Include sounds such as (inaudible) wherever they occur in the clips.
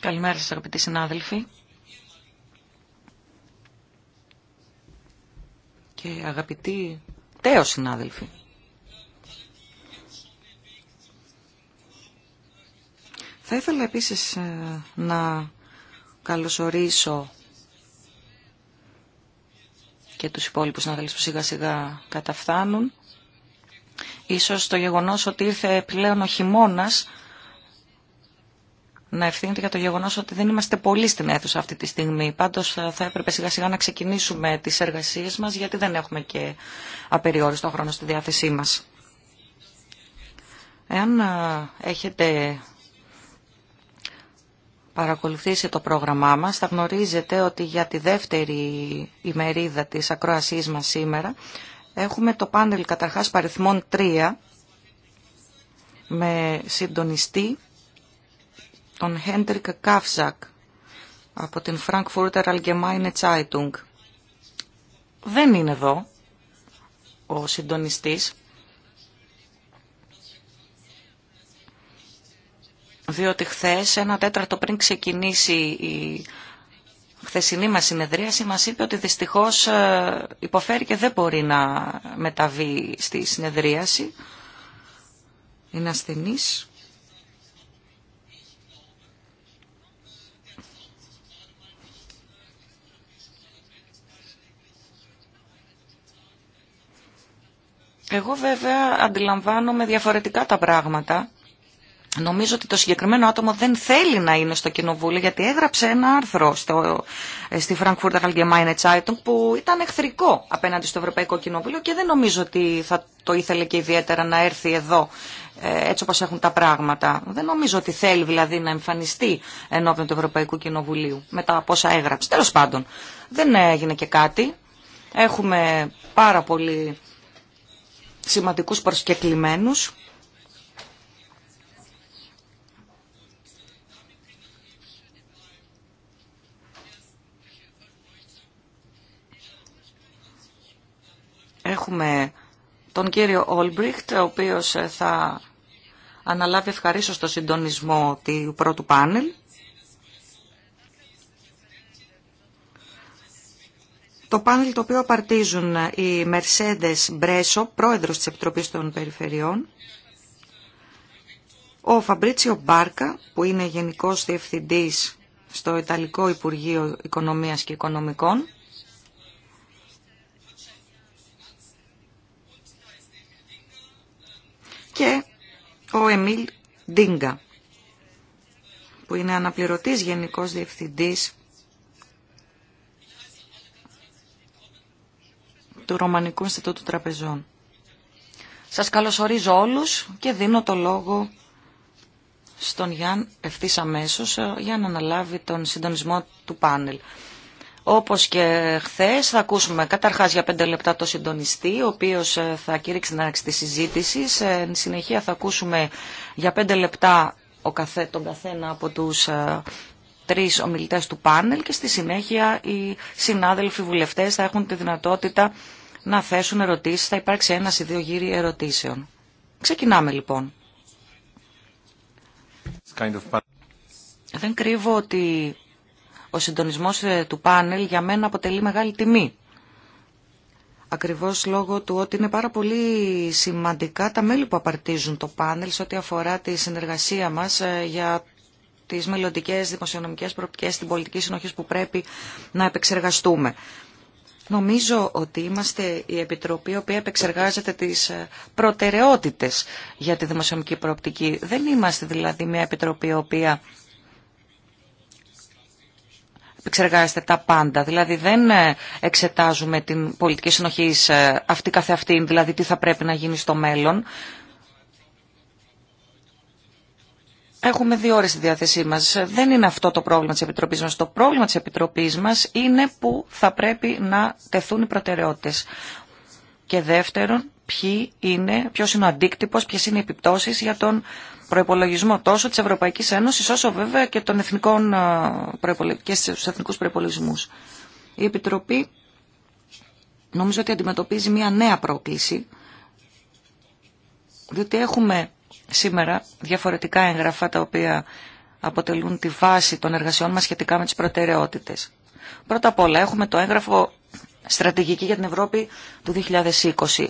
Καλημέρα σας αγαπητοί συνάδελφοι και αγαπητοί τέος συνάδελφοι. Θα ήθελα επίσης ε, να καλωσορίσω και τους υπόλοιπους συναδέλφους που σιγά σιγά καταφθάνουν Ίσως το γεγονός ότι ήρθε πλέον ο χειμώνα να ευθύνεται για το γεγονός ότι δεν είμαστε πολύ στην αίθουσα αυτή τη στιγμή. Πάντως θα έπρεπε σιγά σιγά να ξεκινήσουμε τις εργασίες μας γιατί δεν έχουμε και απεριόριστο χρόνο στη διάθεσή μας. Εάν έχετε παρακολουθήσει το πρόγραμμά μας, θα γνωρίζετε ότι για τη δεύτερη ημερίδα της ακροασής μας σήμερα Έχουμε το πάνελ καταρχάς παριθμών 3 με συντονιστή τον Χέντρικ Κάφζακ από την Frankfurter Allgemeine Zeitung. Δεν είναι εδώ ο συντονιστής διότι χθες ένα τέταρτο πριν ξεκινήσει η χθεσινή μας συνεδρίαση μας είπε ότι δυστυχώς ε, υποφέρει και δεν μπορεί να μεταβεί στη συνεδρίαση. Είναι ασθενής. Εγώ βέβαια αντιλαμβάνομαι διαφορετικά τα πράγματα Νομίζω ότι το συγκεκριμένο άτομο δεν θέλει να είναι στο κοινοβούλιο γιατί έγραψε ένα άρθρο στο, ε, στη Frankfurt Allgemeine Zeitung που ήταν εχθρικό απέναντι στο Ευρωπαϊκό Κοινοβούλιο και δεν νομίζω ότι θα το ήθελε και ιδιαίτερα να έρθει εδώ ε, έτσι όπως έχουν τα πράγματα. Δεν νομίζω ότι θέλει δηλαδή να εμφανιστεί ενώπιον του Ευρωπαϊκού Κοινοβουλίου μετά από όσα έγραψε. Τέλος πάντων δεν έγινε και κάτι. Έχουμε πάρα πολύ σημαντικούς προσκεκλημένους Έχουμε τον κύριο Όλμπριχτ, ο οποίος ε, θα αναλάβει ευχαρίστω το συντονισμό του πρώτου πάνελ. Το πάνελ το οποίο απαρτίζουν οι ε, Mercedes Μπρέσο, πρόεδρος της Επιτροπής των Περιφερειών, ο Φαμπρίτσιο Μπάρκα, που είναι Γενικός Διευθυντής στο Ιταλικό Υπουργείο Οικονομίας και Οικονομικών, και ο Εμίλ Ντίγκα, που είναι αναπληρωτής Γενικός Διευθυντής του Ρωμανικού Ινστιτούτου Τραπεζών. Σας καλωσορίζω όλους και δίνω το λόγο στον Γιάνν ευθύ αμέσω ε, για να αναλάβει τον συντονισμό του πάνελ. Όπως και χθες θα ακούσουμε καταρχάς για πέντε λεπτά το συντονιστή, ο οποίος ε, θα κηρύξει την άρξη της συζήτησης. Ε, εν συνεχεία θα ακούσουμε για πέντε λεπτά ο καθέ, τον καθένα από τους ε, τρεις ομιλητές του πάνελ και στη συνέχεια οι συνάδελφοι βουλευτές θα έχουν τη δυνατότητα να θέσουν ερωτήσεις. Θα υπάρξει ένα ή δύο γύροι ερωτήσεων. Ξεκινάμε λοιπόν. Δεν κρύβω ότι ο συντονισμός ε, του πάνελ για μένα αποτελεί μεγάλη τιμή. Ακριβώς λόγω του ότι είναι πάρα πολύ σημαντικά τα μέλη που απαρτίζουν το πάνελ σε ό,τι αφορά τη συνεργασία μας ε, για τις μελλοντικέ δημοσιονομικές προοπτικές στην πολιτική συνοχή που πρέπει να επεξεργαστούμε. Νομίζω ότι είμαστε η Επιτροπή η οποία επεξεργάζεται τις ε, προτεραιότητες για τη δημοσιονομική προοπτική. Δεν είμαστε δηλαδή μια Επιτροπή η οποία εξεργάζεται τα πάντα. Δηλαδή δεν ε, εξετάζουμε την πολιτική συνοχή ε, αυτή καθεαυτή, δηλαδή τι θα πρέπει να γίνει στο μέλλον. Έχουμε δύο ώρες στη διάθεσή μας. Δεν είναι αυτό το πρόβλημα της Επιτροπής μας. Το πρόβλημα της Επιτροπής μας είναι που θα πρέπει να τεθούν οι προτεραιότητες. Και δεύτερον, ποιοι είναι, ποιος είναι ο αντίκτυπος, ποιες είναι οι επιπτώσεις για τον προϋπολογισμό τόσο της Ευρωπαϊκής Ένωσης όσο βέβαια και, των εθνικών ε, και στους εθνικούς προϋπολογισμούς. Η Επιτροπή νομίζω ότι αντιμετωπίζει μια νέα πρόκληση διότι έχουμε σήμερα διαφορετικά έγγραφα τα οποία αποτελούν τη βάση των εργασιών μας σχετικά με τις προτεραιότητες. Πρώτα απ' όλα έχουμε το έγγραφο στρατηγική για την Ευρώπη του 2020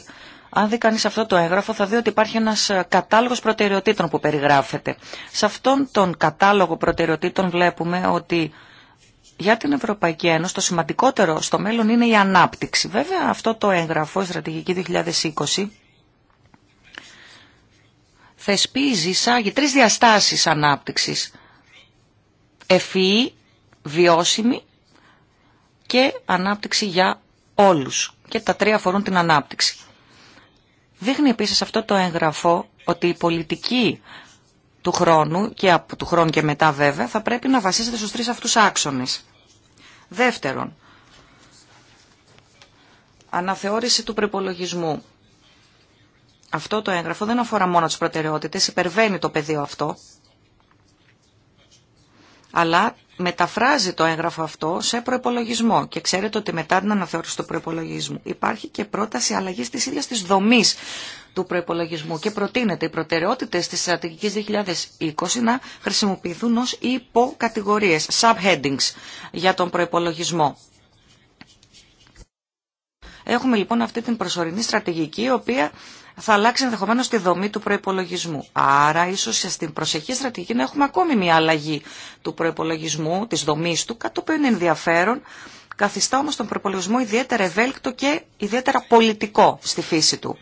αν δει κανεί αυτό το έγγραφο θα δει ότι υπάρχει ένας ε, κατάλογος προτεραιοτήτων που περιγράφεται. Σε αυτόν τον κατάλογο προτεραιοτήτων βλέπουμε ότι για την Ευρωπαϊκή Ένωση το σημαντικότερο στο μέλλον είναι η ανάπτυξη. Βέβαια αυτό το έγγραφο, η Στρατηγική 2020, θεσπίζει, εισάγει τρεις διαστάσεις ανάπτυξης. Ευφυή, βιώσιμη και ανάπτυξη για όλους. Και τα τρία αφορούν την ανάπτυξη. Δείχνει επίσης αυτό το έγγραφο ότι η πολιτική του χρόνου και από του χρόνου και μετά βέβαια θα πρέπει να βασίζεται στους τρεις αυτούς άξονες. Δεύτερον, αναθεώρηση του προπολογισμού. Αυτό το έγγραφο δεν αφορά μόνο τις προτεραιότητες, υπερβαίνει το πεδίο αυτό, αλλά μεταφράζει το έγγραφο αυτό σε προπολογισμό και ξέρετε ότι μετά την αναθεώρηση του προπολογισμού υπάρχει και πρόταση αλλαγής τη ίδια της δομή του προπολογισμού και προτείνεται οι προτεραιότητες τη στρατηγική 2020 να χρησιμοποιηθούν ως υποκατηγορίες, subheadings για τον προπολογισμό. Έχουμε λοιπόν αυτή την προσωρινή στρατηγική, η οποία θα αλλάξει ενδεχομένω τη δομή του προπολογισμού. Άρα, ίσω στην προσεχή στρατηγική να έχουμε ακόμη μια αλλαγή του προπολογισμού, τη δομή του, κάτι το οποίο είναι ενδιαφέρον. Καθιστά όμω τον προπολογισμό ιδιαίτερα ευέλικτο και ιδιαίτερα πολιτικό στη φύση του.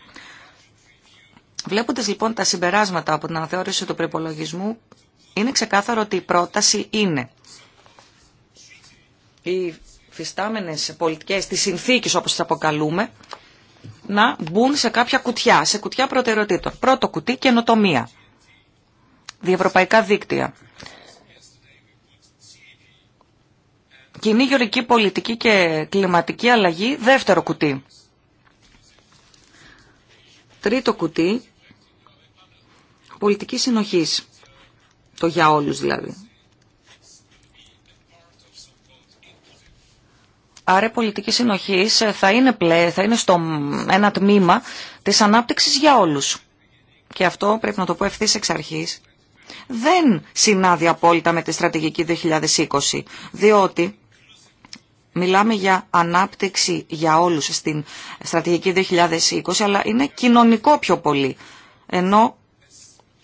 Βλέποντα λοιπόν τα συμπεράσματα από την αναθεώρηση του προπολογισμού, είναι ξεκάθαρο ότι η πρόταση είναι οι φυστάμενες πολιτικές, της συνθήκης, όπως τις αποκαλούμε, να μπουν σε κάποια κουτιά, σε κουτιά προτεραιοτήτων. Πρώτο κουτί, καινοτομία. Διευρωπαϊκά δίκτυα. Κοινή γεωρική πολιτική και κλιματική αλλαγή, δεύτερο κουτί. Τρίτο κουτί, πολιτική συνοχής. Το για όλους δηλαδή. Άρα η πολιτική συνοχή θα είναι, πλέ, θα στο ένα τμήμα της ανάπτυξης για όλους. Και αυτό πρέπει να το πω ευθύ εξ αρχή Δεν συνάδει απόλυτα με τη στρατηγική 2020, διότι μιλάμε για ανάπτυξη για όλους στην στρατηγική 2020, αλλά είναι κοινωνικό πιο πολύ. Ενώ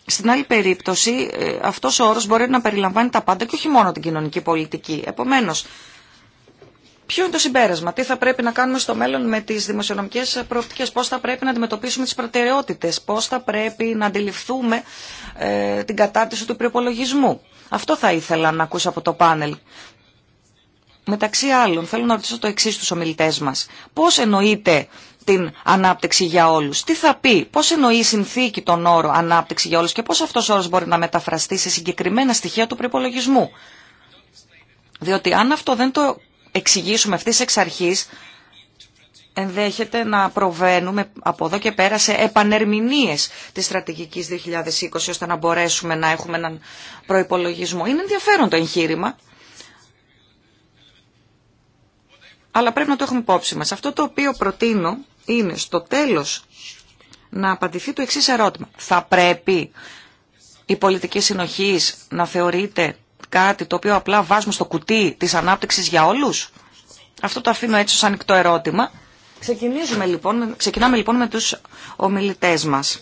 στην άλλη περίπτωση ε, αυτός ο όρος μπορεί να περιλαμβάνει τα πάντα και όχι μόνο την κοινωνική πολιτική. Επομένως, Ποιο είναι το συμπέρασμα, τι θα πρέπει να κάνουμε στο μέλλον με τι δημοσιονομικέ προοπτικές, πώ θα πρέπει να αντιμετωπίσουμε τι προτεραιότητε, πώ θα πρέπει να αντιληφθούμε ε, την κατάρτιση του προπολογισμού. Αυτό θα ήθελα να ακούσω από το πάνελ. Μεταξύ άλλων, θέλω να ρωτήσω το εξή στου ομιλητέ μα. Πώ εννοείται την ανάπτυξη για όλου, Τι θα πει, πώ εννοεί η συνθήκη τον όρο ανάπτυξη για όλου και πώ αυτό ο όρος μπορεί να μεταφραστεί σε συγκεκριμένα στοιχεία του προπολογισμού. Διότι αν αυτό δεν το εξηγήσουμε αυτής εξ αρχής, ενδέχεται να προβαίνουμε από εδώ και πέρα σε επανερμηνίες της στρατηγικής 2020, ώστε να μπορέσουμε να έχουμε έναν προϋπολογισμό. Είναι ενδιαφέρον το εγχείρημα, αλλά πρέπει να το έχουμε υπόψη μας. Αυτό το οποίο προτείνω είναι στο τέλος να απαντηθεί το εξής ερώτημα. Θα πρέπει η πολιτική συνοχής να θεωρείται κάτι το οποίο απλά βάζουμε στο κουτί της ανάπτυξης για όλους. Αυτό το αφήνω έτσι ως ανοιχτό ερώτημα. Ξεκινήσουμε λοιπόν, ξεκινάμε λοιπόν με τους ομιλητές μας.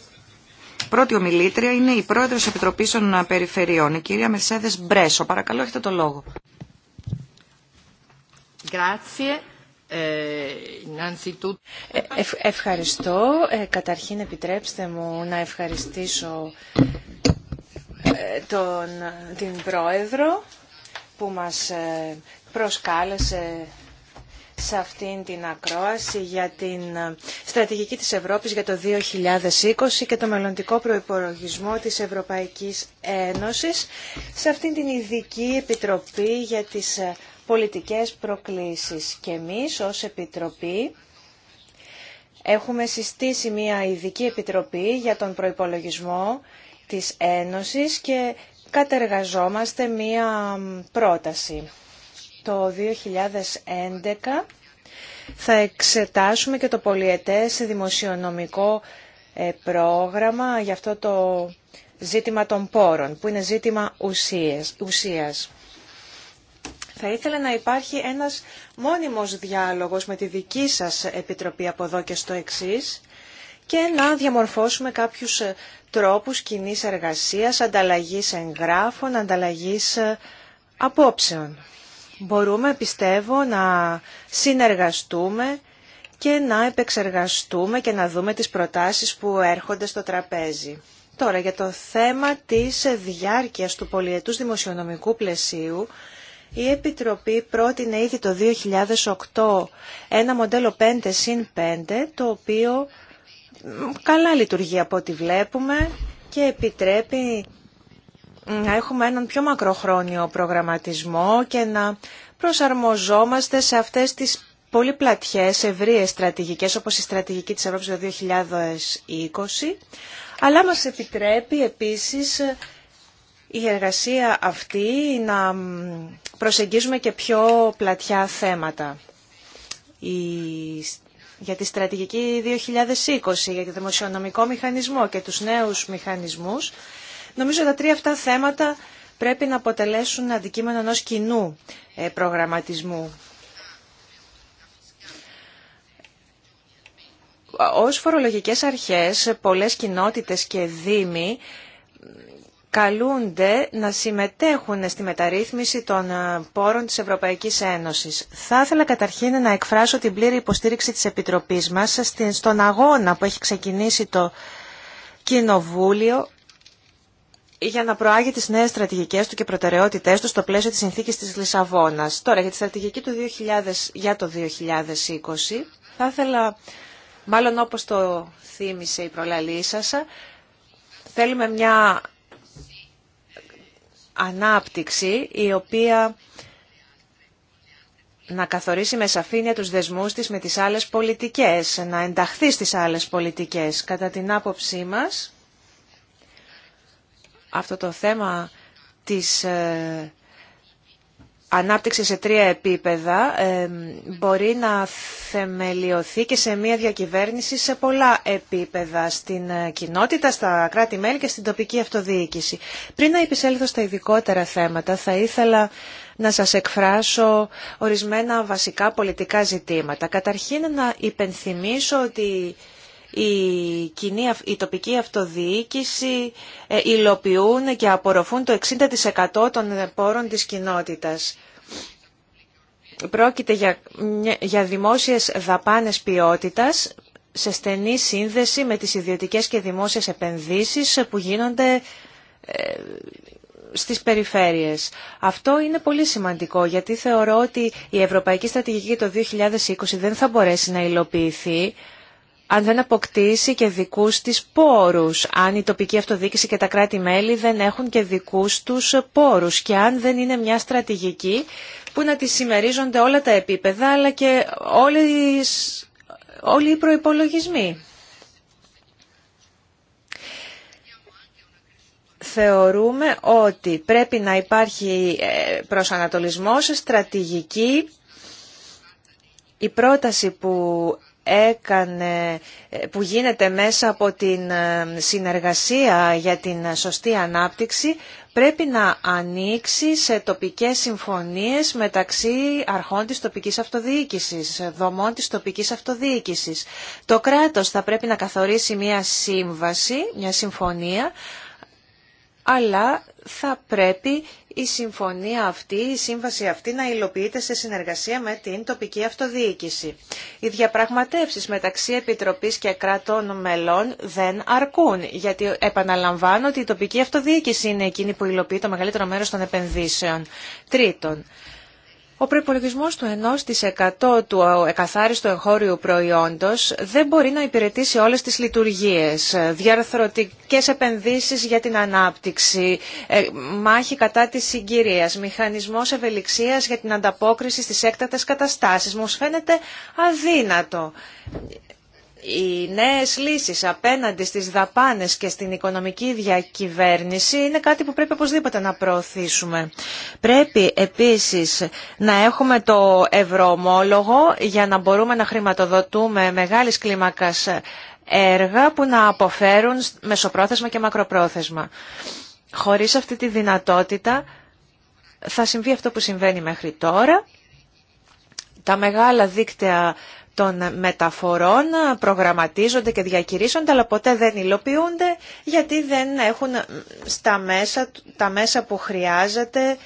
Πρώτη ομιλήτρια είναι η πρόεδρος Επιτροπής των Περιφερειών, η κυρία Μερσέδες Μπρέσο. Παρακαλώ, έχετε το λόγο. Ε, ε, ευχαριστώ. Ε, καταρχήν επιτρέψτε μου να ευχαριστήσω ε, τον, την Πρόεδρο που μας ε, προσκάλεσε σε αυτήν την ακρόαση για την ε, στρατηγική της Ευρώπης για το 2020 και το μελλοντικό προϋπολογισμό της Ευρωπαϊκής Ένωσης σε αυτήν την ειδική επιτροπή για τις πολιτικές προκλήσεις. Και εμείς ως Επιτροπή έχουμε συστήσει μια ειδική επιτροπή για τον προϋπολογισμό της Ένωσης και κατεργαζόμαστε μία πρόταση. Το 2011 θα εξετάσουμε και το πολιετές δημοσιονομικό ε, πρόγραμμα για αυτό το ζήτημα των πόρων, που είναι ζήτημα ουσίας. Θα ήθελα να υπάρχει ένας μόνιμος διάλογος με τη δική σας Επιτροπή από εδώ και στο εξής, και να διαμορφώσουμε κάποιους ε, τρόπους κοινή εργασίας, ανταλλαγής εγγράφων, ανταλλαγής ε, απόψεων. Μπορούμε, πιστεύω, να συνεργαστούμε και να επεξεργαστούμε και να δούμε τις προτάσεις που έρχονται στο τραπέζι. Τώρα, για το θέμα της ε, διάρκειας του πολιετούς δημοσιονομικού πλαισίου, η Επιτροπή πρότεινε ήδη το 2008 ένα μοντέλο 5 συν 5, το οποίο καλά λειτουργεί από ό,τι βλέπουμε και επιτρέπει να έχουμε έναν πιο μακροχρόνιο προγραμματισμό και να προσαρμοζόμαστε σε αυτές τις πολύ πλατιές, ευρείες στρατηγικές όπως η στρατηγική της Ευρώπης το 2020 αλλά μας επιτρέπει επίσης η εργασία αυτή να προσεγγίζουμε και πιο πλατιά θέματα για τη στρατηγική 2020, για το δημοσιονομικό μηχανισμό και τους νέους μηχανισμούς, νομίζω τα τρία αυτά θέματα πρέπει να αποτελέσουν αντικείμενο ενός κοινού ε, προγραμματισμού. Ως φορολογικές αρχές, πολλές κοινότητες και δήμοι καλούνται να συμμετέχουν στη μεταρρύθμιση των ε, πόρων της Ευρωπαϊκής Ένωσης. Θα ήθελα καταρχήν να εκφράσω την πλήρη υποστήριξη της Επιτροπής μας στον αγώνα που έχει ξεκινήσει το Κοινοβούλιο για να προάγει τις νέες στρατηγικές του και προτεραιότητές του στο πλαίσιο της συνθήκης της Λισαβόνας. Τώρα, για τη στρατηγική του 2000, για το 2020, θα ήθελα, μάλλον όπως το θύμισε η προλαλή σας, θέλουμε μια ανάπτυξη η οποία να καθορίσει με σαφήνεια τους δεσμούς της με τις άλλες πολιτικές, να ενταχθεί στις άλλες πολιτικές. Κατά την άποψή μας, αυτό το θέμα της ε, ανάπτυξη σε τρία επίπεδα μπορεί να θεμελιωθεί και σε μια διακυβέρνηση σε πολλά επίπεδα, στην ε, κοινότητα, στα κράτη-μέλη και στην τοπική αυτοδιοίκηση. Πριν να επισέλθω στα ειδικότερα θέματα, θα ήθελα να σας εκφράσω ορισμένα βασικά πολιτικά ζητήματα. Καταρχήν να υπενθυμίσω ότι η, κοινή, η τοπική αυτοδιοίκηση ε, υλοποιούν και απορροφούν το 60% των πόρων της κοινότητας. Πρόκειται για, για δημόσιες δαπάνες ποιότητας σε στενή σύνδεση με τις ιδιωτικές και δημόσιες επενδύσεις που γίνονται ε, στις περιφέρειες. Αυτό είναι πολύ σημαντικό γιατί θεωρώ ότι η Ευρωπαϊκή Στρατηγική το 2020 δεν θα μπορέσει να υλοποιηθεί αν δεν αποκτήσει και δικούς της πόρους, αν η τοπική αυτοδίκηση και τα κράτη-μέλη δεν έχουν και δικούς τους πόρους και αν δεν είναι μια στρατηγική που να τη συμμερίζονται όλα τα επίπεδα αλλά και όλοι, όλοι οι προϋπολογισμοί. Θεωρούμε ότι πρέπει να υπάρχει ε, προσανατολισμός στρατηγική η πρόταση που έκανε, που γίνεται μέσα από την ε, συνεργασία για την σωστή ανάπτυξη πρέπει να ανοίξει σε τοπικές συμφωνίες μεταξύ αρχών της τοπικής αυτοδιοίκησης, δομών της τοπικής αυτοδιοίκησης. Το κράτος θα πρέπει να καθορίσει μια σύμβαση, μια συμφωνία, αλλά θα πρέπει η συμφωνία αυτή, η σύμβαση αυτή να υλοποιείται σε συνεργασία με την τοπική αυτοδιοίκηση. Οι διαπραγματεύσεις μεταξύ Επιτροπής και κρατών μελών δεν αρκούν, γιατί επαναλαμβάνω ότι η τοπική αυτοδιοίκηση είναι εκείνη που υλοποιεί το μεγαλύτερο μέρος των επενδύσεων. Τρίτον, ο προϋπολογισμός του 1% του εκαθάριστου εγχώριου προϊόντος δεν μπορεί να υπηρετήσει όλες τις λειτουργίες. Διαρθρωτικές επενδύσεις για την ανάπτυξη, ε, μάχη κατά της συγκυρίας, μηχανισμός ευελιξίας για την ανταπόκριση στις έκτατες καταστάσεις. Μου φαίνεται αδύνατο οι νέες λύσεις απέναντι στις δαπάνες και στην οικονομική διακυβέρνηση είναι κάτι που πρέπει οπωσδήποτε να προωθήσουμε. Πρέπει επίσης να έχουμε το ευρωομόλογο για να μπορούμε να χρηματοδοτούμε μεγάλης κλίμακας έργα που να αποφέρουν μεσοπρόθεσμα και μακροπρόθεσμα. Χωρίς αυτή τη δυνατότητα θα συμβεί αυτό που συμβαίνει μέχρι τώρα. Τα μεγάλα δίκτυα των μεταφορών προγραμματίζονται και διακηρύσσονται αλλά ποτέ δεν υλοποιούνται γιατί δεν έχουν στα μέσα, τα μέσα που χρειάζεται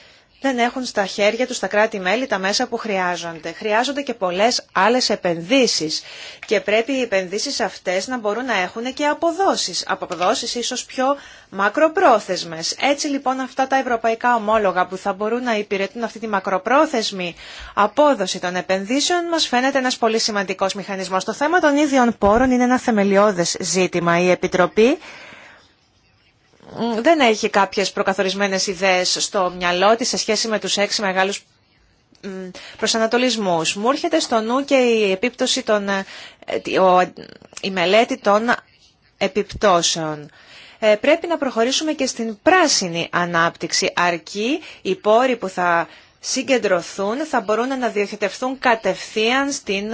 δεν έχουν στα χέρια τους τα κράτη-μέλη τα μέσα που χρειάζονται. Χρειάζονται και πολλές άλλες επενδύσεις και πρέπει οι επενδύσεις αυτές να μπορούν να έχουν και αποδόσεις, αποδόσεις ίσως πιο μακροπρόθεσμες. Έτσι λοιπόν αυτά τα ευρωπαϊκά ομόλογα που θα μπορούν να υπηρετούν αυτή τη μακροπρόθεσμη απόδοση των επενδύσεων μας φαίνεται ένας πολύ σημαντικός μηχανισμός. Το θέμα των ίδιων πόρων είναι ένα θεμελιώδες ζήτημα. Η Επιτροπή δεν έχει κάποιες προκαθορισμένες ιδέες στο μυαλό της σε σχέση με τους έξι μεγάλους προσανατολισμούς. Μου έρχεται στο νου και η επίπτωση των, ε, η μελέτη των επιπτώσεων. Ε, πρέπει να προχωρήσουμε και στην πράσινη ανάπτυξη, αρκεί οι πόροι που θα συγκεντρωθούν θα μπορούν να διοχετευθούν κατευθείαν στην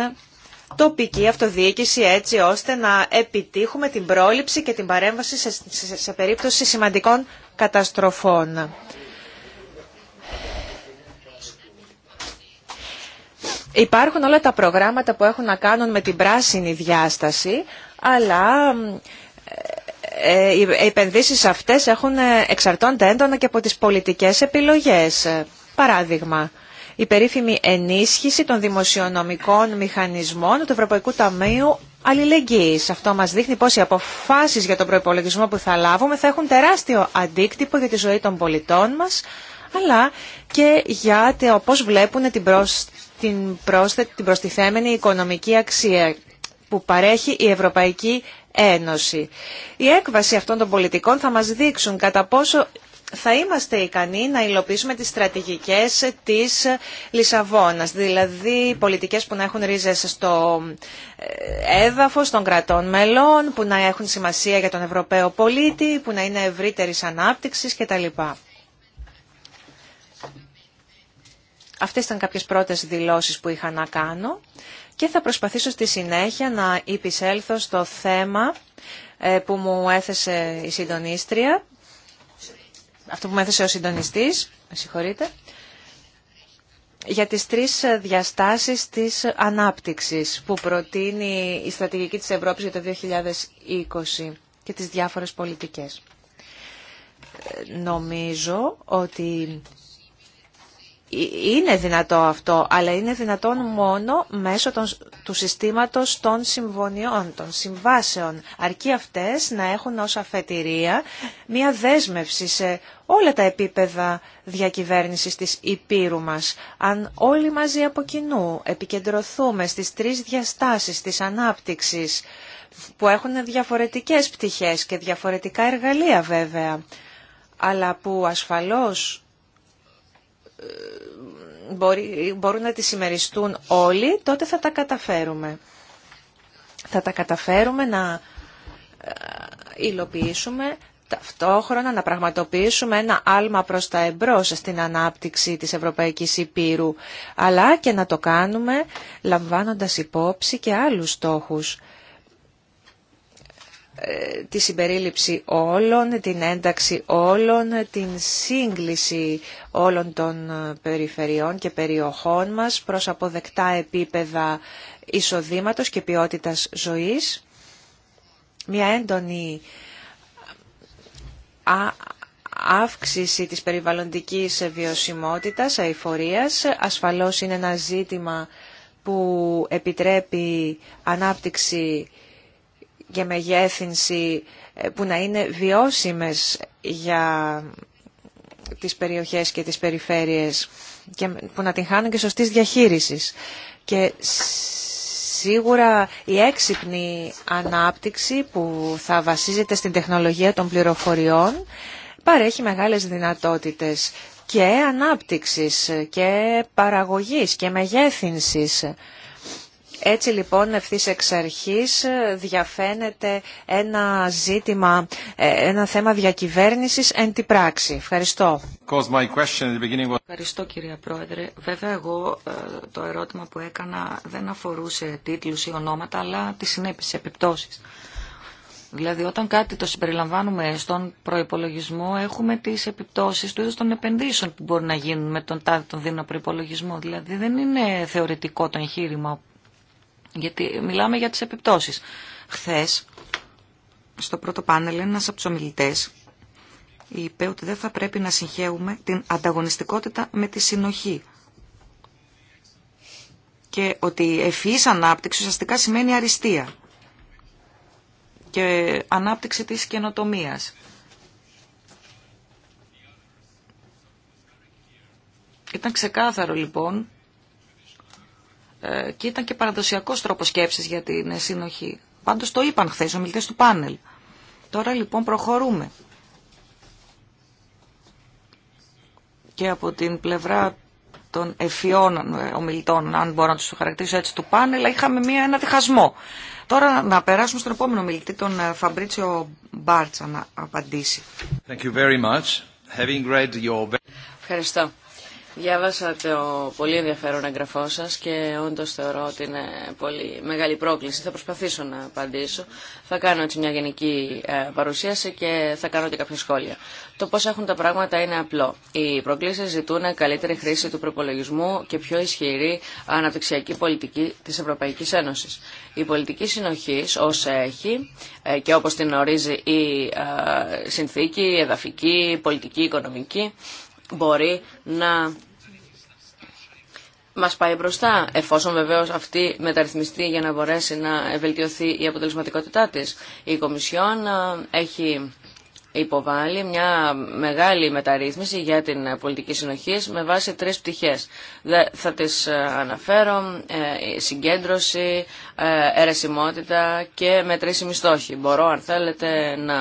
τοπική αυτοδιοίκηση έτσι ώστε να επιτύχουμε την πρόληψη και την παρέμβαση σε, σε, περίπτωση σημαντικών καταστροφών. Υπάρχουν όλα τα προγράμματα που έχουν να κάνουν με την πράσινη διάσταση, αλλά ε, ε, οι επενδύσεις αυτές έχουν ε, εξαρτώνται έντονα και από τις πολιτικές επιλογές. Παράδειγμα, η περίφημη ενίσχυση των δημοσιονομικών μηχανισμών του Ευρωπαϊκού Ταμείου αλληλεγγύης. Αυτό μας δείχνει πως οι αποφάσεις για τον προϋπολογισμό που θα λάβουμε θα έχουν τεράστιο αντίκτυπο για τη ζωή των πολιτών μας, αλλά και για το πώς βλέπουν την, προσ... την, την προστιθέμενη οικονομική αξία που παρέχει η Ευρωπαϊκή Ένωση. Η έκβαση αυτών των πολιτικών θα μας δείξουν κατά πόσο θα είμαστε ικανοί να υλοποιήσουμε τις στρατηγικές της Λισαβόνας, δηλαδή πολιτικές που να έχουν ρίζες στο ε, έδαφος των κρατών μελών, που να έχουν σημασία για τον Ευρωπαίο πολίτη, που να είναι ευρύτερη ανάπτυξης κτλ. Αυτές ήταν κάποιες πρώτες δηλώσεις που είχα να κάνω και θα προσπαθήσω στη συνέχεια να υπησέλθω στο θέμα ε, που μου έθεσε η συντονίστρια αυτό που με έθεσε ο συντονιστή. με συγχωρείτε, για τις τρεις διαστάσεις της ανάπτυξης που προτείνει η στρατηγική της Ευρώπης για το 2020 και τις διάφορες πολιτικές. Ε, νομίζω ότι είναι δυνατό αυτό, αλλά είναι δυνατόν μόνο μέσω των, του συστήματος των συμβωνιών, των συμβάσεων. Αρκεί αυτές να έχουν ως αφετηρία μία δέσμευση σε όλα τα επίπεδα διακυβέρνησης της Υπήρου μας. Αν όλοι μαζί από κοινού επικεντρωθούμε στις τρεις διαστάσεις της ανάπτυξης, που έχουν διαφορετικές πτυχές και διαφορετικά εργαλεία βέβαια, αλλά που ασφαλώς μπορεί, μπορούν να τη συμμεριστούν όλοι, τότε θα τα καταφέρουμε. Θα τα καταφέρουμε να ε, υλοποιήσουμε ταυτόχρονα να πραγματοποιήσουμε ένα άλμα προς τα εμπρός στην ανάπτυξη της Ευρωπαϊκής Υπήρου, αλλά και να το κάνουμε λαμβάνοντας υπόψη και άλλους στόχους. Ε, τη συμπερίληψη όλων, την ένταξη όλων, την σύγκληση όλων των ε, περιφερειών και περιοχών μας προς αποδεκτά επίπεδα εισοδήματος και ποιότητας ζωής. Μια έντονη αύξηση της περιβαλλοντικής βιωσιμότητας, αειφορίας, ασφαλώς είναι ένα ζήτημα που επιτρέπει ανάπτυξη και μεγέθυνση ε, που να είναι βιώσιμες για τις περιοχές και τις περιφέρειες και που να την χάνουν και σωστής διαχείρισης. Και σίγουρα η έξυπνη ανάπτυξη που θα βασίζεται στην τεχνολογία των πληροφοριών παρέχει μεγάλες δυνατότητες και ανάπτυξης και παραγωγής και μεγέθυνσης. Έτσι λοιπόν ευθύς εξ αρχής ε, διαφαίνεται ένα ζήτημα, ε, ένα θέμα διακυβέρνησης εν τη πράξη. Ευχαριστώ. Ευχαριστώ κυρία Πρόεδρε. Βέβαια εγώ ε, το ερώτημα που έκανα δεν αφορούσε τίτλους ή ονόματα αλλά τις συνέπειες, επιπτώσεις. Δηλαδή όταν κάτι το συμπεριλαμβάνουμε στον προϋπολογισμό έχουμε τις επιπτώσεις του είδους των επενδύσεων που μπορεί να γίνουν με τον τάδε τον δίνω προπολογισμό. Δηλαδή δεν είναι θεωρητικό το εγχείρημα γιατί μιλάμε για τις επιπτώσεις. Χθες, στο πρώτο πάνελ, ένας από τους ομιλητές είπε ότι δεν θα πρέπει να συγχέουμε την ανταγωνιστικότητα με τη συνοχή. Και ότι ευφυής ανάπτυξη ουσιαστικά σημαίνει αριστεία και ανάπτυξη της καινοτομίας. Ήταν ξεκάθαρο λοιπόν ε, και ήταν και παραδοσιακό τρόπο σκέψη για την ε, συνοχή. Πάντω το είπαν χθε οι του πάνελ. Τώρα λοιπόν προχωρούμε. Και από την πλευρά των εφιών ε, ομιλητών, αν μπορώ να του χαρακτήσω έτσι, του πάνελ, είχαμε μία, ένα διχασμό. Τώρα να περάσουμε στον επόμενο ομιλητή, τον Φαμπρίτσιο Μπάρτσα, να απαντήσει. Ευχαριστώ. Διάβασα το πολύ ενδιαφέρον εγγραφό σα και όντω θεωρώ ότι είναι πολύ μεγάλη πρόκληση. Θα προσπαθήσω να απαντήσω. Θα κάνω έτσι μια γενική ε, παρουσίαση και θα κάνω και κάποια σχόλια. Το πώ έχουν τα πράγματα είναι απλό. Οι προκλήσει ζητούν καλύτερη χρήση του προπολογισμού και πιο ισχυρή αναπτυξιακή πολιτική τη Ευρωπαϊκή Ένωση. Η πολιτική συνοχή ω έχει ε, και όπω την ορίζει η ε, συνθήκη, η εδαφική, η πολιτική, η οικονομική, μπορεί να μας πάει μπροστά, εφόσον βεβαίως αυτή μεταρρυθμιστεί για να μπορέσει να βελτιωθεί η αποτελεσματικότητά της. Η Κομισιόν ε, έχει υποβάλει μια μεγάλη μεταρρύθμιση για την πολιτική συνοχή με βάση τρεις πτυχές. Θα τις ε, αναφέρω, ε, συγκέντρωση, αιρεσιμότητα και μετρήσιμη στόχη. Μπορώ αν θέλετε να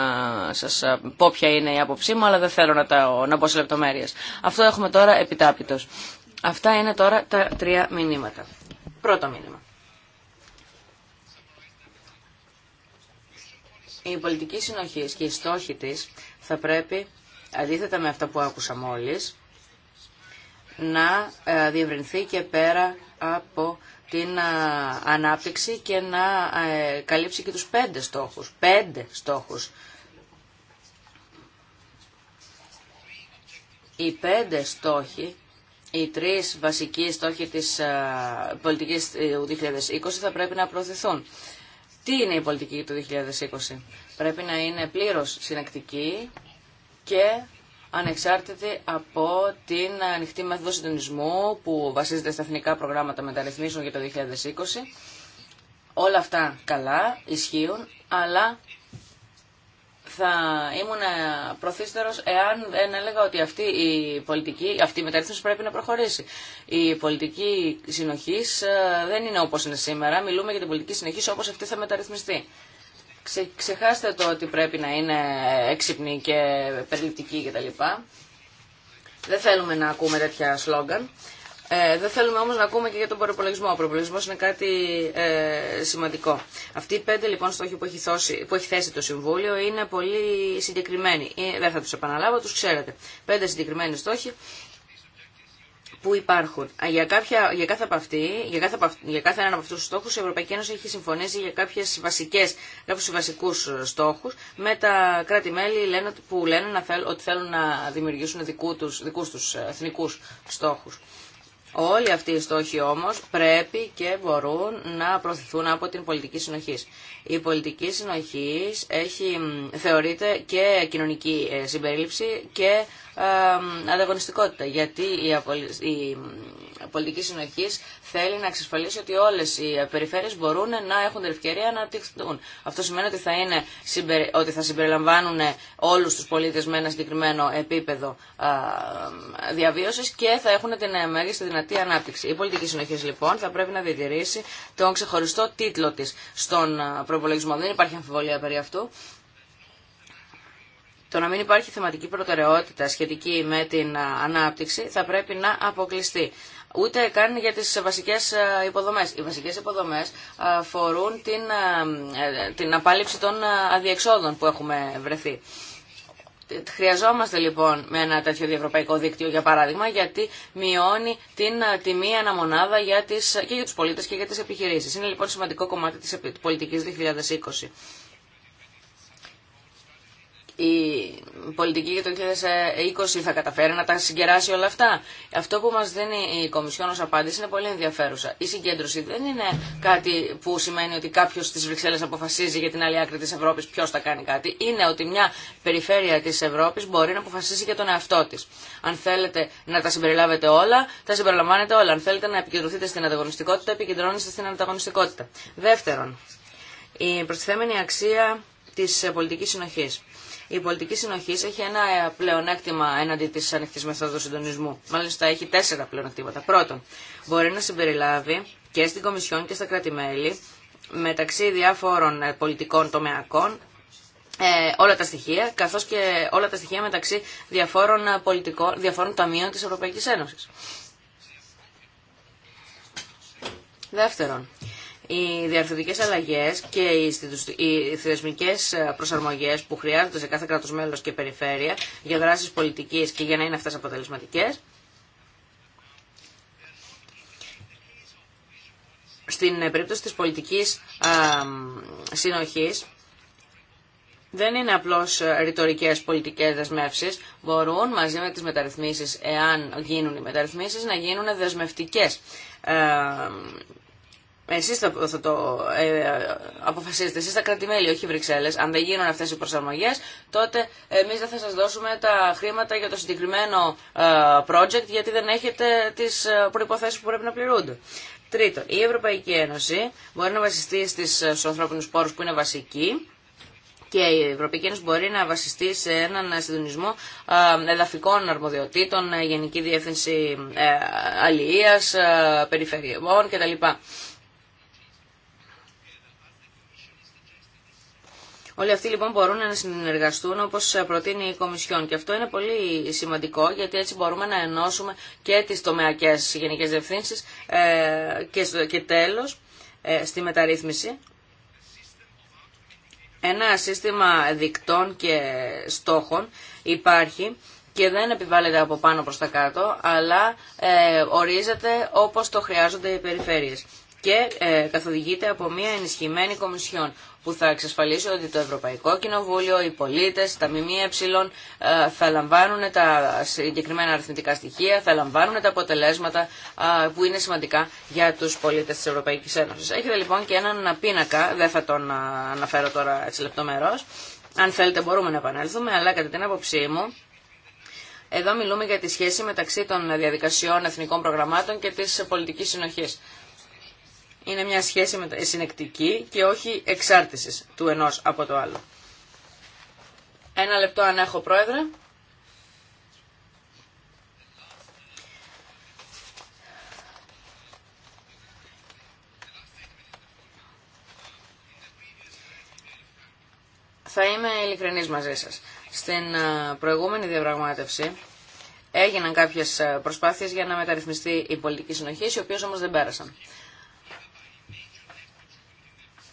σας πω ποια είναι η άποψή μου, αλλά δεν θέλω να, τα, να πω σε λεπτομέρειες. Αυτό έχουμε τώρα επιτάπητος. Αυτά είναι τώρα τα τρία μηνύματα. Πρώτο μήνυμα. Η πολιτική συνοχή και οι στόχοι της θα πρέπει, αντίθετα με αυτά που άκουσα μόλι, να ε, διευρυνθεί και πέρα από την ανάπτυξη και να ε, καλύψει και τους πέντε στόχους. Πέντε στόχους. Οι πέντε στόχοι οι τρεις βασικοί στόχοι της ε, πολιτικής του 2020 θα πρέπει να προωθηθούν. Τι είναι η πολιτική του 2020? Πρέπει να είναι πλήρως συνεκτική και ανεξάρτητη από την ανοιχτή μέθοδο συντονισμού που βασίζεται στα εθνικά προγράμματα μεταρρυθμίσεων για το 2020. Όλα αυτά καλά ισχύουν, αλλά θα ήμουν ε, προθύστερο εάν δεν έλεγα ότι αυτή η πολιτική, αυτή μεταρρύθμιση πρέπει να προχωρήσει. Η πολιτική συνοχή ε, δεν είναι όπω είναι σήμερα. Μιλούμε για την πολιτική συνοχή όπω αυτή θα μεταρρυθμιστεί. Ξε, ξεχάστε το ότι πρέπει να είναι έξυπνη και περιληπτική κτλ. Δεν θέλουμε να ακούμε τέτοια σλόγγαν. Ε, δεν θέλουμε όμως να ακούμε και για τον προπολογισμό. Ο προπολογισμός είναι κάτι ε, σημαντικό. Αυτοί οι πέντε λοιπόν στόχοι που έχει, θώσει, που έχει θέσει το Συμβούλιο είναι πολύ συγκεκριμένοι. Ε, δεν θα τους επαναλάβω, τους ξέρετε. Πέντε συγκεκριμένοι στόχοι που υπάρχουν. Για, κάποια, για, κάθε από αυτή, για, κάθε, για κάθε έναν από αυτούς τους στόχους η Ευρωπαϊκή Ένωση έχει συμφωνήσει για κάποιες βασικές, κάποιους βασικούς ε, στόχους με τα κράτη-μέλη που λένε να ότι θέλουν να δημιουργήσουν δικού τους, δικούς τους ε, εθνικούς στόχους. Όλοι αυτοί οι στόχοι όμως πρέπει και μπορούν να προωθηθούν από την πολιτική συνοχή. Η πολιτική συνοχή θεωρείται και κοινωνική ε, συμπερίληψη και ανταγωνιστικότητα. Γιατί η πολιτική συνοχή θέλει να εξασφαλίσει ότι όλε οι περιφέρειε μπορούν να έχουν την ευκαιρία να αναπτυχθούν. Αυτό σημαίνει ότι θα, είναι, ότι θα συμπεριλαμβάνουν όλου του πολίτε με ένα συγκεκριμένο επίπεδο διαβίωση και θα έχουν την μέγιστη δυνατή ανάπτυξη. Η πολιτική συνοχή λοιπόν θα πρέπει να διατηρήσει τον ξεχωριστό τίτλο τη στον προπολογισμό. Δεν υπάρχει αμφιβολία περί αυτού. Το να μην υπάρχει θεματική προτεραιότητα σχετική με την ανάπτυξη θα πρέπει να αποκλειστεί. Ούτε καν για τις βασικές υποδομές. Οι βασικές υποδομές αφορούν την, ε, την απάλληψη των αδιεξόδων που έχουμε βρεθεί. Χρειαζόμαστε λοιπόν με ένα τέτοιο διευρωπαϊκό δίκτυο για παράδειγμα γιατί μειώνει την τιμή αναμονάδα για τις, και για τους πολίτες και για τις επιχειρήσεις. Είναι λοιπόν σημαντικό κομμάτι της πολιτικής 2020 η πολιτική για το 2020 θα καταφέρει να τα συγκεράσει όλα αυτά. Αυτό που μας δίνει η Κομισιόν ως απάντηση είναι πολύ ενδιαφέρουσα. Η συγκέντρωση δεν είναι κάτι που σημαίνει ότι κάποιος της Βρυξέλλες αποφασίζει για την άλλη άκρη της Ευρώπης ποιος θα κάνει κάτι. Είναι ότι μια περιφέρεια της Ευρώπης μπορεί να αποφασίσει για τον εαυτό της. Αν θέλετε να τα συμπεριλάβετε όλα, τα συμπεριλαμβάνετε όλα. Αν θέλετε να επικεντρωθείτε στην ανταγωνιστικότητα, επικεντρώνεστε στην ανταγωνιστικότητα. Δεύτερον, η προστιθέμενη αξία της πολιτικής συνοχής η πολιτική συνοχή έχει ένα πλεονέκτημα έναντι τη ανοιχτή μεθόδου συντονισμού. Μάλιστα έχει τέσσερα πλεονεκτήματα. Πρώτον, μπορεί να συμπεριλάβει και στην Κομισιόν και στα κρατη μεταξύ διάφορων ε, πολιτικών τομεακών ε, όλα τα στοιχεία, καθώς και όλα τα στοιχεία μεταξύ διαφόρων, ε, πολιτικών, διαφόρων ταμείων της Ευρωπαϊκής Ένωσης. Δεύτερον, οι διαρθρωτικές αλλαγέ και οι θεσμικές προσαρμογές που χρειάζονται σε κάθε κράτο μέλο και περιφέρεια για δράσεις πολιτική και για να είναι αυτές αποτελεσματικέ. Στην περίπτωση της πολιτικής συνοχής, δεν είναι απλώς ρητορικές πολιτικές δεσμεύσεις. Μπορούν μαζί με τις μεταρρυθμίσεις, εάν γίνουν οι μεταρρυθμίσεις, να γίνουν δεσμευτικές ε, Εσεί θα, θα το ε, αποφασίζετε, Εσεί τα κρατημέλη, όχι οι Βρυξέλλε. Αν δεν γίνουν αυτέ οι προσαρμογέ, τότε εμεί δεν θα σα δώσουμε τα χρήματα για το συγκεκριμένο ε, project, γιατί δεν έχετε τις ε, προποθέσει που πρέπει να πληρούνται. Τρίτο, η Ευρωπαϊκή Ένωση μπορεί να βασιστεί ε, στου ανθρώπινου ανθρώπινους πόρους που είναι βασικοί, και η Ευρωπαϊκή Ένωση μπορεί να βασιστεί σε έναν συντονισμό ε, εδαφικών αρμοδιοτήτων, Γενική Διεύθυνση αλληλεία, Περιφερειών κτλ. Όλοι αυτοί λοιπόν μπορούν να συνεργαστούν όπως προτείνει η Κομισιόν και αυτό είναι πολύ σημαντικό γιατί έτσι μπορούμε να ενώσουμε και τις τομεακές γενικές ε, και τέλος ε, στη μεταρρύθμιση ένα σύστημα δικτών και στόχων υπάρχει και δεν επιβάλλεται από πάνω προς τα κάτω, αλλά ε, ορίζεται όπως το χρειάζονται οι περιφέρειες και ε, καθοδηγείται από μια ενισχυμένη κομισιόν που θα εξασφαλίσει ότι το Ευρωπαϊκό Κοινοβούλιο, οι πολίτες, τα ΜΜΕ ε, θα λαμβάνουν τα συγκεκριμένα αριθμητικά στοιχεία, θα λαμβάνουν τα αποτελέσματα ε, που είναι σημαντικά για τους πολίτες της Ευρωπαϊκής Ένωσης. Έχετε λοιπόν και έναν πίνακα, δεν θα τον ε, αναφέρω τώρα έτσι λεπτομερώς, αν θέλετε μπορούμε να επανέλθουμε, αλλά κατά την άποψή μου, εδώ μιλούμε για τη σχέση μεταξύ των διαδικασιών εθνικών προγραμμάτων και της πολιτικής συνοχής είναι μια σχέση συνεκτική και όχι εξάρτησης του ενός από το άλλο. Ένα λεπτό αν έχω πρόεδρε. Θα είμαι ειλικρινής μαζί σας. Στην ε, προηγούμενη διαπραγμάτευση έγιναν κάποιες ε, προσπάθειες για να μεταρρυθμιστεί η πολιτική συνοχή, οι οποίες όμως δεν πέρασαν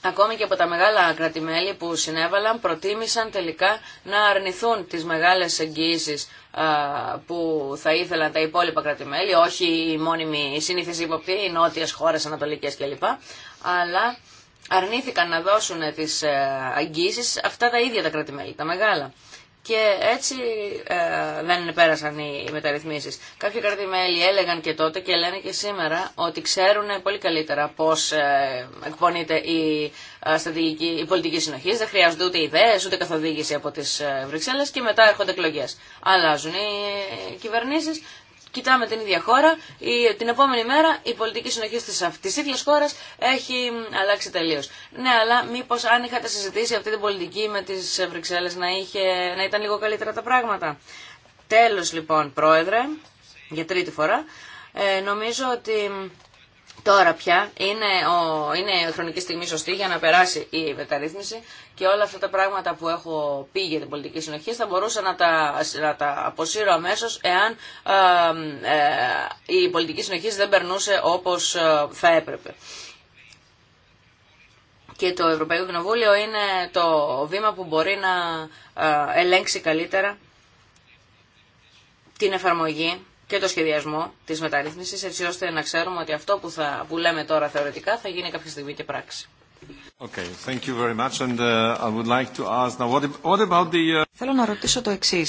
ακόμη και από τα μεγάλα κρατημέλη που συνέβαλαν προτίμησαν τελικά να αρνηθούν τις μεγάλες εγγύησεις που θα ήθελαν τα υπόλοιπα κρατημέλη, όχι η μόνιμη σύνηθεση υποπτή, οι νότιες χώρες, ανατολικές κλπ. Αλλά αρνήθηκαν να δώσουν τις ε, εγγύησεις αυτά τα ίδια τα κρατημέλη, τα μεγάλα και έτσι ε, δεν πέρασαν οι μεταρρυθμίσεις. Κάποιοι κρατημέλοι έλεγαν και τότε και λένε και σήμερα ότι ξέρουν πολύ καλύτερα πώς ε, εκπονείται η, ε, η πολιτική συνοχή. Δεν χρειάζονται ούτε ιδέες, ούτε καθοδήγηση από τις ε, Βρυξέλλες και μετά έρχονται εκλογέ. Αλλάζουν οι ε, κυβερνήσεις, κοιτάμε την ίδια χώρα, η, την επόμενη μέρα η πολιτική συνοχή τη ίδια χώρα έχει αλλάξει τελείω. Ναι, αλλά μήπω αν είχατε συζητήσει αυτή την πολιτική με τι Βρυξέλλε να, να ήταν λίγο καλύτερα τα πράγματα. Τέλο λοιπόν, Πρόεδρε, για τρίτη φορά, ε, νομίζω ότι Τώρα πια είναι, ο, είναι η χρονική στιγμή σωστή για να περάσει η μεταρρύθμιση και όλα αυτά τα πράγματα που έχω πει για την πολιτική συνοχή θα μπορούσα να τα, τα αποσύρω αμέσω εάν ε, ε, η πολιτική συνοχή δεν περνούσε όπως ε, θα έπρεπε. Και το Ευρωπαϊκό Κοινοβούλιο είναι το βήμα που μπορεί να ελέγξει καλύτερα την εφαρμογή και το σχεδιασμό της μεταρρύθμισης, έτσι ώστε να ξέρουμε ότι αυτό που, θα, που λέμε τώρα θεωρητικά θα γίνει κάποια στιγμή και πράξη. Θέλω να ρωτήσω το εξή.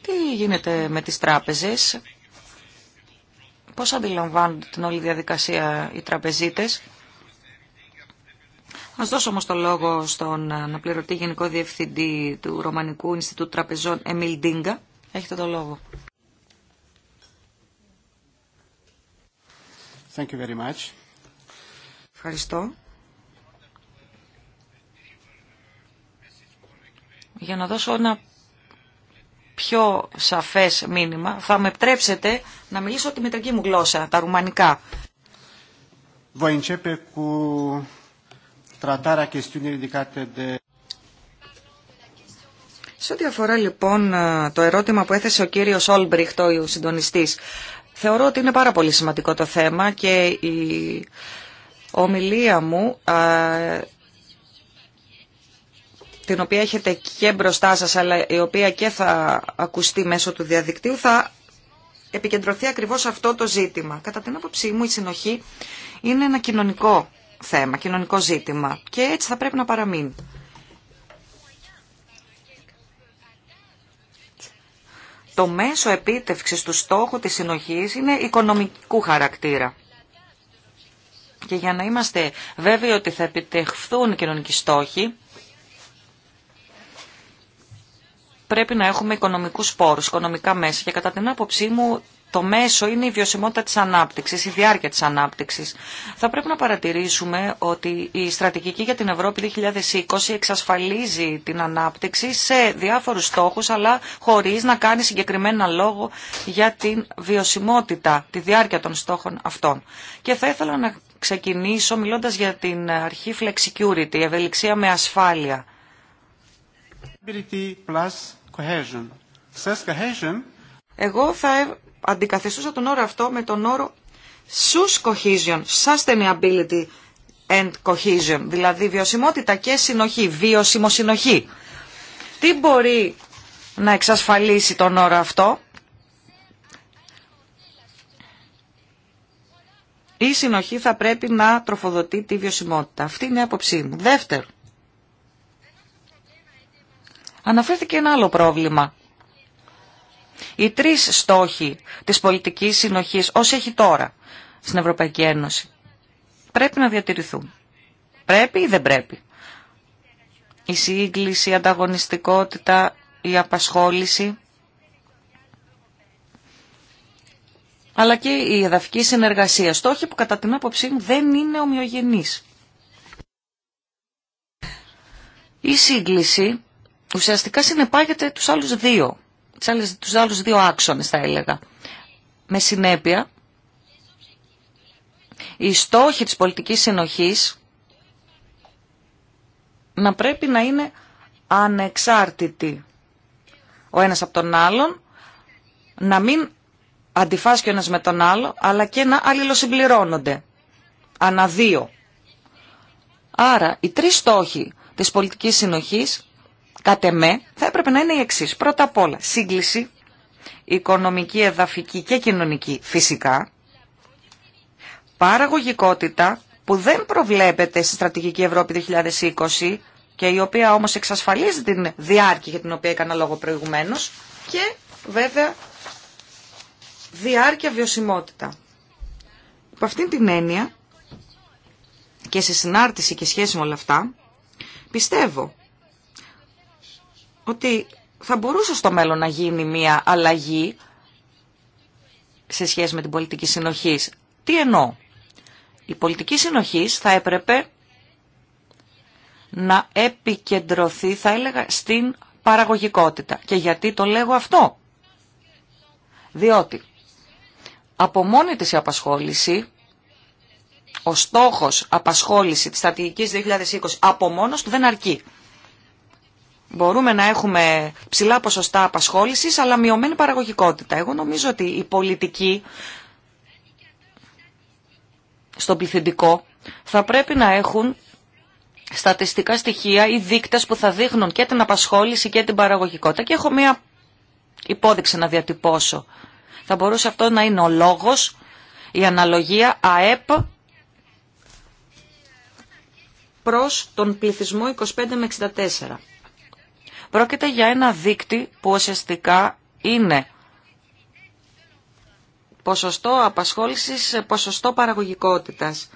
Τι γίνεται με τις τράπεζες, πώς αντιλαμβάνονται την όλη διαδικασία οι τραπεζίτες. Ας δώσω όμως το λόγο στον αναπληρωτή Γενικό Διευθυντή του Ρωμανικού Ινστιτούτου Τραπεζών, Εμίλ Ντίγκα. Έχετε το λόγο. Ευχαριστώ. Για να δώσω ένα πιο σαφές μήνυμα, θα με επιτρέψετε να μιλήσω τη μητρική μου γλώσσα, τα ρουμανικά. Σε ό,τι αφορά λοιπόν το ερώτημα που έθεσε ο κύριος Όλμπριχτ, ο συντονιστής, Θεωρώ ότι είναι πάρα πολύ σημαντικό το θέμα και η ομιλία μου την οποία έχετε και μπροστά σας αλλά η οποία και θα ακουστεί μέσω του διαδικτύου θα επικεντρωθεί ακριβώς αυτό το ζήτημα. Κατά την άποψή μου η συνοχή είναι ένα κοινωνικό θέμα, κοινωνικό ζήτημα και έτσι θα πρέπει να παραμείνει. το μέσο επίτευξης του στόχου της συνοχής είναι οικονομικού χαρακτήρα. Και για να είμαστε βέβαιοι ότι θα επιτευχθούν οι κοινωνικοί στόχοι, πρέπει να έχουμε οικονομικούς πόρους, οικονομικά μέσα. Και κατά την άποψή μου το μέσο είναι η βιωσιμότητα της ανάπτυξης, η διάρκεια της ανάπτυξης. Θα πρέπει να παρατηρήσουμε ότι η στρατηγική για την Ευρώπη 2020 εξασφαλίζει την ανάπτυξη σε διάφορους στόχους, αλλά χωρίς να κάνει συγκεκριμένα λόγο για την βιωσιμότητα, τη διάρκεια των στόχων αυτών. Και θα ήθελα να ξεκινήσω μιλώντας για την αρχή flexicurity, ευελιξία με ασφάλεια. Εγώ θα αντικαθιστούσα τον όρο αυτό με τον όρο sus cohesion, sustainability and cohesion, δηλαδή βιωσιμότητα και συνοχή, βιωσιμοσυνοχή. Τι μπορεί να εξασφαλίσει τον όρο αυτό, η συνοχή θα πρέπει να τροφοδοτεί τη βιωσιμότητα. Αυτή είναι η άποψή μου. Δεύτερο, αναφέρθηκε ένα άλλο πρόβλημα οι τρεις στόχοι της πολιτικής συνοχής όσοι έχει τώρα στην Ευρωπαϊκή Ένωση πρέπει να διατηρηθούν. Πρέπει ή δεν πρέπει. Η σύγκληση, η ανταγωνιστικότητα, η απασχόληση αλλά και η εδαφική συνεργασία. Στόχοι που κατά την άποψή μου δεν είναι ομοιογενείς. Η σύγκληση ουσιαστικά συνεπάγεται τους άλλους δύο τους άλλους δύο άξονες θα έλεγα. Με συνέπεια, οι στόχοι της πολιτικής συνοχής να πρέπει να είναι ανεξαρτητή ο ένας από τον άλλον, να μην αντιφάσκει ο ένας με τον άλλο, αλλά και να αλληλοσυμπληρώνονται, ανά δύο. Άρα, οι τρεις στόχοι της πολιτικής συνοχής κατ' εμέ, θα έπρεπε να είναι η εξή. Πρώτα απ' όλα, σύγκληση, οικονομική, εδαφική και κοινωνική, φυσικά. Παραγωγικότητα, που δεν προβλέπεται στη Στρατηγική Ευρώπη 2020 και η οποία όμως εξασφαλίζει την διάρκεια για την οποία έκανα λόγο προηγουμένως και βέβαια διάρκεια βιωσιμότητα. Από αυτήν την έννοια και σε συνάρτηση και σχέση με όλα αυτά πιστεύω ότι θα μπορούσε στο μέλλον να γίνει μια αλλαγή σε σχέση με την πολιτική συνοχής. Τι εννοώ. Η πολιτική συνοχής θα έπρεπε να επικεντρωθεί, θα έλεγα, στην παραγωγικότητα. Και γιατί το λέγω αυτό. Διότι από μόνη της η απασχόληση, ο στόχος απασχόληση της στρατηγικής 2020 από μόνος του δεν αρκεί. Μπορούμε να έχουμε ψηλά ποσοστά απασχόλησης, αλλά μειωμένη παραγωγικότητα. Εγώ νομίζω ότι η πολιτική στον πληθυντικό θα πρέπει να έχουν στατιστικά στοιχεία ή δείκτες που θα δείχνουν και την απασχόληση και την παραγωγικότητα. Και έχω μία υπόδειξη να διατυπώσω. Θα μπορούσε αυτό να είναι ο λόγος, η αναλογία ΑΕΠ προς τον πληθυσμό 25 με 64. Πρόκειται για ένα δίκτυ που ουσιαστικά είναι ποσοστό απασχόλησης, ποσοστό παραγωγικότητας.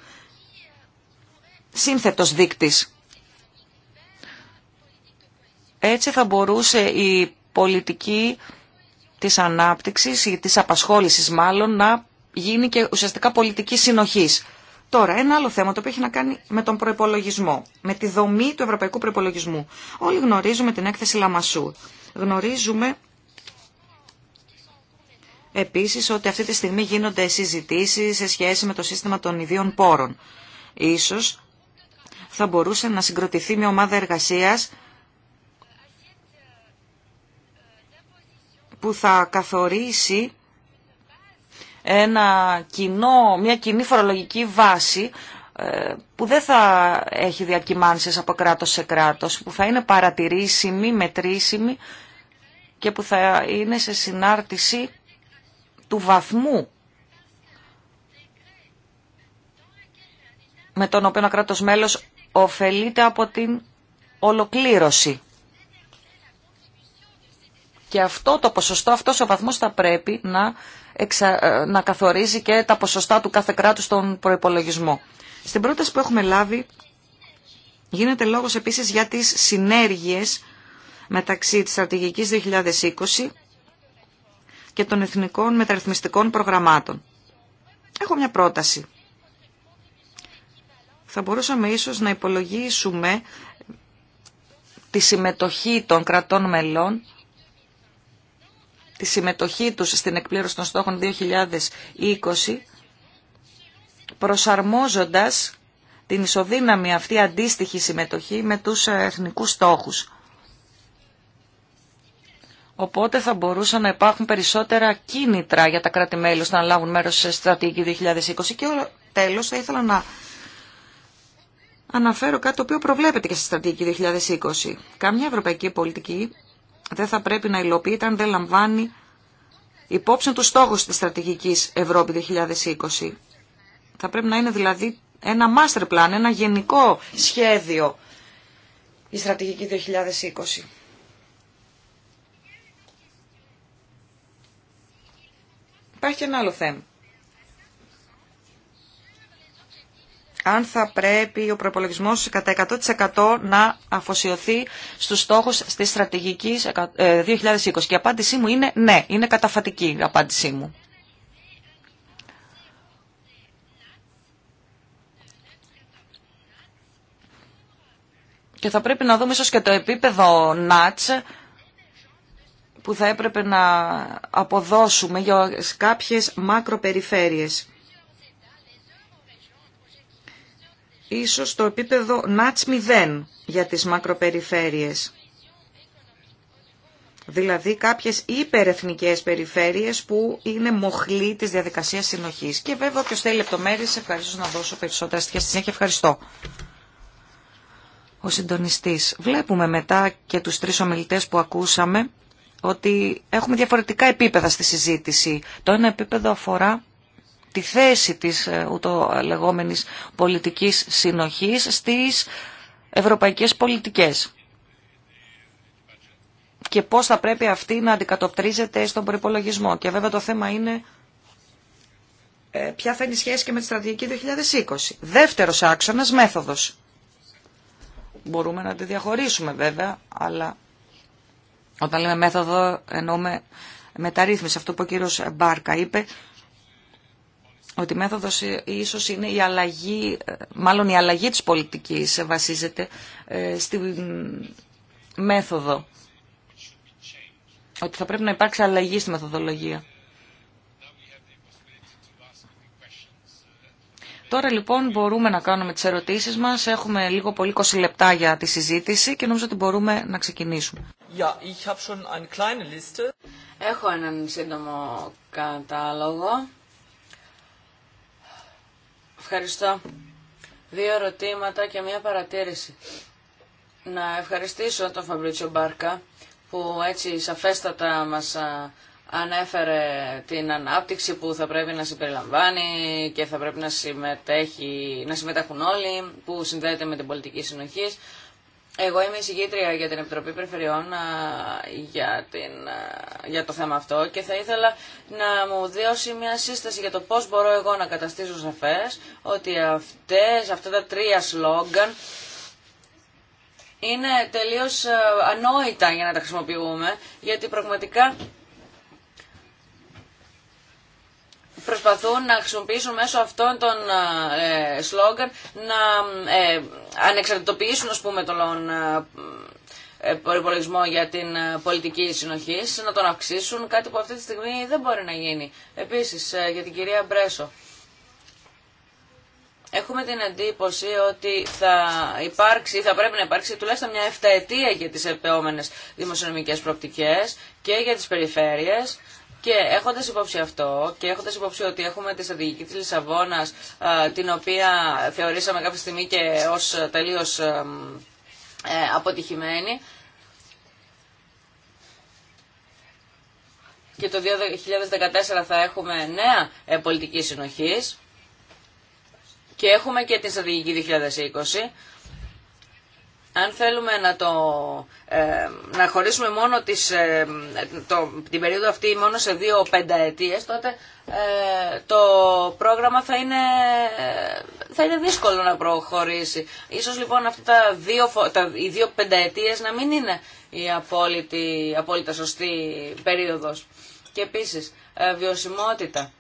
Σύνθετος δείκτης. Έτσι θα μπορούσε η πολιτική της ανάπτυξης ή της απασχόλησης μάλλον να γίνει και ουσιαστικά πολιτική συνοχής. Τώρα, ένα άλλο θέμα το οποίο έχει να κάνει με τον προπολογισμό, με τη δομή του ευρωπαϊκού προπολογισμού. Όλοι γνωρίζουμε την έκθεση Λαμασού. Γνωρίζουμε επίσης ότι αυτή τη στιγμή γίνονται συζητήσεις σε σχέση με το σύστημα των ιδίων πόρων. Ίσως θα μπορούσε να συγκροτηθεί μια ομάδα εργασίας που θα καθορίσει ένα κοινό, μια κοινή φορολογική βάση ε, που δεν θα έχει διακυμάνσεις από κράτος σε κράτος, που θα είναι παρατηρήσιμη, μετρήσιμη και που θα είναι σε συνάρτηση του βαθμού με τον οποίο ένα κράτος μέλος ωφελείται από την ολοκλήρωση. Και αυτό το ποσοστό, αυτός ο βαθμός θα πρέπει να ε, να καθορίζει και τα ποσοστά του κάθε κράτου στον προϋπολογισμό. Στην πρόταση που έχουμε λάβει γίνεται λόγος επίσης για τις συνέργειες μεταξύ της στρατηγικής 2020 και των εθνικών μεταρρυθμιστικών προγραμμάτων. Έχω μια πρόταση. Θα μπορούσαμε ίσως να υπολογίσουμε τη συμμετοχή των κρατών μελών τη συμμετοχή τους στην εκπλήρωση των στόχων 2020, προσαρμόζοντας την ισοδύναμη αυτή αντίστοιχη συμμετοχή με τους εθνικούς στόχους. Οπότε θα μπορούσαν να υπάρχουν περισσότερα κίνητρα για τα κράτη-μέλη να λάβουν μέρος σε στρατηγική 2020. Και τέλος θα ήθελα να αναφέρω κάτι το οποίο προβλέπεται και στη στρατηγική 2020. Καμιά ευρωπαϊκή πολιτική δεν θα πρέπει να υλοποιείται αν δεν λαμβάνει υπόψη του στόχου της στρατηγικής Ευρώπη 2020. Θα πρέπει να είναι δηλαδή ένα master plan, ένα γενικό σχέδιο η στρατηγική 2020. Υπάρχει και ένα άλλο θέμα. αν θα πρέπει ο προπολογισμό κατά 100% να αφοσιωθεί στους στόχους της στρατηγική 2020. Ε, ε, και η απάντησή μου είναι ναι, είναι καταφατική η απάντησή μου. Και θα πρέπει να δούμε ίσως και το επίπεδο ΝΑΤΣ που θα έπρεπε να αποδώσουμε για κάποιες μακροπεριφέρειες. ίσως το επίπεδο νάτς 0 για τις μακροπεριφέρειες. Δηλαδή κάποιες υπερεθνικές περιφέρειες που είναι μοχλή της διαδικασίας συνοχής. Και βέβαια όποιος θέλει λεπτομέρειες ευχαριστώ να δώσω περισσότερα στοιχεία στη συνέχεια. Ευχαριστώ. Ο συντονιστής. Βλέπουμε μετά και τους τρεις ομιλητές που ακούσαμε ότι έχουμε διαφορετικά επίπεδα στη συζήτηση. Το ένα επίπεδο αφορά τη θέση της ε, ούτω λεγόμενης πολιτικής συνοχής στις ευρωπαϊκές πολιτικές και πώς θα πρέπει αυτή να αντικατοπτρίζεται στον προπολογισμό. Και βέβαια το θέμα είναι ε, ποια θα είναι η σχέση και με τη στρατηγική 2020. Δεύτερος άξονας, μέθοδος. Μπορούμε να τη διαχωρίσουμε βέβαια, αλλά όταν λέμε μέθοδο εννοούμε μεταρρύθμιση. Αυτό που ο κύριος Μπάρκα είπε ότι η μέθοδος ε, ίσως είναι η αλλαγή, ε, μάλλον η αλλαγή της πολιτικής βασίζεται ε, στη μέθοδο. Ότι θα πρέπει να υπάρξει αλλαγή στη μεθοδολογία. Τώρα λοιπόν μπορούμε να κάνουμε τις ερωτήσεις μας. Έχουμε λίγο πολύ 20 λεπτά για τη συζήτηση και νομίζω ότι μπορούμε να ξεκινήσουμε. ich schon eine Liste. Έχω έναν σύντομο κατάλογο. Ευχαριστώ. Δύο ερωτήματα και μία παρατήρηση. Να ευχαριστήσω τον Φαμπρίτσιο Μπάρκα που έτσι σαφέστατα μας ανέφερε την ανάπτυξη που θα πρέπει να συμπεριλαμβάνει και θα πρέπει να, συμμετέχει, να συμμετέχουν όλοι που συνδέεται με την πολιτική συνοχή. Εγώ είμαι εισηγήτρια για την Επιτροπή Περιφερειών για, την, για το θέμα αυτό και θα ήθελα να μου δώσει μια σύσταση για το πώς μπορώ εγώ να καταστήσω σαφές ότι αυτές, αυτά τα τρία σλόγγαν είναι τελείως ανόητα για να τα χρησιμοποιούμε γιατί πραγματικά προσπαθούν να χρησιμοποιήσουν μέσω αυτών των ε, σλόγγαν να ε, ανεξαρτητοποιήσουν ας πούμε τον ε, ε για την ε, πολιτική συνοχή, να τον αυξήσουν, κάτι που αυτή τη στιγμή δεν μπορεί να γίνει. Επίσης, ε, για την κυρία Μπρέσο. Έχουμε την εντύπωση ότι θα υπάρξει, θα πρέπει να υπάρξει τουλάχιστον μια εφταετία για τις επόμενες δημοσιονομικές προοπτικές και για τις περιφέρειες και έχοντα υπόψη αυτό και έχοντα υπόψη ότι έχουμε τη στρατηγική τη Λισαβόνα την οποία θεωρήσαμε κάποια στιγμή και ως ε, τελείως ε, ε, αποτυχημένη και το 2014 θα έχουμε νέα πολιτική συνοχής και έχουμε και την στρατηγική 2020 αν θέλουμε να, το, ε, να χωρίσουμε μόνο τις, ε, το, την περίοδο αυτή μόνο σε δύο πενταετίες, τότε ε, το πρόγραμμα θα είναι, θα είναι δύσκολο να προχωρήσει. Ίσως λοιπόν αυτά τα δύο, τα, οι δύο πενταετίες να μην είναι η απόλυτη, απόλυτα σωστή περίοδος. Και επίσης, βιωσιμότητα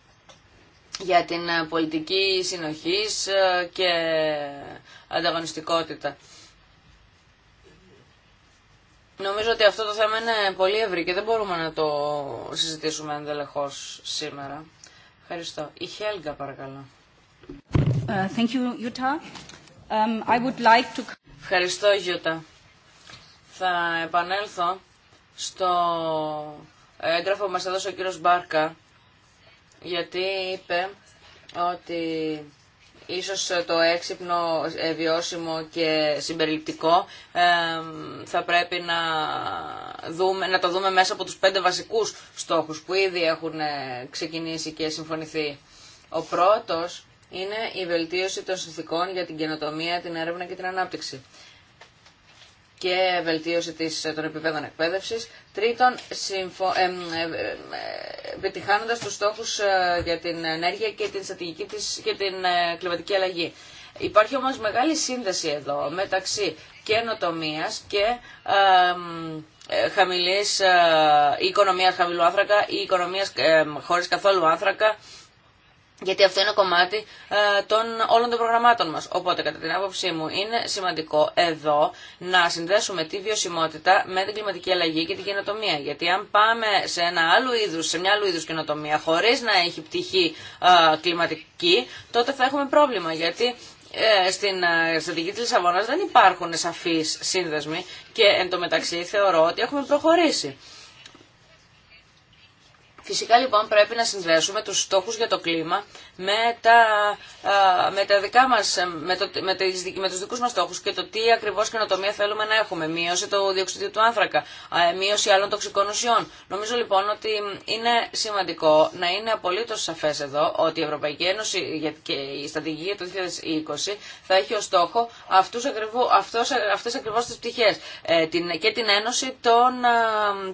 για την πολιτική συνοχής και ανταγωνιστικότητα. Νομίζω ότι αυτό το θέμα είναι πολύ ευρύ και δεν μπορούμε να το συζητήσουμε εντελεχώ σήμερα. Ευχαριστώ. Η Χέλγκα, παρακαλώ. Ε, um, Ευχαριστώ, Γιούτα. Θα επανέλθω στο έγγραφο που μας έδωσε ο κύριος Μπάρκα, γιατί είπε ότι Ίσως ε, το έξυπνο, ε, βιώσιμο και συμπεριληπτικό ε, θα πρέπει να, δούμε, να το δούμε μέσα από τους πέντε βασικούς στόχους που ήδη έχουν ξεκινήσει και συμφωνηθεί. Ο πρώτος είναι η βελτίωση των συνθηκών για την καινοτομία, την έρευνα και την ανάπτυξη και βελτίωση της, ε, των επιπέδων εκπαίδευσης. Τρίτον, συμφω... Ε, ε, ε τους στόχους για την ενέργεια και την στρατηγική της και την κλιματική αλλαγή. Υπάρχει όμως μεγάλη σύνδεση εδώ μεταξύ καινοτομία και ε, χαμηλής, οικονομία χαμηλού άνθρακα ή οικονομία χωρίς καθόλου άνθρακα γιατί αυτό είναι κομμάτι ε, των όλων των προγραμμάτων μας. Οπότε, κατά την άποψή μου, είναι σημαντικό εδώ να συνδέσουμε τη βιωσιμότητα με την κλιματική αλλαγή και την καινοτομία. Γιατί αν πάμε σε, ένα άλλο είδους, σε μια άλλου είδους καινοτομία, χωρίς να έχει πτυχή ε, κλιματική, τότε θα έχουμε πρόβλημα. Γιατί ε, στην στρατηγική της Λισαβόνας δεν υπάρχουν σαφείς σύνδεσμοι και εν τω μεταξύ θεωρώ ότι έχουμε προχωρήσει. Φυσικά λοιπόν πρέπει να συνδέσουμε τους στόχους για το κλίμα με, τα, με, τα δικά μας, με, το, με, τις, με τους δικούς μας στόχους και το τι ακριβώς καινοτομία θέλουμε να έχουμε. Μείωση του διοξιδίου του άνθρακα, μείωση άλλων τοξικών ουσιών. Νομίζω λοιπόν ότι είναι σημαντικό να είναι απολύτως σαφές εδώ ότι η Ευρωπαϊκή Ένωση και η στρατηγία του 2020 θα έχει ως στόχο αυτούς ακριβώς, αυτός, αυτές ακριβώς τις πτυχές ε, και την ένωση των,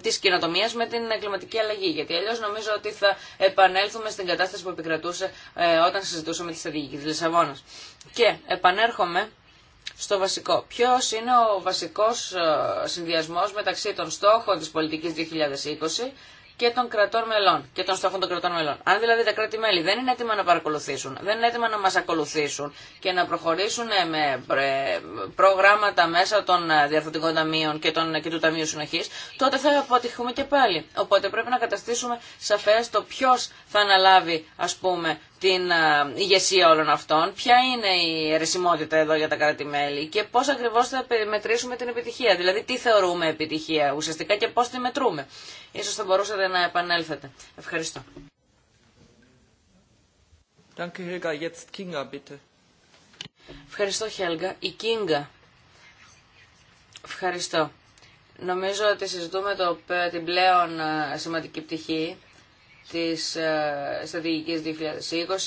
της καινοτομίας με την κλιματική αλλαγή. Γιατί νομίζω ότι θα επανέλθουμε στην κατάσταση που επικρατούσε ε, όταν συζητούσαμε τη στρατηγική τη Λισαβόνα. Και επανέρχομαι στο βασικό. Ποιο είναι ο βασικός ε, συνδυασμό μεταξύ των στόχων της πολιτικής 2020 και των κρατών μελών και των στόχων των κρατών μελών. Αν δηλαδή τα κράτη-μέλη δεν είναι έτοιμα να παρακολουθήσουν, δεν είναι έτοιμα να μας ακολουθήσουν και να προχωρήσουν ε, με ε, προγράμματα μέσα των ε, διαφορετικών ταμείων και, του Ταμείου συνοχή, τότε θα αποτυχούμε και πάλι. Οπότε πρέπει να καταστήσουμε σαφέ το ποιο θα αναλάβει α πούμε την ε, ηγεσία όλων αυτών, ποια είναι η αιρεσιμότητα εδώ για τα κράτη-μέλη και πώς ακριβώς θα μετρήσουμε την επιτυχία, δηλαδή τι θεωρούμε επιτυχία ουσιαστικά και πώς τη μετρούμε. Ίσως θα μπορούσατε να επανέλθετε. Ευχαριστώ. Ευχαριστώ, Χέλγα. Η Κίνγκα. Ευχαριστώ. Νομίζω ότι συζητούμε το, την πλέον ε, σημαντική πτυχή της ε, στρατηγικής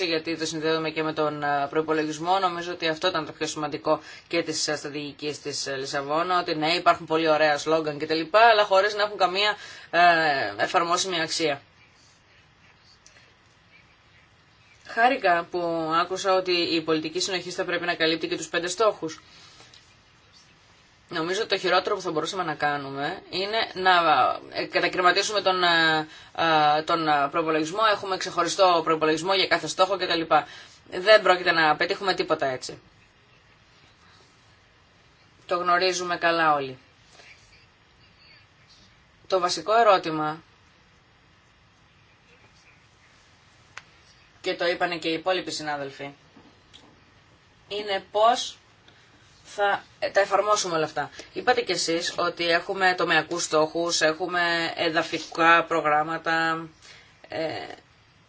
2020, γιατί το συνδέουμε και με τον ε, προπολογισμό. Νομίζω ότι αυτό ήταν το πιο σημαντικό και της ε, στρατηγικής της Λισαβόνα, ότι ναι, υπάρχουν πολύ ωραία σλόγγαν κτλ, αλλά χωρίς να έχουν καμία εφαρμόσιμη αξία. Χάρηκα που άκουσα ότι η πολιτική συνοχή θα πρέπει να καλύπτει και τους πέντε στόχους. Νομίζω ότι το χειρότερο που θα μπορούσαμε να κάνουμε είναι να ε, κατακριματίσουμε τον, ε, ε, τον προπολογισμό. Έχουμε ξεχωριστό προπολογισμό για κάθε στόχο κτλ. Δεν πρόκειται να πετύχουμε τίποτα έτσι. Το γνωρίζουμε καλά όλοι. Το βασικό ερώτημα και το είπανε και οι υπόλοιποι συνάδελφοι είναι πώς θα ε, τα εφαρμόσουμε όλα αυτά. Είπατε κι εσείς ότι έχουμε τομεακούς στόχους, έχουμε εδαφικά προγράμματα, ε,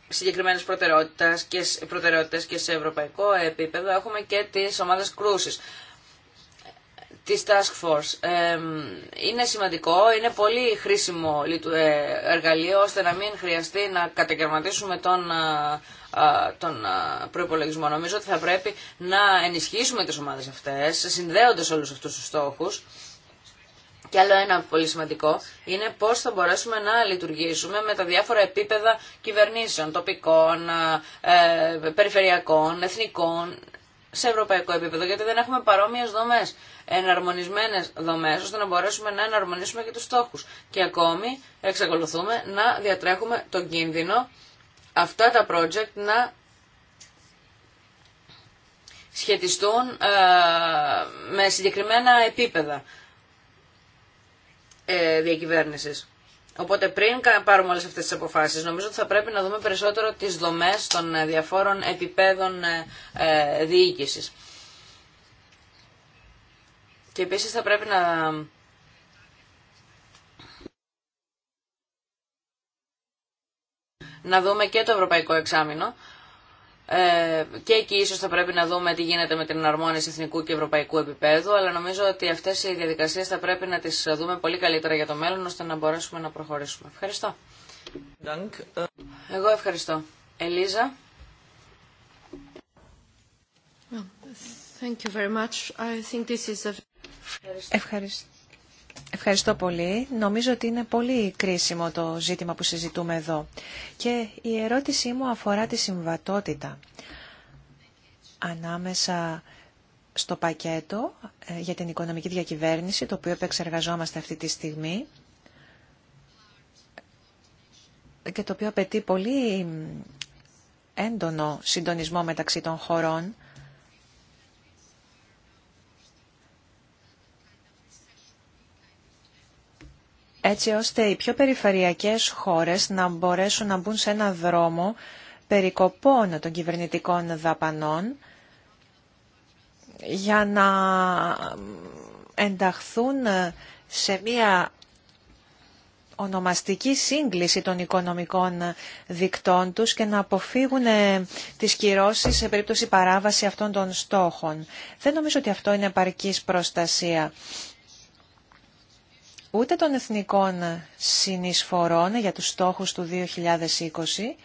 συγκεκριμένες προτεραιότητες και, προτεραιότητες και σε ευρωπαϊκό επίπεδο έχουμε και τις ομάδες κρούσης τις Task Force. Ε, είναι σημαντικό, είναι πολύ χρήσιμο ε, εργαλείο ώστε να μην χρειαστεί να κατακαιρματίσουμε τον ε, τον ε, προπολογισμό. Νομίζω ότι θα πρέπει να ενισχύσουμε τις ομάδες αυτές, συνδέοντας όλους αυτούς τους στόχους. Και άλλο ένα πολύ σημαντικό είναι πώς θα μπορέσουμε να λειτουργήσουμε με τα διάφορα επίπεδα κυβερνήσεων, τοπικών, ε, περιφερειακών, εθνικών, σε ευρωπαϊκό επίπεδο, γιατί δεν έχουμε παρόμοιε δομέ, εναρμονισμένε δομέ, ώστε να μπορέσουμε να εναρμονίσουμε και του στόχου. Και ακόμη εξακολουθούμε να διατρέχουμε τον κίνδυνο αυτά τα project να σχετιστούν ε, με συγκεκριμένα επίπεδα ε, διακυβέρνησης. Οπότε πριν πάρουμε όλες αυτές τις αποφάσεις, νομίζω ότι θα πρέπει να δούμε περισσότερο τις δομές των ε, διαφόρων επιπέδων διοίκησης. Και επίσης θα πρέπει να να δούμε και το ευρωπαϊκό εξάμεινο ε, και εκεί ίσως θα πρέπει να δούμε τι γίνεται με την εναρμόνιση εθνικού και ευρωπαϊκού επίπεδου, αλλά νομίζω ότι αυτές οι διαδικασίες θα πρέπει να τις δούμε πολύ καλύτερα για το μέλλον, ώστε να μπορέσουμε να προχωρήσουμε. Ευχαριστώ. Εγώ ευχαριστώ. Ελίζα. Thank you very much. I think this is Ευχαριστώ. Ευχαριστώ πολύ. Νομίζω ότι είναι πολύ κρίσιμο το ζήτημα που συζητούμε εδώ. Και η ερώτησή μου αφορά τη συμβατότητα ανάμεσα στο πακέτο ε, για την οικονομική διακυβέρνηση, το οποίο επεξεργαζόμαστε αυτή τη στιγμή και το οποίο απαιτεί πολύ έντονο συντονισμό μεταξύ των χωρών έτσι ώστε οι πιο περιφερειακές χώρες να μπορέσουν να μπουν σε ένα δρόμο περικοπών των κυβερνητικών δαπανών για να ενταχθούν σε μία ονομαστική σύγκληση των οικονομικών δικτών τους και να αποφύγουν ε, τις κυρώσεις σε περίπτωση παράβαση αυτών των στόχων. Δεν νομίζω ότι αυτό είναι επαρκής προστασία ούτε των εθνικών συνεισφορών για τους στόχους του 2020,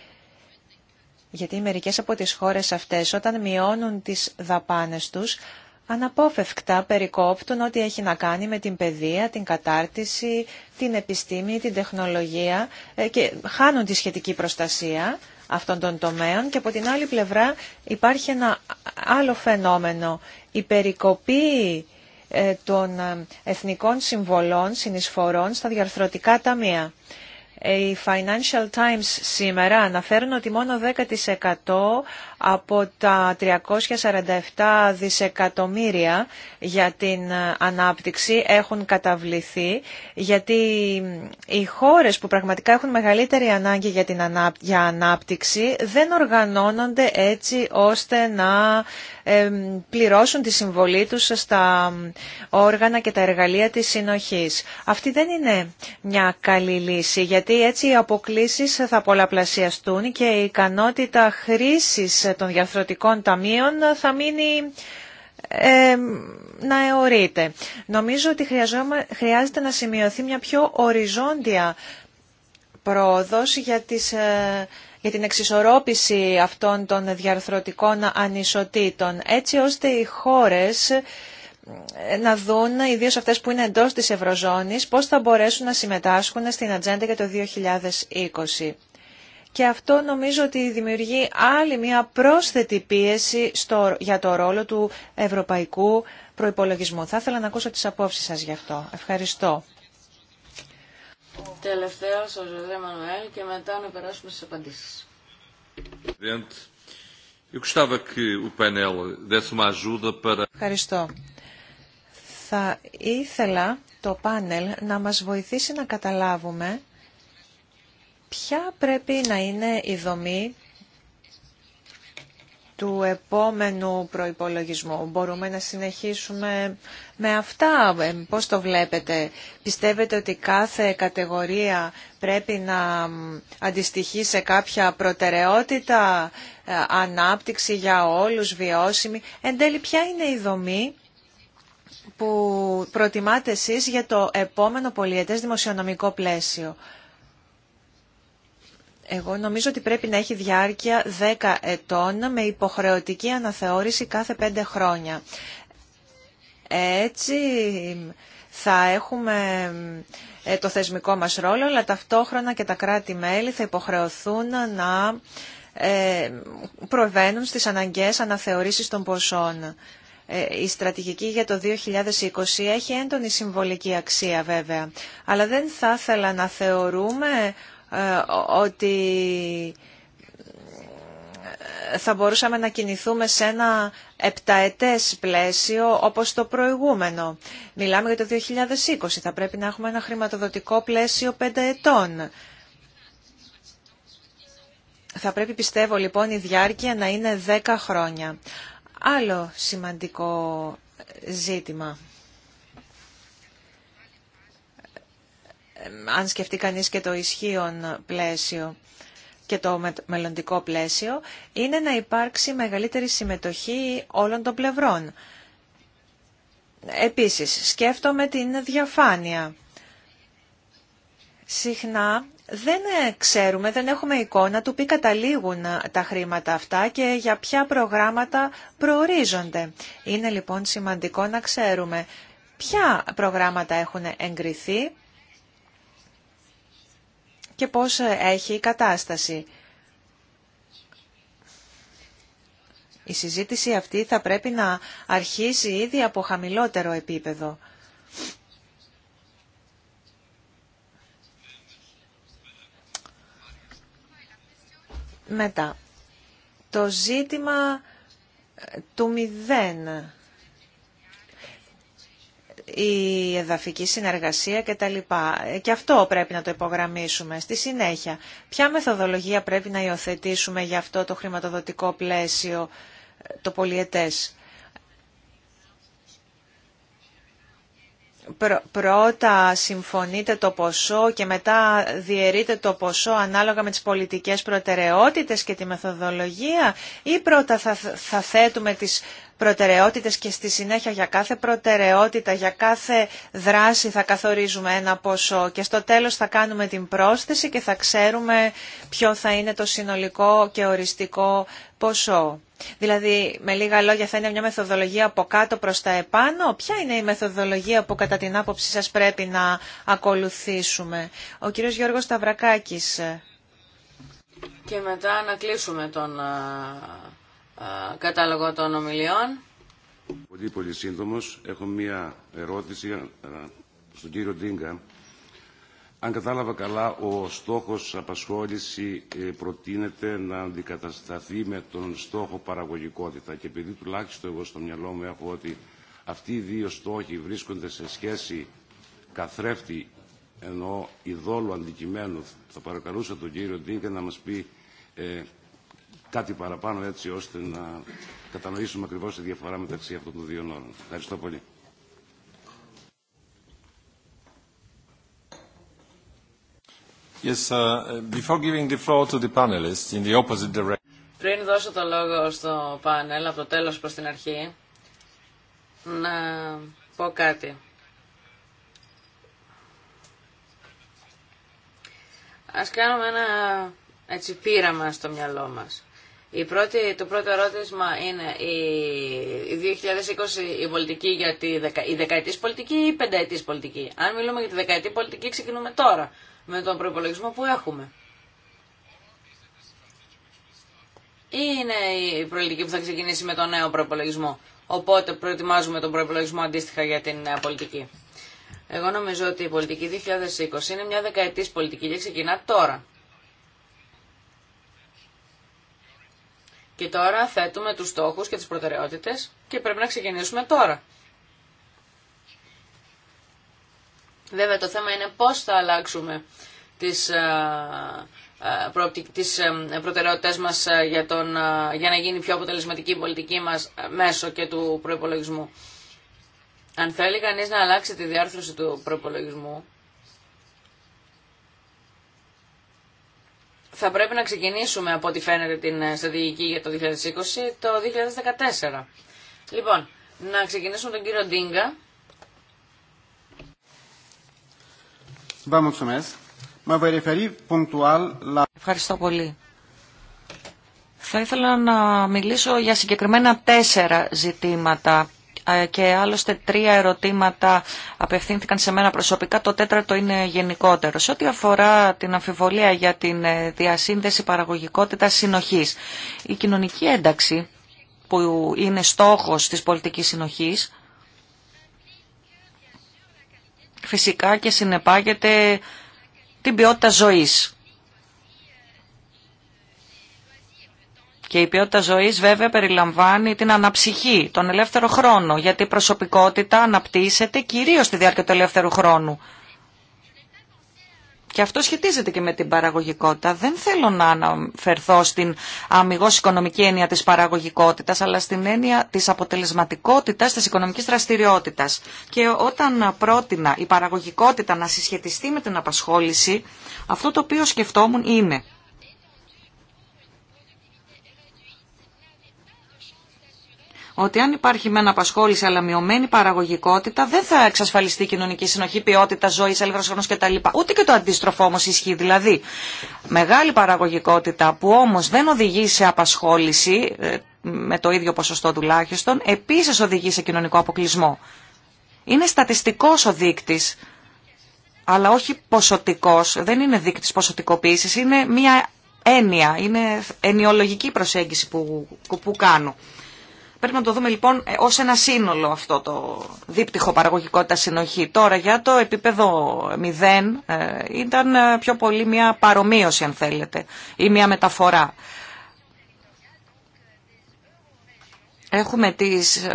γιατί μερικές από τις χώρες αυτές όταν μειώνουν τις δαπάνες τους, αναπόφευκτα περικόπτουν ό,τι έχει να κάνει με την παιδεία, την κατάρτιση, την επιστήμη, την τεχνολογία ε, και χάνουν τη σχετική προστασία αυτών των τομέων και από την άλλη πλευρά υπάρχει ένα άλλο φαινόμενο. Η περικοπή ε, των ε, εθνικών συμβολών συνεισφορών στα διαρθρωτικά ταμεία. Ε, οι Financial Times σήμερα αναφέρουν ότι μόνο 10% από τα 347 δισεκατομμύρια για την ε, ανάπτυξη έχουν καταβληθεί γιατί οι χώρες που πραγματικά έχουν μεγαλύτερη ανάγκη για την ανάπτυξη δεν οργανώνονται έτσι ώστε να πληρώσουν τη συμβολή τους στα όργανα και τα εργαλεία της συνοχής. Αυτή δεν είναι μια καλή λύση γιατί έτσι οι αποκλήσεις θα πολλαπλασιαστούν και η ικανότητα χρήσης των διαθροτικών ταμείων θα μείνει ε, να εωρείται. Νομίζω ότι χρειάζεται να σημειωθεί μια πιο οριζόντια πρόοδος για τις ε, για την εξισορρόπηση αυτών των διαρθρωτικών ανισοτήτων, έτσι ώστε οι χώρες ε, να δουν, ιδίως αυτές που είναι εντός της Ευρωζώνης, πώς θα μπορέσουν να συμμετάσχουν στην ατζέντα για το 2020. Και αυτό νομίζω ότι δημιουργεί άλλη μια πρόσθετη πίεση στο, για το ρόλο του ευρωπαϊκού προϋπολογισμού. Θα ήθελα να ακούσω τις απόψεις σας γι' αυτό. Ευχαριστώ. Τελευταίος ο Ζωζέ Μανουέλ και μετά να περάσουμε στις απαντήσεις. Ευχαριστώ. Θα ήθελα το πάνελ να μας βοηθήσει να καταλάβουμε Ποια πρέπει να είναι η δομή του επόμενου προϋπολογισμού. Μπορούμε να συνεχίσουμε με αυτά. Ε, πώς το βλέπετε. Πιστεύετε ότι κάθε κατηγορία πρέπει να αντιστοιχεί σε κάποια προτεραιότητα, ε, ανάπτυξη για όλους, βιώσιμη. Εν τέλει, ποια είναι η δομή που προτιμάτε εσείς για το επόμενο πολιετές δημοσιονομικό πλαίσιο. Εγώ νομίζω ότι πρέπει να έχει διάρκεια 10 ετών με υποχρεωτική αναθεώρηση κάθε 5 χρόνια. Έτσι θα έχουμε ε, το θεσμικό μας ρόλο, αλλά ταυτόχρονα και τα κράτη-μέλη θα υποχρεωθούν να ε, προβαίνουν στις αναγκαίες αναθεωρήσεις των ποσών. Ε, η στρατηγική για το 2020 έχει έντονη συμβολική αξία βέβαια, αλλά δεν θα ήθελα να θεωρούμε ε, ότι θα μπορούσαμε να κινηθούμε σε ένα επταετές πλαίσιο όπως το προηγούμενο. Μιλάμε για το 2020, θα πρέπει να έχουμε ένα χρηματοδοτικό πλαίσιο πέντε ετών. Θα πρέπει πιστεύω λοιπόν η διάρκεια να είναι 10 χρόνια. Άλλο σημαντικό ζήτημα. αν σκεφτεί κανείς και το ισχύον πλαίσιο και το μελλοντικό πλαίσιο, είναι να υπάρξει μεγαλύτερη συμμετοχή όλων των πλευρών. Επίσης, σκέφτομαι την διαφάνεια. Συχνά δεν ξέρουμε, δεν έχουμε εικόνα του ποιοι καταλήγουν τα χρήματα αυτά και για ποια προγράμματα προορίζονται. Είναι λοιπόν σημαντικό να ξέρουμε ποια προγράμματα έχουν εγκριθεί, και πώς ε, έχει η κατάσταση. Η συζήτηση αυτή θα πρέπει να αρχίσει ήδη από χαμηλότερο επίπεδο. Μετά, το ζήτημα ε, του μηδέν η εδαφική συνεργασία κτλ. Και αυτό πρέπει να το υπογραμμίσουμε. Στη συνέχεια, ποια μεθοδολογία πρέπει να υιοθετήσουμε για αυτό το χρηματοδοτικό πλαίσιο, το πολιετές. πρώτα συμφωνείτε το ποσό και μετά διαιρείτε το ποσό ανάλογα με τις πολιτικές προτεραιότητες και τη μεθοδολογία ή πρώτα θα, θα θέτουμε τις προτεραιότητες και στη συνέχεια για κάθε προτεραιότητα, για κάθε δράση θα καθορίζουμε ένα ποσό και στο τέλος θα κάνουμε την πρόσθεση και θα ξέρουμε ποιο θα είναι το συνολικό και οριστικό ποσό. Δηλαδή, με λίγα λόγια, θα είναι μια μεθοδολογία από κάτω προς τα επάνω. Ποια είναι η μεθοδολογία που κατά την άποψή σας πρέπει να ακολουθήσουμε. Ο κύριος Γιώργος Σταυρακάκης. Και μετά να κλείσουμε τον κατάλογο των ομιλιών. Πολύ πολύ σύντομος. Έχω μία ερώτηση στον κύριο Ντίνκα. Αν κατάλαβα καλά, ο στόχος απασχόληση ε, προτείνεται να αντικατασταθεί με τον στόχο παραγωγικότητα. Και επειδή τουλάχιστον εγώ στο μυαλό μου έχω ότι αυτοί οι δύο στόχοι βρίσκονται σε σχέση καθρέφτη ενώ ειδόλου αντικειμένου, θα παρακαλούσα τον κύριο Ντίνκα να μας πει ε, κάτι παραπάνω έτσι ώστε να κατανοήσουμε ακριβώς τη διαφορά μεταξύ αυτών των δύο νόρων. Ευχαριστώ πολύ. Yes, uh, before giving the floor to the panelists in the opposite direction. Πριν δώσω το λόγο στο πάνελ από το τέλος προς την αρχή, να πω κάτι. Ας κάνουμε ένα έτσι πείραμα στο μυαλό μας. Η πρώτη, το πρώτο ερώτημα είναι η 2020 η πολιτική για τη δεκα, η δεκαετής πολιτική ή η πενταετής πολιτική. Αν μιλούμε για τη δεκαετή πολιτική ξεκινούμε τώρα με τον προπολογισμό που έχουμε. Ή είναι η πολιτική που θα ξεκινήσει με τον νέο προπολογισμό. Οπότε προετοιμάζουμε τον προπολογισμό αντίστοιχα για την νέα πολιτική. Εγώ νομίζω ότι η πολιτική 2020 είναι μια δεκαετής πολιτική και ξεκινά τώρα. Και τώρα θέτουμε τους στόχους και τις προτεραιότητες και πρέπει να ξεκινήσουμε τώρα. Βέβαια το θέμα είναι πώς θα αλλάξουμε τις, ε, ε, τις ε, προτεραιότητες μας για, τον, για να γίνει πιο αποτελεσματική η πολιτική μας μέσω και του προϋπολογισμού. Αν θέλει κανείς να αλλάξει τη διάρθρωση του προϋπολογισμού, θα πρέπει να ξεκινήσουμε από ό,τι φαίνεται την ε, στρατηγική για το 2020 το 2014. Λοιπόν, να ξεκινήσουμε τον κύριο Ντίγκα. Ευχαριστώ πολύ. Θα ήθελα να μιλήσω για συγκεκριμένα τέσσερα ζητήματα ε, και άλλωστε τρία ερωτήματα απευθύνθηκαν σε μένα προσωπικά. Το τέταρτο είναι γενικότερο. Σε ό,τι αφορά την αμφιβολία για την ε, διασύνδεση παραγωγικότητας συνοχής, η κοινωνική ένταξη που είναι στόχος της πολιτικής συνοχής, φυσικά και συνεπάγεται την ποιότητα ζωής Και η ποιότητα ζωή βέβαια περιλαμβάνει την αναψυχή, τον ελεύθερο χρόνο, γιατί η προσωπικότητα αναπτύσσεται κυρίω στη διάρκεια του ελεύθερου χρόνου. Και αυτό σχετίζεται και με την παραγωγικότητα. Δεν θέλω να αναφερθώ στην αμυγό οικονομική έννοια τη παραγωγικότητα, αλλά στην έννοια τη αποτελεσματικότητα, τη οικονομική δραστηριότητα. Και όταν πρότεινα η παραγωγικότητα να συσχετιστεί με την απασχόληση, αυτό το οποίο σκεφτόμουν είναι ότι αν υπάρχει μεν απασχόληση αλλά μειωμένη παραγωγικότητα, δεν θα εξασφαλιστεί κοινωνική συνοχή, ποιότητα ζωή, έλεγχο χρόνο κτλ. Ούτε και το αντίστροφο όμω ισχύει. Δηλαδή, μεγάλη παραγωγικότητα που όμω δεν οδηγεί σε απασχόληση, ε, με το ίδιο ποσοστό τουλάχιστον, επίση οδηγεί σε κοινωνικό αποκλεισμό. Είναι στατιστικό ο δείκτη αλλά όχι ποσοτικός, δεν είναι δείκτη ποσοτικοποίηση, είναι μία έννοια, είναι ενιολογική προσέγγιση που, που κάνω. Πρέπει να το δούμε λοιπόν ε, ως ένα σύνολο αυτό το δίπτυχο παραγωγικότητα συνοχή. Τώρα για το επίπεδο 0 ε, ήταν ε, πιο πολύ μια παρομοίωση αν θέλετε ή μια μεταφορά. Έχουμε τις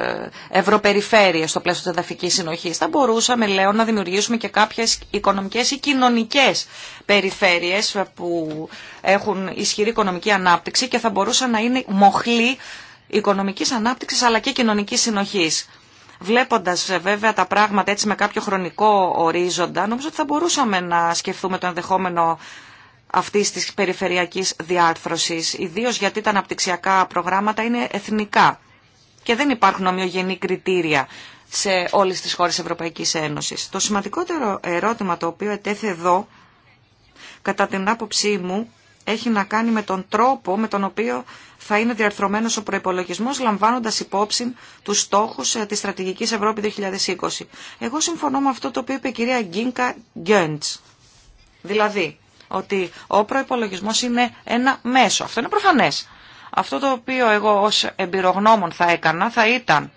ευρωπεριφέρειες στο πλαίσιο της εδαφικής συνοχής. Θα μπορούσαμε, λέω, να δημιουργήσουμε και κάποιες οικονομικές ή κοινωνικές περιφέρειες που έχουν ισχυρή οικονομική ανάπτυξη και θα μπορούσαν να είναι μοχλή οικονομικής ανάπτυξης αλλά και κοινωνικής συνοχής. Βλέποντας ε, βέβαια τα πράγματα έτσι με κάποιο χρονικό ορίζοντα, νομίζω ότι θα μπορούσαμε να σκεφτούμε το ενδεχόμενο αυτής της περιφερειακής διάρθρωσης, ιδίως γιατί τα αναπτυξιακά προγράμματα είναι εθνικά και δεν υπάρχουν ομοιογενή κριτήρια σε όλες τις χώρες Ευρωπαϊκής Ένωσης. Το σημαντικότερο ερώτημα το οποίο ετέθε εδώ, κατά την άποψή μου, έχει να κάνει με τον τρόπο με τον οποίο θα είναι διαρθρωμένος ο προϋπολογισμός λαμβάνοντας υπόψη τους στόχους ε, της στρατηγικής Ευρώπη 2020. Εγώ συμφωνώ με αυτό το οποίο είπε η κυρία Γκίνκα Γκέντς. Δηλαδή, ότι ο προϋπολογισμός είναι ένα μέσο. Αυτό είναι προφανές. Αυτό το οποίο εγώ ως εμπειρογνώμων θα έκανα θα ήταν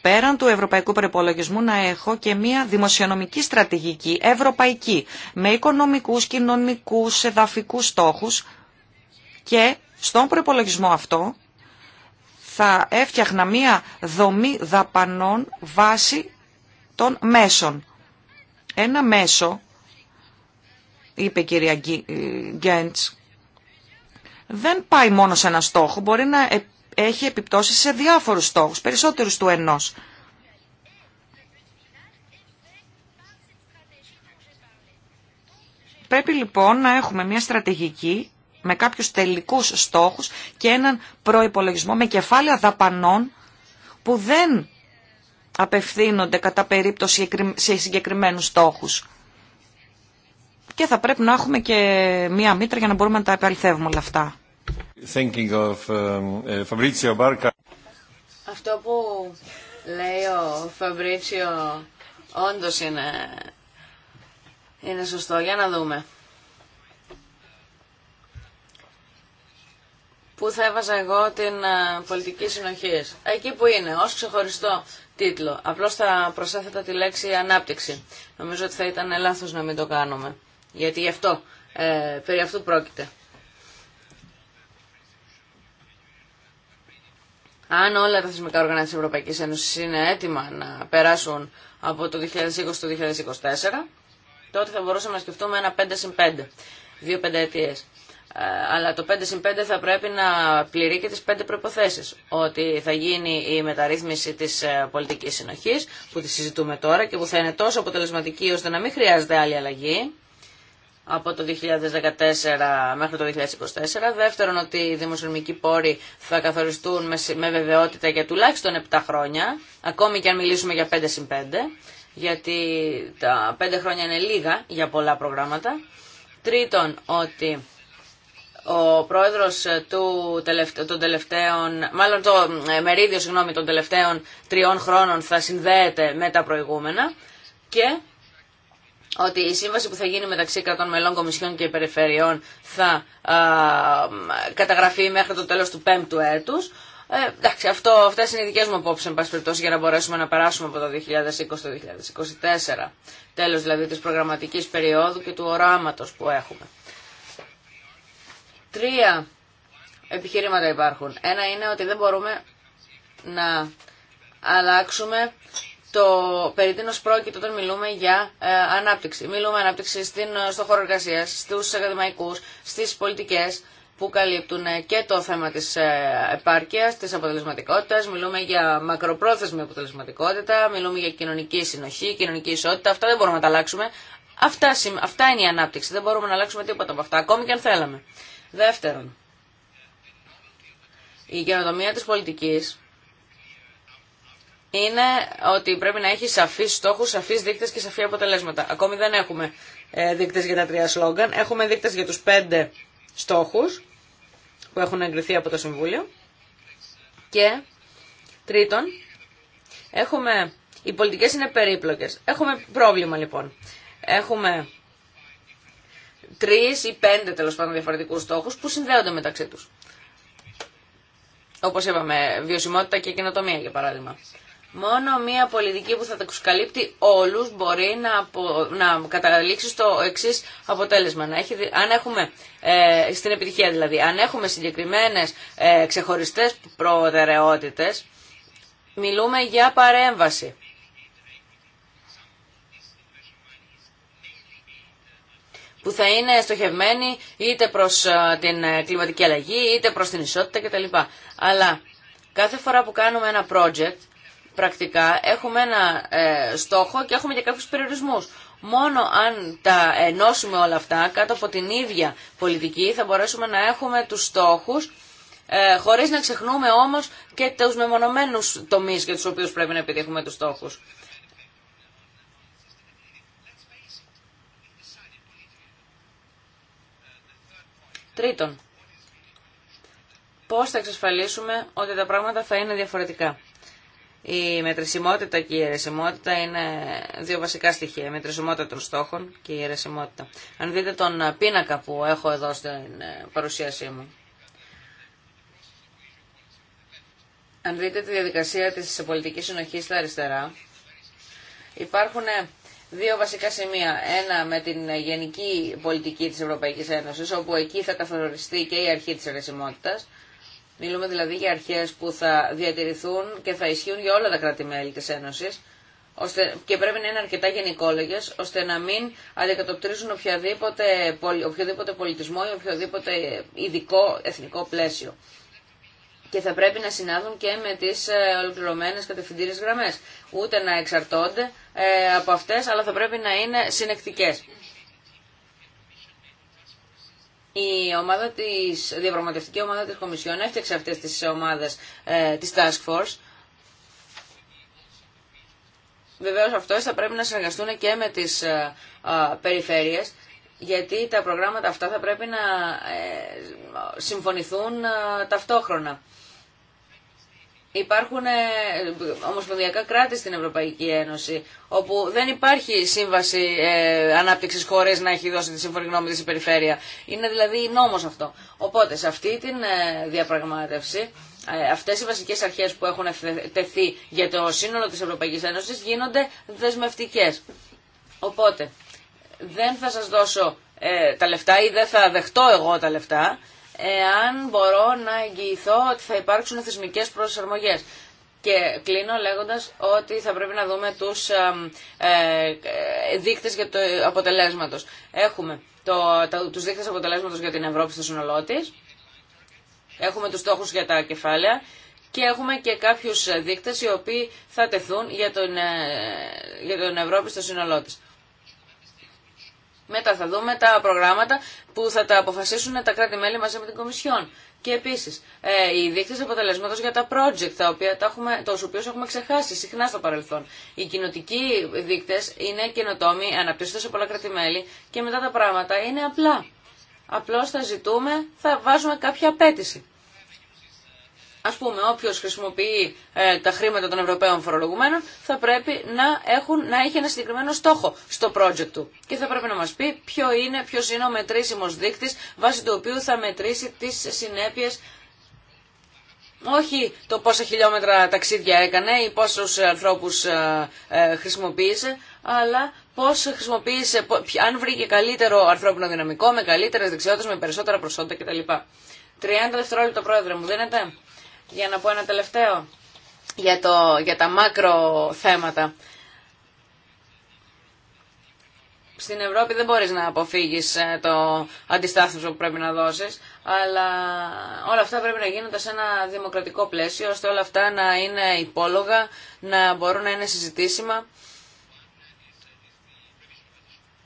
πέραν του ευρωπαϊκού προπολογισμού να έχω και μια δημοσιονομική στρατηγική ευρωπαϊκή με οικονομικούς, κοινωνικούς, εδαφικούς στόχους και στον προπολογισμό αυτό θα έφτιαχνα μία δομή δαπανών βάση των μέσων. Ένα μέσο, είπε η κυρία ε, Γκέντς, δεν πάει μόνο σε ένα στόχο, μπορεί να ε, έχει επιπτώσεις σε διάφορους στόχους, περισσότερους του ενός. Πρέπει λοιπόν να έχουμε μια δομη δαπανων βάσει των μεσων ενα μεσο ειπε η κυρια γκεντς δεν παει μονο σε ενα στοχο μπορει να εχει επιπτωσεις σε διαφορους στοχους περισσοτερους του ενος πρεπει λοιπον να εχουμε μια στρατηγικη με κάποιους τελικούς στόχους και έναν προϋπολογισμό με κεφάλαια δαπανών που δεν απευθύνονται κατά περίπτωση σε συγκεκριμένους στόχους. Και θα πρέπει να έχουμε και μία μήτρα για να μπορούμε να τα επαληθεύουμε όλα αυτά. Of, uh, Barca. Αυτό που λέει ο Φαμπρίτσιο όντως είναι, είναι σωστό. Για να δούμε. που θα έβαζα εγώ την ε, πολιτική συνοχή. Εκεί που είναι, ως ξεχωριστό τίτλο. Απλώς θα προσέθετα τη λέξη ανάπτυξη. Νομίζω ότι θα ήταν λάθο να μην το κάνουμε. Γιατί γι' αυτό, ε, περί αυτού πρόκειται. Αν όλα τα θεσμικά οργανά της Ευρωπαϊκής Ένωσης είναι έτοιμα να περάσουν από το 2020 στο 2024, τότε θα μπορούσαμε να σκεφτούμε ένα 5 συν 5, δύο πενταετίες. Ε, αλλά το 5 5 θα πρέπει να πληρεί και τις 5 προϋποθέσεις. Ότι θα γίνει η μεταρρύθμιση της ε, πολιτικής συνοχής, που τη συζητούμε τώρα και που θα είναι τόσο αποτελεσματική ώστε να μην χρειάζεται άλλη αλλαγή από το 2014 μέχρι το 2024. Δεύτερον, ότι οι δημοσιονομικοί πόροι θα καθοριστούν με βεβαιότητα για τουλάχιστον 7 χρόνια, ακόμη και αν μιλήσουμε για 5 5, γιατί τα 5 χρόνια είναι λίγα για πολλά προγράμματα. Τρίτον, ότι ο πρόεδρος του των τελευταίων, μάλλον το ε, μερίδιο συγγνώμη, των τελευταίων τριών χρόνων θα συνδέεται με τα προηγούμενα και ότι η σύμβαση που θα γίνει μεταξύ κρατών μελών, κομισιών και περιφερειών θα καταγραφεί μέχρι το τέλος του πέμπτου έτους. Ε, εντάξει, αυτό, αυτές είναι οι δικές μου απόψεις, εν πάση για να μπορέσουμε να περάσουμε από το 2020 το 2024, τέλος δηλαδή της προγραμματικής περίοδου και του οράματος που έχουμε. Τρία επιχειρήματα υπάρχουν. Ένα είναι ότι δεν μπορούμε να αλλάξουμε το περί τίνος πρόκειται όταν μιλούμε για ε, ανάπτυξη. Μιλούμε ανάπτυξη στην, ε, στο χώρο εργασία, στους ακαδημαϊκούς, στις πολιτικές που καλύπτουν ε, και το θέμα της ε, επάρκειας, της αποτελεσματικότητας, μιλούμε για μακροπρόθεσμη αποτελεσματικότητα, μιλούμε για κοινωνική συνοχή, κοινωνική ισότητα, αυτά δεν μπορούμε να τα αλλάξουμε. Αυτά, αυτά είναι η ανάπτυξη, δεν μπορούμε να αλλάξουμε τίποτα από αυτά, ακόμη και αν θέλαμε. Δεύτερον, η καινοτομία της πολιτικής είναι ότι πρέπει να έχει σαφείς στόχους, σαφείς δείκτες και σαφή αποτελέσματα. Ακόμη δεν έχουμε ε, δείκτες για τα τρία σλόγγαν, έχουμε δείκτες για τους πέντε στόχους που έχουν εγκριθεί από το Συμβούλιο. Και τρίτον, έχουμε, οι πολιτικές είναι περίπλοκες. Έχουμε πρόβλημα λοιπόν. Έχουμε Τρει ή πέντε τέλο πάντων διαφορετικούς στόχου που συνδέονται μεταξύ του. Όπω είπαμε, βιωσιμότητα και καινοτομία για παράδειγμα. Μόνο μία πολιτική που θα τα καλύπτει όλους μπορεί να, καταλήξει στο εξή αποτέλεσμα. αν έχουμε, ε, στην επιτυχία δηλαδή, αν έχουμε συγκεκριμένε ε, ξεχωριστές μιλούμε για παρέμβαση. που θα είναι στοχευμένη είτε προς ε, την ε, κλιματική αλλαγή, είτε προς την ισότητα κτλ. Αλλά κάθε φορά που κάνουμε ένα project, πρακτικά έχουμε ένα ε, στόχο και έχουμε και κάποιους περιορισμούς. Μόνο αν τα ενώσουμε όλα αυτά κάτω από την ίδια πολιτική θα μπορέσουμε να έχουμε τους στόχους χωρίς να ξεχνούμε όμως και τους μεμονωμένους τομείς για τους οποίους πρέπει να επιτύχουμε τους στόχους. Τρίτον, πώς θα εξασφαλίσουμε ότι τα πράγματα θα είναι διαφορετικά. Η μετρησιμότητα και η αιρεσιμότητα είναι δύο βασικά στοιχεία. Η μετρησιμότητα των στόχων και η αιρεσιμότητα. Αν δείτε τον πίνακα που έχω εδώ στην ε, παρουσίασή μου. Αν δείτε τη διαδικασία της πολιτικής συνοχής στα αριστερά, υπάρχουν ε, δύο βασικά σημεία. Ένα με την γενική πολιτική της Ευρωπαϊκής Ένωσης, όπου εκεί θα καθοριστεί και η αρχή της αιρεσιμότητας. Μιλούμε δηλαδή για αρχές που θα διατηρηθούν και θα ισχύουν για όλα τα κράτη-μέλη της Ένωσης ώστε, και πρέπει να είναι αρκετά γενικόλογες, ώστε να μην αντικατοπτρίζουν οποιοδήποτε πολιτισμό ή οποιοδήποτε ειδικό εθνικό πλαίσιο και θα πρέπει να συνάδουν και με τις ε, ολοκληρωμένες κατευθυντήριες γραμμές. Ούτε να εξαρτώνται ε, από αυτές, αλλά θα πρέπει να είναι συνεκτικές. Η ομάδα της, διαπραγματευτική ομάδα της Κομισιόν έφτιαξε αυτές τις ομάδες ε, της Task Force. Βεβαίως αυτές θα πρέπει να συνεργαστούν και με τις ε, ε περιφέρειες γιατί τα προγράμματα αυτά θα πρέπει να συμφωνηθούν ταυτόχρονα. Υπάρχουν ε, ομοσπονδιακά κράτη στην Ευρωπαϊκή Ένωση όπου δεν υπάρχει σύμβαση ε, ανάπτυξη χωρί να έχει δώσει τη σύμφωνη γνώμη τη η περιφέρεια. Είναι δηλαδή νόμο αυτό. Οπότε σε αυτή τη ε, διαπραγμάτευση ε, αυτές οι βασικές αρχές που έχουν τεθεί για το σύνολο της Ευρωπαϊκής Ένωσης γίνονται δεσμευτικέ. Οπότε δεν θα σα δώσω ε, τα λεφτά ή δεν θα δεχτώ εγώ τα λεφτά εάν μπορώ να εγγυηθώ ότι θα υπάρξουν θεσμικές προσαρμογές. Και κλείνω λέγοντας ότι θα πρέπει να δούμε τους ε, ε, δείκτες για το αποτελέσματος. Έχουμε το, το, τους δείκτες αποτελέσματος για την Ευρώπη στο σύνολό τη. Έχουμε τους στόχους για τα κεφάλαια και έχουμε και κάποιους δείκτες οι οποίοι θα τεθούν για τον, ε, για τον Ευρώπη στο σύνολό της. Μετά θα δούμε τα προγράμματα που θα τα αποφασίσουν τα κράτη-μέλη μαζί με την Κομισιόν. Και επίση, ε, οι δείκτε αποτελεσμάτων για τα project, τα οποία τα έχουμε, τους οποίους έχουμε ξεχάσει συχνά στο παρελθόν. Οι κοινοτικοί δείκτε είναι καινοτόμοι, αναπτύσσονται σε πολλά κράτη-μέλη και μετά τα πράγματα είναι απλά. Απλώ θα ζητούμε, θα βάζουμε κάποια απέτηση. Α πούμε, όποιο χρησιμοποιεί ε, τα χρήματα των Ευρωπαίων φορολογουμένων θα πρέπει να, έχουν, να έχει ένα συγκεκριμένο στόχο στο project του. Και θα πρέπει να μα πει ποιο είναι, ποιο είναι ο μετρήσιμος δείκτης βάσει του οποίου θα μετρήσει τι συνέπειε, όχι το πόσα χιλιόμετρα ταξίδια έκανε ή πόσους ανθρώπους ε, ε, χρησιμοποίησε, αλλά πώς χρησιμοποίησε, αν βρήκε καλύτερο ανθρώπινο δυναμικό, με καλύτερες δεξιότητες, με περισσότερα προσόντα κτλ. 30 δευτερόλεπτα, πρόεδρε μου, δίνετε για να πω ένα τελευταίο για, το, για τα μάκρο θέματα. Στην Ευρώπη δεν μπορείς να αποφύγεις ε, το αντιστάθμισμα που πρέπει να δώσεις, αλλά όλα αυτά πρέπει να γίνονται σε ένα δημοκρατικό πλαίσιο, ώστε όλα αυτά να είναι υπόλογα, να μπορούν να είναι συζητήσιμα.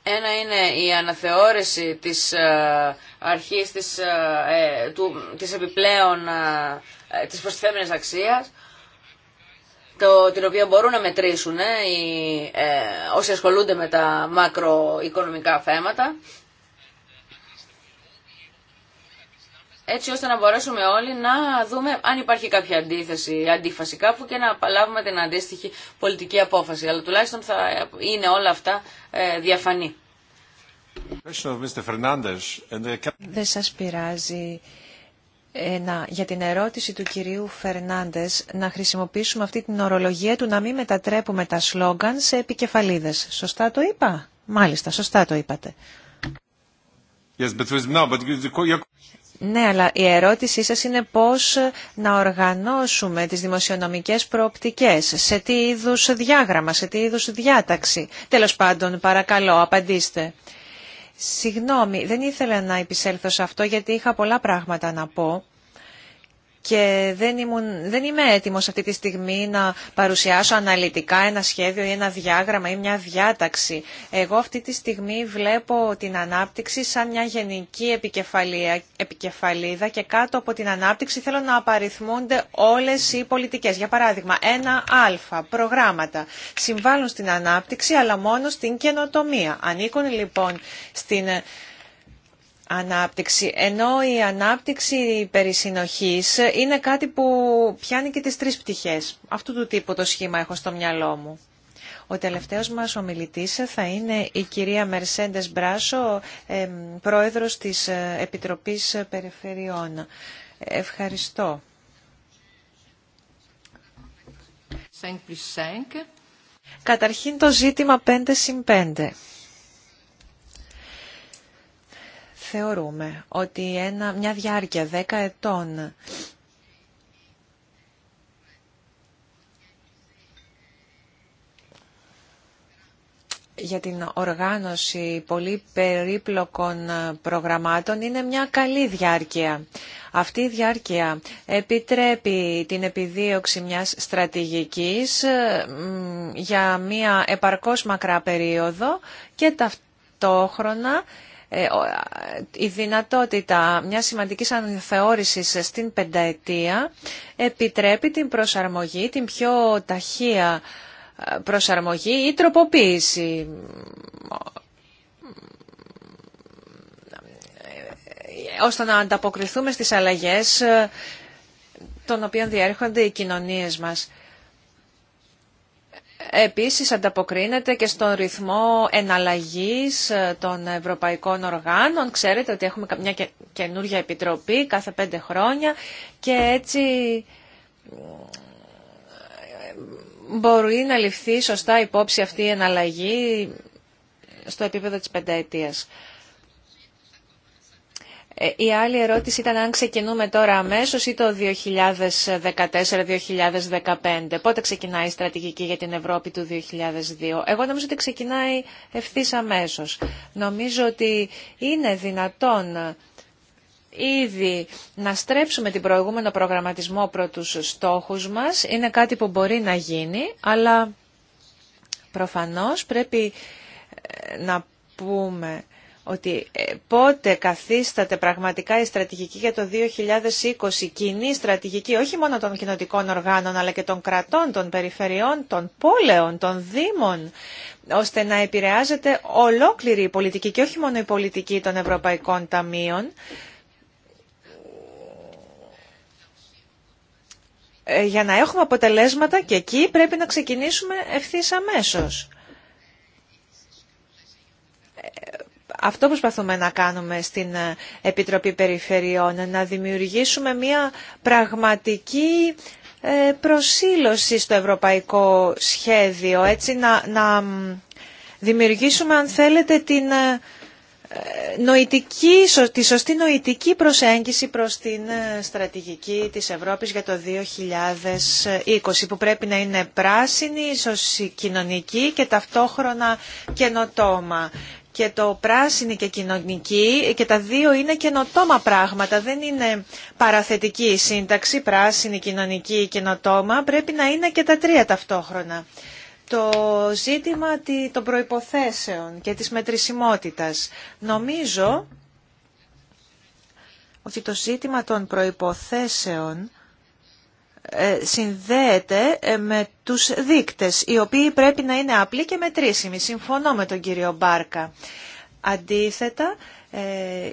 Ένα είναι η αναθεώρηση της ε, αρχής της, ε, ε, του, της επιπλέον ε, ε, της προσθέμενης αξίας το, την οποία μπορούν να μετρήσουν όσοι ασχολούνται με τα μακροοικονομικά θέματα έτσι ώστε να μπορέσουμε όλοι να δούμε αν υπάρχει κάποια αντίθεση, αντίφαση κάπου και να απαλάβουμε την αντίστοιχη πολιτική απόφαση. Αλλά τουλάχιστον θα είναι όλα αυτά διαφανή. Δεν σας πειράζει ε, για την ερώτηση του κυρίου Φερνάντες να χρησιμοποιήσουμε αυτή την ορολογία του να μην μετατρέπουμε τα σλόγγαν σε επικεφαλίδες. Σωστά το είπα? Μάλιστα, σωστά το είπατε. Yes, but but... Ναι, αλλά η ερώτησή σας είναι πώς να οργανώσουμε τις δημοσιονομικές προοπτικές, σε τι είδους διάγραμμα, σε τι είδους διάταξη. Τέλος πάντων, παρακαλώ, απαντήστε. Συγγνώμη, δεν ήθελα να επισέλθω σε αυτό γιατί είχα πολλά πράγματα να πω και δεν, δεν είμαι έτοιμος αυτή τη στιγμή να παρουσιάσω αναλυτικά ένα σχέδιο ή ένα διάγραμμα ή μια διάταξη. Εγώ αυτή τη στιγμή βλέπω την ανάπτυξη σαν μια γενική επικεφαλίδα και κάτω από την ανάπτυξη θέλω να απαριθμούνται όλες οι πολιτικές. Για παράδειγμα, ένα α, προγράμματα συμβάλλουν στην ανάπτυξη αλλά μόνο στην καινοτομία. Ανήκουν λοιπόν στην ανάπτυξη. Ενώ η ανάπτυξη περί είναι κάτι που πιάνει και τις τρεις πτυχές. Αυτού του τύπου το σχήμα έχω στο μυαλό μου. Ο τελευταίος μας ομιλητής θα είναι η κυρία Μερσέντες Μπράσο, πρόεδρος της ε, Επιτροπής Περιφερειών. Ευχαριστώ. Καταρχήν το ζήτημα 5 συν 5. θεωρούμε ότι ένα, μια διάρκεια 10 ετών για την οργάνωση πολύ περίπλοκων προγραμμάτων είναι μια καλή διάρκεια. Αυτή η διάρκεια επιτρέπει την επιδίωξη μιας στρατηγικής για μια επαρκώς μακρά περίοδο και ταυτόχρονα ε, η δυνατότητα μια σημαντικής αναθεώρησης στην πενταετία επιτρέπει την προσαρμογή, την πιο ταχεία προσαρμογή ή τροποποίηση. Ε, ώστε να ανταποκριθούμε στις αλλαγές ε, των οποίων διέρχονται οι κοινωνίες μας. Επίσης ανταποκρίνεται και στον ρυθμό εναλλαγής ε, των ευρωπαϊκών οργάνων. Ξέρετε ότι έχουμε μια καινούργια επιτροπή κάθε πέντε χρόνια και έτσι μπορεί να ληφθεί σωστά υπόψη αυτή η εναλλαγή στο επίπεδο της πενταετίας. Ε, η άλλη ερώτηση ήταν αν ξεκινούμε τώρα αμέσως ή το 2014-2015. Πότε ξεκινάει η στρατηγική για την Ευρώπη του 2002. Εγώ νομίζω ότι ξεκινάει ευθύς αμέσως. Νομίζω ότι είναι δυνατόν ήδη να στρέψουμε την προηγούμενο προγραμματισμό προ τους στόχους μας. Είναι κάτι που μπορεί να γίνει, αλλά προφανώς πρέπει ε, να πούμε ότι ε, πότε καθίσταται πραγματικά η στρατηγική για το 2020, κοινή στρατηγική όχι μόνο των κοινοτικών οργάνων αλλά και των κρατών, των περιφερειών, των πόλεων, των δήμων, ώστε να επηρεάζεται ολόκληρη η πολιτική και όχι μόνο η πολιτική των Ευρωπαϊκών Ταμείων. Ε, για να έχουμε αποτελέσματα και εκεί πρέπει να ξεκινήσουμε ευθύς αμέσως ε, αυτό προσπαθούμε να κάνουμε στην ε, Επιτροπή Περιφερειών, να δημιουργήσουμε μια πραγματική ε, προσήλωση στο ευρωπαϊκό σχέδιο, έτσι να, να δημιουργήσουμε αν θέλετε την ε, νοητική, τη σωστή νοητική προσέγγιση προς την στρατηγική της Ευρώπης για το 2020 που πρέπει να είναι πράσινη, ίσως κοινωνική και ταυτόχρονα καινοτόμα και το πράσινο και κοινωνική και τα δύο είναι καινοτόμα πράγματα. Δεν είναι παραθετική η σύνταξη, πράσινη, κοινωνική, καινοτόμα. Πρέπει να είναι και τα τρία ταυτόχρονα. Το ζήτημα των προϋποθέσεων και της μετρησιμότητας. Νομίζω ότι το ζήτημα των προϋποθέσεων ε, συνδέεται ε, με τους δείκτες, οι οποίοι πρέπει να είναι απλοί και μετρήσιμοι. Συμφωνώ με τον κύριο Μπάρκα. Αντίθετα, ε,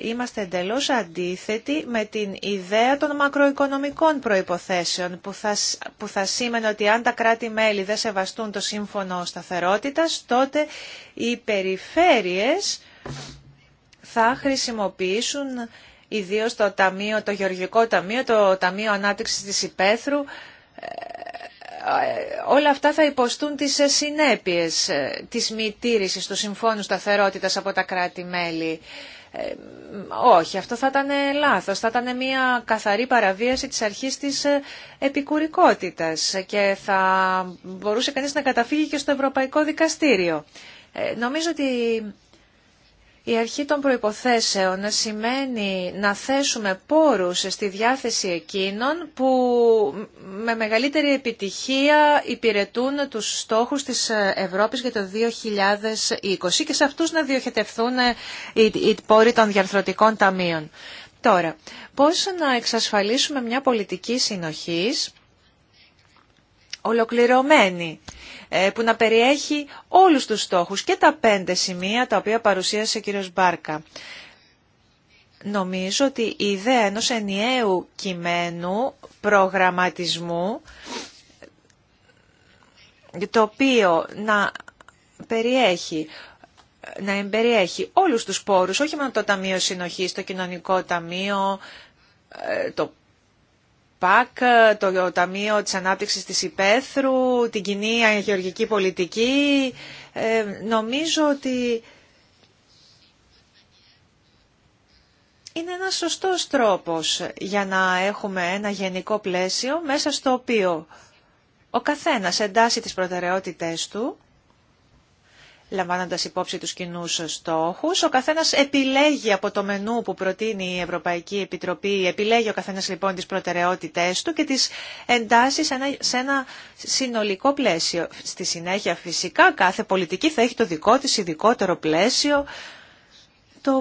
είμαστε εντελώς αντίθετοι με την ιδέα των μακροοικονομικών προϋποθέσεων που θα, που θα σήμαινε ότι αν τα κράτη-μέλη δεν σεβαστούν το σύμφωνο σταθερότητας, τότε οι περιφέρειες θα χρησιμοποιήσουν ιδίως το, ταμείο, το Γεωργικό Ταμείο, το Ταμείο Ανάπτυξης της Υπέθρου, ε, ε, όλα αυτά θα υποστούν τις συνέπειες ε, της μη του Συμφώνου Σταθερότητας από τα κράτη-μέλη. όχι, αυτό θα ήταν λάθος. Θα ήταν μια καθαρή παραβίαση της αρχής της επικουρικότητας και θα μπορούσε κανείς να καταφύγει και στο Ευρωπαϊκό Δικαστήριο. νομίζω ότι η αρχή των προϋποθέσεων σημαίνει να θέσουμε πόρους στη διάθεση εκείνων που με μεγαλύτερη επιτυχία υπηρετούν τους στόχους της Ευρώπης για το 2020 και σε αυτούς να διοχετευθούν οι πόροι των διαρθρωτικών ταμείων. Τώρα, πώς να εξασφαλίσουμε μια πολιτική συνοχής ολοκληρωμένη ε, που να περιέχει όλους τους στόχους και τα πέντε σημεία τα οποία παρουσίασε ο κύριος Μπάρκα. Νομίζω ότι η ιδέα ενός ενιαίου κειμένου προγραμματισμού το οποίο να περιέχει να εμπεριέχει όλους τους πόρους, όχι μόνο το Ταμείο Συνοχής, το Κοινωνικό Ταμείο, ε, το το Ταμείο της Ανάπτυξης της Υπέθρου, την κοινή γεωργική πολιτική. Ε, νομίζω ότι είναι ένας σωστός τρόπος για να έχουμε ένα γενικό πλαίσιο μέσα στο οποίο ο καθένας εντάσσει τις προτεραιότητές του λαμβάνοντας υπόψη τους κοινού στόχους. Ο καθένας επιλέγει από το μενού που προτείνει η Ευρωπαϊκή Επιτροπή, επιλέγει ο καθένας λοιπόν τις προτεραιότητές του και τις εντάσεις σε ένα συνολικό πλαίσιο. Στη συνέχεια φυσικά κάθε πολιτική θα έχει το δικό της ειδικότερο πλαίσιο, το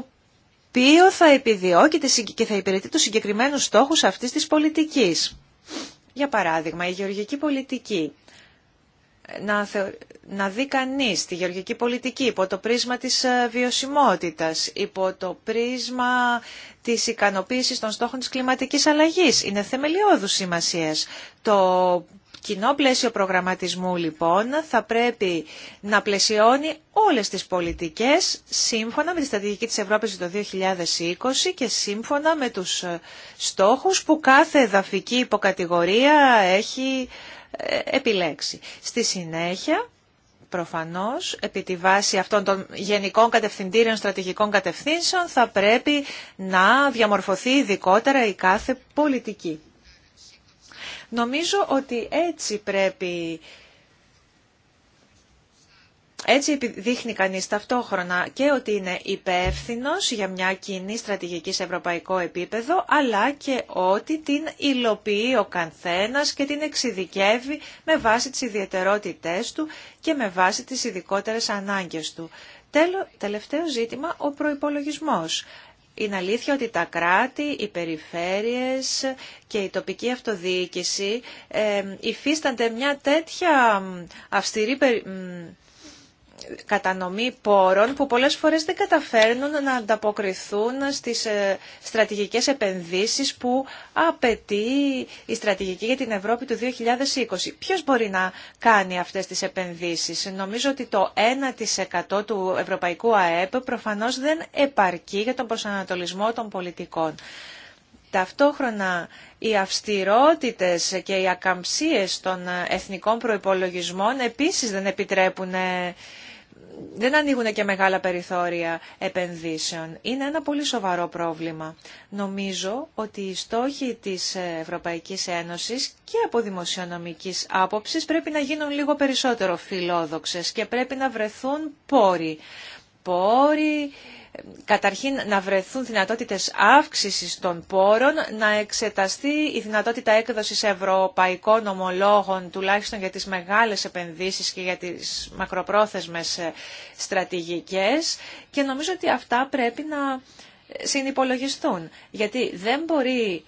οποίο θα επιδιώκει και θα υπηρετεί τους συγκεκριμένους στόχους αυτής της πολιτικής. Για παράδειγμα, η γεωργική πολιτική να, να δει κανείς τη γεωργική πολιτική υπό το πρίσμα της ε, βιωσιμότητας, υπό το πρίσμα της ικανοποίησης των στόχων της κλιματικής αλλαγής. Είναι θεμελιώδου σημασίες. Το κοινό πλαίσιο προγραμματισμού λοιπόν θα πρέπει να πλαισιώνει όλες τις πολιτικές σύμφωνα με τη στρατηγική της Ευρώπης το 2020 και σύμφωνα με τους ε, στόχους που κάθε εδαφική υποκατηγορία έχει ε, επιλέξει. Στη συνέχεια, προφανώς, επί τη βάση αυτών των γενικών κατευθυντήριων στρατηγικών κατευθύνσεων, θα πρέπει να διαμορφωθεί ειδικότερα η κάθε πολιτική. Νομίζω ότι έτσι πρέπει έτσι δείχνει κανείς ταυτόχρονα και ότι είναι υπεύθυνο για μια κοινή στρατηγική σε ευρωπαϊκό επίπεδο, αλλά και ότι την υλοποιεί ο καθένας και την εξειδικεύει με βάση τις ιδιαιτερότητές του και με βάση τις ειδικότερε ανάγκες του. Τέλο, τελευταίο ζήτημα, ο προϋπολογισμός. Είναι αλήθεια ότι τα κράτη, οι περιφέρειες και η τοπική αυτοδιοίκηση υφίστανται μια τέτοια αυστηρή κατανομή πόρων που πολλές φορές δεν καταφέρνουν να ανταποκριθούν στις ε, στρατηγικές επενδύσεις που απαιτεί η στρατηγική για την Ευρώπη του 2020. Ποιος μπορεί να κάνει αυτές τις επενδύσεις. Νομίζω ότι το 1% του Ευρωπαϊκού ΑΕΠ προφανώς δεν επαρκεί για τον προσανατολισμό των πολιτικών. Ταυτόχρονα οι αυστηρότητες και οι ακαμψίες των εθνικών προϋπολογισμών επίσης δεν επιτρέπουν ε, δεν ανοίγουν και μεγάλα περιθώρια επενδύσεων. Είναι ένα πολύ σοβαρό πρόβλημα. Νομίζω ότι οι στόχοι της Ευρωπαϊκής Ένωσης και από δημοσιονομικής άποψης πρέπει να γίνουν λίγο περισσότερο φιλόδοξες και πρέπει να βρεθούν πόροι. Πόροι καταρχήν να βρεθούν δυνατότητες αύξησης των πόρων, να εξεταστεί η δυνατότητα έκδοσης ευρωπαϊκών ομολόγων, τουλάχιστον για τις μεγάλες επενδύσεις και για τις μακροπρόθεσμες ε, στρατηγικές και νομίζω ότι αυτά πρέπει να ε, συνυπολογιστούν, γιατί δεν μπορεί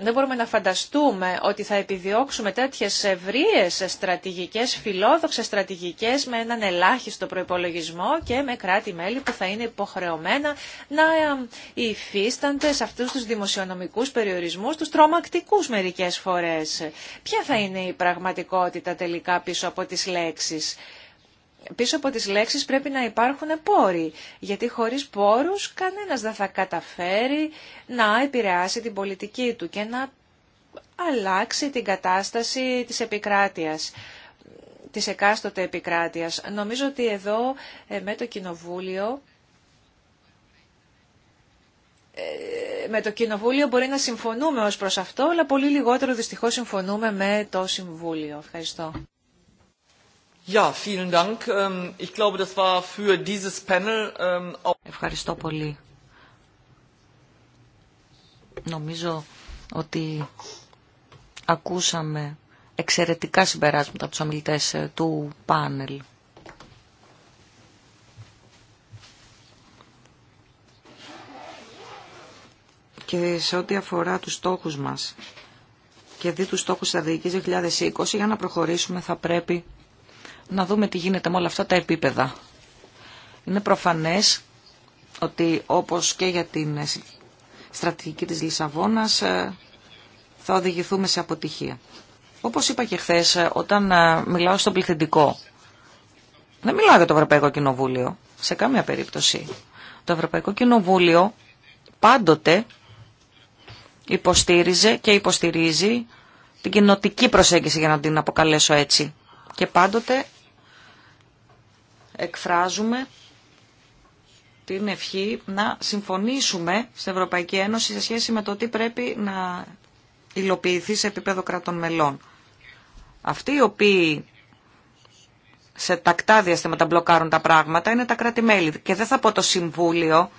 δεν μπορούμε να φανταστούμε ότι θα επιδιώξουμε τέτοιες ευρείες στρατηγικές, φιλόδοξες στρατηγικές με έναν ελάχιστο προϋπολογισμό και με κράτη-μέλη που θα είναι υποχρεωμένα να υφίστανται σε αυτούς τους δημοσιονομικούς περιορισμούς, τους τρομακτικούς μερικές φορές. Ποια θα είναι η πραγματικότητα τελικά πίσω από τις λέξεις πίσω από τις λέξεις πρέπει να υπάρχουν πόροι, γιατί χωρίς πόρους κανένας δεν θα καταφέρει να επηρεάσει την πολιτική του και να αλλάξει την κατάσταση της επικράτειας της εκάστοτε επικράτειας. Νομίζω ότι εδώ ε, με το Κοινοβούλιο ε, με το Κοινοβούλιο μπορεί να συμφωνούμε ως προς αυτό, αλλά πολύ λιγότερο δυστυχώς συμφωνούμε με το Συμβούλιο. Ευχαριστώ. Ευχαριστώ πολύ. Νομίζω ότι ακούσαμε εξαιρετικά συμπεράσματα από τους ομιλητές ε, του πάνελ. Και σε ό,τι αφορά τους στόχους μας και δει τους στόχους στρατηγικής 2020, για να προχωρήσουμε θα πρέπει να δούμε τι γίνεται με όλα αυτά τα επίπεδα. Είναι προφανές ότι όπως και για την ε, στρατηγική της Λισαβόνας ε, θα οδηγηθούμε σε αποτυχία. Όπως είπα και χθες ε, όταν μιλάω στον πληθυντικό, δεν μιλάω για το Ευρωπαϊκό Κοινοβούλιο, σε κάμια περίπτωση. Το Ευρωπαϊκό Κοινοβούλιο πάντοτε υποστήριζε και υποστηρίζει την κοινοτική προσέγγιση για να την αποκαλέσω έτσι. Και πάντοτε εκφράζουμε την ευχή να συμφωνήσουμε στην Ευρωπαϊκή Ένωση σε σχέση με το τι πρέπει να υλοποιηθεί σε επίπεδο κρατών μελών. Αυτοί οι οποίοι σε τακτά διαστήματα μπλοκάρουν τα πράγματα είναι τα κράτη-μέλη. Και δεν θα πω το Συμβούλιο,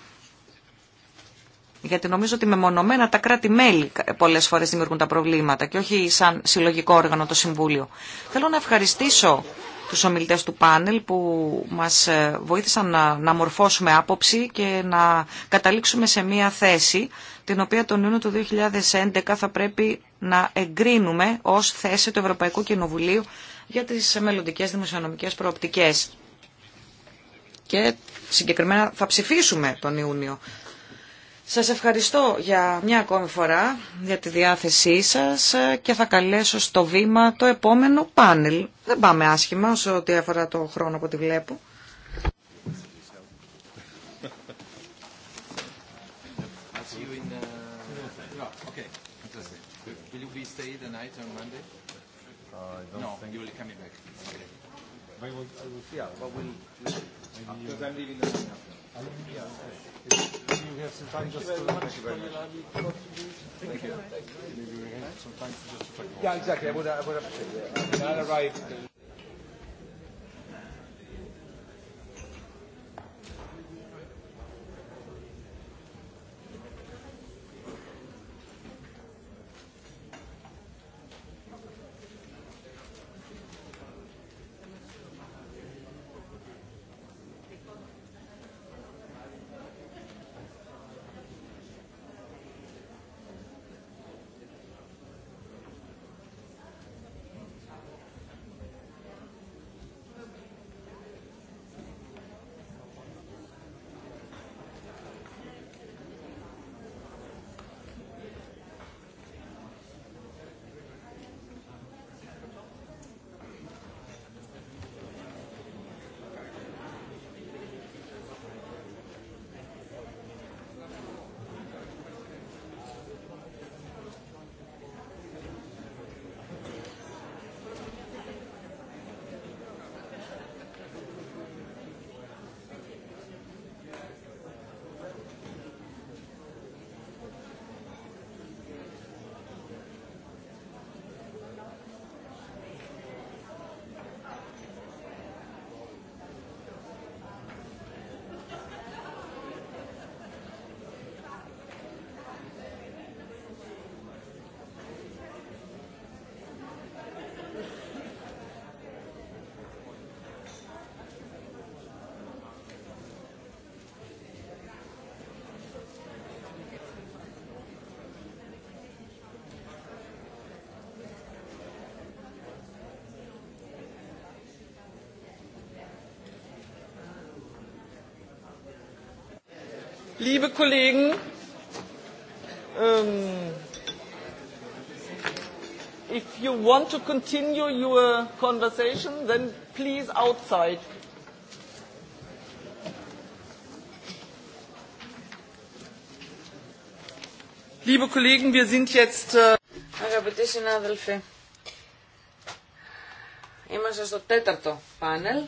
γιατί νομίζω ότι μεμονωμένα τα κράτη-μέλη πολλές φορές δημιουργούν τα προβλήματα και όχι σαν συλλογικό όργανο το Συμβούλιο. Θέλω να ευχαριστήσω τους ομιλητές του πάνελ που μας ε, βοήθησαν να, μορφώσουμε άποψη και να καταλήξουμε σε μία θέση την οποία τον Ιούνιο του 2011 θα πρέπει να εγκρίνουμε ως θέση του Ευρωπαϊκού Κοινοβουλίου για τις μελλοντικές δημοσιονομικές προοπτικές. Και συγκεκριμένα θα ψηφίσουμε τον Ιούνιο σας ευχαριστώ για μια ακόμη φορά για τη διάθεσή σας και θα καλέσω στο βήμα το επόμενο πάνελ. Δεν πάμε άσχημα όσο ό,τι αφορά το χρόνο που τη βλέπω have some Yeah, exactly. I would have... I would have... I Liebe Kollegen, if you want to continue your conversation, then please outside. Liebe Kollegen, wir sind jetzt... Αγαπητοί συνάδελφοι, είμαστε στο τέταρτο πάνελ.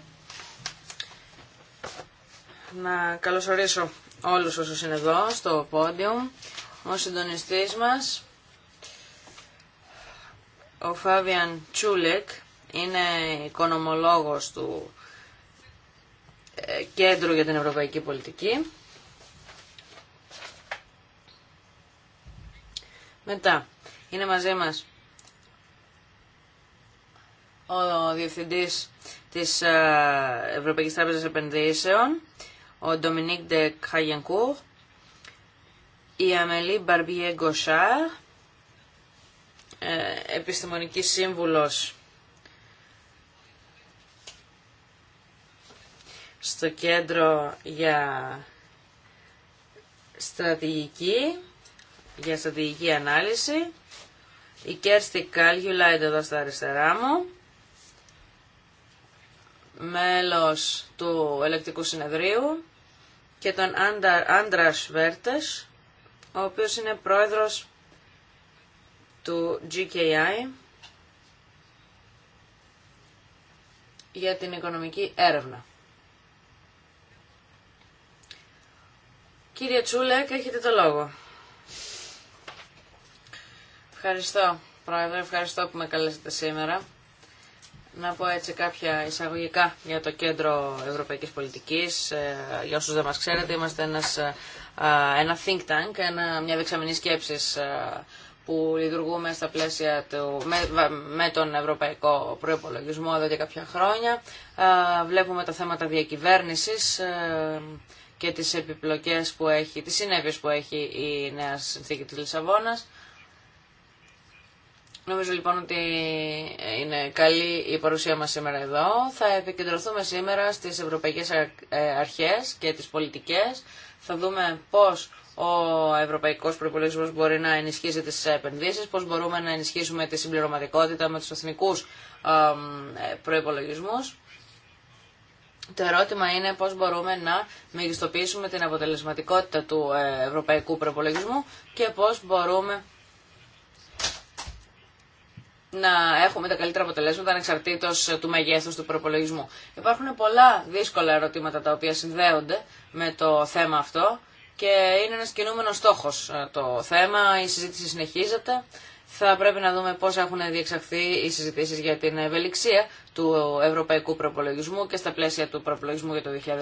Να καλωσορίσω όλους όσους είναι εδώ στο πόντιου, Ο συντονιστής μας, ο Φάβιαν Τσούλεκ, είναι οικονομολόγος του ε, Κέντρου για την Ευρωπαϊκή Πολιτική. Μετά, είναι μαζί μας ο Διευθυντής της ε, Ευρωπαϊκής Τράπεζας Επενδύσεων, ο Ντομινίκ Ντε Χαγενκούρ, η Αμελή Μπαρμπιέ Γκοσά, επιστημονική σύμβουλος στο κέντρο για στρατηγική, για στρατηγική ανάλυση. Η Κέρστη Κάλγιουλα εδώ στα αριστερά μου, μέλος του ελεκτικού συνεδρίου και τον Άντρα Βέρτες, ο οποίος είναι πρόεδρος του GKI για την οικονομική έρευνα. Κύριε Τσούλεκ, έχετε το λόγο. Ευχαριστώ, Πρόεδρε, ευχαριστώ που με καλέσατε σήμερα να πω έτσι κάποια εισαγωγικά για το Κέντρο Ευρωπαϊκής Πολιτικής. Ε, για όσους δεν μας ξέρετε, είμαστε ένας, ε, ένα think tank, ένα, μια δεξαμενή σκέψης ε, που λειτουργούμε στα πλαίσια του, με, με τον Ευρωπαϊκό Προϋπολογισμό εδώ και κάποια χρόνια. Βλέπουμε τα θέματα διακυβέρνησης και τις επιπλοκές που έχει, τις συνέπειες που έχει η νέα συνθήκη της Λισαβόνας. Νομίζω λοιπόν ότι είναι καλή η παρουσία μας σήμερα εδώ. Θα επικεντρωθούμε σήμερα στις ευρωπαϊκές ε, αρχές και τις πολιτικές. Θα δούμε πώς ο ευρωπαϊκός προπολογισμό μπορεί να ενισχύσει τις επενδύσεις, πώς μπορούμε να ενισχύσουμε τη συμπληρωματικότητα με τους εθνικού ε, προπολογισμού. Το ερώτημα είναι πώς μπορούμε να μεγιστοποιήσουμε την αποτελεσματικότητα του ε, ευρωπαϊκού προπολογισμού και πώς μπορούμε να έχουμε τα καλύτερα αποτελέσματα ανεξαρτήτω του μεγέθου του προπολογισμού. Υπάρχουν πολλά δύσκολα ερωτήματα τα οποία συνδέονται με το θέμα αυτό και είναι ένα κινούμενος στόχο ε, το θέμα, η συζήτηση συνεχίζεται. Θα πρέπει να δούμε πώς έχουν διεξαχθεί οι συζητήσεις για την ευελιξία του ευρωπαϊκού προπολογισμού και στα πλαίσια του προπολογισμού για το 2011.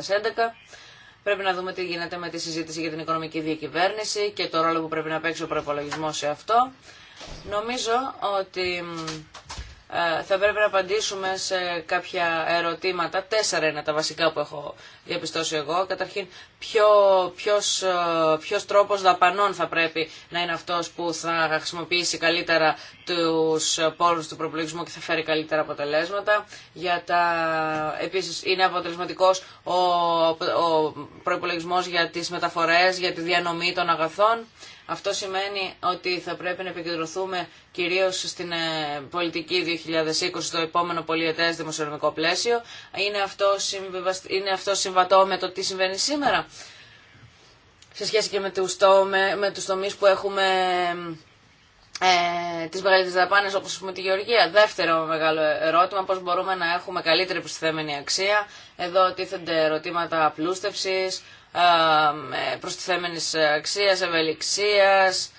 Πρέπει να δούμε τι γίνεται με τη συζήτηση για την οικονομική διακυβέρνηση και το ρόλο που πρέπει να παίξει ο προπολογισμό σε αυτό. Νομίζω ότι ε, θα πρέπει να απαντήσουμε σε κάποια ερωτήματα. Τέσσερα είναι τα βασικά που έχω διαπιστώσει εγώ. Καταρχήν, ποιο, ποιος, ε, ποιος τρόπος δαπανών θα πρέπει να είναι αυτός που θα χρησιμοποιήσει καλύτερα τους πόρους του προπολογισμού και θα φέρει καλύτερα αποτελέσματα. Για τα... Επίσης, είναι αποτελεσματικός ο, ο για τις μεταφορές, για τη διανομή των αγαθών. Αυτό σημαίνει ότι θα πρέπει να επικεντρωθούμε κυρίως στην ε, πολιτική 2020 στο επόμενο πολιετές δημοσιονομικό πλαίσιο. Είναι αυτό, είναι αυτό συμβατό με το τι συμβαίνει σήμερα σε σχέση και με τους, το, με, με που έχουμε ε, τις μεγαλύτερες δαπάνες όπως πούμε τη Γεωργία. Δεύτερο μεγάλο ερώτημα, πώς μπορούμε να έχουμε καλύτερη προστιθέμενη αξία. Εδώ τίθενται ερωτήματα απλούστευσης, ε, ε, προστιθέμενης αξίας, ευελιξίας,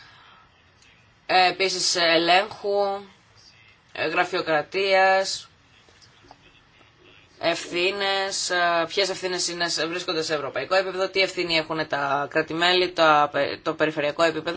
ε, επίσης ελέγχου, γραφειοκρατίας, ευθύνε, ποιε ευθύνε βρίσκονται σε ευρωπαϊκό επίπεδο, τι ευθύνη έχουν τα κρατημέλη, το περιφερειακό επίπεδο.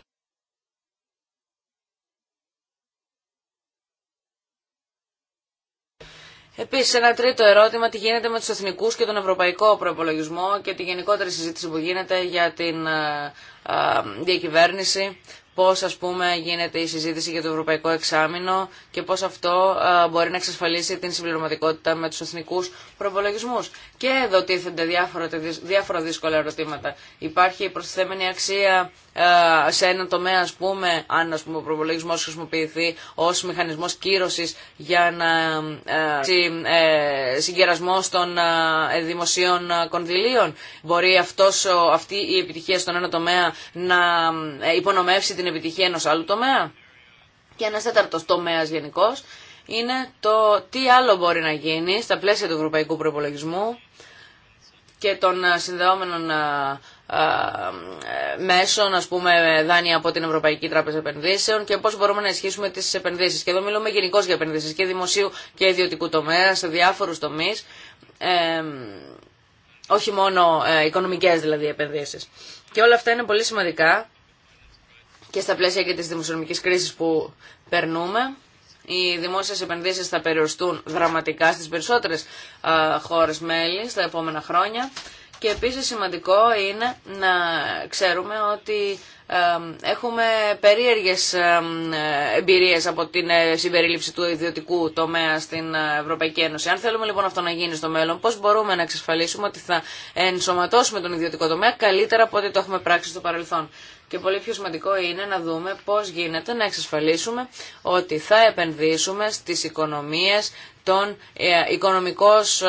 Επίσης, ένα τρίτο ερώτημα, τι γίνεται με του Εθνικού και τον ευρωπαϊκό προπολογισμό και τη γενικότερη συζήτηση που γίνεται για την ε, ε, διακυβέρνηση πώς ας πούμε γίνεται η συζήτηση για το Ευρωπαϊκό Εξάμεινο και πώς αυτό ε, μπορεί να εξασφαλίσει την συμπληρωματικότητα με τους εθνικούς προπολογισμούς. Και εδώ τίθενται διάφορα, διάφορα δύσκολα ερωτήματα. Υπάρχει προστιθέμενη αξία ε, σε ένα τομέα, ας πούμε, αν ας πούμε, ο προπολογισμό χρησιμοποιηθεί ως μηχανισμός κύρωσης για να ε, ε συγκερασμό των δημοσίων κονδυλίων. Μπορεί αυτός, αυτή η επιτυχία στον ένα τομέα να υπονομεύσει την επιτυχία ενός άλλου τομέα. Και ένας τέταρτος τομέας γενικώ είναι το τι άλλο μπορεί να γίνει στα πλαίσια του ευρωπαϊκού προπολογισμού και των ε, συνδεόμενων ε, ε, μέσων, ας πούμε, δάνεια από την Ευρωπαϊκή Τράπεζα Επενδύσεων και πώς μπορούμε να ισχύσουμε τις επενδύσεις. Και εδώ μιλούμε γενικώ για επενδύσεις και δημοσίου και ιδιωτικού τομέα σε διάφορους τομείς, όχι μόνο ε, οικονομικές δηλαδή επενδύσεις. Και όλα αυτά είναι πολύ σημαντικά και στα πλαίσια και της δημοσιονομικής κρίσης που περνούμε, οι δημόσιες επενδύσεις θα περιοριστούν δραματικά στις περισσότερες χώρες μέλη στα επόμενα χρόνια. Και επίσης σημαντικό είναι να ξέρουμε ότι έχουμε περίεργες εμπειρίες από την ε, συμπερίληψη του ιδιωτικού τομέα στην ε, Ευρωπαϊκή Ένωση. Αν θέλουμε λοιπόν αυτό να γίνει στο μέλλον, πώς μπορούμε να εξασφαλίσουμε ότι θα ενσωματώσουμε τον ιδιωτικό τομέα καλύτερα από ό,τι το έχουμε πράξει στο παρελθόν. Και πολύ πιο σημαντικό είναι να δούμε πώς γίνεται να εξασφαλίσουμε ότι θα επενδύσουμε στις οικονομίες των ε, οικονομικώς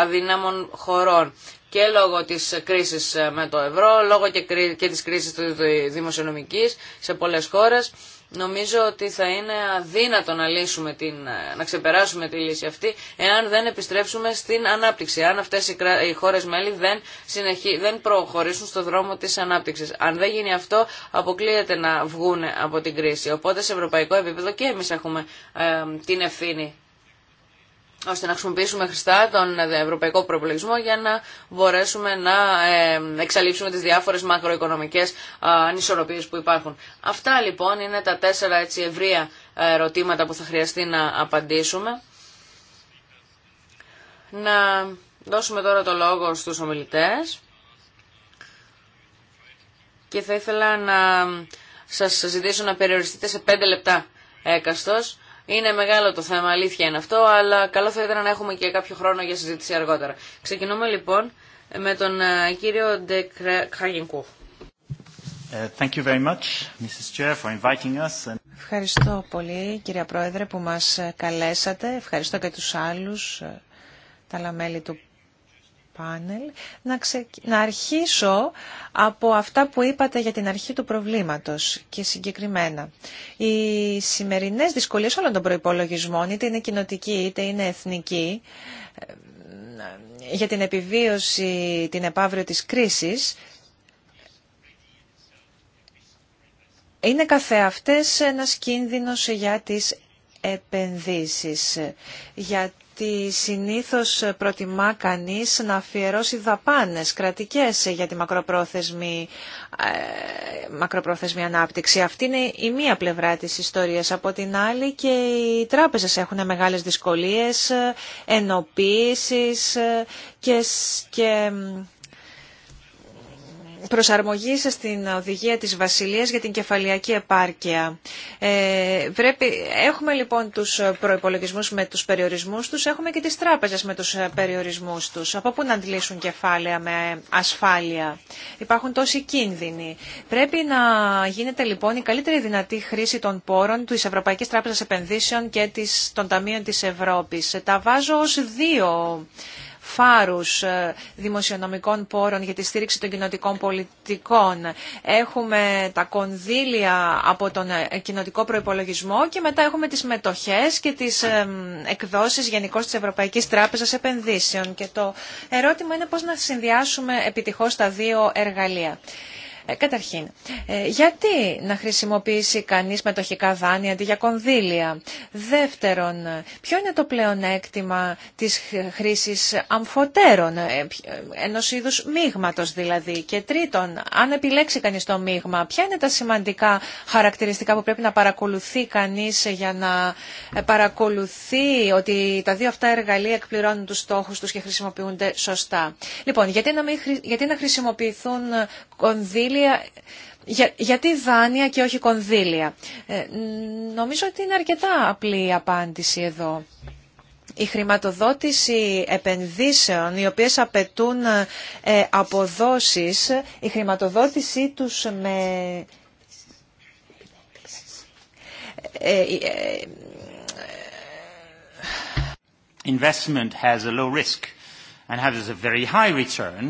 αδύναμων χωρών και λόγω της κρίσης ε, με το ευρώ, λόγω και της κρίσης του δημοσιονομικής σε πολλές χώρες. Νομίζω ότι θα είναι αδύνατο να, λύσουμε την, ε, να ξεπεράσουμε τη λύση αυτή εάν δεν επιστρέψουμε στην ανάπτυξη, αν αυτές οι χώρες μέλη δεν, συνεχί, δεν προχωρήσουν στο δρόμο της ανάπτυξης. Αν δεν γίνει αυτό, αποκλείεται να βγουν από την κρίση. Οπότε σε ευρωπαϊκό επίπεδο και εμείς έχουμε ε, την ευθύνη ώστε να χρησιμοποιήσουμε χρηστά τον ευρωπαϊκό προπολογισμό για να μπορέσουμε να ε, εξαλείψουμε τις διάφορες μακροοικονομικές ανισορροπίες που υπάρχουν. Αυτά λοιπόν είναι τα τέσσερα έτσι ευρεία ερωτήματα που θα χρειαστεί να απαντήσουμε. Να δώσουμε τώρα το λόγο στους ομιλητές και θα ήθελα να σας ζητήσω να περιοριστείτε σε πέντε λεπτά έκαστος είναι μεγάλο το θέμα, αλήθεια είναι αυτό, αλλά καλό θα ήταν να έχουμε και κάποιο χρόνο για συζήτηση αργότερα. Ξεκινούμε λοιπόν με τον ε, κύριο Ντε Ευχαριστώ πολύ, κυρία Πρόεδρε, που μας ε, καλέσατε. Ευχαριστώ και τους άλλους, ε, τα λαμέλη του πάνελ να, ξε... αρχίσω από αυτά που είπατε για την αρχή του προβλήματος και συγκεκριμένα. Οι σημερινές δυσκολίες όλων των προϋπολογισμών, είτε είναι κοινοτική είτε είναι εθνική, ε, για την επιβίωση την επαύριο της κρίσης, είναι καθεαυτές ένας κίνδυνος για τις επενδύσεις, για ότι συνήθως προτιμά κανείς να αφιερώσει δαπάνες κρατικές για τη μακροπρόθεσμη, ε, μακροπρόθεσμη ανάπτυξη. Αυτή είναι η μία πλευρά της ιστορίας. Από την άλλη και οι τράπεζες έχουν μεγάλες δυσκολίες, ενοποίησης ε, και Προσαρμογή προσαρμογής στην οδηγία της Βασιλείας για την κεφαλιακή επάρκεια. πρέπει, ε, έχουμε λοιπόν τους προϋπολογισμούς με τους περιορισμούς τους, έχουμε και τις τράπεζες με τους ε, περιορισμούς τους. Από πού να αντλήσουν κεφάλαια με ασφάλεια. Υπάρχουν τόσοι κίνδυνοι. Πρέπει να γίνεται λοιπόν η καλύτερη δυνατή χρήση των πόρων της Ευρωπαϊκής Τράπεζας Επενδύσεων και των Ταμείων της Ευρώπης. Τα βάζω ως δύο φάρους ε, δημοσιονομικών πόρων για τη στήριξη των κοινοτικών πολιτικών. Έχουμε τα κονδύλια από τον ε, κοινοτικό προϋπολογισμό και μετά έχουμε τις μετοχές και τις ε, εκδόσεις γενικώ της Ευρωπαϊκής Τράπεζας Επενδύσεων. Και το ερώτημα είναι πώς να συνδυάσουμε επιτυχώς τα δύο εργαλεία. Ε, καταρχήν, ε, γιατί να χρησιμοποιήσει κανείς μετοχικά δάνεια αντί για κονδύλια. Δεύτερον, ε, ποιο είναι το πλεονέκτημα της χρήσης αμφωτέρων, ενός είδους μείγματος δηλαδή. Και τρίτον, αν επιλέξει κανείς το μείγμα, ποια είναι τα σημαντικά χαρακτηριστικά που πρέπει να παρακολουθεί κανείς για να παρακολουθεί ότι τα δύο αυτά εργαλεία εκπληρώνουν τους στόχους τους και χρησιμοποιούνται σωστά. Λοιπόν, γιατί να, γιατί να χρησιμοποιηθούν κονδύλια για, γιατί δάνεια και όχι κονδύλια. Ε, νομίζω ότι είναι αρκετά απλή η απάντηση εδώ. Η χρηματοδότηση επενδύσεων οι οποίες απαιτούν ε, αποδόσεις, η χρηματοδότησή τους με... Ε, ε, Investment has a low risk and has a very high return.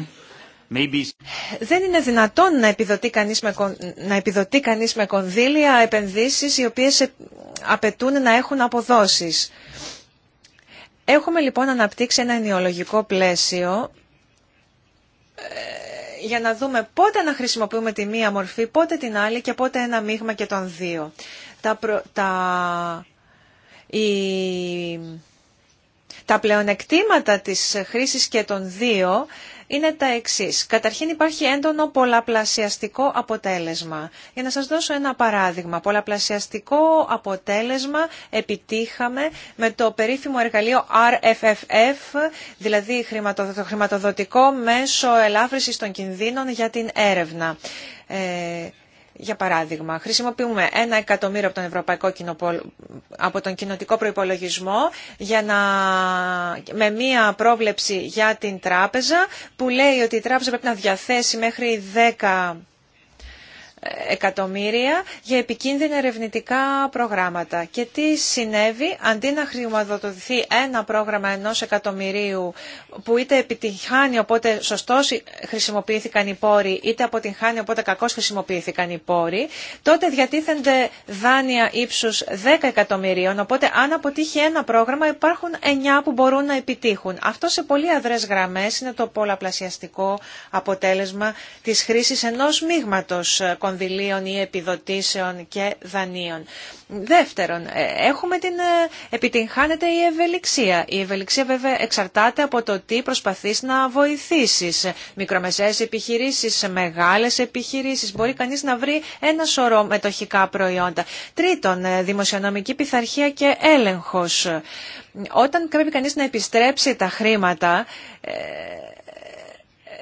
Δεν είναι δυνατόν να επιδοτεί κανείς με, να επιδοτεί κονδύλια επενδύσεις οι οποίες απαιτούν να έχουν αποδόσεις. Έχουμε λοιπόν αναπτύξει ένα ενοιολογικό πλαίσιο ε, για να δούμε πότε να χρησιμοποιούμε τη μία μορφή, πότε την άλλη και πότε ένα μείγμα και τον δύο. Τα, τα πλεονεκτήματα της χρήσης και των δύο είναι τα εξή. Καταρχήν υπάρχει έντονο πολλαπλασιαστικό αποτέλεσμα. Για να σας δώσω ένα παράδειγμα. Πολλαπλασιαστικό αποτέλεσμα επιτύχαμε με το περίφημο εργαλείο RFFF, δηλαδή το χρηματοδοτικό μέσο ελάφρυσης των κινδύνων για την έρευνα. Ε, για παράδειγμα, χρησιμοποιούμε ένα εκατομμύριο από τον Ευρωπαϊκό από τον κοινοτικό προϋπολογισμό για να, με μία πρόβλεψη για την τράπεζα που λέει ότι η τράπεζα πρέπει να διαθέσει μέχρι 10 εκατομμύρια για επικίνδυνα ερευνητικά προγράμματα. Και τι συνέβη, αντί να χρηματοδοτηθεί ένα πρόγραμμα ενό εκατομμυρίου που είτε επιτυχάνει οπότε σωστό χρησιμοποιήθηκαν οι πόροι, είτε αποτυγχάνει οπότε κακώς χρησιμοποιήθηκαν οι πόροι, τότε διατίθενται δάνεια ύψου 10 εκατομμυρίων, οπότε αν αποτύχει ένα πρόγραμμα υπάρχουν 9 που μπορούν να επιτύχουν. Αυτό σε πολύ αδρέ γραμμέ είναι το πολλαπλασιαστικό αποτέλεσμα τη χρήση ενό μείγματο κονδυλίων ή επιδοτήσεων και δανείων. Δεύτερον, ε, έχουμε την, ε, επιτυγχάνεται η ευελιξία. Η ευελιξία βέβαια εξαρτάται από το τι προσπαθείς να βοηθήσεις. Μικρομεσαίες επιχειρήσεις, μεγάλες επιχειρήσεις. Μπορεί κανείς να βρει ένα σωρό μετοχικά προϊόντα. Τρίτον, ε, δημοσιονομική πειθαρχία και έλεγχος. Όταν πρέπει κανείς να επιστρέψει τα χρήματα,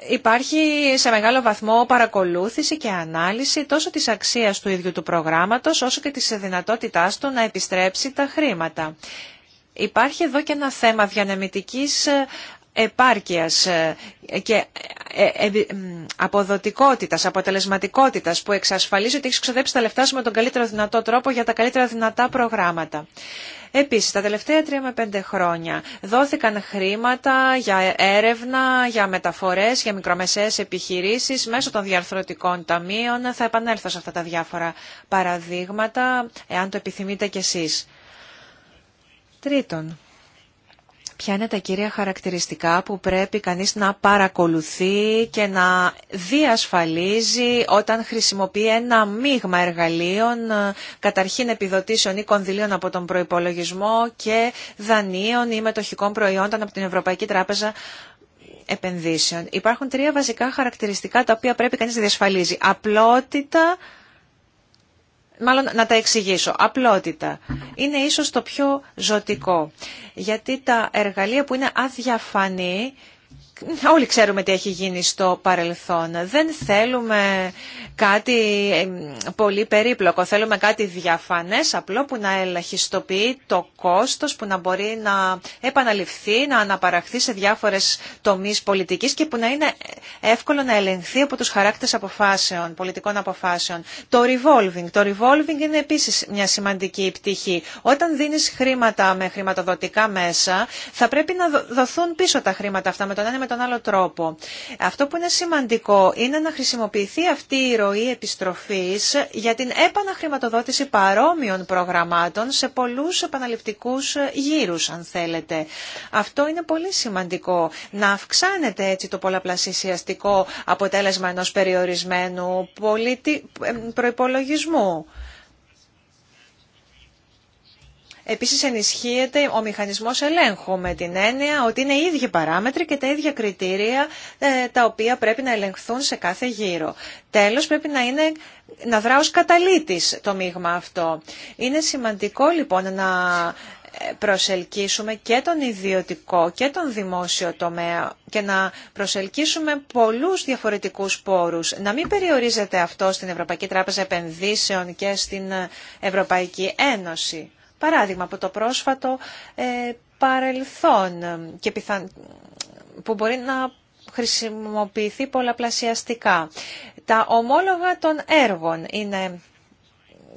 υπάρχει σε μεγάλο βαθμό παρακολούθηση και ανάλυση τόσο της αξίας του ίδιου του προγράμματος όσο και της δυνατότητάς του να επιστρέψει τα χρήματα. Υπάρχει εδώ και ένα θέμα διανεμητικής ε, επάρκειας ε, και ε, αποδοτικότητας, αποτελεσματικότητας που εξασφαλίζει ότι έχει ξοδέψει τα λεφτά σου με τον καλύτερο δυνατό τρόπο για τα καλύτερα δυνατά προγράμματα. Επίση, τα τελευταία τρία με πέντε χρόνια δόθηκαν χρήματα για έρευνα, για μεταφορές, για μικρομεσαίες επιχειρήσει μέσω των διαρθρωτικών ταμείων. Θα επανέλθω σε αυτά τα διάφορα παραδείγματα, εάν το επιθυμείτε κι εσείς. Τρίτον, ποια είναι τα κυρία χαρακτηριστικά που πρέπει κανείς να παρακολουθεί και να διασφαλίζει όταν χρησιμοποιεί ένα μείγμα εργαλείων, ε, καταρχήν επιδοτήσεων ή κονδυλίων από τον προϋπολογισμό και δανείων ή μετοχικών προϊόντων από την Ευρωπαϊκή Τράπεζα Επενδύσεων. Υπάρχουν τρία βασικά χαρακτηριστικά τα οποία πρέπει κανείς να διασφαλίζει. Απλότητα, μάλλον να τα εξηγήσω. Απλότητα. Είναι ίσως το πιο ζωτικό. Γιατί τα εργαλεία που είναι αδιαφανή Όλοι ξέρουμε τι έχει γίνει στο παρελθόν. Δεν θέλουμε κάτι πολύ περίπλοκο. Θέλουμε κάτι διαφανές, απλό που να ελαχιστοποιεί το κόστος, που να μπορεί να επαναληφθεί, να αναπαραχθεί σε διάφορες τομείς πολιτικής και που να είναι εύκολο να ελεγχθεί από τους χαράκτες αποφάσεων, πολιτικών αποφάσεων. Το revolving. Το revolving είναι επίσης μια σημαντική πτυχή. Όταν δίνεις χρήματα με χρηματοδοτικά μέσα, θα πρέπει να δοθούν πίσω τα χρήματα αυτά με τον με τον άλλο τρόπο. Αυτό που είναι σημαντικό είναι να χρησιμοποιηθεί αυτή η ροή επιστροφής για την επαναχρηματοδότηση παρόμοιων προγραμμάτων σε πολλούς επαναληπτικούς γύρους, αν θέλετε. Αυτό είναι πολύ σημαντικό. Να αυξάνεται έτσι το πολλαπλασιαστικό αποτέλεσμα ενός περιορισμένου πολίτη, προϋπολογισμού. Επίσης ενισχύεται ο μηχανισμός ελέγχου με την έννοια ότι είναι οι ίδιοι παράμετροι και τα ίδια κριτήρια ε, τα οποία πρέπει να ελεγχθούν σε κάθε γύρο. Τέλος πρέπει να είναι να δρά ως το μείγμα αυτό. Είναι σημαντικό λοιπόν να ε, προσελκύσουμε και τον ιδιωτικό και τον δημόσιο τομέα και να προσελκύσουμε πολλούς διαφορετικούς πόρους. Να μην περιορίζεται αυτό στην Ευρωπαϊκή Τράπεζα Επενδύσεων και στην ε, Ευρωπαϊκή Ένωση παράδειγμα από το πρόσφατο ε, παρελθόν και πιθαν... που μπορεί να χρησιμοποιηθεί πολλαπλασιαστικά. Τα ομόλογα των έργων είναι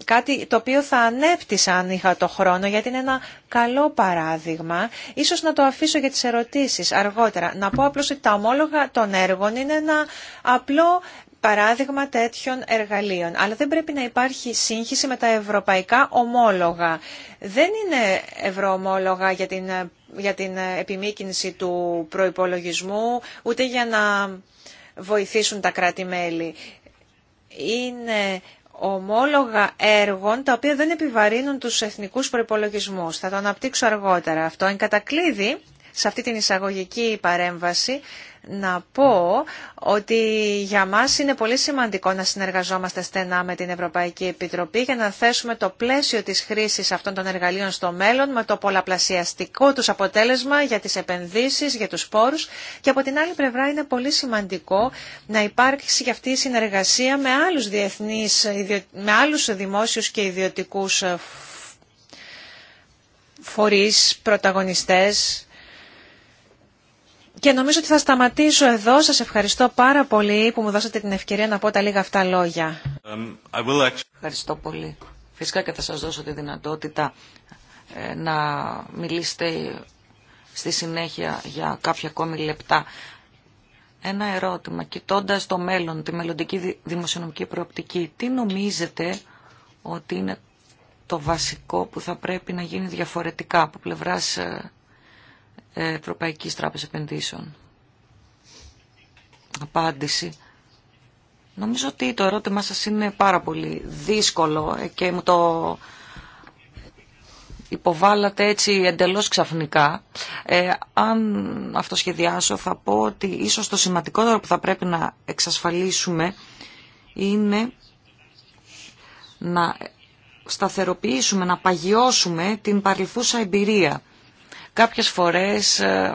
κάτι το οποίο θα ανέπτυσα αν είχα το χρόνο, γιατί είναι ένα καλό παράδειγμα. Ίσως να το αφήσω για τις ερωτήσεις αργότερα. Να πω απλώς ότι τα ομόλογα των έργων είναι ένα απλό παράδειγμα τέτοιων εργαλείων. Αλλά δεν πρέπει να υπάρχει σύγχυση με τα ευρωπαϊκά ομόλογα. Δεν είναι ευρωομόλογα για την, για επιμήκυνση του προϋπολογισμού, ούτε για να βοηθήσουν τα κράτη-μέλη. Είναι ομόλογα έργων τα οποία δεν επιβαρύνουν τους εθνικούς προϋπολογισμούς. Θα το αναπτύξω αργότερα αυτό. Εν κατακλείδη, σε αυτή την εισαγωγική παρέμβαση, να πω ότι για μας είναι πολύ σημαντικό να συνεργαζόμαστε στενά με την Ευρωπαϊκή Επιτροπή για να θέσουμε το πλαίσιο της χρήσης αυτών των εργαλείων στο μέλλον με το πολλαπλασιαστικό τους αποτέλεσμα για τις επενδύσεις, για τους πόρους και από την άλλη πλευρά είναι πολύ σημαντικό να υπάρξει και αυτή η συνεργασία με άλλους διεθνείς, με άλλους δημόσιους και ιδιωτικούς ε, φορείς, πρωταγωνιστές και νομίζω ότι θα σταματήσω εδώ. Σας ευχαριστώ πάρα πολύ που μου δώσατε την ευκαιρία να πω τα λίγα αυτά λόγια. Um, ευχαριστώ πολύ. Φυσικά και θα σας δώσω τη δυνατότητα ε, να μιλήσετε στη συνέχεια για κάποια ακόμη λεπτά. Ένα ερώτημα, κοιτώντας το μέλλον, τη μελλοντική δημοσιονομική προοπτική, τι νομίζετε ότι είναι το βασικό που θα πρέπει να γίνει διαφορετικά από πλευράς ε, Ευρωπαϊκής Τράπεζας Επενδύσεων. Απάντηση. Νομίζω ότι το ερώτημά σας είναι πάρα πολύ δύσκολο και μου το υποβάλλατε έτσι εντελώς ξαφνικά. Ε, αν αυτό σχεδιάσω θα πω ότι ίσως το σημαντικότερο που θα πρέπει να εξασφαλίσουμε είναι να σταθεροποιήσουμε, να παγιώσουμε την παρελθούσα εμπειρία Κάποιες φορές ε,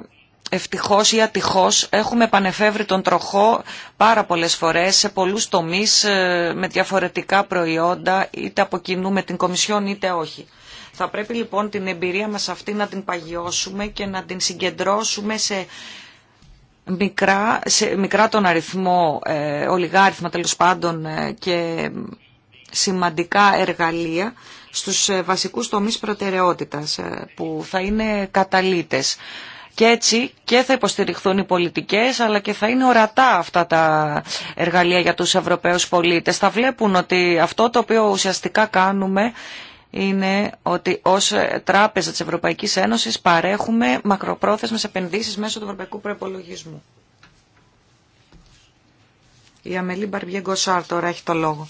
ευτυχώς ή ατυχώς έχουμε επανεφεύρει τον τροχό πάρα πολλές φορές σε πολλούς τομείς ε, με διαφορετικά προϊόντα είτε από κοινού με την Κομισιόν είτε όχι. Θα πρέπει λοιπόν την εμπειρία μας αυτή να την παγιώσουμε και να την συγκεντρώσουμε σε μικρά, σε μικρά τον αριθμό, ε, ολιγάριθμα τέλος πάντων ε, και σημαντικά εργαλεία στους ε, βασικούς τομείς προτεραιότητας ε, που θα είναι καταλήτες. Και έτσι και θα υποστηριχθούν οι πολιτικές αλλά και θα είναι ορατά αυτά τα εργαλεία για τους Ευρωπαίους πολίτες. Θα βλέπουν ότι αυτό το οποίο ουσιαστικά κάνουμε είναι ότι ως ε, τράπεζα της Ευρωπαϊκής Ένωσης παρέχουμε μακροπρόθεσμες επενδύσεις μέσω του Ευρωπαϊκού Προϋπολογισμού. Η Αμελή Μπαρβιέγκο Σάρ τώρα έχει το λόγο.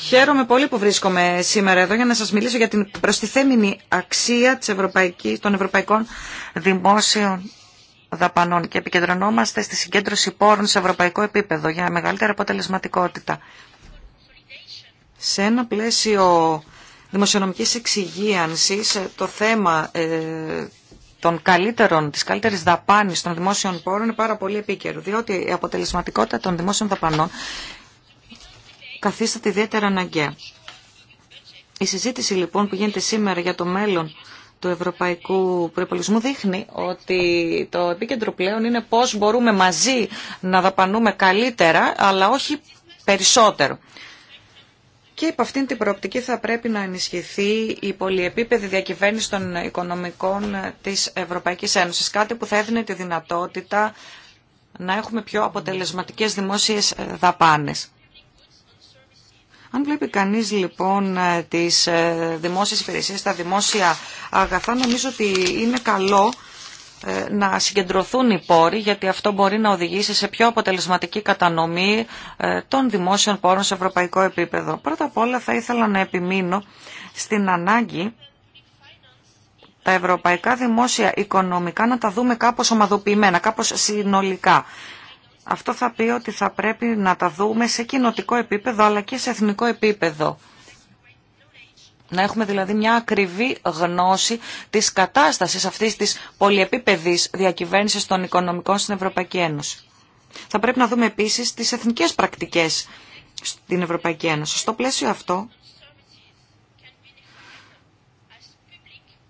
Χαίρομαι πολύ που βρίσκομαι σήμερα εδώ για να σας μιλήσω για την προστιθέμενη αξία της Ευρωπαϊκής, των ευρωπαϊκών δημόσιων δαπανών και επικεντρωνόμαστε στη συγκέντρωση πόρων σε ευρωπαϊκό επίπεδο για μεγαλύτερη αποτελεσματικότητα. Σε ένα πλαίσιο δημοσιονομικής εξυγίανσης το θέμα ε, των καλύτερων, της καλύτερης δαπάνης των δημόσιων πόρων είναι πάρα πολύ επίκαιρο, διότι η αποτελεσματικότητα των δημόσιων δαπανών καθίσταται ιδιαίτερα αναγκαία. Η συζήτηση λοιπόν που γίνεται σήμερα για το μέλλον του ευρωπαϊκού προπολογισμού δείχνει ότι το επίκεντρο πλέον είναι πώς μπορούμε μαζί να δαπανούμε καλύτερα, αλλά όχι περισσότερο. Και υπ' αυτήν την προοπτική θα πρέπει να ενισχυθεί η πολυεπίπεδη διακυβέρνηση των οικονομικών της Ευρωπαϊκής Ένωσης, κάτι που θα έδινε τη δυνατότητα να έχουμε πιο αποτελεσματικές δημόσιες δαπάνες. Αν βλέπει κανείς λοιπόν τις ε, δημόσιες υπηρεσίες, τα δημόσια αγαθά, νομίζω ότι είναι καλό ε, να συγκεντρωθούν οι πόροι γιατί αυτό μπορεί να οδηγήσει σε πιο αποτελεσματική κατανομή ε, των δημόσιων πόρων σε ευρωπαϊκό επίπεδο. Πρώτα απ' όλα θα ήθελα να επιμείνω στην ανάγκη τα ευρωπαϊκά δημόσια οικονομικά να τα δούμε κάπως ομαδοποιημένα, κάπως συνολικά. Αυτό θα πει ότι θα πρέπει να τα δούμε σε κοινοτικό επίπεδο αλλά και σε εθνικό επίπεδο. Να έχουμε δηλαδή μια ακριβή γνώση της κατάστασης αυτής της πολυεπίπεδης διακυβέρνησης των οικονομικών στην Ευρωπαϊκή Ένωση. Θα πρέπει να δούμε επίσης τις εθνικές πρακτικές στην Ευρωπαϊκή Ένωση. Στο πλαίσιο αυτό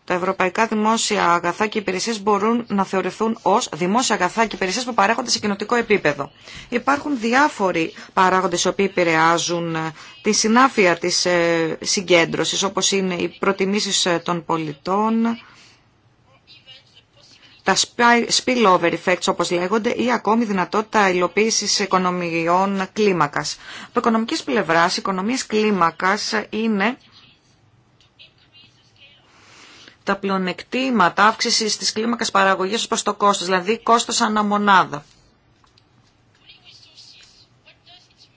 τα ευρωπαϊκά δημόσια αγαθά και υπηρεσίε μπορούν να θεωρηθούν ω δημόσια αγαθά και υπηρεσίε που παρέχονται σε κοινοτικό επίπεδο. Υπάρχουν διάφοροι παράγοντε οι οποίοι επηρεάζουν ε, τη συνάφεια τη ε, συγκέντρωση, όπω είναι οι προτιμήσει ε, των πολιτών, τα spillover effects όπως λέγονται ή ακόμη δυνατότητα υλοποιηση οικονομιών κλίμακας. Από οικονομικής πλευράς, οι οικονομίες κλίμακας είναι τα πλεονεκτήματα αύξηση τη κλίμακα παραγωγή προ το κόστο, δηλαδή κόστο αναμονάδα.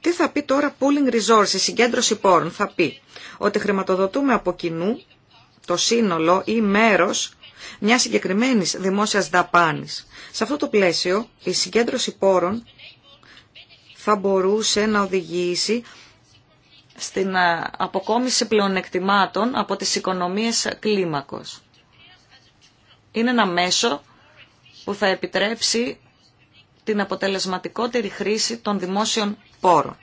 Τι θα πει τώρα pooling resources, η συγκέντρωση πόρων. Θα πει ότι χρηματοδοτούμε από κοινού το σύνολο ή μέρος μια συγκεκριμένης δημόσιας δαπάνης. Σε αυτό το πλαίσιο η συγκέντρωση πόρων θα μπορούσε να οδηγήσει στην ε, αποκόμιση πλεονεκτημάτων από τις οικονομίες κλίμακος. Είναι ένα μέσο που θα επιτρέψει την αποτελεσματικότερη χρήση των δημόσιων πόρων.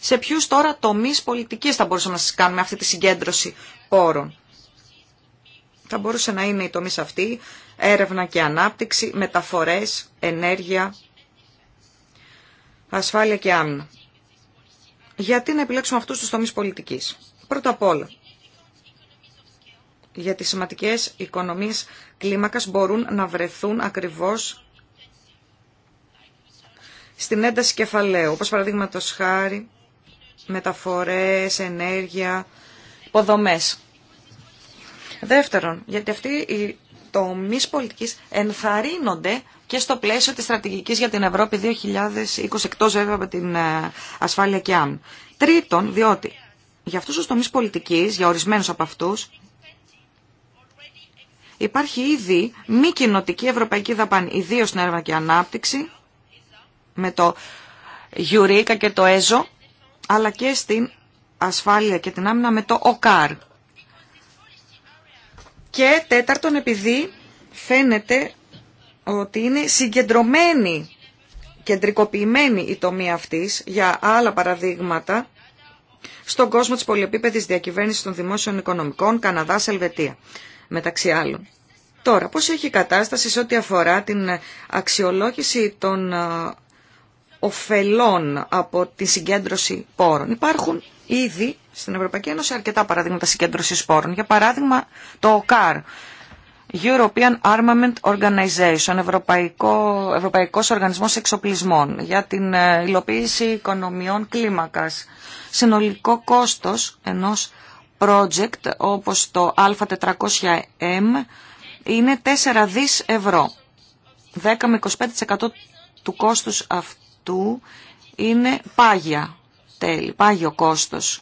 Σε ποιου τώρα τομεί πολιτική θα μπορούσαμε να σα κάνουμε αυτή τη συγκέντρωση πόρων. Θα μπορούσε να είναι οι τομεί αυτοί έρευνα και ανάπτυξη, μεταφορές, ενέργεια, ασφάλεια και άμυνα. Γιατί να επιλέξουμε αυτούς τους τομείς πολιτικής. Πρώτα απ' όλα, γιατί σημαντικές οικονομίες κλίμακας μπορούν να βρεθούν ακριβώς στην ένταση κεφαλαίου, όπως παραδείγματο χάρη, μεταφορές, ενέργεια, υποδομές. Δεύτερον, γιατί αυτοί οι τομείς πολιτικής ενθαρρύνονται και στο πλαίσιο της στρατηγικής για την Ευρώπη 2020 εκτός βέβαια από την ε, ασφάλεια και άμυνα. Τρίτον, διότι για αυτούς τους τομείς πολιτικής, για ορισμένους από αυτούς, υπάρχει ήδη μη κοινοτική ευρωπαϊκή δαπάνη, ιδίως στην έρευνα και ανάπτυξη, με το Γιουρίκα και το ΕΖΟ, αλλά και στην ασφάλεια και την άμυνα με το ΟΚΑΡ. Και τέταρτον, επειδή φαίνεται ότι είναι συγκεντρωμένη, κεντρικοποιημένη η τομή αυτής για άλλα παραδείγματα στον κόσμο της πολυεπίπεδης διακυβέρνησης των δημόσιων οικονομικών Καναδάς, Ελβετία, μεταξύ άλλων. Τώρα, πώς έχει η κατάσταση σε ό,τι αφορά την αξιολόγηση των ε, ωφελών από τη συγκέντρωση πόρων. Υπάρχουν ήδη στην Ευρωπαϊκή Ένωση αρκετά παραδείγματα συγκέντρωσης πόρων. Για παράδειγμα, το ΟΚΑΡ, European Armament Organization, Ευρωπαϊκό, Ευρωπαϊκός Οργανισμός Εξοπλισμών, για την ε, υλοποίηση οικονομιών κλίμακας. Συνολικό κόστος ενός project όπως το Α400M είναι 4 δις ευρώ. 10 με 25% του κόστους αυτού είναι πάγια τέλη, πάγιο κόστος.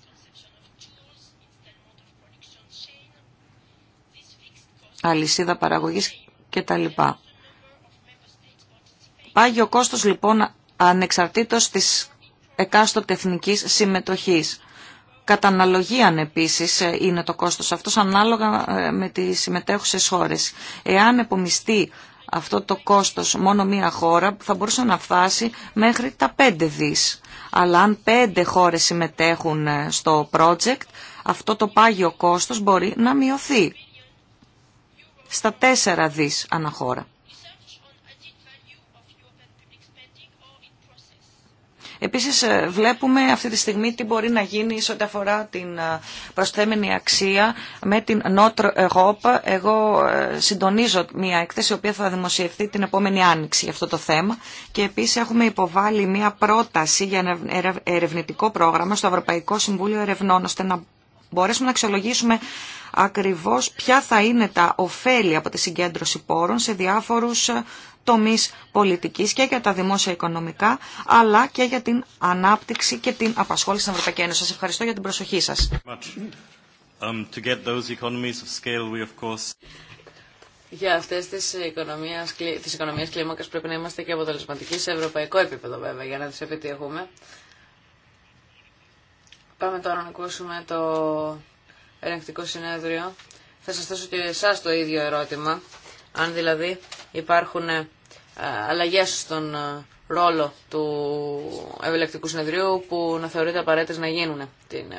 αλυσίδα παραγωγής κτλ. Πάγει ο κόστος λοιπόν ανεξαρτήτως της εκάστοτε εθνικής συμμετοχής. Κατά αναλογίαν επίσης ε, είναι το κόστος αυτός ανάλογα ε, με τις συμμετέχουσες χώρες. Εάν επομιστεί αυτό το κόστος μόνο μία χώρα θα μπορούσε να φτάσει μέχρι τα 5 δις. Αλλά αν 5 χώρες συμμετέχουν ε, στο project αυτό το πάγιο κόστος μπορεί να μειωθεί στα 4 δις αναχώρα. Επίσης ε, βλέπουμε αυτή τη στιγμή τι μπορεί να γίνει σε ό,τι αφορά την ε, προσθέμενη αξία με την Notre Europe. Εγώ ε, συντονίζω μια έκθεση η οποία θα δημοσιευθεί την επόμενη άνοιξη για αυτό το θέμα και επίσης έχουμε υποβάλει μια πρόταση για ένα ερευνητικό πρόγραμμα στο Ευρωπαϊκό Συμβούλιο Ερευνών ώστε να μπορέσουμε να αξιολογήσουμε ακριβώς ποια θα είναι τα ωφέλη από τη συγκέντρωση πόρων σε διάφορους ε, τομείς πολιτικής και για τα δημόσια οικονομικά, αλλά και για την ανάπτυξη και την απασχόληση στην Ευρωπαϊκή Ένωση. Σας ευχαριστώ για την προσοχή σας. Um, για αυτέ τι οικονομίε τις οικονομίες κλίμακα πρέπει να είμαστε και αποτελεσματικοί σε ευρωπαϊκό επίπεδο, βέβαια, για να τι επιτύχουμε. Πάμε τώρα να ακούσουμε το ελεγκτικό συνέδριο. Θα σας θέσω και εσά το ίδιο ερώτημα. Αν δηλαδή υπάρχουν ε, αλλαγές στον ε, ρόλο του ελεκτικού συνεδρίου που να θεωρείται απαραίτητες να γίνουν ε, την,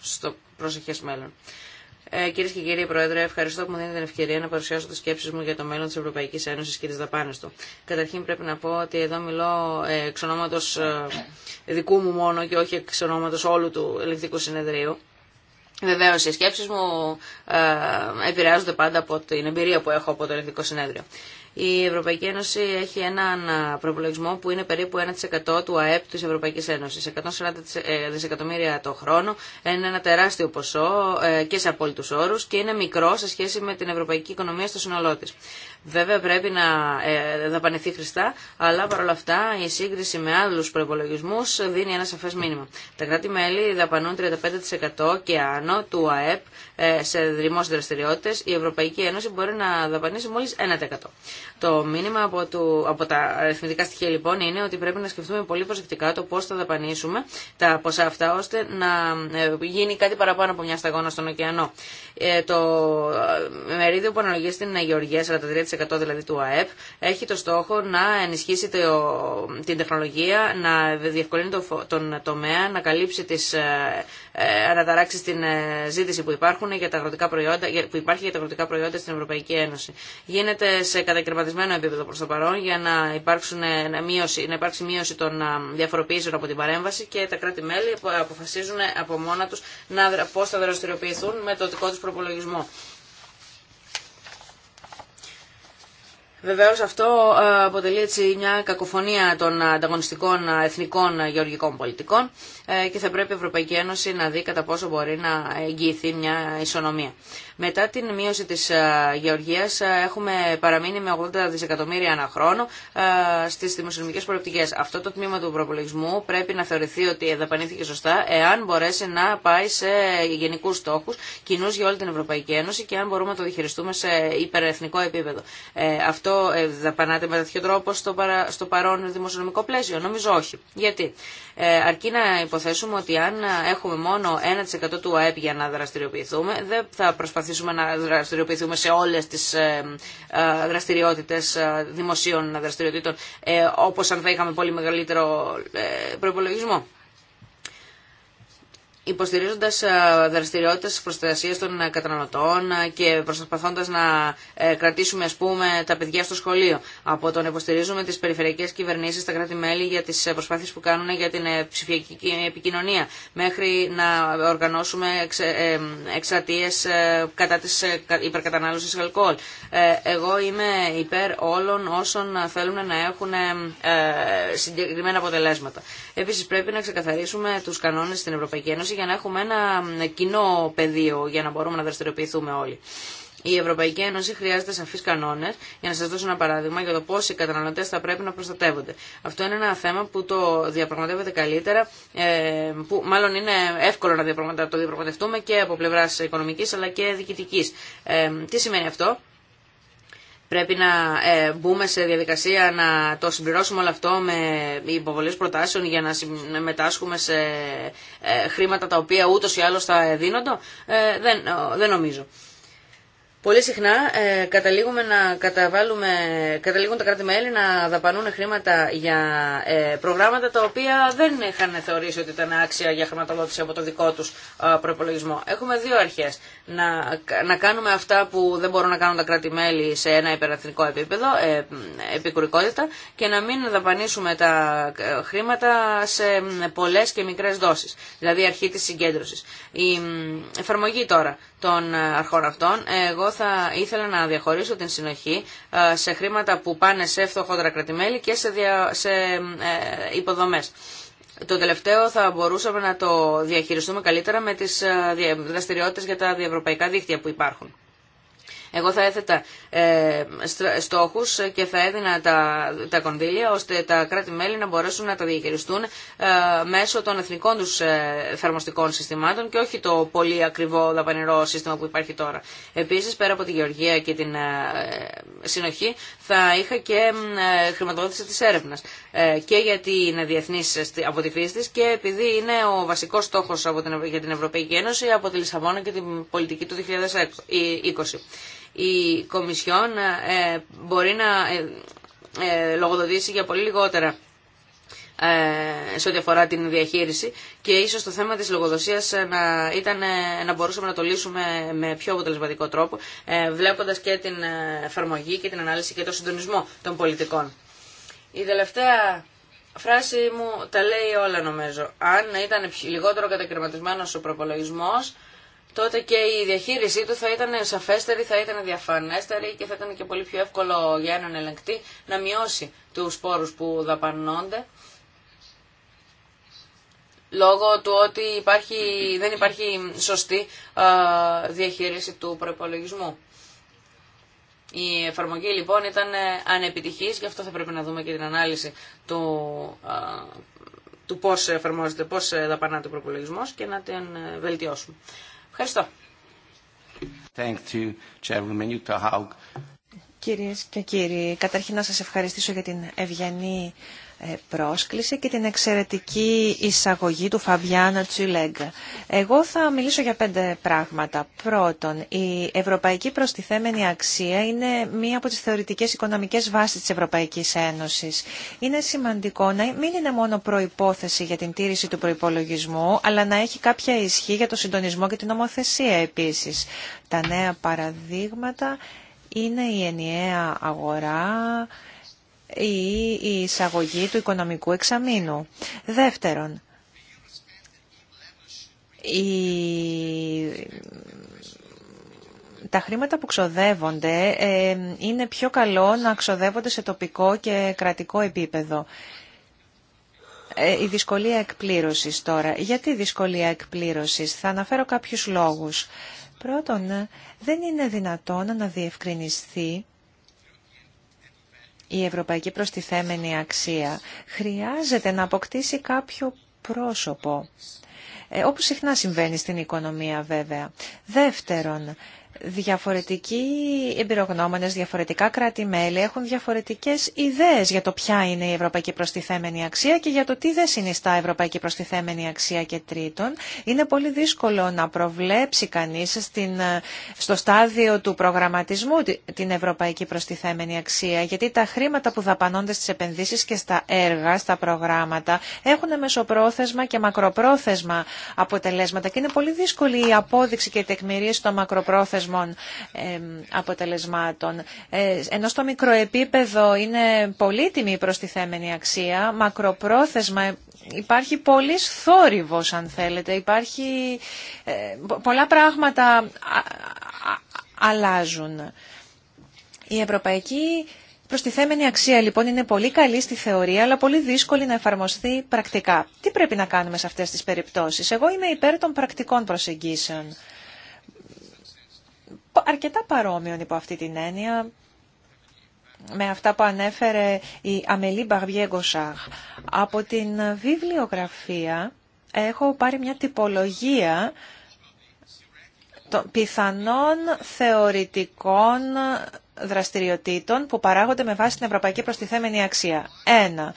στο προσεχές μέλλον. Ε, Κυρίε και κύριοι Πρόεδρε, ευχαριστώ που μου δίνετε την ευκαιρία να παρουσιάσω τι σκέψει μου για το μέλλον τη Ευρωπαϊκή Ένωση και τι δαπάνε του. Καταρχήν πρέπει να πω ότι εδώ μιλώ ε, εξ ονόματο ε, δικού μου μόνο και όχι εξ ονόματο όλου του ελεγκτικού συνεδρίου. Βεβαίω, οι σκέψει μου επηρεάζονται πάντα από την εμπειρία που έχω από το ελεγκτικό συνέδριο. Η Ευρωπαϊκή Ένωση έχει έναν προπολογισμό που είναι περίπου 1% του ΑΕΠ της Ευρωπαϊκής Ένωσης. 140 ε, δισεκατομμύρια το χρόνο είναι ένα τεράστιο ποσό ε, και σε απόλυτους όρους και είναι μικρό σε σχέση με την ευρωπαϊκή οικονομία στο σύνολό της. Βέβαια πρέπει να ε, δαπανηθεί χρηστά, αλλά παρόλα αυτά η σύγκριση με άλλου προπολογισμού δίνει ένα σαφέ μήνυμα. Τα κράτη-μέλη δαπανούν 35% και άνω του ΑΕΠ ε, σε δημόσιε δραστηριότητε. Η Ευρωπαϊκή Ένωση μπορεί να δαπανίσει μόλι 1%. Το μήνυμα από, του, από τα αριθμητικά στοιχεία λοιπόν είναι ότι πρέπει να σκεφτούμε πολύ προσεκτικά το πώ θα δαπανίσουμε τα ποσά αυτά ώστε να ε, γίνει κάτι παραπάνω από μια σταγόνα στον ωκεανό. το μερίδιο που αναλογεί στην Γεωργία, δηλαδή του ΑΕΠ, έχει το στόχο να ενισχύσει την τεχνολογία, να διευκολύνει τον τομέα, να καλύψει τις ε, ε, αναταράξεις στην ε, ζήτηση που, υπάρχουν για τα αγροτικά προϊόντα, που υπάρχει για τα αγροτικά προϊόντα στην Ευρωπαϊκή Ένωση. Γίνεται σε κατακαιρματισμένο επίπεδο προς το παρόν για να, υπάρξουν, να, μείωση, να υπάρξει μείωση των διαφοροποιήσεων από την παρέμβαση και τα κράτη-μέλη αποφασίζουν από μόνα του πώ θα δραστηριοποιηθούν με το δικό τους προπολογισμό. Βεβαίω, αυτό ε, αποτελεί έτσι μια κακοφωνία των ανταγωνιστικών εθνικών γεωργικών πολιτικών ε, και θα πρέπει η Ευρωπαϊκή Ένωση να δει κατά πόσο μπορεί να εγγυηθεί μια ισονομία. Μετά την μείωση της γεωργίας έχουμε παραμείνει με 80 δισεκατομμύρια ανά χρόνο στις δημοσιονομικές προοπτικές. Αυτό το τμήμα του προπολογισμού πρέπει να θεωρηθεί ότι δαπανήθηκε σωστά εάν μπορέσει να πάει σε γενικούς στόχους κοινού για όλη την Ευρωπαϊκή Ένωση και αν μπορούμε να το διχειριστούμε σε υπερεθνικό επίπεδο. Ε, αυτό δαπανάται με τέτοιο τρόπο στο, παρα, στο παρόν δημοσιονομικό πλαίσιο. Νομίζω όχι. Γιατί ε, αρκεί να υποθέσουμε ότι αν έχουμε μόνο 1% του ΑΕΠ για να δραστηριοποιηθούμε δεν θα προσπαθήσουμε να δραστηριοποιηθούμε σε όλες τις ε, ε, δραστηριότητες ε, δημοσίων δραστηριοτήτων, όπως αν θα είχαμε πολύ μεγαλύτερο προπολογισμό υποστηρίζοντας ε, δραστηριότητε προστασία των ε, καταναλωτών ε, και προσπαθώντας να κρατήσουμε ας πούμε, τα παιδιά στο σχολείο. Από τον υποστηρίζουμε τις περιφερειακές κυβερνήσει, τα κράτη-μέλη για τις προσπάθειες που κάνουν για την ψηφιακή επικοινωνία, μέχρι να οργανώσουμε εξαρτίε κατά της υπερκατανάλωση αλκοόλ. Εγώ είμαι υπέρ όλων όσων θέλουν να έχουν συγκεκριμένα αποτελέσματα. Επίση, πρέπει να ξεκαθαρίσουμε του κανόνε στην Ευρωπαϊκή Ένωση για να έχουμε ένα κοινό πεδίο για να μπορούμε να δραστηριοποιηθούμε όλοι. Η Ευρωπαϊκή Ένωση χρειάζεται σαφεί κανόνε για να σα δώσω ένα παράδειγμα για το πώ οι καταναλωτέ θα πρέπει να προστατεύονται. Αυτό είναι ένα θέμα που το διαπραγματεύεται καλύτερα, ε, που μάλλον είναι εύκολο να το διαπραγματευτούμε και από πλευρά οικονομική αλλά και διοικητική. Ε, τι σημαίνει αυτό Πρέπει να ε, μπούμε σε διαδικασία να το συμπληρώσουμε όλο αυτό με υποβολές προτάσεων για να μετάσχουμε σε ε, χρήματα τα οποία ούτως ή άλλως θα δίνονται. Ε, δεν, δεν νομίζω. Πολύ συχνά ε, καταλήγουμε να καταβάλουμε, καταλήγουν τα κράτη-μέλη να δαπανούν χρήματα για ε, προγράμματα τα οποία δεν είχαν θεωρήσει ότι ήταν άξια για χρηματοδότηση από το δικό τους ε, προπολογισμό. Έχουμε δύο αρχές. Να, να κάνουμε αυτά που δεν μπορούν να κάνουν τα κράτη-μέλη σε ένα υπεραθνικό επίπεδο, ε, επικουρικότητα, και να μην δαπανίσουμε τα ε, χρήματα σε ε, πολλές και μικρές δόσεις. Δηλαδή αρχή της συγκέντρωσης. Η εφαρμογή τώρα των ε, αρχών αυτών, εγώ θα ήθελα να διαχωρίσω την συνοχή ε, σε χρήματα που πάνε σε φτωχότερα κρατημέλη και σε ε, υποδομές. Το τελευταίο θα μπορούσαμε να το διαχειριστούμε καλύτερα με τις δραστηριότητες για τα διευρωπαϊκά δίκτυα που υπάρχουν. Εγώ θα έθετα ε, στόχους και θα έδινα τα, τα κονδύλια ώστε τα κράτη-μέλη να μπορέσουν να τα διαχειριστούν ε, μέσω των εθνικών του θερμοστικών συστημάτων και όχι το πολύ ακριβό δαπανηρό σύστημα που υπάρχει τώρα. Επίση, πέρα από τη γεωργία και την ε, συνοχή, θα είχα και ε, χρηματοδότηση της έρευνας. Ε, και γιατί είναι διεθνή από τη χρήση τη και επειδή είναι ο βασικό στόχο για την Ευρωπαϊκή Ένωση από τη Λισαβόνα και την πολιτική του 2020 η Κομισιόν ε, μπορεί να ε, ε, λογοδοτήσει για πολύ λιγότερα σε ό,τι αφορά την διαχείριση και ίσως το θέμα της λογοδοσίας να, ήταν, να μπορούσαμε να το λύσουμε με πιο αποτελεσματικό τρόπο βλέποντας και την εφαρμογή και την ανάλυση και τον συντονισμό των πολιτικών. Η τελευταία φράση μου τα λέει όλα νομίζω. Αν ήταν λιγότερο κατακριματισμένος ο προπολογισμός τότε και η διαχείρισή του θα ήταν σαφέστερη, θα ήταν διαφανέστερη και θα ήταν και πολύ πιο εύκολο για έναν ελεγκτή να μειώσει τους σπόρους που δαπανώνται λόγω του ότι υπάρχει, δεν υπάρχει σωστή α, διαχείριση του προπολογισμού. Η εφαρμογή λοιπόν ήταν ε, ανεπιτυχής, γι' αυτό θα πρέπει να δούμε και την ανάλυση του, α, του πώς εφαρμόζεται, πώς ε, δαπανάται ο και να την ε, βελτιώσουμε. Ευχαριστώ. Thank Κυρίες και κύριοι, καταρχήν να σας ευχαριστήσω για την ευγενή ε, πρόσκληση και την εξαιρετική εισαγωγή του Φαβιάνα Τσιλέγκ. Εγώ θα μιλήσω για πέντε πράγματα. Πρώτον, η ευρωπαϊκή προστιθέμενη αξία είναι μία από τις θεωρητικές οικονομικές βάσεις της Ευρωπαϊκής Ένωσης. Είναι σημαντικό να μην είναι μόνο προϋπόθεση για την τήρηση του προϋπολογισμού, αλλά να έχει κάποια ισχύ για το συντονισμό και την νομοθεσία επίσης. Τα νέα παραδείγματα είναι η ενιαία αγορά, ή η εισαγωγή του οικονομικού εξαμήνου. Δεύτερον, η... τα χρήματα που ξοδεύονται είναι πιο καλό να ξοδεύονται σε τοπικό και κρατικό επίπεδο. Ε, η δυσκολία εκπλήρωσης τώρα. Γιατί δυσκολία εκπλήρωσης. Θα αναφέρω κάποιους λόγους. Πρώτον, δεν είναι δυνατόν να διευκρινιστεί η ευρωπαϊκή προστιθέμενη αξία χρειάζεται να αποκτήσει κάποιο πρόσωπο, ε, όπως συχνά συμβαίνει στην οικονομία βέβαια. Δεύτερον, διαφορετικοί εμπειρογνώμονες, διαφορετικά κράτη-μέλη έχουν διαφορετικές ιδέες για το ποια είναι η ευρωπαϊκή προστιθέμενη αξία και για το τι δεν συνιστά ευρωπαϊκή προστιθέμενη αξία και τρίτον. Είναι πολύ δύσκολο να προβλέψει κανείς στην, στο στάδιο του προγραμματισμού την ευρωπαϊκή προστιθέμενη αξία γιατί τα χρήματα που δαπανώνται στις επενδύσεις και στα έργα, στα προγράμματα έχουν μεσοπρόθεσμα και μακροπρόθεσμα αποτελέσματα και είναι πολύ δύσκολη η απόδειξη και η τεκμηρίωση των μακροπρόθεσμων αποτελεσμάτων. Ε, ενώ στο μικροεπίπεδο είναι πολύτιμη η προστιθέμενη αξία, μακροπρόθεσμα υπάρχει πολύ θόρυβος αν θέλετε, υπάρχει ε, πολλά πράγματα αλλάζουν. Η ευρωπαϊκή προστιθέμενη αξία λοιπόν είναι πολύ καλή στη θεωρία αλλά πολύ δύσκολη να εφαρμοστεί πρακτικά. Τι πρέπει να κάνουμε σε αυτές τις περιπτώσεις. Εγώ είμαι υπέρ των πρακτικών προσεγγίσεων αρκετά παρόμοιον υπό αυτή την έννοια με αυτά που ανέφερε η Αμελή Μπαγβιέ Γκοσάχ. Από την βιβλιογραφία έχω πάρει μια τυπολογία των πιθανών θεωρητικών δραστηριοτήτων που παράγονται με βάση την ευρωπαϊκή προστιθέμενη αξία. Ένα.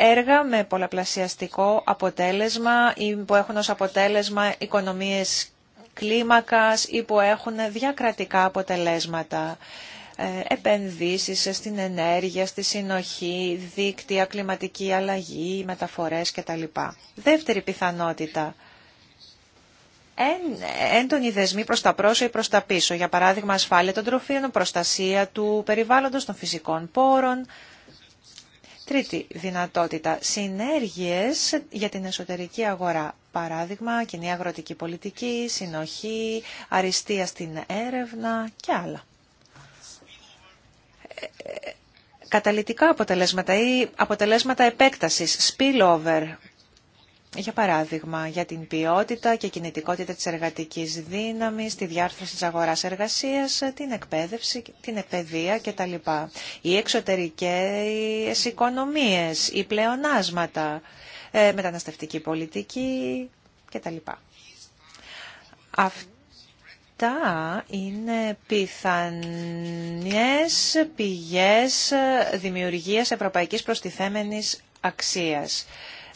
Έργα με πολλαπλασιαστικό αποτέλεσμα ή που έχουν ως αποτέλεσμα οικονομίες κλίμακας ή που έχουν διακρατικά αποτελέσματα ε, επενδύσεις στην ενέργεια, στη συνοχή, δίκτυα, κλιματική αλλαγή, μεταφορές κτλ. Δεύτερη πιθανότητα. έντονη δεσμή προς τα πρόσω ή προς τα πίσω, για παράδειγμα ασφάλεια των τροφίων, προστασία του περιβάλλοντος των φυσικών πόρων. Τρίτη δυνατότητα, συνέργειες για την εσωτερική αγορά. Παράδειγμα, κοινή αγροτική πολιτική, συνοχή, αριστεία στην έρευνα και άλλα. Καταλητικά αποτελέσματα ή αποτελέσματα επέκτασης, spillover, για παράδειγμα, για την ποιότητα και κινητικότητα της εργατικής δύναμης, τη διάρθρωση της αγοράς εργασίας, την εκπαίδευση, την επαιδεία κτλ. Οι εξωτερικές οικονομίες, οι πλεονάσματα, ε, μεταναστευτική πολιτική κτλ. Αυτά είναι πιθανές πηγές δημιουργίας ευρωπαϊκής προστιθέμενης αξίας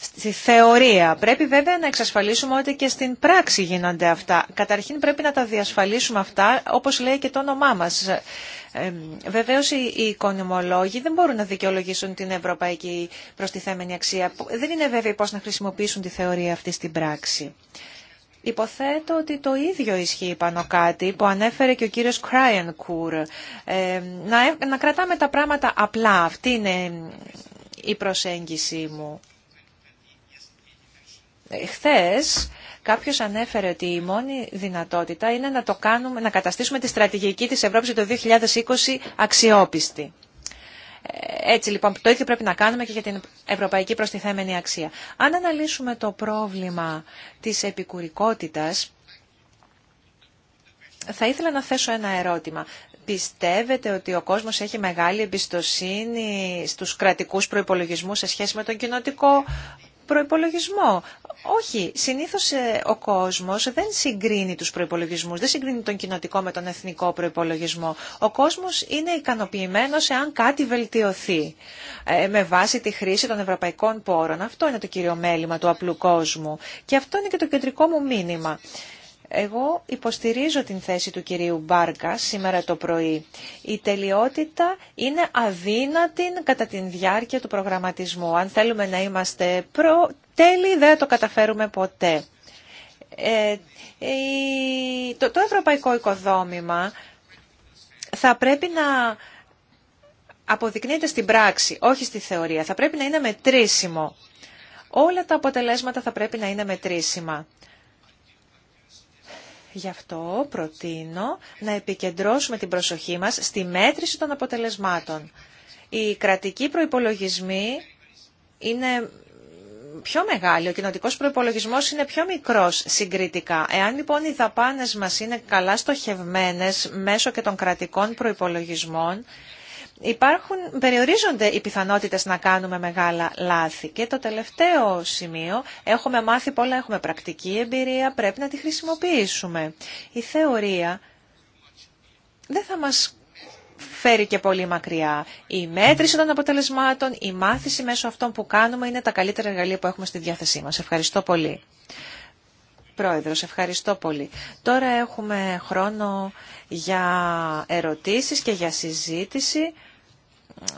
στη θεωρία. Πρέπει βέβαια να εξασφαλίσουμε ότι και στην πράξη γίνονται αυτά. Καταρχήν πρέπει να τα διασφαλίσουμε αυτά, όπως λέει και το όνομά μας. Ε, Βεβαίω οι οικονομολόγοι δεν μπορούν να δικαιολογήσουν την ευρωπαϊκή προστιθέμενη αξία. Δεν είναι βέβαιοι πώς να χρησιμοποιήσουν τη θεωρία αυτή στην πράξη. Υποθέτω ότι το ίδιο ισχύει πάνω κάτι που ανέφερε και ο κύριος Κράιενκουρ. να, να κρατάμε τα πράγματα απλά. Αυτή είναι η προσέγγιση μου. Ε, χθες κάποιος ανέφερε ότι η μόνη δυνατότητα είναι να, το κάνουμε, να καταστήσουμε τη στρατηγική της Ευρώπης το 2020 αξιόπιστη. Ε, έτσι λοιπόν το ίδιο πρέπει να κάνουμε και για την ευρωπαϊκή προστιθέμενη αξία. Αν αναλύσουμε το πρόβλημα της επικουρικότητας, θα ήθελα να θέσω ένα ερώτημα. Πιστεύετε ότι ο κόσμος έχει μεγάλη εμπιστοσύνη στους κρατικούς προϋπολογισμούς σε σχέση με τον κοινοτικό προϋπολογισμό. Όχι, συνήθως ε, ο κόσμος δεν συγκρίνει τους προπολογισμού, δεν συγκρίνει τον κοινοτικό με τον εθνικό προπολογισμό. Ο κόσμος είναι ικανοποιημένος εάν κάτι βελτιωθεί ε, με βάση τη χρήση των ευρωπαϊκών πόρων. Αυτό είναι το κύριο μέλημα του απλού κόσμου και αυτό είναι και το κεντρικό μου μήνυμα. Εγώ υποστηρίζω την θέση του κυρίου Μπάρκα σήμερα το πρωί. Η τελειότητα είναι αδύνατη κατά την διάρκεια του προγραμματισμού. Αν θέλουμε να είμαστε προ... τέλειοι δεν το καταφέρουμε ποτέ. Ε, το, το ευρωπαϊκό οικοδόμημα θα πρέπει να αποδεικνύεται στην πράξη, όχι στη θεωρία. Θα πρέπει να είναι μετρήσιμο. Όλα τα αποτελέσματα θα πρέπει να είναι μετρήσιμα. Γι' αυτό προτείνω να επικεντρώσουμε την προσοχή μας στη μέτρηση των αποτελεσμάτων. Οι κρατικοί προϋπολογισμοί είναι πιο μεγάλοι, ο κοινοτικός προϋπολογισμός είναι πιο μικρός συγκριτικά. Εάν λοιπόν οι δαπάνες μας είναι καλά στοχευμένες μέσω και των κρατικών προϋπολογισμών, υπάρχουν, περιορίζονται οι πιθανότητες να κάνουμε μεγάλα λάθη. Και το τελευταίο σημείο, έχουμε μάθει πολλά, έχουμε πρακτική εμπειρία, πρέπει να τη χρησιμοποιήσουμε. Η θεωρία δεν θα μας φέρει και πολύ μακριά. Η μέτρηση των αποτελεσμάτων, η μάθηση μέσω αυτών που κάνουμε είναι τα καλύτερα εργαλεία που έχουμε στη διάθεσή μας. Ευχαριστώ πολύ. Πρόεδρος, ευχαριστώ πολύ. Τώρα έχουμε χρόνο για ερωτήσεις και για συζήτηση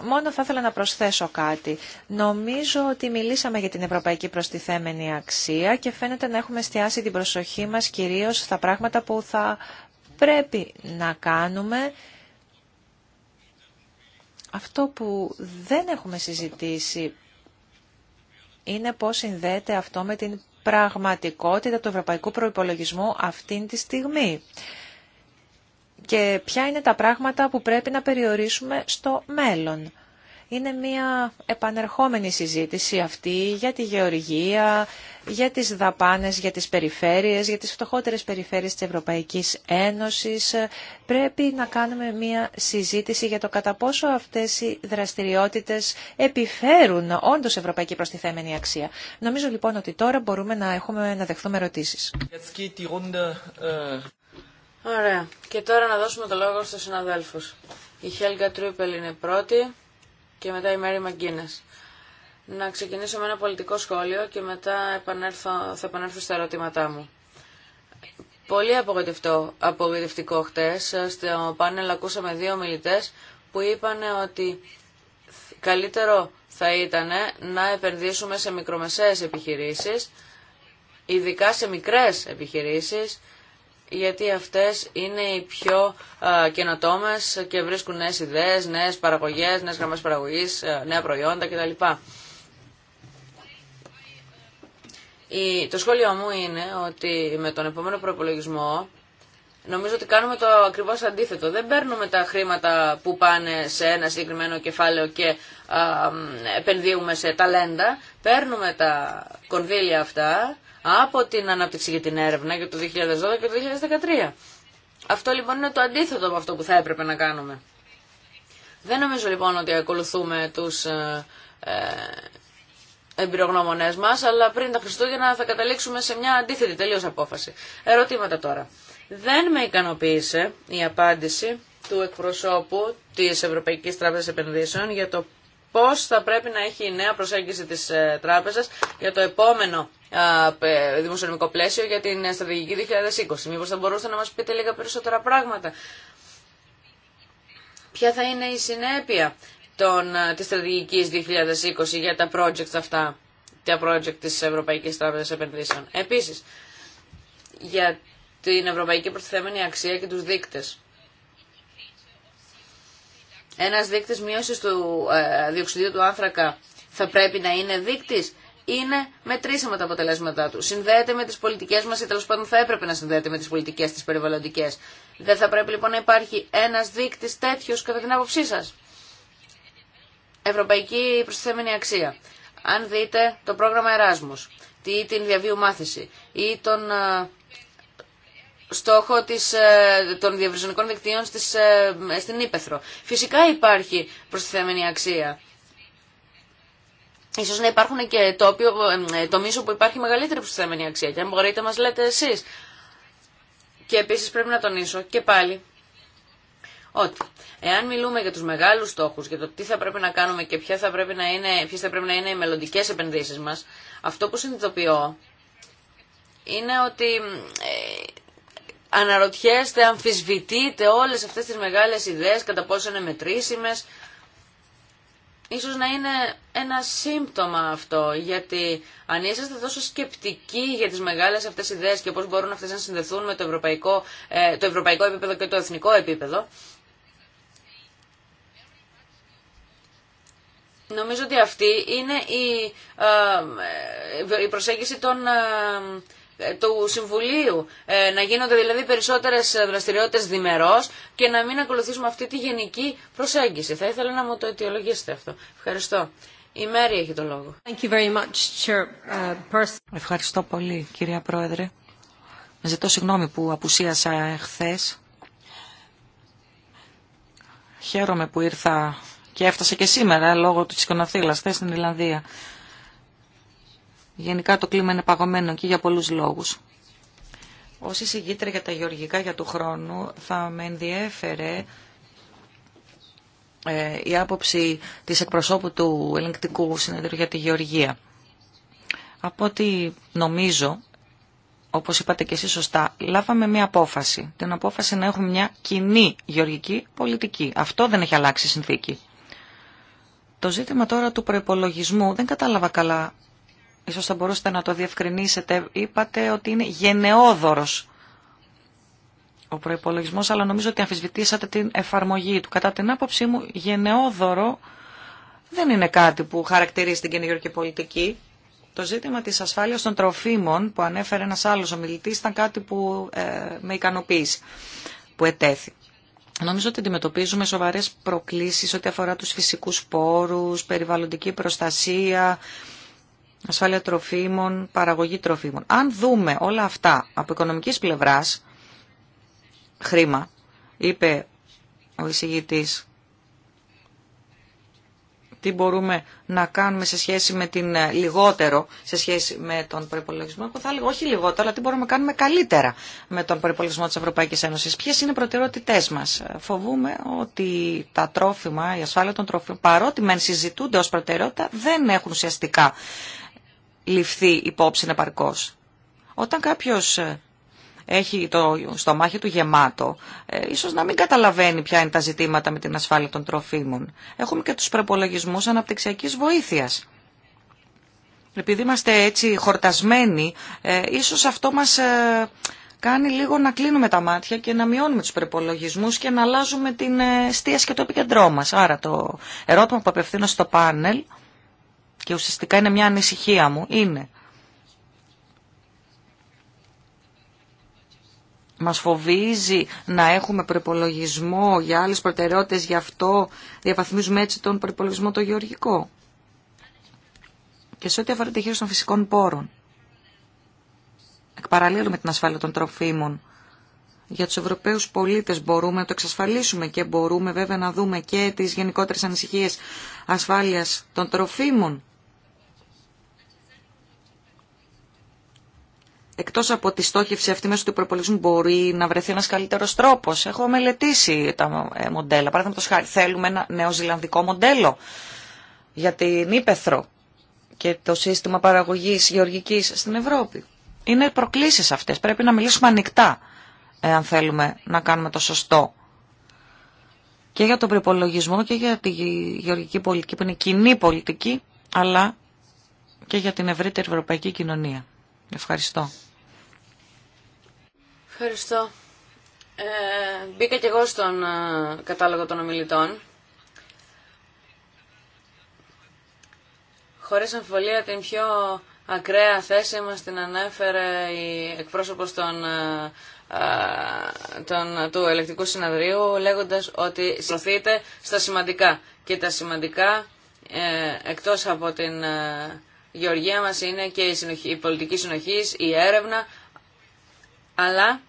μόνο θα ήθελα να προσθέσω κάτι. Νομίζω ότι μιλήσαμε για την ευρωπαϊκή προστιθέμενη αξία και φαίνεται να έχουμε εστιάσει την προσοχή μας κυρίως στα πράγματα που θα πρέπει να κάνουμε. Αυτό που δεν έχουμε συζητήσει είναι πώς συνδέεται αυτό με την πραγματικότητα του ευρωπαϊκού προϋπολογισμού αυτήν τη στιγμή και ποια είναι τα πράγματα που πρέπει να περιορίσουμε στο μέλλον. Είναι μια επανερχόμενη συζήτηση αυτή για τη γεωργία, για τις δαπάνες, για τις περιφέρειες, για τις φτωχότερες περιφέρειες της Ευρωπαϊκής Ένωσης. Πρέπει να κάνουμε μια συζήτηση για το κατά πόσο αυτές οι δραστηριότητες επιφέρουν όντως ευρωπαϊκή προστιθέμενη αξία. Νομίζω λοιπόν ότι τώρα μπορούμε να, έχουμε, να δεχθούμε ερωτήσεις. Ωραία. Και τώρα να δώσουμε το λόγο στους συναδέλφους. Η Χέλγα Τρούπελ είναι πρώτη και μετά η Μέρη Μαγκίνες. Να ξεκινήσω με ένα πολιτικό σχόλιο και μετά θα επανέλθω στα ερωτήματά μου. Πολύ απογοητευτικό, απογοητευτικό χτες. Στο πάνελ ακούσαμε δύο μιλητές που είπαν ότι καλύτερο θα ήταν να επενδύσουμε σε μικρομεσαίες επιχειρήσεις, ειδικά σε μικρές επιχειρήσεις, γιατί αυτές είναι οι πιο καινοτόμες και βρίσκουν νέες ιδέες, νέες παραγωγές, νέες γραμμές παραγωγής, νέα προϊόντα κτλ. Το σχόλιο μου είναι ότι με τον επόμενο προπολογισμό νομίζω ότι κάνουμε το ακριβώς αντίθετο. Δεν παίρνουμε τα χρήματα που πάνε σε ένα συγκεκριμένο κεφάλαιο και επενδύουμε σε ταλέντα. Παίρνουμε τα κονδύλια αυτά από την ανάπτυξη για την έρευνα για το 2012 και το 2013. Αυτό λοιπόν είναι το αντίθετο από αυτό που θα έπρεπε να κάνουμε. Δεν νομίζω λοιπόν ότι ακολουθούμε τους ε, ε, εμπειρογνώμονές μας, αλλά πριν τα Χριστούγεννα θα καταλήξουμε σε μια αντίθετη τελείως απόφαση. Ερωτήματα τώρα. Δεν με ικανοποίησε η απάντηση του εκπροσώπου της Ευρωπαϊκής Τράπεζας Επενδύσεων για το πώς θα πρέπει να έχει η νέα προσέγγιση της ε, τράπεζας για το επόμενο δημοσιονομικό πλαίσιο για την στρατηγική 2020. Μήπως θα μπορούσατε να μας πείτε λίγα περισσότερα πράγματα. Ποια θα είναι η συνέπεια των, της στρατηγικής 2020 για τα project αυτά, τα project της Ευρωπαϊκής Τράπεζας Επενδύσεων. Επίσης, για την ευρωπαϊκή προσθεμένη αξία και τους δείκτες. Ένας δείκτης μείωσης του ε, του άνθρακα θα πρέπει να είναι δείκτης είναι μετρήσιμα τα αποτελέσματά του. Συνδέεται με τι πολιτικέ μα ή τέλο πάντων θα έπρεπε να συνδέεται με τι πολιτικέ τι περιβαλλοντικέ. Δεν θα πρέπει λοιπόν να υπάρχει ένα δείκτη τέτοιο κατά την άποψή σα. Ευρωπαϊκή προστιθέμενη αξία. Αν δείτε το πρόγραμμα Εράσμους ή την διαβίου μάθηση ή τον ε, στόχο της, ε, των διαβριζονικών δικτύων ε, στην Ήπεθρο. Φυσικά υπάρχει προστιθέμενη αξία. Ίσως να υπάρχουν και το ε, μίσο όπου υπάρχει μεγαλύτερη προσθέμενη αξία και αν μπορείτε μας λέτε εσείς. Και επίσης πρέπει να τονίσω και πάλι ότι εάν μιλούμε για τους μεγάλους στόχου, για το τι θα πρέπει να κάνουμε και ποιε θα πρέπει να είναι, θα πρέπει να είναι οι μελλοντικέ επενδύσεις μας, αυτό που συνειδητοποιώ είναι ότι ε, αναρωτιέστε, αμφισβητείτε όλε αυτέ τι μεγάλε ιδέε κατά πόσο είναι μετρήσιμε. Ίσως να είναι ένα σύμπτωμα αυτό, γιατί αν είσαστε τόσο σκεπτικοί για τις μεγάλες αυτές ιδέες και πώς μπορούν αυτές να συνδεθούν με το ευρωπαϊκό, ε, το ευρωπαϊκό επίπεδο και το εθνικό επίπεδο, Νομίζω ότι αυτή είναι η, ε, ε, η προσέγγιση των του Συμβουλίου, ε, να γίνονται δηλαδή περισσότερες δραστηριότητες διμερός και να μην ακολουθήσουμε αυτή τη γενική προσέγγιση. Θα ήθελα να μου το αιτιολογήσετε αυτό. Ευχαριστώ. Η Μέρη έχει το λόγο. Thank you very much, Chair. Uh, Ευχαριστώ πολύ, κυρία Πρόεδρε. Ζητώ συγγνώμη που απουσίασα χθε. Χαίρομαι που ήρθα και έφτασα και σήμερα λόγω του τσικονοφύλλας χθε στην Ιρλανδία. Γενικά το κλίμα είναι παγωμένο και για πολλούς λόγους. Όσοι εισηγήτρια για τα γεωργικά για του χρόνου θα με ενδιέφερε ε, η άποψη της εκπροσώπου του ελεγκτικού συνεδρίου για τη γεωργία. Από ό,τι νομίζω, όπως είπατε και εσείς σωστά, λάβαμε μια απόφαση. Την απόφαση να έχουμε μια κοινή γεωργική πολιτική. Αυτό δεν έχει αλλάξει η συνθήκη. Το ζήτημα τώρα του προπολογισμού δεν κατάλαβα καλά Ίσως θα μπορούσατε να το διευκρινίσετε. Είπατε ότι είναι γενναιόδωρος ο προϋπολογισμός, αλλά νομίζω ότι αμφισβητήσατε την εφαρμογή του. Κατά την άποψή μου, γενναιόδωρο δεν είναι κάτι που χαρακτηρίζει την κυνηγιορική πολιτική. Το ζήτημα της ασφάλειας των τροφίμων που ανέφερε ένας άλλος ομιλητής ήταν κάτι που ε, με ικανοποίησε, που ετέθη. Νομίζω ότι αντιμετωπίζουμε σοβαρές προκλήσεις ό,τι αφορά τους φυσικούς πόρους, περιβαλλοντική προστασία, ασφάλεια τροφίμων, παραγωγή τροφίμων. Αν δούμε όλα αυτά από οικονομικής πλευράς, χρήμα, είπε ο εισηγητής, τι μπορούμε να κάνουμε σε σχέση με την ε, λιγότερο, σε σχέση με τον προπολογισμό. Εγώ θα έλεγα όχι λιγότερο, αλλά τι μπορούμε να κάνουμε καλύτερα με τον προπολογισμό τη Ευρωπαϊκή Ένωση. Ποιε είναι οι προτεραιότητέ μα. Ε, φοβούμε ότι τα τρόφιμα, η ασφάλεια των τρόφιμων, παρότι μεν συζητούνται ω προτεραιότητα, δεν έχουν ουσιαστικά ληφθεί υπόψη επαρκώς. Όταν κάποιος ε, έχει το στομάχι του γεμάτο, ε, ίσως να μην καταλαβαίνει ποια είναι τα ζητήματα με την ασφάλεια των τροφίμων. Έχουμε και τους προπολογισμού αναπτυξιακής βοήθειας. Επειδή είμαστε έτσι χορτασμένοι, ε, ίσως αυτό μας ε, κάνει λίγο να κλείνουμε τα μάτια και να μειώνουμε τους προπολογισμού και να αλλάζουμε την ε, εστίαση και το επικεντρό μας. Άρα το ερώτημα που απευθύνω στο πάνελ και ουσιαστικά είναι μια ανησυχία μου, είναι μας φοβίζει να έχουμε προπολογισμό για άλλες προτεραιότητες, γι' αυτό διαβαθμίζουμε έτσι τον προπολογισμό το γεωργικό. Και σε ό,τι αφορά τη χείριση των φυσικών πόρων, εκ με την ασφάλεια των τροφίμων, για τους Ευρωπαίους πολίτες μπορούμε να το εξασφαλίσουμε και μπορούμε βέβαια να δούμε και τις γενικότερες ανησυχίες ασφάλειας των τροφίμων εκτός από τη στόχευση αυτή μέσω του προπολογισμού μπορεί να βρεθεί ένας καλύτερος τρόπος. Έχω μελετήσει τα ε, μοντέλα. Παραδείγματος χάρη θέλουμε ένα νεοζηλανδικό μοντέλο για την Ήπεθρο και το σύστημα παραγωγής γεωργικής στην Ευρώπη. Είναι προκλήσεις αυτές. Πρέπει να μιλήσουμε ανοιχτά ε, αν θέλουμε να κάνουμε το σωστό. Και για τον προπολογισμό και για τη γεωργική πολιτική που είναι κοινή πολιτική αλλά και για την ευρύτερη ευρωπαϊκή κοινωνία. Ευχαριστώ. Ευχαριστώ. Ε, μπήκα και εγώ στον ε, κατάλογο των ομιλητών. Χωρίς αμφιβολία την πιο ακραία θέση μας την ανέφερε η εκπρόσωπος των, ε, ε, των, του ελεκτικού συναδρίου λέγοντας ότι συνοθείτε στα σημαντικά. Και τα σημαντικά ε, εκτός από την ε, γεωργία μας είναι και η, η πολιτική συνοχής, η έρευνα αλλά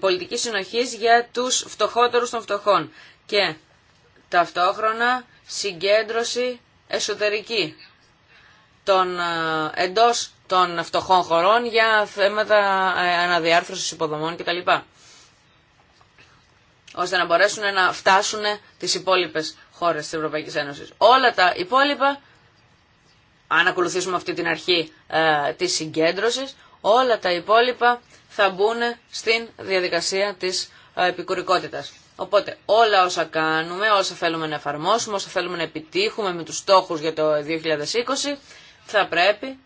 πολιτική συνοχής για τους φτωχότερους των φτωχών και ταυτόχρονα συγκέντρωση εσωτερική των, ε, εντός των φτωχών χωρών για θέματα ε, αναδιάρθρωσης υποδομών κτλ. Ώστε να μπορέσουν να φτάσουν τις υπόλοιπες χώρες της Ευρωπαϊκής Ένωσης. Όλα τα υπόλοιπα, αν ακολουθήσουμε αυτή την αρχή ε, της συγκέντρωσης, όλα τα υπόλοιπα θα μπουν στην διαδικασία της επικουρικότητας. Οπότε όλα όσα κάνουμε, όσα θέλουμε να εφαρμόσουμε, όσα θέλουμε να επιτύχουμε με τους στόχους για το 2020 θα πρέπει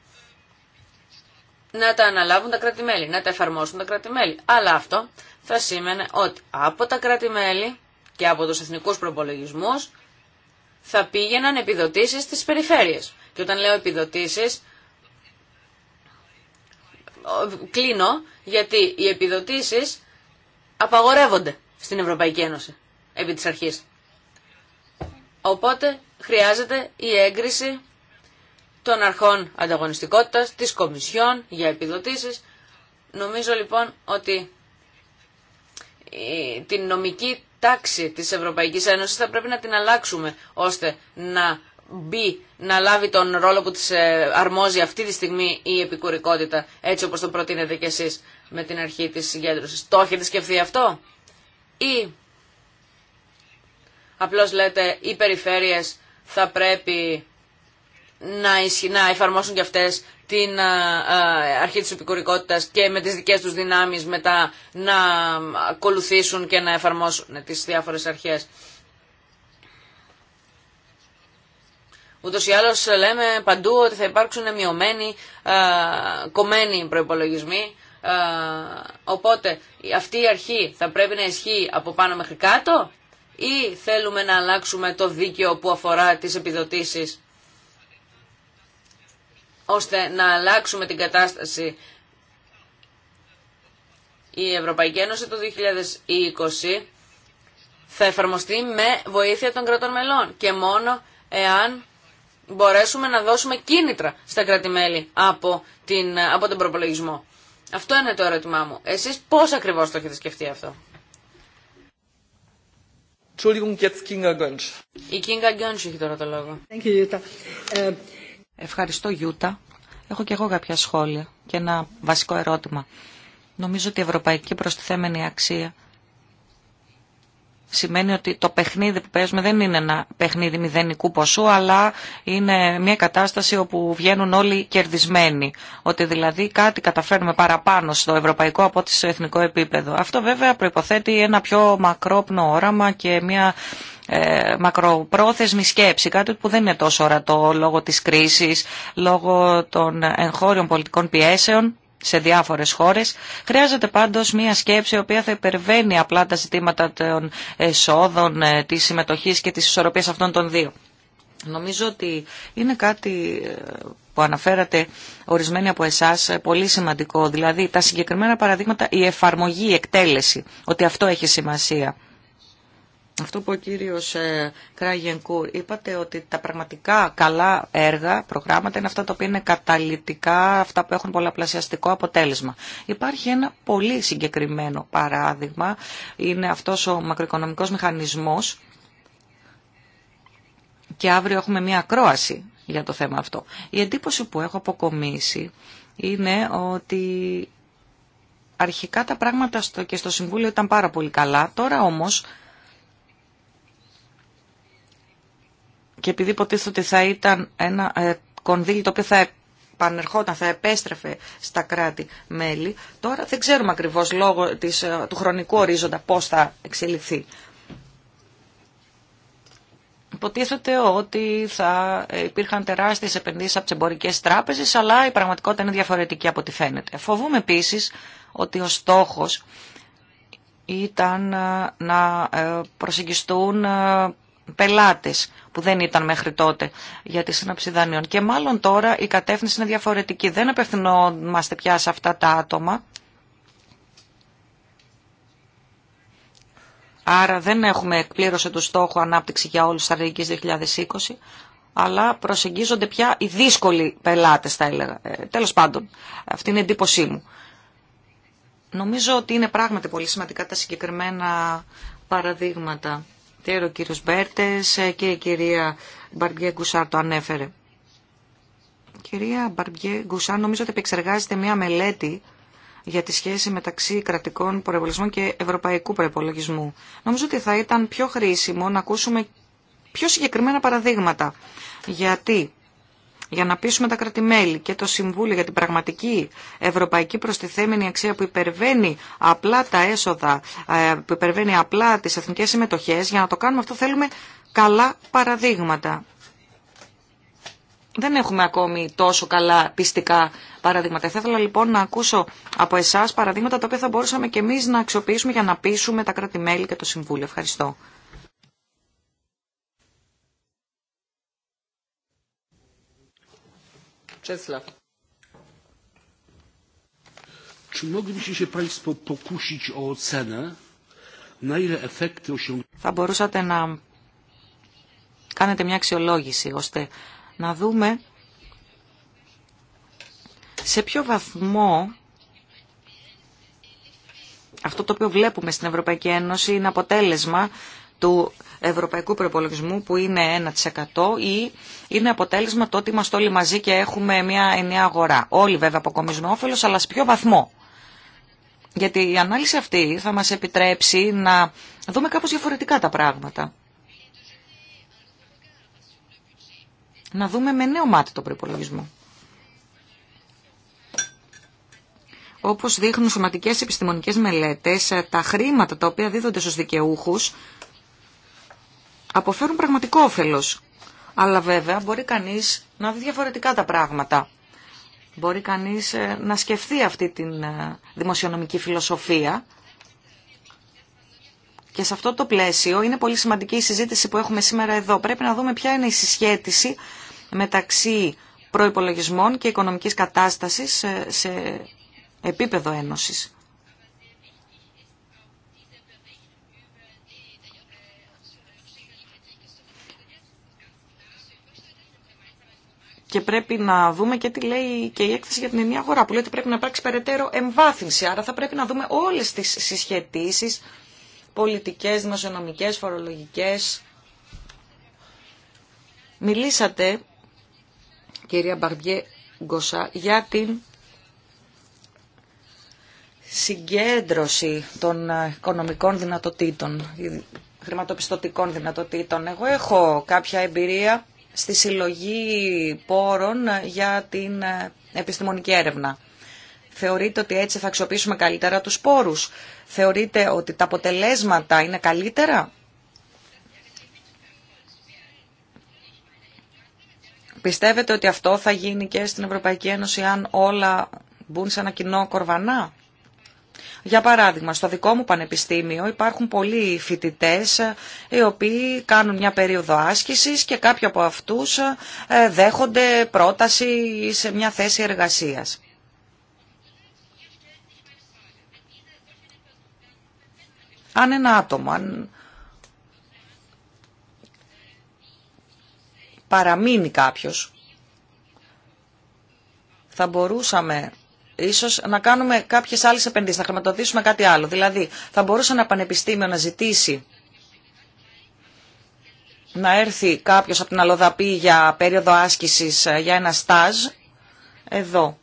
να τα αναλάβουν τα κράτη-μέλη, να τα εφαρμόσουν τα κράτη-μέλη. Αλλά αυτό θα σήμαινε ότι από τα κράτη-μέλη και από τους εθνικούς προπολογισμούς θα πήγαιναν επιδοτήσεις στις περιφέρειες. Και όταν λέω επιδοτήσεις κλείνω γιατί οι επιδοτήσεις απαγορεύονται στην Ευρωπαϊκή Ένωση επί της αρχής. Οπότε χρειάζεται η έγκριση των αρχών ανταγωνιστικότητας, της Κομισιόν για επιδοτήσεις. Νομίζω λοιπόν ότι την νομική τάξη της Ευρωπαϊκής Ένωσης θα πρέπει να την αλλάξουμε ώστε να μπει να λάβει τον ρόλο που της ε, αρμόζει αυτή τη στιγμή η επικουρικότητα, έτσι όπως το προτείνετε κι εσείς με την αρχή της συγκέντρωσης. Το έχετε σκεφτεί αυτό ή απλώς λέτε οι περιφέρειες θα πρέπει να, εφαρμόσουν κι αυτές την ε, ε, αρχή της επικουρικότητας και με τις δικές τους δυνάμεις μετά να ακολουθήσουν και να εφαρμόσουν τις διάφορες αρχές. Ούτως ή άλλως λέμε παντού ότι θα υπάρξουν μειωμένοι, κομμένοι προπολογισμοί. Οπότε αυτή η αρχή θα πρέπει να ισχύει από πάνω μέχρι κάτω ή θέλουμε να αλλάξουμε το δίκαιο που αφορά τις επιδοτήσεις ώστε να αλλάξουμε την κατάσταση. Η Ευρωπαϊκή Ένωση το 2020 θα εφαρμοστεί με βοήθεια των κρατών μελών και μόνο εάν μπορέσουμε να δώσουμε κίνητρα στα κρατημέλη από, την, από τον προπολογισμό. Αυτό είναι το ερώτημά μου. Εσείς πώς ακριβώς το έχετε σκεφτεί αυτό. Ευχαριστώ Γιούτα. Έχω και εγώ κάποια σχόλια και ένα βασικό ερώτημα. Νομίζω ότι η ευρωπαϊκή προστιθέμενη αξία σημαίνει ότι το παιχνίδι που παίζουμε δεν είναι ένα παιχνίδι μηδενικού ποσού, αλλά είναι μια κατάσταση όπου βγαίνουν όλοι κερδισμένοι. Ότι δηλαδή κάτι καταφέρνουμε παραπάνω στο ευρωπαϊκό από ότι στο εθνικό επίπεδο. Αυτό βέβαια προϋποθέτει ένα πιο μακρόπνο όραμα και μια ε, μακροπρόθεσμη σκέψη, κάτι που δεν είναι τόσο ορατό λόγω της κρίσης, λόγω των εγχώριων πολιτικών πιέσεων σε διάφορες χώρες. Χρειάζεται πάντως μια σκέψη η οποία θα υπερβαίνει απλά τα ζητήματα των εσόδων, ε, της συμμετοχής και της ισορροπίας αυτών των δύο. Νομίζω ότι είναι κάτι ε, που αναφέρατε ορισμένοι από εσάς ε, πολύ σημαντικό. Δηλαδή τα συγκεκριμένα παραδείγματα, η εφαρμογή, η εκτέλεση, ότι αυτό έχει σημασία αυτό που ο κύριος ε, Κράγενκουρ είπατε ότι τα πραγματικά καλά έργα, προγράμματα είναι αυτά τα οποία είναι καταλυτικά, αυτά που έχουν πολλαπλασιαστικό αποτέλεσμα. Υπάρχει ένα πολύ συγκεκριμένο παράδειγμα, είναι αυτός ο μακροοικονομικός μηχανισμός και αύριο έχουμε μια ακρόαση για το θέμα αυτό. Η εντύπωση που έχω αποκομίσει είναι ότι αρχικά τα πράγματα και στο Συμβούλιο ήταν πάρα πολύ καλά, τώρα όμως και επειδή υποτίθεται ότι θα ήταν ένα ε, κονδύλι το οποίο θα επανερχόταν, θα επέστρεφε στα κράτη-μέλη, τώρα δεν ξέρουμε ακριβώς λόγω της, ε, του χρονικού ορίζοντα πώς θα εξελιχθεί. Υποτίθεται ότι θα ε, υπήρχαν τεράστιες επενδύσεις από τις εμπορικές τράπεζες, αλλά η πραγματικότητα είναι διαφορετική από ό,τι φαίνεται. Φοβούμαι επίσης ότι ο στόχος ήταν να προσεγγιστούν πελάτες που δεν ήταν μέχρι τότε για τη σύναψη δανείων. Και μάλλον τώρα η κατεύθυνση είναι διαφορετική. Δεν απευθυνόμαστε πια σε αυτά τα άτομα. Άρα δεν έχουμε εκπλήρωση του στόχου ανάπτυξη για όλους τα 2020, αλλά προσεγγίζονται πια οι δύσκολοι πελάτες, θα έλεγα. Ε, τέλος πάντων, αυτή είναι η εντύπωσή μου. Νομίζω ότι είναι πράγματι πολύ σημαντικά τα συγκεκριμένα παραδείγματα. Τέρο κύριο Μπέρτε ε, και η κυρία Μπαρμπιέ Γκουσάρ το ανέφερε. Κυρία Μπαρμπιέ Γκουσάρ, νομίζω ότι επεξεργάζεται μια μελέτη για τη σχέση μεταξύ κρατικών προεπολογισμών και ευρωπαϊκού προεπολογισμού. Νομίζω ότι θα ήταν πιο χρήσιμο να ακούσουμε πιο συγκεκριμένα παραδείγματα. Γιατί για να πείσουμε τα κρατημέλη και το Συμβούλιο για την πραγματική ευρωπαϊκή προστιθέμενη αξία που υπερβαίνει απλά τα έσοδα, ε, που υπερβαίνει απλά τις εθνικές συμμετοχές, για να το κάνουμε αυτό θέλουμε καλά παραδείγματα. Δεν έχουμε ακόμη τόσο καλά πιστικά παραδείγματα. Θα ήθελα λοιπόν να ακούσω από εσάς παραδείγματα τα οποία θα μπορούσαμε και εμεί να αξιοποιήσουμε για να πείσουμε τα κρατημέλη και το Συμβούλιο. Ευχαριστώ. Θα μπορούσατε να κάνετε μια αξιολόγηση, ώστε να δούμε σε ποιο βαθμό αυτό το οποίο βλέπουμε στην Ευρωπαϊκή Ένωση είναι αποτέλεσμα του ευρωπαϊκού προπολογισμού που είναι 1% ή είναι αποτέλεσμα το ότι είμαστε όλοι μαζί και έχουμε μια ενιαία αγορά. Όλοι βέβαια αποκομίζουμε όφελος, αλλά σε ποιο βαθμό. Γιατί η ανάλυση αυτή θα μας επιτρέψει να δούμε κάπως διαφορετικά τα πράγματα. Να δούμε με νέο μάτι το προπολογισμό. Όπως δείχνουν σωματικές επιστημονικές μελέτες, τα χρήματα τα οποία δίδονται στους δικαιούχους αποφέρουν πραγματικό όφελος. Αλλά βέβαια μπορεί κανείς να δει διαφορετικά τα πράγματα. Μπορεί κανείς ε, να σκεφτεί αυτή τη ε, δημοσιονομική φιλοσοφία και σε αυτό το πλαίσιο είναι πολύ σημαντική η συζήτηση που έχουμε σήμερα εδώ. Πρέπει να δούμε ποια είναι η συσχέτιση μεταξύ προϋπολογισμών και οικονομικής κατάστασης ε, σε επίπεδο ένωσης. Και πρέπει να δούμε και τι λέει και η έκθεση για την ενιαία αγορά που λέει ότι πρέπει να υπάρξει περαιτέρω εμβάθυνση. Άρα θα πρέπει να δούμε όλες τις συσχετήσεις πολιτικές, δημοσιονομικές, φορολογικές. Μιλήσατε, κυρία Μπαρδιέ Γκοσά, για την συγκέντρωση των οικονομικών δυνατοτήτων, χρηματοπιστωτικών δυνατοτήτων. Εγώ έχω κάποια εμπειρία στη συλλογή πόρων για την ε, επιστημονική έρευνα. Θεωρείτε ότι έτσι θα αξιοποιήσουμε καλύτερα τους πόρους. Θεωρείτε ότι τα αποτελέσματα είναι καλύτερα. Πιστεύετε ότι αυτό θα γίνει και στην Ευρωπαϊκή Ένωση αν όλα μπουν σε ένα κοινό κορβανά. Για παράδειγμα, στο δικό μου πανεπιστήμιο υπάρχουν πολλοί φοιτητέ ε, οι οποίοι κάνουν μια περίοδο άσκηση και κάποιοι από αυτού ε, δέχονται πρόταση σε μια θέση εργασία. Αν ένα άτομο, παραμείνει κάποιος, θα μπορούσαμε ίσως να κάνουμε κάποιες άλλες επενδύσεις, να χρηματοδοτήσουμε κάτι άλλο. Δηλαδή, θα μπορούσε ένα πανεπιστήμιο να ζητήσει να έρθει κάποιος από την Αλοδαπή για περίοδο άσκησης ε, για ένα στάζ εδώ.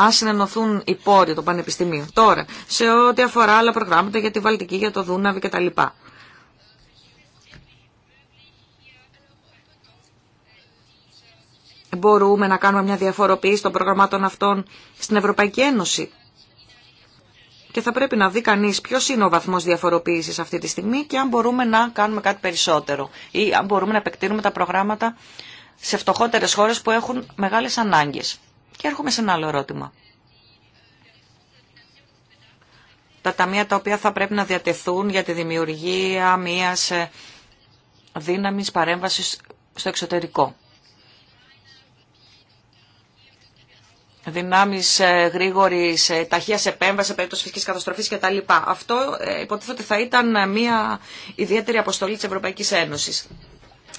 Α συνενωθούν οι πόροι το πανεπιστημίων. Τώρα, σε ό,τι αφορά άλλα προγράμματα για τη Βαλτική, για το Δούναβη κτλ. μπορούμε να κάνουμε μια διαφοροποίηση των προγραμμάτων αυτών στην Ευρωπαϊκή Ένωση. Και θα πρέπει να δει κανείς ποιος είναι ο βαθμός διαφοροποίησης αυτή τη στιγμή και αν μπορούμε να κάνουμε κάτι περισσότερο ή αν μπορούμε να επεκτείνουμε τα προγράμματα σε φτωχότερε χώρες που έχουν μεγάλες ανάγκες. Και έρχομαι σε ένα άλλο ερώτημα. Τα ταμεία τα οποία θα πρέπει να διατεθούν για τη δημιουργία μιας ε, δύναμης παρέμβασης στο εξωτερικό. δυνάμεις ε, γρήγορης ε, ταχείας επέμβασης σε περίπτωση φυσική καταστροφής κτλ. Αυτό ε, υποτίθεται θα ήταν μια ιδιαίτερη αποστολή της Ευρωπαϊκής Ένωσης.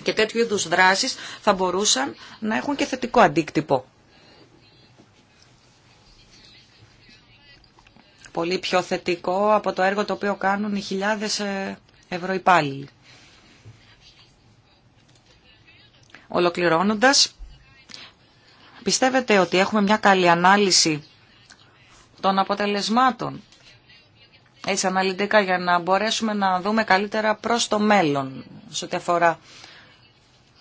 Και τέτοιου είδου δράσεις θα μπορούσαν να έχουν και θετικό αντίκτυπο. Πολύ πιο θετικό από το έργο το οποίο κάνουν οι χιλιάδες ευρωϊπάλληλοι. Ολοκληρώνοντας, Πιστεύετε ότι έχουμε μια καλή ανάλυση των αποτελεσμάτων έτσι αναλυτικά για να μπορέσουμε να δούμε καλύτερα προς το μέλλον σε ό,τι αφορά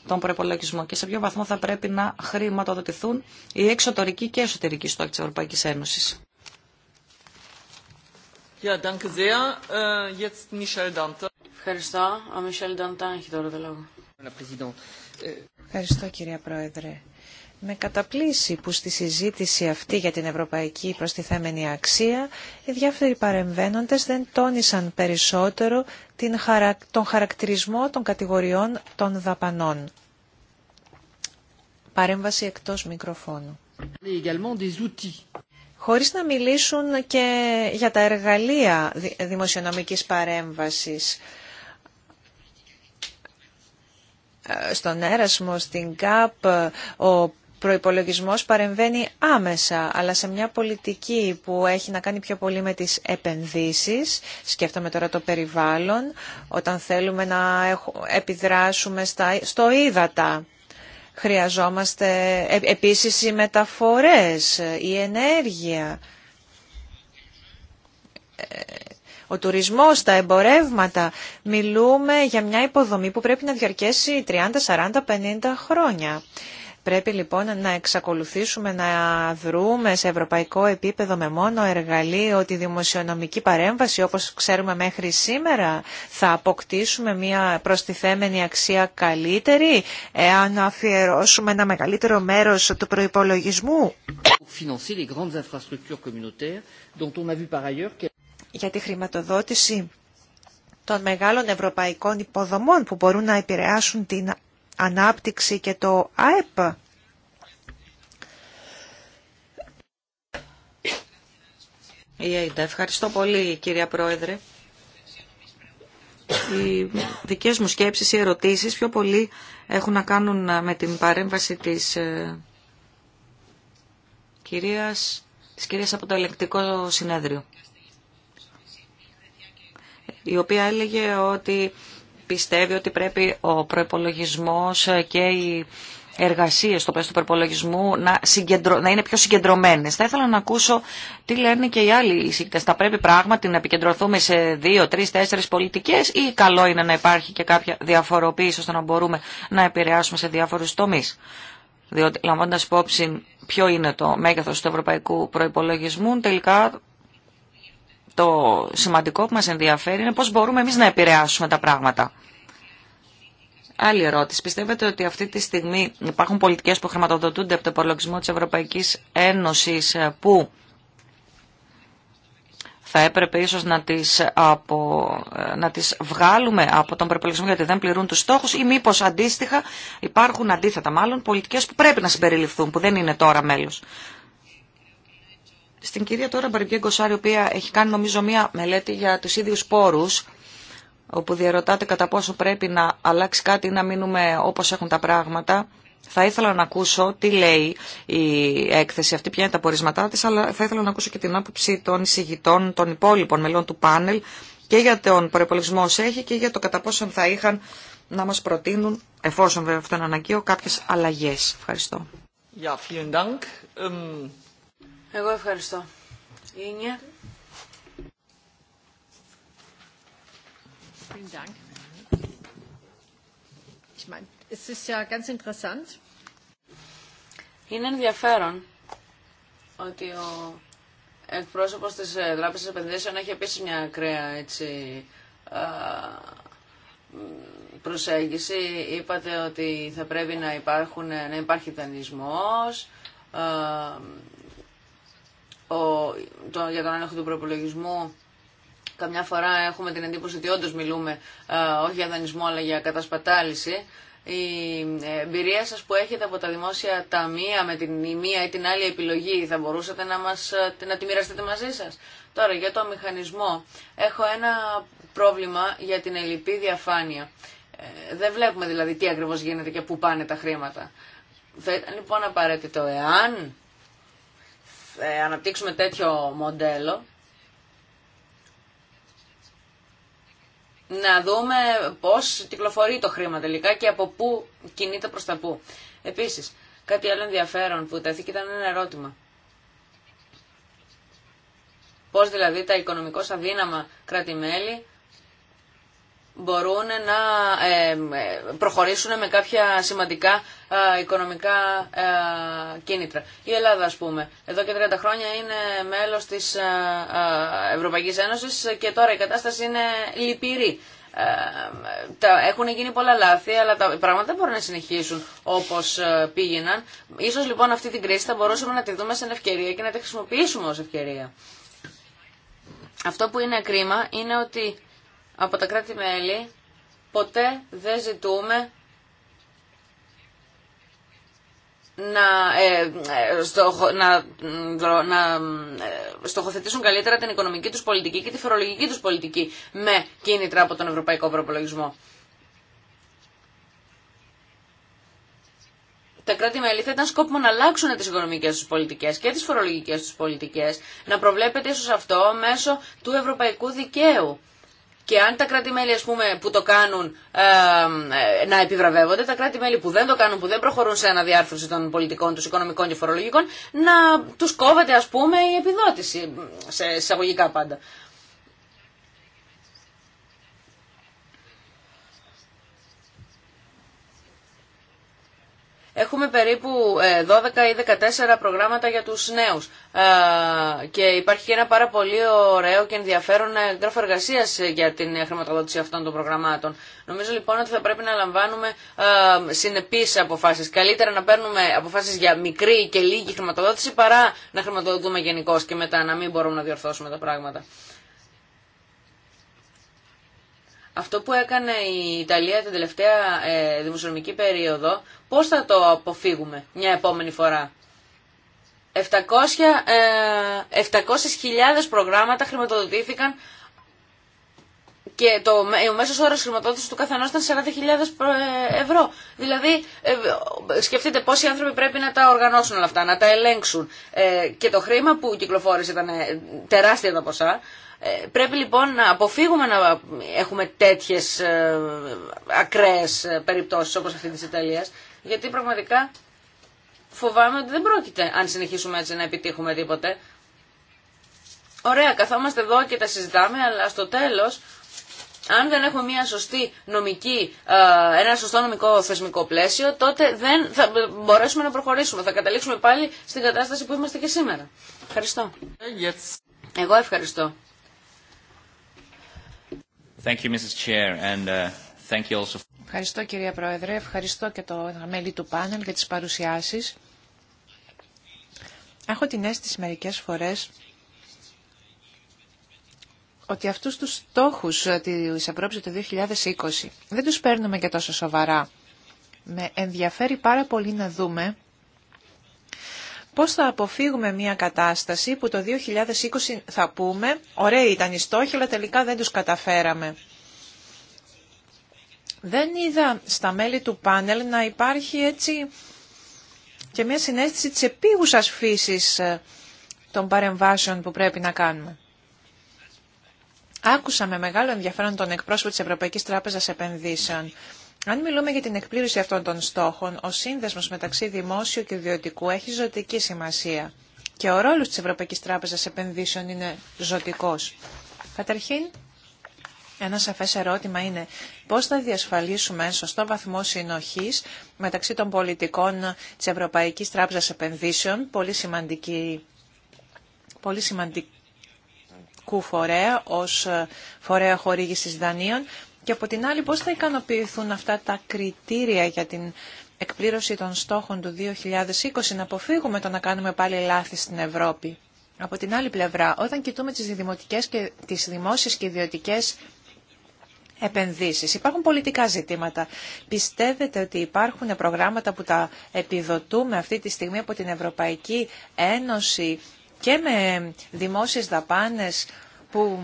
τον προπολογισμό και σε ποιο βαθμό θα πρέπει να χρηματοδοτηθούν οι εξωτερικοί και εσωτερικοί στόχοι της Ευρωπαϊκής Ένωσης. Äh, Ευχαριστώ. Ο Μισελ Ευχαριστώ κυρία Πρόεδρε. Με καταπλήσει που στη συζήτηση αυτή για την ευρωπαϊκή προστιθέμενη αξία οι διάφοροι παρεμβαίνοντες δεν τόνισαν περισσότερο την τον χαρακτηρισμό των κατηγοριών των δαπανών. Παρέμβαση εκτός μικροφώνου. Χωρίς να μιλήσουν και για τα εργαλεία δημοσιονομικής παρέμβασης ε, στον Έρασμο, στην ΚΑΠ, ο προϋπολογισμός παρεμβαίνει άμεσα, αλλά σε μια πολιτική που έχει να κάνει πιο πολύ με τις επενδύσεις, σκέφτομαι τώρα το περιβάλλον, όταν θέλουμε να επιδράσουμε στο ύδατα. Χρειαζόμαστε ε, επίσης οι μεταφορές, η ενέργεια, ε, ο τουρισμός, τα εμπορεύματα. Μιλούμε για μια υποδομή που πρέπει να διαρκέσει 30, 40, 50 χρόνια. Πρέπει λοιπόν να εξακολουθήσουμε να δρούμε σε ευρωπαϊκό επίπεδο με μόνο εργαλείο τη δημοσιονομική παρέμβαση όπως ξέρουμε μέχρι σήμερα. Θα αποκτήσουμε μια προστιθέμενη αξία καλύτερη εάν αφιερώσουμε ένα μεγαλύτερο μέρος του προϋπολογισμού για τη χρηματοδότηση των μεγάλων ευρωπαϊκών υποδομών που μπορούν να επηρεάσουν την ανάπτυξη και το ΑΕΠ. Ευχαριστώ πολύ κυρία Πρόεδρε. Οι δικές μου σκέψεις, οι ερωτήσεις πιο πολύ έχουν να κάνουν με την παρέμβαση της ε, κυρίας, της κυρίας από το ελεκτικό συνέδριο η οποία έλεγε ότι πιστεύει ότι πρέπει ο προϋπολογισμός και οι εργασίε στο πλαίσιο του προπολογισμού να, είναι πιο συγκεντρωμένε. Θα ήθελα να ακούσω τι λένε και οι άλλοι εισηγητέ. Θα πρέπει πράγματι να επικεντρωθούμε σε δύο, τρει, τέσσερι πολιτικέ ή καλό είναι να υπάρχει και κάποια διαφοροποίηση ώστε να μπορούμε να επηρεάσουμε σε διάφορου τομεί. Διότι λαμβάνοντα υπόψη ποιο είναι το μέγεθο του ευρωπαϊκού προπολογισμού, τελικά το σημαντικό που μας ενδιαφέρει είναι πώς μπορούμε εμείς να επηρεάσουμε τα πράγματα. Άλλη ερώτηση. Πιστεύετε ότι αυτή τη στιγμή υπάρχουν πολιτικές που χρηματοδοτούνται από το προλογισμό της Ευρωπαϊκής Ένωσης ε, που θα έπρεπε ίσως να τις, από, ε, να τις βγάλουμε από τον προπολογισμό γιατί δεν πληρούν τους στόχους ή μήπως αντίστοιχα υπάρχουν αντίθετα μάλλον πολιτικές που πρέπει να συμπεριληφθούν, που δεν είναι τώρα μέλος στην κυρία τώρα Μπαρμπιέ Γκοσάρη, η οποία έχει κάνει νομίζω μία μελέτη για τους ίδιους πόρους, όπου διαρωτάται κατά πόσο πρέπει να αλλάξει κάτι ή να μείνουμε όπως έχουν τα πράγματα. Θα ήθελα να ακούσω τι λέει η έκθεση αυτή, ποια είναι τα πορίσματά της, αλλά θα ήθελα να ακούσω και την άποψη των εισηγητών, των υπόλοιπων μελών του πάνελ και για τον προπολογισμό όσο έχει και για το κατά πόσο θα είχαν να μας προτείνουν, εφόσον βέβαια αυτό είναι αναγκαίο, κάποιες αλλαγές. Ευχαριστώ. Ja, ähm, εγώ ευχαριστώ. Ίνια. Είναι ενδιαφέρον ότι ο εκπρόσωπο τη ε, Τράπεζα Επενδύσεων έχει επίση μια ακραία έτσι, προσέγγιση. Είπατε ότι θα πρέπει να, υπάρχουν, ε, να υπάρχει δανεισμό ο, το, για τον έλεγχο του προπολογισμού καμιά φορά έχουμε την εντύπωση ότι όντω μιλούμε α, ε, όχι για δανεισμό αλλά για κατασπατάληση. Η εμπειρία σας που έχετε από τα δημόσια ταμεία με την η μία ή την άλλη επιλογή θα μπορούσατε να, μας, ε, να τη μοιραστείτε μαζί σας. Τώρα για το μηχανισμό έχω ένα πρόβλημα για την ελληπή διαφάνεια. Ε, δεν βλέπουμε δηλαδή τι ακριβώς γίνεται και πού πάνε τα χρήματα. Θα ήταν λοιπόν απαραίτητο εάν ε, αναπτύξουμε τέτοιο μοντέλο, να δούμε πώς κυκλοφορεί το χρήμα τελικά και από πού κινείται προς τα πού. Επίσης, κάτι άλλο ενδιαφέρον που τέθηκε ήταν ένα ερώτημα. Πώς δηλαδή τα οικονομικώς αδύναμα μπορούν να ε, ε, προχωρήσουν με κάποια σημαντικά ε, οικονομικά κίνητρα. Η Ελλάδα, ας πούμε, εδώ και 30 χρόνια είναι μέλος της Ευρωπαϊκής Ένωσης και τώρα η κατάσταση είναι λυπηρή. Έχουν γίνει πολλά λάθη, αλλά τα πράγματα δεν μπορούν να συνεχίσουν όπως πήγαιναν. Ίσως λοιπόν αυτή την κρίση θα μπορούσαμε να τη δούμε σαν ευκαιρία και να τη χρησιμοποιήσουμε ως ευκαιρία. Αυτό που είναι κρίμα είναι ότι από τα κράτη-μέλη ποτέ δεν ζητούμε να, ε, ε να, να ε, στοχοθετήσουν καλύτερα την οικονομική τους πολιτική και τη φορολογική τους πολιτική με κίνητρα από τον Ευρωπαϊκό Προπολογισμό. τα κράτη-μέλη θα ήταν σκόπιμο να αλλάξουν τις οικονομικές τους πολιτικές και τις φορολογικές τους πολιτικές, να προβλέπεται ίσω αυτό μέσω του ευρωπαϊκού δικαίου. Και αν τα κράτη-μέλη που το κάνουν ε, να επιβραβεύονται, τα κράτη-μέλη που δεν το κάνουν, που δεν προχωρούν σε αναδιάρθρωση των πολιτικών του, οικονομικών και φορολογικών, να του κόβεται ας πούμε η επιδότηση, σε εισαγωγικά πάντα. Έχουμε περίπου 12 ε, ή 14 προγράμματα για τους νέους ε, και υπάρχει και ένα πάρα πολύ ωραίο και ενδιαφέρον έγγραφο εργασία για την χρηματοδότηση αυτών των προγραμμάτων. Νομίζω λοιπόν ότι θα πρέπει να λαμβάνουμε ε, συνεπείς αποφάσεις. Καλύτερα να παίρνουμε αποφάσεις για μικρή και λίγη χρηματοδότηση παρά να χρηματοδοτούμε γενικώ και μετά να μην μπορούμε να διορθώσουμε τα πράγματα. Αυτό που έκανε η Ιταλία την τελευταία ε, δημοσιονομική περίοδο, πώς θα το αποφύγουμε μια επόμενη φορά. 700.000 ε, προγράμματα χρηματοδοτήθηκαν και το, ο μέσο όρος χρηματοδότηση του καθενός ήταν 40.000 ε, ευρώ. Δηλαδή, σκεφτείτε πόσοι άνθρωποι πρέπει να τα οργανώσουν όλα αυτά, να τα ελέγξουν. και το χρήμα που κυκλοφόρησε ήταν τεράστια τα ποσά. Ε, πρέπει λοιπόν να αποφύγουμε να έχουμε τέτοιες ε, ακραίες ε, περιπτώσεις όπως αυτή της Ιταλίας, γιατί πραγματικά φοβάμαι ότι δεν πρόκειται αν συνεχίσουμε έτσι να επιτύχουμε τίποτε. Ωραία, καθόμαστε εδώ και τα συζητάμε, αλλά στο τέλος, αν δεν έχουμε μια σωστή νομική, ένα σωστό νομικό θεσμικό πλαίσιο, τότε δεν θα μπορέσουμε να προχωρήσουμε. Θα καταλήξουμε πάλι στην κατάσταση που είμαστε και σήμερα. Ευχαριστώ. Εγώ ευχαριστώ. Uh, ευχαριστώ κυρία Πρόεδρε, ευχαριστώ και το μέλη του πάνελ για τις παρουσιάσεις. Έχω την αίσθηση μερικές φορές ότι αυτούς τους στόχους ε, της Ευρώπης το 2020 δεν τους παίρνουμε και τόσο σοβαρά. Με ενδιαφέρει πάρα πολύ να δούμε Πώς θα αποφύγουμε μια κατάσταση που το 2020 θα πούμε «Ωραία ήταν οι στόχοι, αλλά τελικά δεν τους καταφέραμε». Δεν είδα στα μέλη του πάνελ να υπάρχει έτσι και μια συνέστηση της επίγουσας φύσης ε, των παρεμβάσεων που πρέπει να κάνουμε. Άκουσα με μεγάλο ενδιαφέρον τον εκπρόσωπο της Ευρωπαϊκής Τράπεζας Επενδύσεων αν μιλούμε για την εκπλήρωση αυτών των στόχων, ο σύνδεσμος μεταξύ δημόσιου και ιδιωτικού έχει ζωτική σημασία και ο ρόλος της Ευρωπαϊκής Τράπεζας Επενδύσεων είναι ζωτικός. Καταρχήν, ένα σαφές ερώτημα είναι πώς θα διασφαλίσουμε σωστό βαθμό συνοχής μεταξύ των πολιτικών της Ευρωπαϊκής Τράπεζας Επενδύσεων, πολύ, σημαντική, φορέα ως φορέα χορήγησης δανείων, και από την άλλη πώς θα ικανοποιηθούν αυτά τα κριτήρια για την εκπλήρωση των στόχων του 2020 να αποφύγουμε το να κάνουμε πάλι λάθη στην Ευρώπη. Από την άλλη πλευρά, όταν κοιτούμε τις, δημοτικές και, τις δημόσιες και ιδιωτικές επενδύσεις. Υπάρχουν πολιτικά ζητήματα. Πιστεύετε ότι υπάρχουν προγράμματα που τα επιδοτούμε αυτή τη στιγμή από την Ευρωπαϊκή Ένωση και με δημόσιες δαπάνες που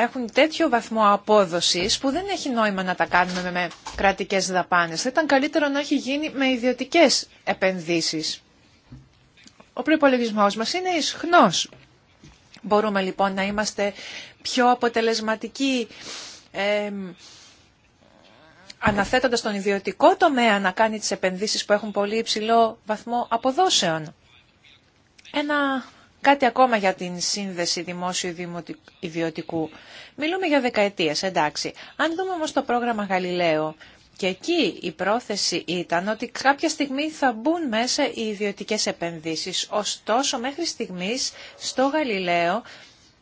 έχουν τέτοιο βαθμό απόδοση που δεν έχει νόημα να τα κάνουμε με κρατικές δαπάνες. Θα ήταν καλύτερο να έχει γίνει με ιδιωτικέ επενδύσεις. Ο προπολογισμό μας είναι ισχνό. Μπορούμε λοιπόν να είμαστε πιο αποτελεσματικοί ε, αναθέτοντας τον ιδιωτικό τομέα να κάνει τις επενδύσεις που έχουν πολύ υψηλό βαθμό αποδόσεων. Ένα Κάτι ακόμα για την σύνδεση δημόσιο-ιδιωτικού. Μιλούμε για δεκαετίες, εντάξει. Αν δούμε όμως το πρόγραμμα Γαλιλαίο, και εκεί η πρόθεση ήταν ότι κάποια στιγμή θα μπουν μέσα οι ιδιωτικές επενδύσεις. Ωστόσο, μέχρι στιγμής στο Γαλιλαίο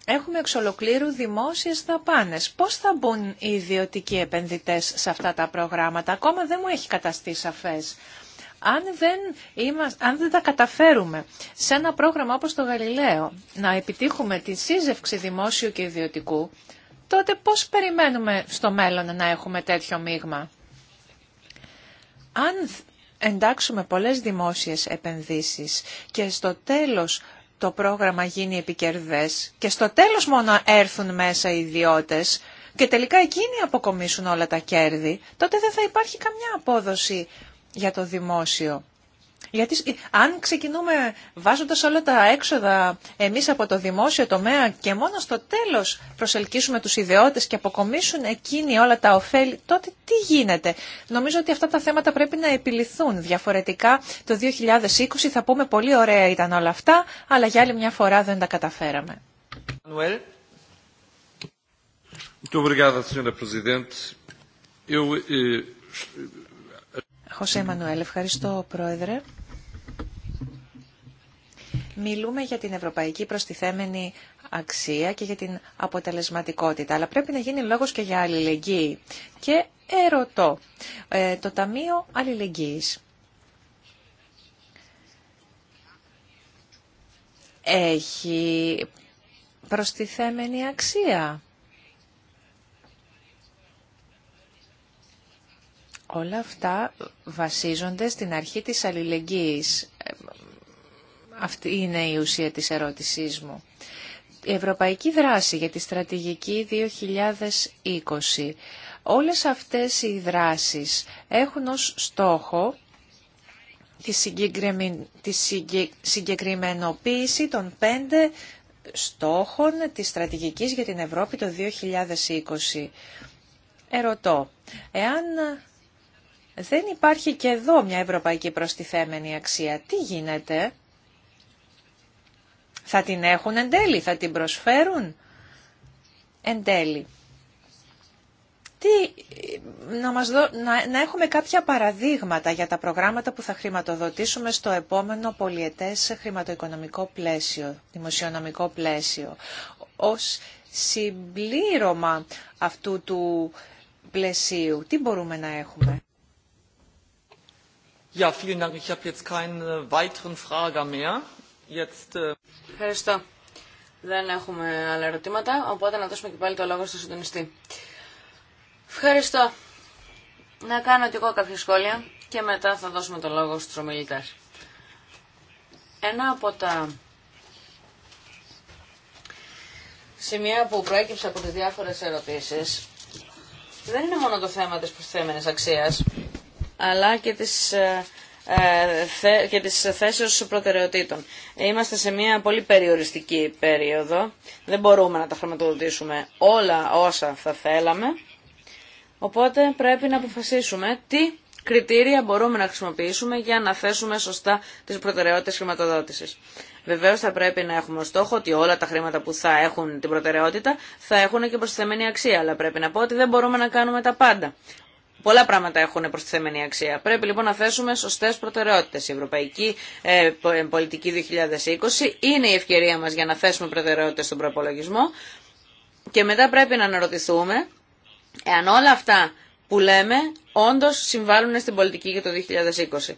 έχουμε εξ ολοκλήρου δημόσιες δαπάνες. Πώς θα μπουν οι ιδιωτικοί επενδυτές σε αυτά τα προγράμματα, ακόμα δεν μου έχει καταστεί σαφές αν δεν, είμαστε, αν δεν τα καταφέρουμε σε ένα πρόγραμμα όπως το Γαλιλαίο να επιτύχουμε τη σύζευξη δημόσιου και ιδιωτικού, τότε πώς περιμένουμε στο μέλλον να έχουμε τέτοιο μείγμα. Αν εντάξουμε πολλές δημόσιες επενδύσεις και στο τέλος το πρόγραμμα γίνει επικερδές και στο τέλος μόνο έρθουν μέσα οι ιδιώτες και τελικά εκείνοι αποκομίσουν όλα τα κέρδη, τότε δεν θα υπάρχει καμιά απόδοση για το δημόσιο. Γιατί αν ξεκινούμε βάζοντας όλα τα έξοδα εμείς από το δημόσιο τομέα και μόνο στο τέλος προσελκύσουμε τους ιδεώτες και αποκομίσουν εκείνοι όλα τα ωφέλη, τότε τι γίνεται. Νομίζω ότι αυτά τα θέματα πρέπει να επιληθούν. Διαφορετικά το 2020 θα πούμε πολύ ωραία ήταν όλα αυτά, αλλά για άλλη μια φορά δεν τα καταφέραμε. Χωσέ Μανουέλ, ευχαριστώ Πρόεδρε. Μιλούμε για την ευρωπαϊκή προστιθέμενη αξία και για την αποτελεσματικότητα, αλλά πρέπει να γίνει λόγος και για αλληλεγγύη. Και ερωτώ, ε, το Ταμείο Αλληλεγγύης έχει προστιθέμενη αξία Όλα αυτά βασίζονται στην αρχή της αλληλεγγύης. Αυτή είναι η ουσία της ερώτησής μου. Η Ευρωπαϊκή Δράση για τη Στρατηγική 2020. Όλες αυτές οι δράσεις έχουν ως στόχο τη συγκεκριμενοποίηση των πέντε στόχων της στρατηγικής για την Ευρώπη το 2020. Ερωτώ, εάν δεν υπάρχει και εδώ μια ευρωπαϊκή προστιθέμενη αξία. Τι γίνεται, θα την έχουν εν τέλει, θα την προσφέρουν εν τέλει. Τι, να, μας να, να έχουμε κάποια παραδείγματα για τα προγράμματα που θα χρηματοδοτήσουμε στο επόμενο πολιετές χρηματοοικονομικό πλαίσιο, δημοσιονομικό πλαίσιο, ως συμπλήρωμα αυτού του πλαισίου. Τι μπορούμε να έχουμε. Ja, Ευχαριστώ. Δεν έχουμε άλλα ερωτήματα, οπότε να δώσουμε και πάλι το λόγο στο συντονιστή. Ευχαριστώ. Να κάνω και εγώ κάποια σχόλια και μετά θα δώσουμε το λόγο στους ομιλητές. Ένα από τα σημεία που προέκυψε από τις διάφορες ερωτήσεις δεν είναι μόνο το θέμα της προσθέμενης αξίας, αλλά και της ε, ε, και προτεραιοτήτων. Είμαστε σε μια πολύ περιοριστική περίοδο. Δεν μπορούμε να τα χρηματοδοτήσουμε όλα όσα θα θέλαμε. Οπότε πρέπει να αποφασίσουμε τι κριτήρια μπορούμε να χρησιμοποιήσουμε για να θέσουμε σωστά τις προτεραιότητες χρηματοδότησης. Βεβαίως θα πρέπει να έχουμε ως στόχο ότι όλα τα χρήματα που θα έχουν την προτεραιότητα θα έχουν και προσθεμένη αξία, αλλά πρέπει να πω ότι δεν μπορούμε να κάνουμε τα πάντα. Πολλά πράγματα έχουν προστιθέμενη αξία. Πρέπει λοιπόν να θέσουμε σωστέ προτεραιότητε. Η Ευρωπαϊκή ε, ε, Πολιτική 2020 είναι η ευκαιρία μα για να θέσουμε προτεραιότητε στον προπολογισμό και μετά πρέπει να αναρωτηθούμε εάν όλα αυτά που λέμε όντω συμβάλλουν στην πολιτική για το 2020.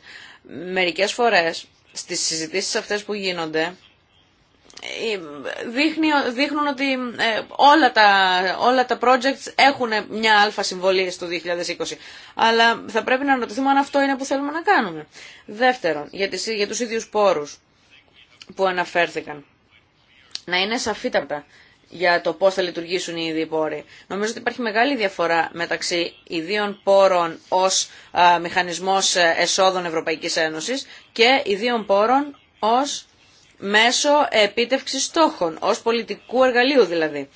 Μερικέ φορέ, στι συζητήσει αυτέ που γίνονται ε, δείχνει, δείχνουν ότι ε, όλα, τα, όλα τα projects έχουν μια αλφα συμβολή στο 2020. Αλλά θα πρέπει να ρωτηθούμε αν αυτό είναι που θέλουμε να κάνουμε. Δεύτερον, για, τις, για τους ίδιους πόρους που αναφέρθηκαν. Να είναι σαφήτατα για το πώς θα λειτουργήσουν οι ίδιοι πόροι. Νομίζω ότι υπάρχει μεγάλη διαφορά μεταξύ ιδίων πόρων ως μηχανισμός ε, εσόδων Ευρωπαϊκής Ένωσης και ιδίων πόρων ως μέσω επίτευξης στόχων, ως πολιτικού εργαλείου δηλαδή.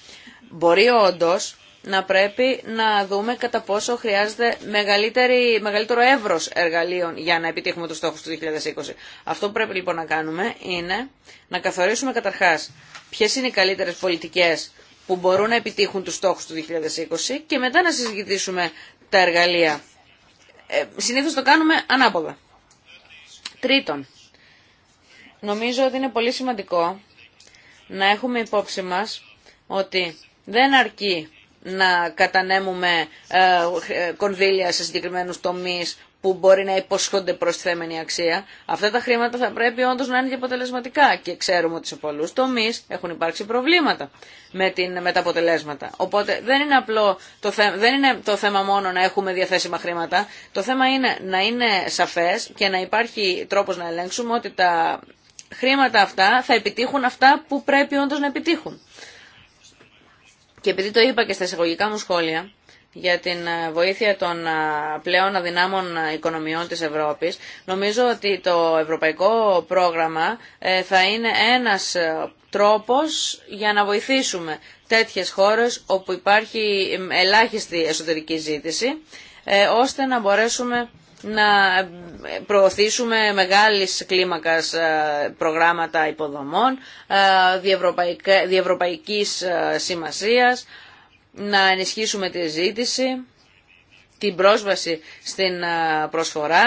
Μπορεί όντω να πρέπει να δούμε κατά πόσο χρειάζεται μεγαλύτερο εύρος εργαλείων για να επιτύχουμε τους στόχους του 2020. Αυτό που πρέπει λοιπόν να κάνουμε είναι να καθορίσουμε καταρχάς ποιες είναι οι καλύτερες πολιτικές που μπορούν να επιτύχουν τους στόχους του 2020 και μετά να συζητήσουμε τα εργαλεία. Ε, συνήθως το κάνουμε ανάποδα. Τρίτον, νομίζω ότι είναι πολύ σημαντικό να έχουμε υπόψη μας ότι δεν αρκεί να κατανέμουμε ε, κονδύλια σε συγκεκριμένους τομείς που μπορεί να υποσχόνται προσθέμενη αξία. Αυτά τα χρήματα θα πρέπει όντως να είναι και αποτελεσματικά και ξέρουμε ότι σε πολλούς τομείς έχουν υπάρξει προβλήματα με, την, με τα αποτελέσματα. Οπότε δεν είναι, απλό το θέμα, δεν είναι το θέμα μόνο να έχουμε διαθέσιμα χρήματα. Το θέμα είναι να είναι σαφές και να υπάρχει τρόπος να ελέγξουμε ότι τα χρήματα αυτά θα επιτύχουν αυτά που πρέπει όντως να επιτύχουν. Και επειδή το είπα και στα εισαγωγικά μου σχόλια για την ε, βοήθεια των ε, πλέον αδυνάμων ε, οικονομιών της Ευρώπης, νομίζω ότι το ευρωπαϊκό πρόγραμμα θα είναι ένας τρόπος για να βοηθήσουμε τέτοιες χώρες όπου υπάρχει ελάχιστη εσωτερική ζήτηση, ώστε να μπορέσουμε να προωθήσουμε μεγάλης κλίμακας ε, προγράμματα υποδομών ε, διευρωπαϊκής ε, σημασίας, να ενισχύσουμε τη ζήτηση, την πρόσβαση στην προσφορά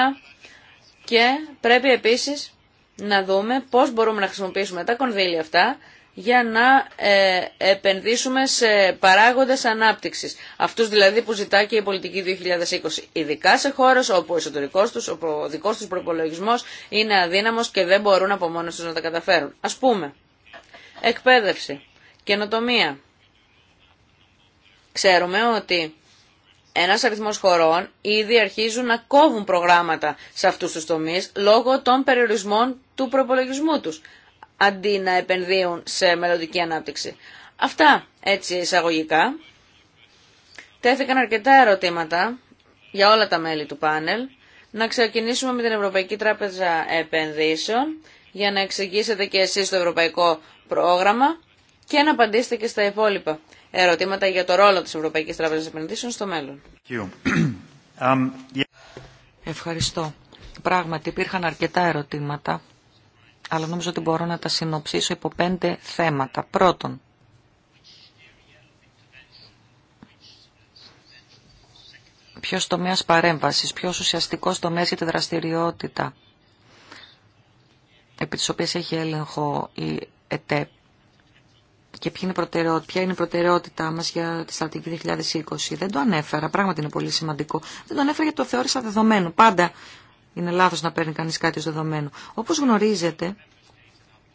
και πρέπει επίσης να δούμε πώς μπορούμε να χρησιμοποιήσουμε τα κονδύλια αυτά για να ε, επενδύσουμε σε παράγοντες ανάπτυξης. Αυτούς δηλαδή που ζητά και η πολιτική 2020. Ειδικά σε χώρες όπου ο εσωτερικός τους, ο δικός τους προπολογισμό είναι αδύναμος και δεν μπορούν από μόνος τους να τα καταφέρουν. Ας πούμε, εκπαίδευση, καινοτομία. Ξέρουμε ότι ένας αριθμός χωρών ήδη αρχίζουν να κόβουν προγράμματα σε αυτούς τους τομείς λόγω των περιορισμών του προπολογισμού τους αντί να επενδύουν σε μελλοντική ανάπτυξη. Αυτά έτσι εισαγωγικά. Τέθηκαν αρκετά ερωτήματα για όλα τα μέλη του πάνελ. Να ξεκινήσουμε με την Ευρωπαϊκή Τράπεζα Επενδύσεων για να εξηγήσετε και εσείς το ευρωπαϊκό πρόγραμμα και να απαντήσετε και στα υπόλοιπα ερωτήματα για το ρόλο της Ευρωπαϊκής Τράπεζας Επενδύσεων στο μέλλον. (clears throat) Um, Ευχαριστώ. Πράγματι υπήρχαν αρκετά ερωτήματα αλλά νομίζω ότι μπορώ να τα συνοψίσω υπό πέντε θέματα. Πρώτον, ποιο τομέα παρέμβασης, ποιος ουσιαστικό τομέα για τη δραστηριότητα επί της οποίας έχει έλεγχο η ΕΤΕΠ και ποια είναι, η προτεραιότητα, ποια είναι η προτεραιότητά μας για τη στρατηγική 2020. Δεν το ανέφερα, πράγματι είναι πολύ σημαντικό. Δεν το ανέφερα γιατί το θεώρησα δεδομένο. Πάντα είναι λάθος να παίρνει κανείς κάτι ως δεδομένο. Όπως γνωρίζετε,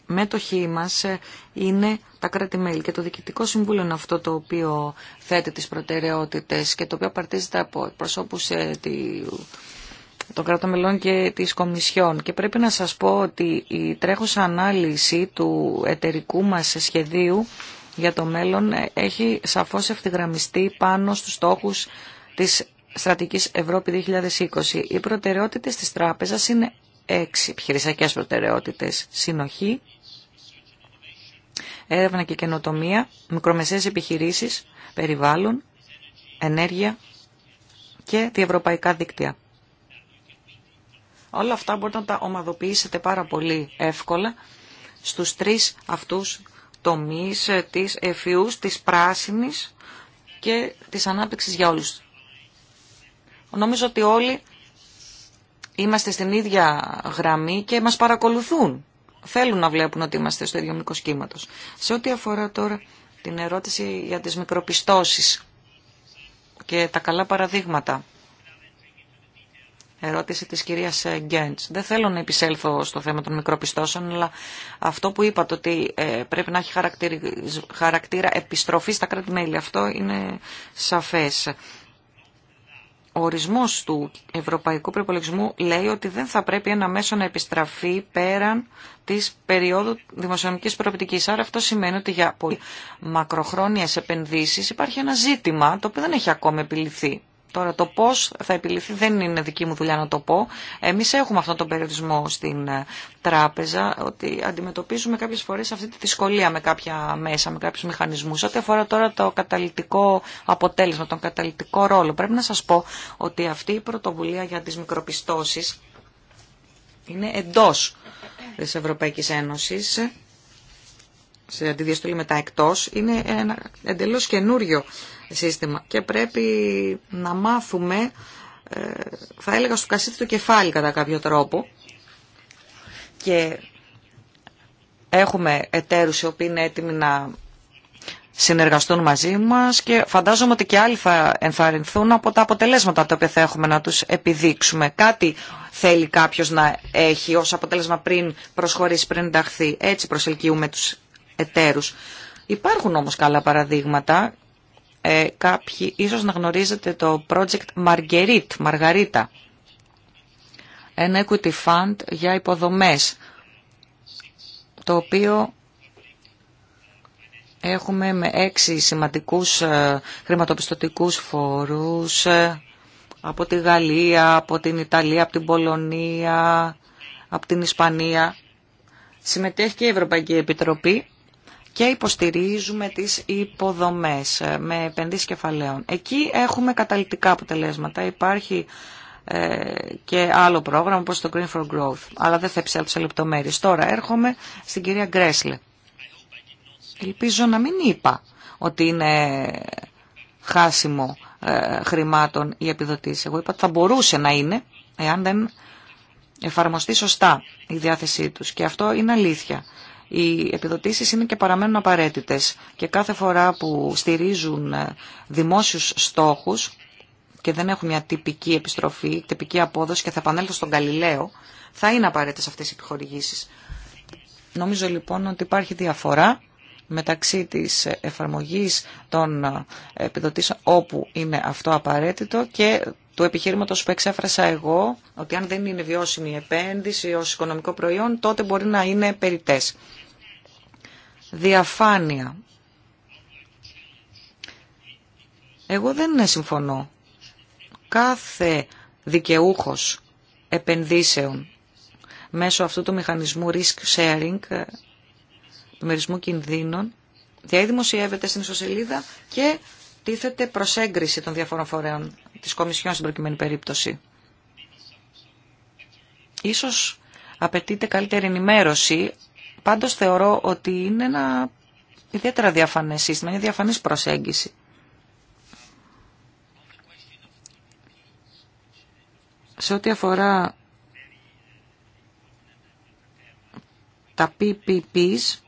μέτοχοί μας ε, είναι τα κράτη-μέλη και το Διοικητικό Συμβούλιο είναι αυτό το οποίο θέτει τις προτεραιότητες και το οποίο απαρτίζεται από προσώπους ε, των κρατομελών και της Κομισιόν. Και πρέπει να σας πω ότι η τρέχουσα ανάλυση του εταιρικού μας σχεδίου για το μέλλον ε, έχει σαφώς ευθυγραμμιστεί πάνω στους στόχους της Στρατικής Ευρώπη 2020. Οι προτεραιότητες της τράπεζας είναι έξι επιχειρησιακές προτεραιότητες. Συνοχή, έρευνα και καινοτομία, μικρομεσαίες επιχειρήσεις, περιβάλλον, ενέργεια και τη ευρωπαϊκά δίκτυα. Όλα αυτά μπορείτε να τα ομαδοποιήσετε πάρα πολύ εύκολα στους τρεις αυτούς τομείς ε, της εφιούς, της πράσινης και της ανάπτυξης για όλους. Νομίζω ότι όλοι είμαστε στην ίδια γραμμή και μας παρακολουθούν. Θέλουν να βλέπουν ότι είμαστε στο ίδιο μήκος κύματος. Σε ό,τι αφορά τώρα την ερώτηση για τις μικροπιστώσεις και τα καλά παραδείγματα. Ερώτηση της κυρίας Γκέντς. Δεν θέλω να επισέλθω στο θέμα των μικροπιστώσεων, αλλά αυτό που είπατε ότι ε, πρέπει να έχει χαρακτήρα επιστροφή στα κράτη-μέλη, αυτό είναι σαφές ο ορισμός του ευρωπαϊκού προπολογισμού λέει ότι δεν θα πρέπει ένα μέσο να επιστραφεί πέραν της περίοδου δημοσιονομικής προοπτικής. Άρα αυτό σημαίνει ότι για πολύ μακροχρόνιες επενδύσεις υπάρχει ένα ζήτημα το οποίο δεν έχει ακόμη επιληθεί. Τώρα το πώ θα επιληθεί δεν είναι δική μου δουλειά να το πω. Εμείς έχουμε αυτόν τον περιορισμό στην ε, τράπεζα, ότι αντιμετωπίζουμε κάποιες φορές αυτή τη δυσκολία με κάποια μέσα, με κάποιους μηχανισμούς. Ό,τι αφορά τώρα το καταλητικό αποτέλεσμα, τον καταλητικό ρόλο, πρέπει να σας πω ότι αυτή η πρωτοβουλία για τις μικροπιστώσει είναι εντό τη Ευρωπαϊκή Ένωση, σε αντιδιαστολή μετά εκτός, είναι ένα εντελώς καινούριο σύστημα. Και πρέπει να μάθουμε, ε, θα έλεγα στο κασίτι του κεφάλι κατά κάποιο τρόπο. Και έχουμε εταίρους οι οποίοι είναι έτοιμοι να συνεργαστούν μαζί μας και φαντάζομαι ότι και άλλοι θα ενθαρρυνθούν από τα αποτελέσματα τα οποία θα έχουμε να τους επιδείξουμε. Κάτι θέλει κάποιος να έχει ως αποτέλεσμα πριν προσχωρήσει, πριν ενταχθεί. Έτσι προσελκύουμε τους εταίρους. Υπάρχουν όμως καλά παραδείγματα ε, κάποιοι ίσως να γνωρίζετε το project Marguerite, Μαργαρίτα. Ένα equity fund για υποδομές, το οποίο έχουμε με έξι σημαντικούς ε, χρηματοπιστωτικούς φόρους ε, από τη Γαλλία, από την Ιταλία, από την Πολωνία, από την Ισπανία. Συμμετέχει και η Ευρωπαϊκή Επιτροπή και υποστηρίζουμε τις υποδομές ε, με επενδύσεις κεφαλαίων. Εκεί έχουμε καταλητικά αποτελέσματα. Υπάρχει ε, και άλλο πρόγραμμα όπως το Green for Growth. Αλλά δεν θα επισέλθω σε λεπτομέρειες. Τώρα έρχομαι στην κυρία Γκρέσλε. Ελπίζω να μην είπα ότι είναι χάσιμο ε, χρημάτων ή επιδοτήσεις. Εγώ είπα ότι θα μπορούσε να είναι εάν δεν εφαρμοστεί σωστά η διάθεσή τους. Και αυτό είναι αλήθεια οι επιδοτήσει είναι και παραμένουν απαραίτητε. και κάθε φορά που στηρίζουν ε, δημόσιου στόχου και δεν έχουν μια τυπική επιστροφή, τυπική απόδοση και θα επανέλθω στον Καλλιλέο, θα είναι απαραίτητε αυτέ οι επιχορηγήσει. Νομίζω λοιπόν ότι υπάρχει διαφορά μεταξύ της εφαρμογής των ε, επιδοτήσεων όπου είναι αυτό απαραίτητο και του επιχείρηματος που εξέφρασα εγώ ότι αν δεν είναι βιώσιμη η επένδυση ως οικονομικό προϊόν τότε μπορεί να είναι περιτές διαφάνεια. Εγώ δεν συμφωνώ. Κάθε δικαιούχος επενδύσεων μέσω αυτού του μηχανισμού risk sharing, ε, του μερισμού κινδύνων, διαδημοσιεύεται στην ισοσελίδα και τίθεται προς έγκριση των διαφόρων φορέων της Κομισιόν στην προκειμένη περίπτωση. Ίσως απαιτείται καλύτερη ενημέρωση Πάντως θεωρώ ότι είναι ένα ιδιαίτερα διαφανές σύστημα, μια διαφανής προσέγγιση. Σε ό,τι αφορά τα PPPs,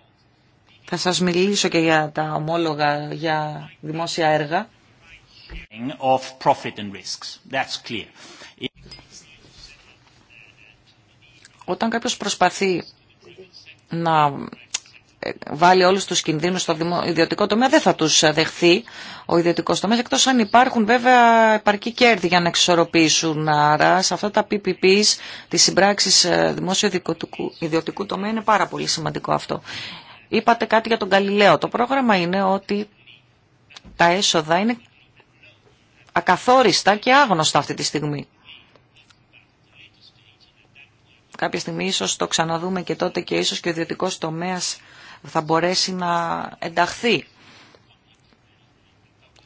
θα σας μιλήσω και για τα ομόλογα για δημόσια έργα. Όταν κάποιος προσπαθεί να ε, βάλει όλους τους κινδύνους στο ιδιωτικό τομέα, δεν θα τους ε, δεχθεί ο ιδιωτικός τομέας, εκτός αν υπάρχουν βέβαια επαρκή κέρδη για να εξορροπήσουν. Άρα σε αυτά τα PPPs, τις συμπράξεις ε, δημόσιο-ιδιωτικού τομέα είναι πάρα πολύ σημαντικό αυτό. Είπατε κάτι για τον Καλλιλέο. Το πρόγραμμα είναι ότι τα έσοδα είναι ακαθόριστα και άγνωστα αυτή τη στιγμή. κάποια στιγμή ίσως το ξαναδούμε και τότε και ίσως και ο ιδιωτικό τομέας θα μπορέσει να ενταχθεί.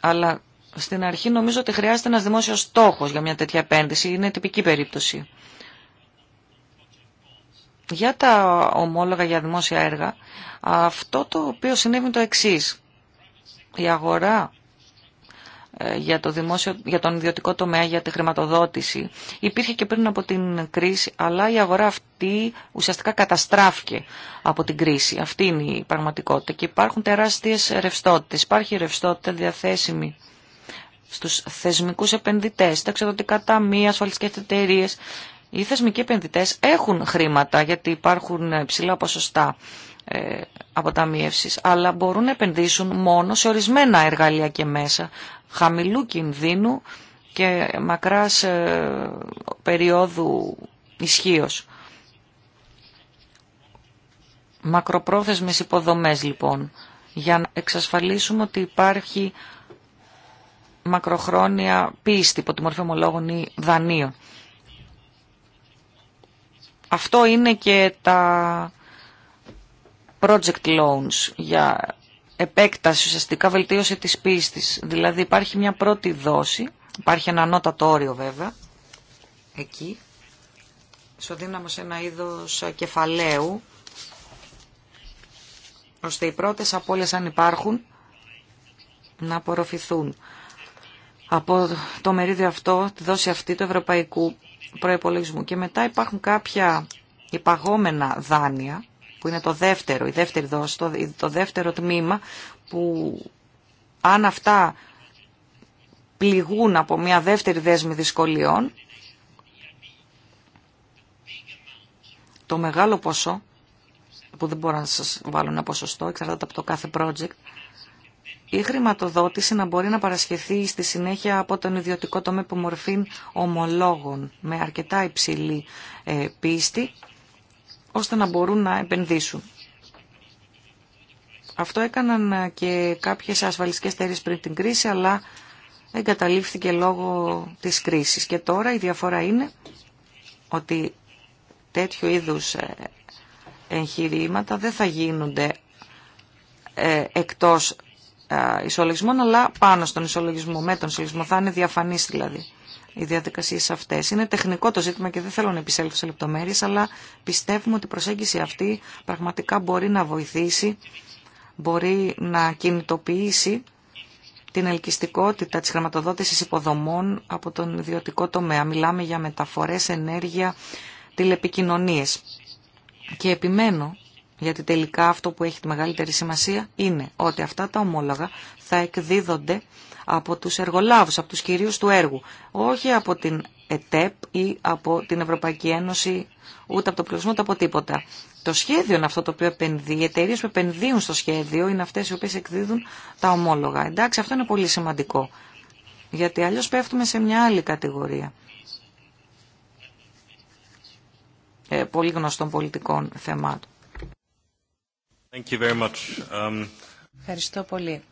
Αλλά στην αρχή νομίζω ότι χρειάζεται ένας δημόσιος στόχος για μια τέτοια επένδυση. Είναι τυπική περίπτωση. Για τα ομόλογα για δημόσια έργα, αυτό το οποίο συνέβη το εξής. Η αγορά ε, για, το δημόσιο, για τον ιδιωτικό τομέα, για τη χρηματοδότηση. Υπήρχε και πριν από την κρίση, αλλά η αγορά αυτή ουσιαστικά καταστράφηκε από την κρίση. Αυτή είναι η πραγματικότητα και υπάρχουν τεράστιες ρευστότητες. Υπάρχει ρευστότητα διαθέσιμη στους θεσμικούς επενδυτές, τα εξοδοτικά ταμεία, ασφαλιστικές εταιρείε. Οι θεσμικοί επενδυτές έχουν χρήματα γιατί υπάρχουν ψηλά ποσοστά ε, αποταμίευσης, αλλά μπορούν να επενδύσουν μόνο σε ορισμένα εργαλεία και μέσα χαμηλού κινδύνου και μακράς ε, περίοδου ισχύω. Μακροπρόθεσμες υποδομές λοιπόν, για να εξασφαλίσουμε ότι υπάρχει μακροχρόνια πίστη υπό τη μορφή ομολόγων ή δανείων. Αυτό είναι και τα project loans για επέκταση, ουσιαστικά βελτίωση της πίστης. Δηλαδή υπάρχει μια πρώτη δόση, υπάρχει ένα ανώτατο όριο βέβαια, εκεί, ισοδύναμο σε ένα είδος κεφαλαίου, ώστε οι πρώτες όλες αν υπάρχουν να απορροφηθούν. Από το μερίδιο αυτό, τη δόση αυτή του ευρωπαϊκού προϋπολογισμού. Και μετά υπάρχουν κάποια υπαγόμενα δάνεια, που είναι το δεύτερο, η δεύτερη δόση, το, το δεύτερο τμήμα που αν αυτά πληγούν από μια δεύτερη δέσμη δυσκολιών, το μεγάλο ποσό, που δεν μπορώ να σας βάλω ένα ποσοστό, εξαρτάται από το κάθε project, η χρηματοδότηση να μπορεί να παρασχεθεί στη συνέχεια από τον ιδιωτικό τομέα που μορφήν ομολόγων με αρκετά υψηλή ε, πίστη ώστε να μπορούν να επενδύσουν. Αυτό έκαναν και κάποιες ασφαλιστικές εταιρείε πριν την κρίση, αλλά εγκαταλείφθηκε λόγω της κρίσης. Και τώρα η διαφορά είναι ότι τέτοιου είδους ε, εγχειρήματα δεν θα γίνονται ε, εκτός ε, ισολογισμών, αλλά πάνω στον ισολογισμό, με τον ισολογισμό. Θα είναι διαφανής δηλαδή οι διαδικασίε αυτέ. Είναι τεχνικό το ζήτημα και δεν θέλω να επισέλθω σε λεπτομέρειε, αλλά πιστεύουμε ότι η προσέγγιση αυτή πραγματικά μπορεί να βοηθήσει, μπορεί να κινητοποιήσει την ελκυστικότητα της χρηματοδότησης υποδομών από τον ιδιωτικό τομέα. Μιλάμε για μεταφορές, ενέργεια, τηλεπικοινωνίες. Και επιμένω, γιατί τελικά αυτό που έχει τη μεγαλύτερη σημασία είναι ότι αυτά τα ομόλογα θα εκδίδονται από τους εργολάβους, από τους κυρίους του έργου, όχι από την ΕΤΕΠ ή από την Ευρωπαϊκή Ένωση, ούτε από το πληθυσμό, ούτε από τίποτα. Το σχέδιο είναι αυτό το οποίο επενδύει. Οι εταιρείε που επενδύουν στο σχέδιο είναι αυτέ οι οποίε εκδίδουν τα ομόλογα. Εντάξει, αυτό είναι πολύ σημαντικό. Γιατί αλλιώ πέφτουμε σε μια άλλη κατηγορία. Ε, πολύ γνωστών πολιτικών θεμάτων. Thank you very much. Um, Ευχαριστώ πολύ.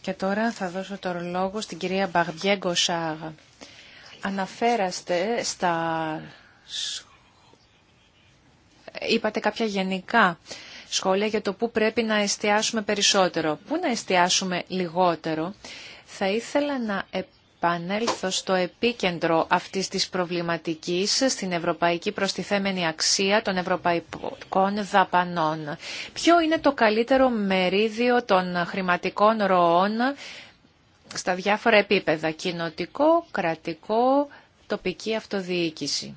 Και τώρα θα δώσω το λόγο στην κυρία μπαγδιεγκο Μπαγδιέγκο-Σάγα. Αναφέραστε στα... Είπατε κάποια γενικά σχόλια για το πού πρέπει να εστιάσουμε περισσότερο, πού να εστιάσουμε λιγότερο. Θα ήθελα να επανέλθω στο επίκεντρο αυτής της προβληματικής στην ευρωπαϊκή προστιθέμενη αξία των ευρωπαϊκών δαπανών. Ποιο είναι το καλύτερο μερίδιο των χρηματικών ροών στα διάφορα επίπεδα, κοινοτικό, κρατικό, τοπική αυτοδιοίκηση.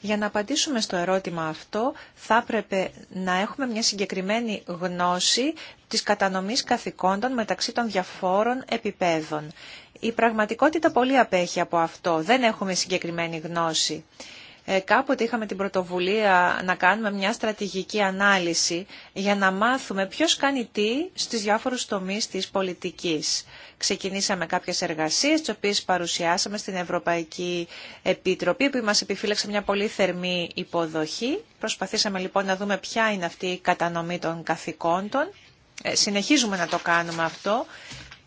Για να απαντήσουμε στο ερώτημα αυτό θα έπρεπε να έχουμε μια συγκεκριμένη γνώση της κατανομής καθηκόντων μεταξύ των διαφόρων επιπέδων. Η πραγματικότητα πολύ απέχει από αυτό. Δεν έχουμε συγκεκριμένη γνώση. Ε, κάποτε είχαμε την πρωτοβουλία να κάνουμε μια στρατηγική ανάλυση για να μάθουμε ποιος κάνει τι στις διάφορους τομείς της πολιτικής. Ξεκινήσαμε κάποιες εργασίες, τις οποίες παρουσιάσαμε στην Ευρωπαϊκή Επιτροπή, που μας επιφύλαξε μια πολύ θερμή υποδοχή. Προσπαθήσαμε λοιπόν να δούμε ποια είναι αυτή η κατανομή των καθηκόντων. Ε, συνεχίζουμε να το κάνουμε αυτό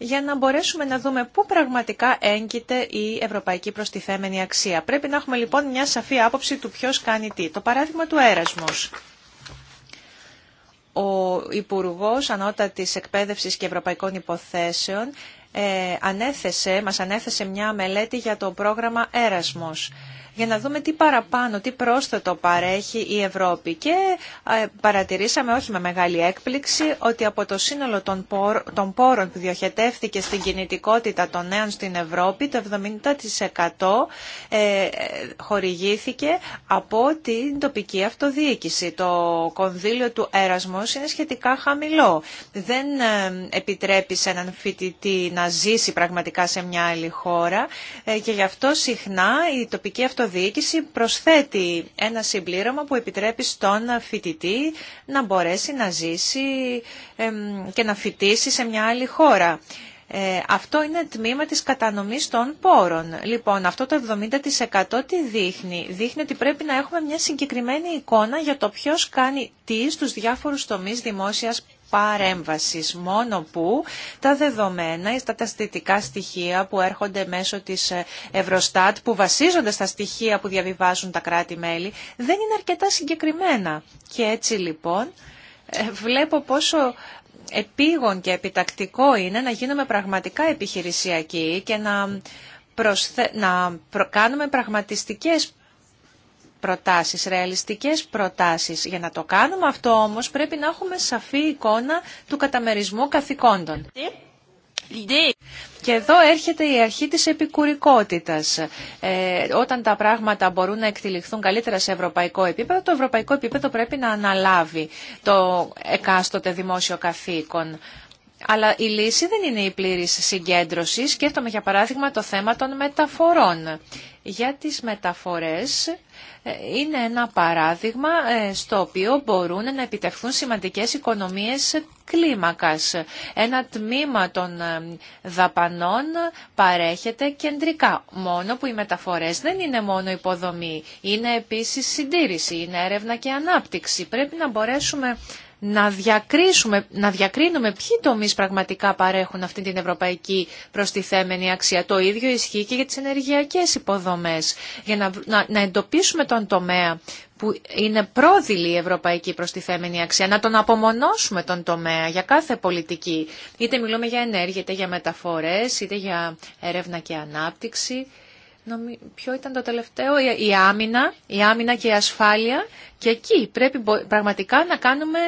για να μπορέσουμε να δούμε πού πραγματικά έγκυται η ευρωπαϊκή προστιθέμενη αξία. Πρέπει να έχουμε λοιπόν μια σαφή άποψη του ποιος κάνει τι. Το παράδειγμα του έρασμος. Ο Υπουργός Ανώτατης Εκπαίδευσης και Ευρωπαϊκών Υποθέσεων ε, ανέθεσε, μας ανέθεσε μια μελέτη για το πρόγραμμα Έρασμος για να δούμε τι παραπάνω, τι πρόσθετο παρέχει η Ευρώπη. Και ε, παρατηρήσαμε, όχι με μεγάλη έκπληξη, ότι από το σύνολο των πόρων που διοχετεύθηκε στην κινητικότητα των νέων στην Ευρώπη, το 70% ε, ε, χορηγήθηκε από την τοπική αυτοδιοίκηση. Το κονδύλιο του έρασμος είναι σχετικά χαμηλό. Δεν επιτρέπει σε έναν φοιτητή να ζήσει πραγματικά σε μια άλλη χώρα και γι' αυτό συχνά η τοπική αυτοδιοίκηση αυτοδιοίκηση προσθέτει ένα συμπλήρωμα που επιτρέπει στον φοιτητή να μπορέσει να ζήσει και να φοιτήσει σε μια άλλη χώρα. Ε, αυτό είναι τμήμα της κατανομής των πόρων. Λοιπόν, αυτό το 70% τι δείχνει. Δείχνει ότι πρέπει να έχουμε μια συγκεκριμένη εικόνα για το ποιος κάνει τι στους διάφορους τομείς δημόσιας παρέμβασης, μόνο που τα δεδομένα, τα ταστητικά στοιχεία που έρχονται μέσω της ε, Ευρωστάτ, που βασίζονται στα στοιχεία που διαβιβάζουν τα κράτη-μέλη, δεν είναι αρκετά συγκεκριμένα. Και έτσι λοιπόν ε, βλέπω πόσο επίγον και επιτακτικό είναι να γίνουμε πραγματικά επιχειρησιακοί και να, να κάνουμε πραγματιστικές προτάσεις, ρεαλιστικές προτάσεις. Για να το κάνουμε αυτό όμως πρέπει να έχουμε σαφή εικόνα του καταμερισμού καθηκόντων. Και εδώ έρχεται η αρχή της επικουρικότητας. Ε, όταν τα πράγματα μπορούν να εκτιληχθούν καλύτερα σε ευρωπαϊκό επίπεδο, το ευρωπαϊκό επίπεδο πρέπει να αναλάβει το εκάστοτε δημόσιο καθήκον. Αλλά η λύση δεν είναι η πλήρη συγκέντρωση. Σκέφτομαι για παράδειγμα το θέμα των μεταφορών. Για τις μεταφορές ε, είναι ένα παράδειγμα ε, στο οποίο μπορούν να επιτευχθούν σημαντικές οικονομίες κλίμακας. Ένα τμήμα των ε, δαπανών παρέχεται κεντρικά, μόνο που οι μεταφορές δεν είναι μόνο υποδομή, είναι επίσης συντήρηση, είναι έρευνα και ανάπτυξη. Πρέπει να μπορέσουμε να, διακρίσουμε, να διακρίνουμε ποιοι τομεί πραγματικά παρέχουν αυτή την ευρωπαϊκή προστιθέμενη αξία. Το ίδιο ισχύει και για τι ενεργειακέ υποδομέ για να, να, εντοπίσουμε τον τομέα που είναι πρόδειλη η ευρωπαϊκή προστιθέμενη αξία, να τον απομονώσουμε τον τομέα για κάθε πολιτική. Είτε μιλούμε για ενέργεια, είτε για μεταφορές, είτε για έρευνα και ανάπτυξη. Νομι... Ποιο ήταν το τελευταίο, η άμυνα, η άμυνα και η ασφάλεια. Και εκεί πρέπει πραγματικά να κάνουμε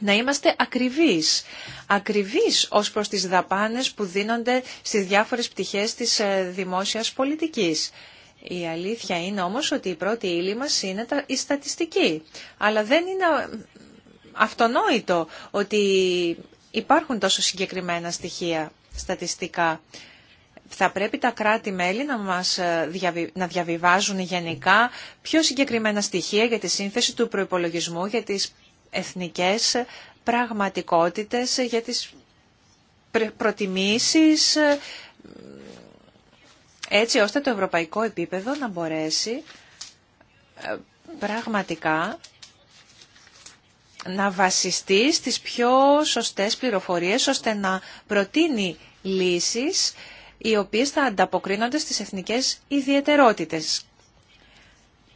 να είμαστε ακριβείς. Ακριβείς ως προς τις δαπάνες που δίνονται στις διάφορες πτυχές της ε, δημόσιας πολιτικής. Η αλήθεια είναι όμως ότι η πρώτη ύλη μας είναι η στατιστική. Αλλά δεν είναι ε, αυτονόητο ότι υπάρχουν τόσο συγκεκριμένα στοιχεία στατιστικά. Θα πρέπει τα κράτη-μέλη να, μας ε, να διαβιβάζουν γενικά πιο συγκεκριμένα στοιχεία για τη σύνθεση του προϋπολογισμού, για τις εθνικές πραγματικότητες για τις προτιμήσεις έτσι ώστε το ευρωπαϊκό επίπεδο να μπορέσει ε, πραγματικά να βασιστεί στις πιο σωστές πληροφορίες ώστε να προτείνει λύσεις οι οποίες θα ανταποκρίνονται στις εθνικές ιδιαιτερότητες.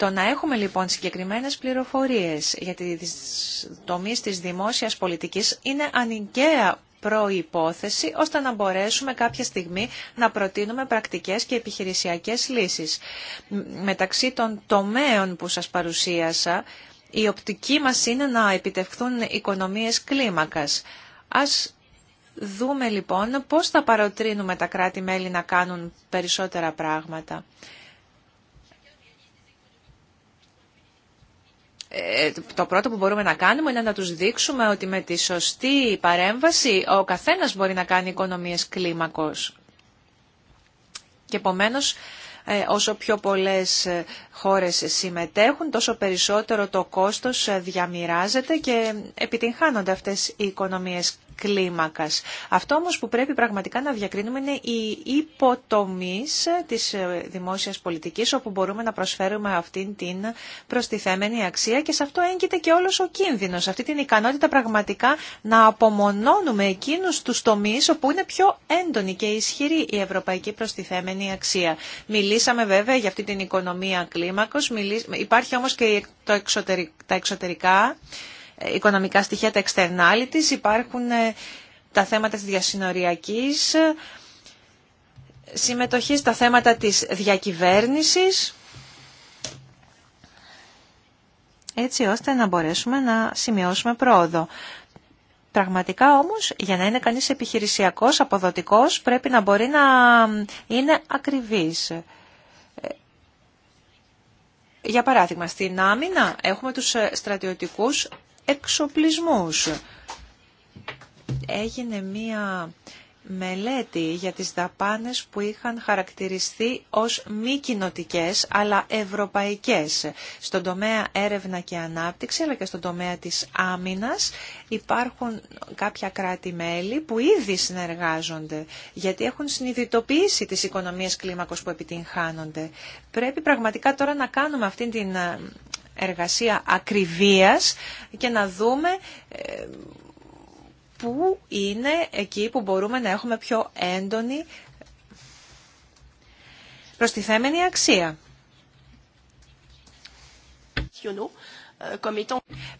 Το να έχουμε λοιπόν συγκεκριμένες πληροφορίες για τις τομείς της δημόσιας πολιτικής είναι ανικαία προϋπόθεση ώστε να μπορέσουμε κάποια στιγμή να προτείνουμε πρακτικές και επιχειρησιακές λύσεις. Μεταξύ των τομέων που σας παρουσίασα, η οπτική μας είναι να επιτευχθούν οικονομίες κλίμακας. Ας δούμε λοιπόν πώς θα παροτρύνουμε τα κράτη-μέλη να κάνουν περισσότερα πράγματα. Ε, το πρώτο που μπορούμε να κάνουμε είναι να τους δείξουμε ότι με τη σωστή παρέμβαση ο καθένας μπορεί να κάνει οικονομίες κλίμακος. Και επομένως, ε, όσο πιο πολλές ε, χώρες συμμετέχουν, τόσο περισσότερο το κόστος διαμοιράζεται και επιτυγχάνονται αυτές οι οικονομίες κλίμακας. Αυτό όμως που πρέπει πραγματικά να διακρίνουμε είναι οι υποτομείς της ε, δημόσιας πολιτικής όπου μπορούμε να προσφέρουμε αυτήν την προστιθέμενη αξία και σε αυτό έγκυται και όλος ο κίνδυνος. Αυτή την ικανότητα πραγματικά να απομονώνουμε εκείνους τους τομείς όπου είναι πιο έντονη και ισχυρή η ευρωπαϊκή προστιθέμενη αξία. Μιλήσαμε βέβαια για αυτή την οικονομία κλίμακος, υπάρχει όμως και τα εξωτερικά οικονομικά στοιχεία, τα externalities, υπάρχουν ε, τα θέματα της διασυνοριακής ε, συμμετοχή τα θέματα της διακυβέρνησης, έτσι ώστε να μπορέσουμε να σημειώσουμε πρόοδο. Πραγματικά όμως, για να είναι κανείς επιχειρησιακός, αποδοτικός, πρέπει να μπορεί να είναι ακριβής. Ε, για παράδειγμα, στην άμυνα έχουμε τους στρατιωτικούς εξοπλισμούς. Έγινε μία μελέτη για τις δαπάνες που είχαν χαρακτηριστεί ως μη κοινοτικέ αλλά ευρωπαϊκές. Στον τομέα έρευνα και ανάπτυξη αλλά και στον τομέα της άμυνας υπάρχουν κάποια κράτη-μέλη που ήδη συνεργάζονται γιατί έχουν συνειδητοποιήσει τις οικονομίες κλίμακος που επιτυγχάνονται. Πρέπει πραγματικά τώρα να κάνουμε αυτή την εργασία ακριβίας και να δούμε ε, πού είναι εκεί που μπορούμε να έχουμε πιο έντονη προστιθέμενη αξία.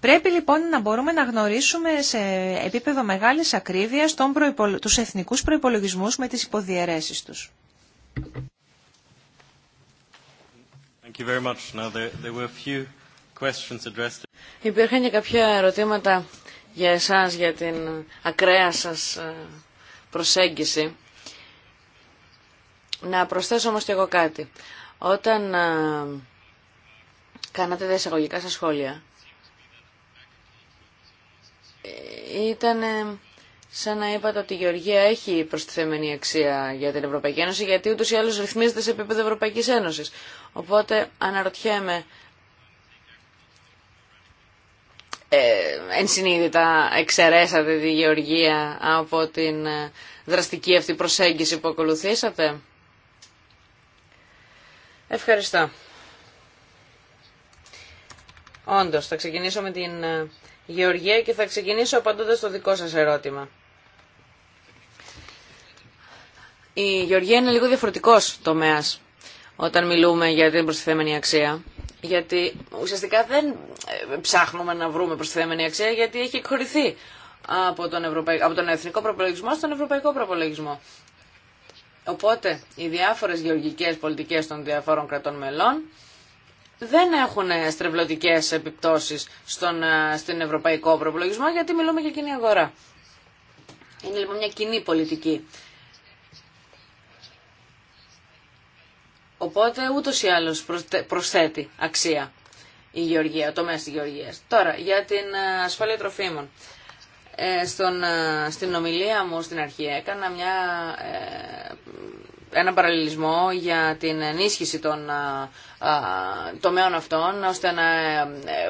Πρέπει λοιπόν να μπορούμε να γνωρίσουμε σε επίπεδο μεγάλης ακρίβειας τον προϋπολο... τους εθνικούς προϋπολογισμούς με τις υποδιαιρέσεις τους. Υπήρχαν και κάποια ερωτήματα για εσάς, για την ακραία σας ε, προσέγγιση. Να προσθέσω όμως και εγώ κάτι. Όταν ε, κάνατε τα σας σχόλια, ε, ήταν σαν να είπατε ότι η Γεωργία έχει προστιθέμενη αξία για την Ευρωπαϊκή Ένωση, γιατί ούτως ή άλλως ρυθμίζεται σε επίπεδο Ευρωπαϊκής Ένωσης. Οπότε αναρωτιέμαι Ε, ενσυνείδητα εξαιρέσατε τη γεωργία από την ε, δραστική αυτή προσέγγιση που ακολουθήσατε. Ευχαριστώ. Όντως, θα ξεκινήσω με την ε, γεωργία και θα ξεκινήσω απαντώντας στο δικό σας ερώτημα. Η γεωργία είναι λίγο διαφορετικός τομέας όταν μιλούμε για την προστιθέμενη αξία γιατί ουσιαστικά δεν ε, ψάχνουμε να βρούμε προστιθέμενη αξία γιατί έχει εκχωρηθεί από τον, Ευρωπαϊ... από τον εθνικό προπολογισμό στον ευρωπαϊκό προπολογισμό. Οπότε οι διάφορες γεωργικές πολιτικές των διαφόρων κρατών μελών δεν έχουν στρεβλωτικές επιπτώσεις στον, ε, στην ευρωπαϊκό προπολογισμό γιατί μιλούμε για κοινή αγορά. Είναι λοιπόν μια κοινή πολιτική. Οπότε ούτως ή άλλως προσθέτει αξία η γεωργία, ο τομέας γεωργίας. Τώρα, για την ε, ασφάλεια τροφίμων. Ε, ε, στην ομιλία μου στην αρχή έκανα μια, ένα παραλληλισμό για την ενίσχυση των α, α, τομέων αυτών ώστε να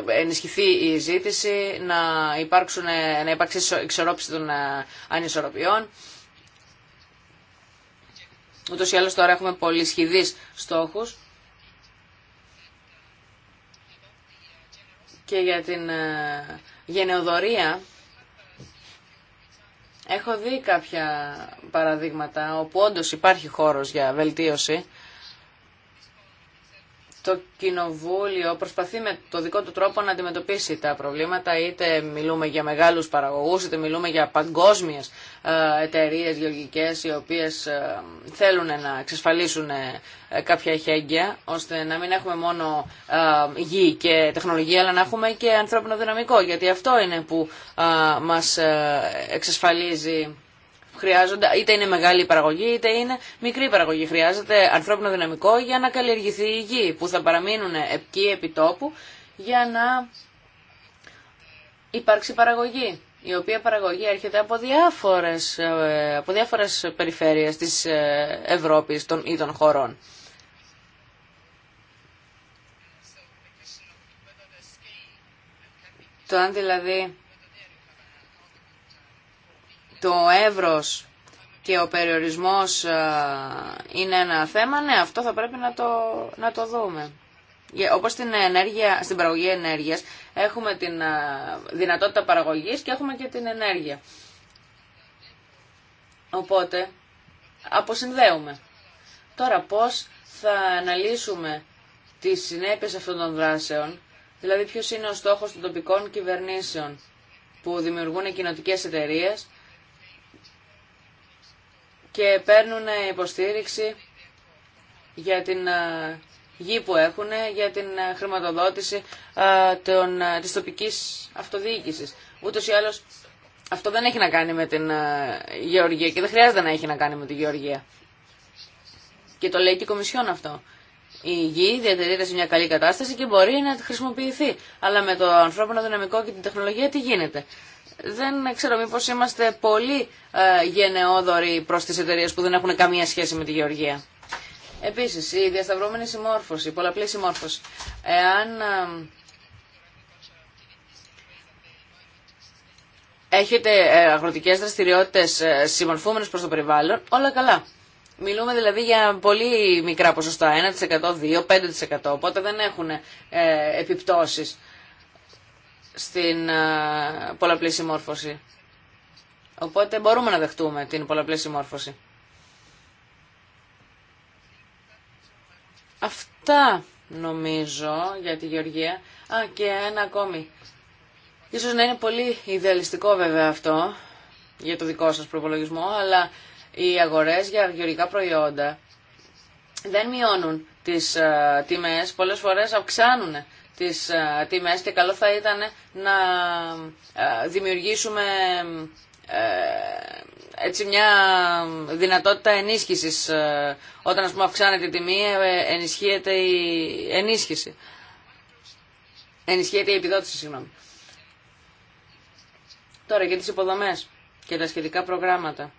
ενισχυθεί η ζήτηση, να, υπάρξουν, να υπάρξει εξορόψη των ανισορροπιών Ούτως ή άλλως τώρα έχουμε σχηδείς στόχους. Και για την ε, γενεοδορία έχω δει κάποια παραδείγματα όπου όντω υπάρχει χώρος για βελτίωση το Κοινοβούλιο προσπαθεί με το δικό του τρόπο να αντιμετωπίσει τα προβλήματα, είτε μιλούμε για μεγάλους παραγωγούς, είτε μιλούμε για παγκόσμιες ε, εταιρείες γεωργικές οι οποίες ε, θέλουν να εξασφαλίσουν ε, κάποια εχέγγυα, ώστε να μην έχουμε μόνο γη και τεχνολογία, αλλά να έχουμε και ανθρώπινο δυναμικό, γιατί αυτό είναι που μας εξασφαλίζει χρειάζονται, είτε είναι μεγάλη η παραγωγή είτε είναι μικρή παραγωγή. Χρειάζεται ανθρώπινο δυναμικό για να καλλιεργηθεί η γη που θα παραμείνουν εκεί επί τόπου για να υπάρξει παραγωγή η οποία παραγωγή έρχεται από διάφορες, ε, από διάφορες περιφέρειες της ε, Ευρώπης ή των χωρών. Το δηλαδή το εύρος και ο περιορισμός ε, είναι ένα θέμα, ναι, αυτό θα πρέπει να το, να το δούμε. Όπως στην, ενέργεια, στην παραγωγή ενέργειας έχουμε την ε, δυνατότητα παραγωγής και έχουμε και την ενέργεια. Οπότε αποσυνδέουμε. Τώρα πώς θα αναλύσουμε τις συνέπειες αυτών των δράσεων, δηλαδή ποιος είναι ο στόχος των τοπικών κυβερνήσεων που δημιουργούν οι κοινοτικές εταιρείες, και παίρνουν υποστήριξη για την ε, γη που έχουν για την ε, χρηματοδότηση ε, των, της τοπικής αυτοδιοίκησης. Ούτως ή άλλως αυτό δεν έχει να κάνει με την γεωργία και δεν χρειάζεται να έχει να κάνει με τη γεωργία. Και το λέει και η Κομισιόν αυτό. Η γη διατηρείται σε μια καλή κατάσταση και μπορεί να χρησιμοποιηθεί. Αλλά με το ανθρώπινο δυναμικό και την τεχνολογία τι γίνεται δεν ξέρω μήπως είμαστε πολύ ε, γενναιόδοροι προς τις εταιρείε που δεν έχουν καμία σχέση με τη γεωργία. Επίσης, η διασταυρώμενη συμμόρφωση, η πολλαπλή συμμόρφωση. Εάν ε, έχετε ε, αγροτικές δραστηριότητες συμμορφούμενες προς το περιβάλλον, όλα καλά. Μιλούμε δηλαδή για πολύ μικρά ποσοστά, 1%, 2%, 5%, οπότε δεν έχουν επιπτώσεις στην ε, πολλαπλή συμμόρφωση. Οπότε μπορούμε να δεχτούμε την πολλαπλή συμμόρφωση. Αυτά νομίζω για τη Γεωργία. Α, και ένα ακόμη. Ίσως να είναι πολύ ιδεαλιστικό βέβαια αυτό για το δικό σας προπολογισμό, αλλά οι αγορές για γεωργικά προϊόντα δεν μειώνουν τις ε, τιμές, πολλές φορές αυξάνουν τις ε, τιμές και καλό θα ήταν να ε, δημιουργήσουμε ε, έτσι μια δυνατότητα ενίσχυσης. Όταν ας πούμε αυξάνεται η τιμή ενισχύεται η ενίσχυση. Ενισχύεται η επιδότηση, συγγνώμη. Τώρα για τις υποδομές και τα σχετικά προγράμματα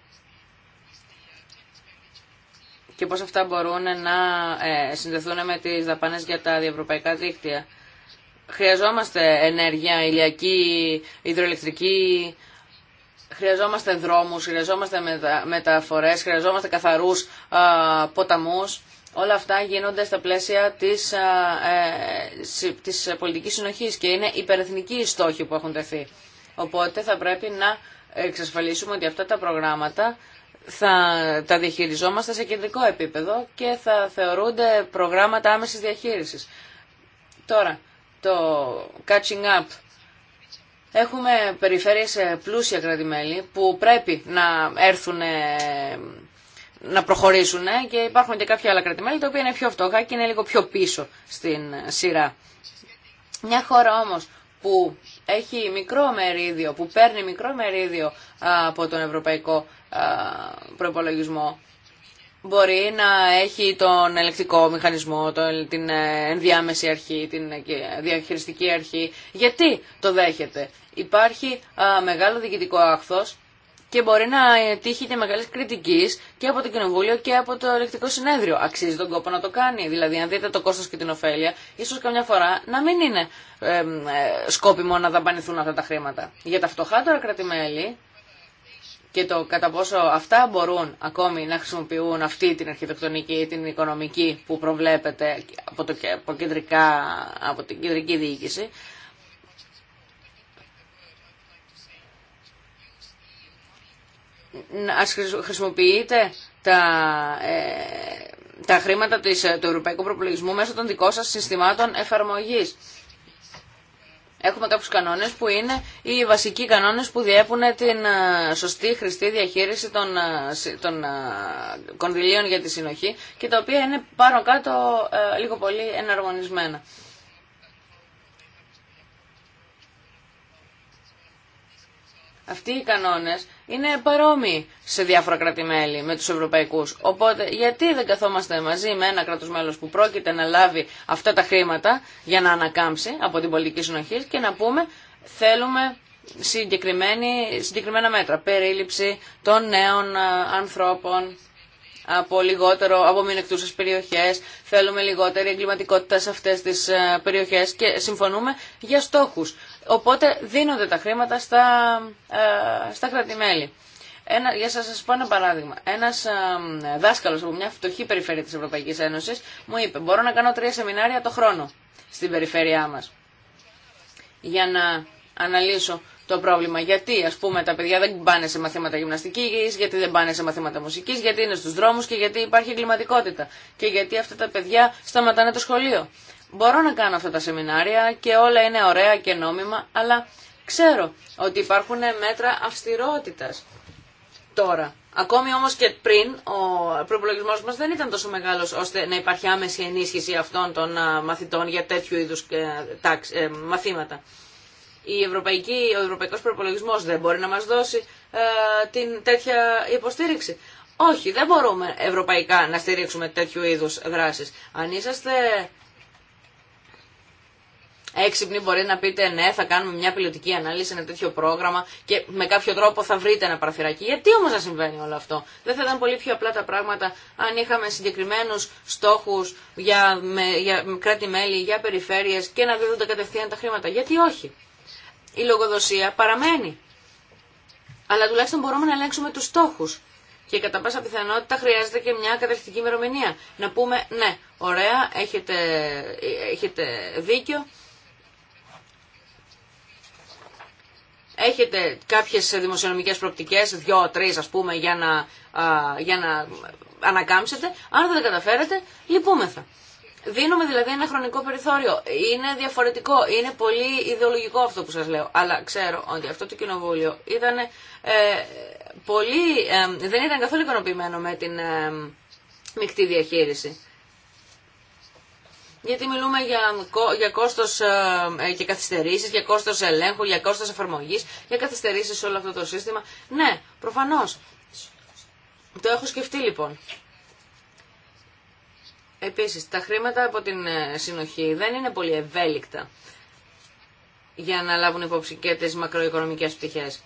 και πώς αυτά μπορούν να συνδεθούν με τις δαπάνες για τα διευρωπαϊκά δίκτυα. Χρειαζόμαστε ενέργεια, ηλιακή, υδροελεκτρική, χρειαζόμαστε δρόμους, χρειαζόμαστε μεταφορές, χρειαζόμαστε καθαρούς ποταμούς. Όλα αυτά γίνονται στα πλαίσια της, ε, της πολιτικής συνοχής και είναι υπερεθνικοί οι στόχοι που έχουν τεθεί. Οπότε θα πρέπει να εξασφαλίσουμε ότι αυτά τα προγράμματα θα τα διαχειριζόμαστε σε κεντρικό επίπεδο και θα θεωρούνται προγράμματα άμεσης διαχείρισης. Τώρα, το catching up. Έχουμε περιφέρειες πλούσια κρατημέλη που πρέπει να έρθουν να προχωρήσουν και υπάρχουν και κάποια άλλα κρατημέλη τα οποία είναι πιο φτωχά και είναι λίγο πιο πίσω στην σειρά. Μια χώρα όμως που έχει μικρό μερίδιο, που παίρνει μικρό μερίδιο από τον ευρωπαϊκό προπολογισμό μπορεί να έχει τον ελεκτικό μηχανισμό, τον, την ε, ενδιάμεση αρχή, την ε, ε, διαχειριστική αρχή. Γιατί το δέχεται. Υπάρχει μεγάλο διοικητικό άχθος και μπορεί να τύχει και μεγάλη κριτική και από το Κοινοβούλιο και από το Ελεκτικό Συνέδριο. Αξίζει τον κόπο να το κάνει. Δηλαδή, αν δείτε το κόστο και την ωφέλεια, ίσω καμιά φορά να μην είναι ε, σκόπιμο να δαπανηθούν αυτά τα χρήματα. Για τα φτωχά τώρα κρατημέλη, και το κατά πόσο αυτά μπορούν ακόμη να χρησιμοποιούν αυτή την αρχιτεκτονική ή την οικονομική που προβλέπεται από, το, κεντρικά, από την κεντρική διοίκηση. Να χρησιμοποιείτε τα, ε, τα χρήματα της, ε, του ευρωπαϊκού προπολογισμού μέσω των δικών σας συστημάτων εφαρμογής. Έχουμε κάποιου κανόνες που είναι οι βασικοί κανόνες που διέπουν την ε, σωστή χρηστή διαχείριση των, ε, των ε, κονδυλίων για τη συνοχή και τα οποία είναι πάνω κάτω λίγο πολύ εναρμονισμένα. αυτοί οι κανόνες είναι παρόμοιοι σε διάφορα κράτη-μέλη με τους Ευρωπαϊκού. Οπότε γιατί δεν καθόμαστε μαζί με ένα κράτος μέλος που πρόκειται να λάβει αυτά τα χρήματα για να ανακάμψει από την πολιτική συνοχή και να πούμε θέλουμε συγκεκριμένα μέτρα, περίληψη των νέων ε, ανθρώπων, από, λιγότερο, από θέλουμε λιγότερη εγκληματικότητα σε αυτέ τι ε, περιοχέ και συμφωνούμε για στόχου. Οπότε δίνονται τα χρήματα στα, ε, στα κρατημέλη. Ένα, για να σας πω ένα παράδειγμα. Ένας ε, δάσκαλος από μια φτωχή περιφέρεια της Ευρωπαϊκής Ένωσης μου είπε «Μπορώ να κάνω τρία σεμινάρια το χρόνο στην περιφέρειά μας για να αναλύσω το πρόβλημα. Γιατί, α πούμε, τα παιδιά δεν πάνε σε μαθήματα γυμναστική, γιατί δεν πάνε σε μαθήματα μουσική, γιατί είναι στου δρόμου και γιατί υπάρχει εγκληματικότητα. Και γιατί αυτά τα παιδιά σταματάνε το σχολείο μπορώ να κάνω αυτά τα σεμινάρια και όλα είναι ωραία και νόμιμα, αλλά ξέρω ότι υπάρχουν μέτρα αυστηρότητας τώρα. Ακόμη όμως και πριν ο προπολογισμό μας δεν ήταν τόσο μεγάλος ώστε να υπάρχει άμεση ενίσχυση αυτών των μαθητών για τέτοιου είδους ε, ε, μαθήματα. Η Ευρωπαϊκή, ο Ευρωπαϊκός προπολογισμό δεν μπορεί να μας δώσει ε, την, τέτοια υποστήριξη. Όχι, δεν μπορούμε ευρωπαϊκά να στηρίξουμε τέτοιου είδους δράσεις. Αν είσαστε έξυπνοι μπορεί να πείτε ναι θα κάνουμε μια πιλωτική ανάλυση, ένα τέτοιο πρόγραμμα και με κάποιο τρόπο θα βρείτε ένα παραθυράκι. Γιατί όμω να συμβαίνει όλο αυτό. Δεν θα ήταν πολύ πιο απλά τα πράγματα αν είχαμε συγκεκριμένου στόχου για, για κράτη-μέλη, για περιφέρειες και να δίδονται κατευθείαν τα χρήματα. Γιατί όχι. Η λογοδοσία παραμένει. Αλλά τουλάχιστον μπορούμε να ελέγξουμε του στόχου. Και κατά πάσα πιθανότητα χρειάζεται και μια καταρχητική ημερομηνία. Να πούμε, ναι, ωραία, έχετε, έχετε δίκιο, έχετε κάποιες δημοσιονομικές προπτικές, δύο-τρεις ας πούμε, για να, για να ανακάμψετε. Αν δεν τα καταφέρετε, λυπούμεθα. Δίνουμε δηλαδή ένα χρονικό περιθώριο. Είναι διαφορετικό, είναι πολύ ιδεολογικό αυτό που σας λέω. Αλλά ξέρω ότι αυτό το κοινοβούλιο ήταν ε, πολύ, ε, δεν ήταν καθόλου ικανοποιημένο με την ε, μεικτή διαχείριση. Γιατί μιλούμε για, για κόστος ε, ε, και καθυστερήσεις, για κόστος ελέγχου, για κόστος εφαρμογή για καθυστερήσει σε όλο αυτό το σύστημα. Ναι, προφανώς. Το έχω σκεφτεί λοιπόν. Επίσης, τα χρήματα από την ε, συνοχή δεν είναι πολύ ευέλικτα για να λάβουν υπόψη και τι μακροοικονομικές πτυχές.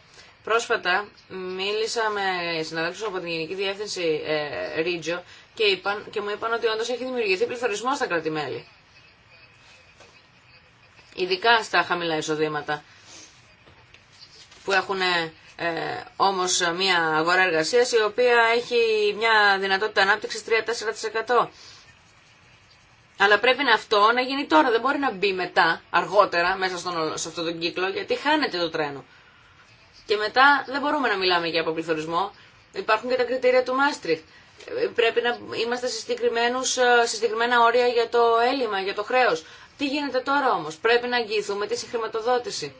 Πρόσφατα μίλησα με συναδέλφου από την Γενική Διεύθυνση ε, Ρίτζο και, είπαν, και μου είπαν ότι όντω έχει δημιουργηθεί πληθωρισμό στα κρατημέλη. Ειδικά στα χαμηλά εισοδήματα που έχουν ε, όμως μια αγορά εργασίας η οποία έχει μια δυνατότητα ανάπτυξης 3-4%. Αλλά πρέπει να αυτό να γίνει τώρα, δεν μπορεί να μπει μετά, αργότερα, μέσα στον, σε αυτόν τον κύκλο, γιατί χάνεται το τρένο. Και μετά δεν μπορούμε να μιλάμε για αποπληθωρισμό. Υπάρχουν και τα κριτήρια του Μάστριχτ πρέπει να είμαστε σε, ε, σε συγκεκριμένα όρια για το έλλειμμα, για το χρέος. Τι γίνεται τώρα όμως, πρέπει να αγγίθουμε τη συγχρηματοδότηση.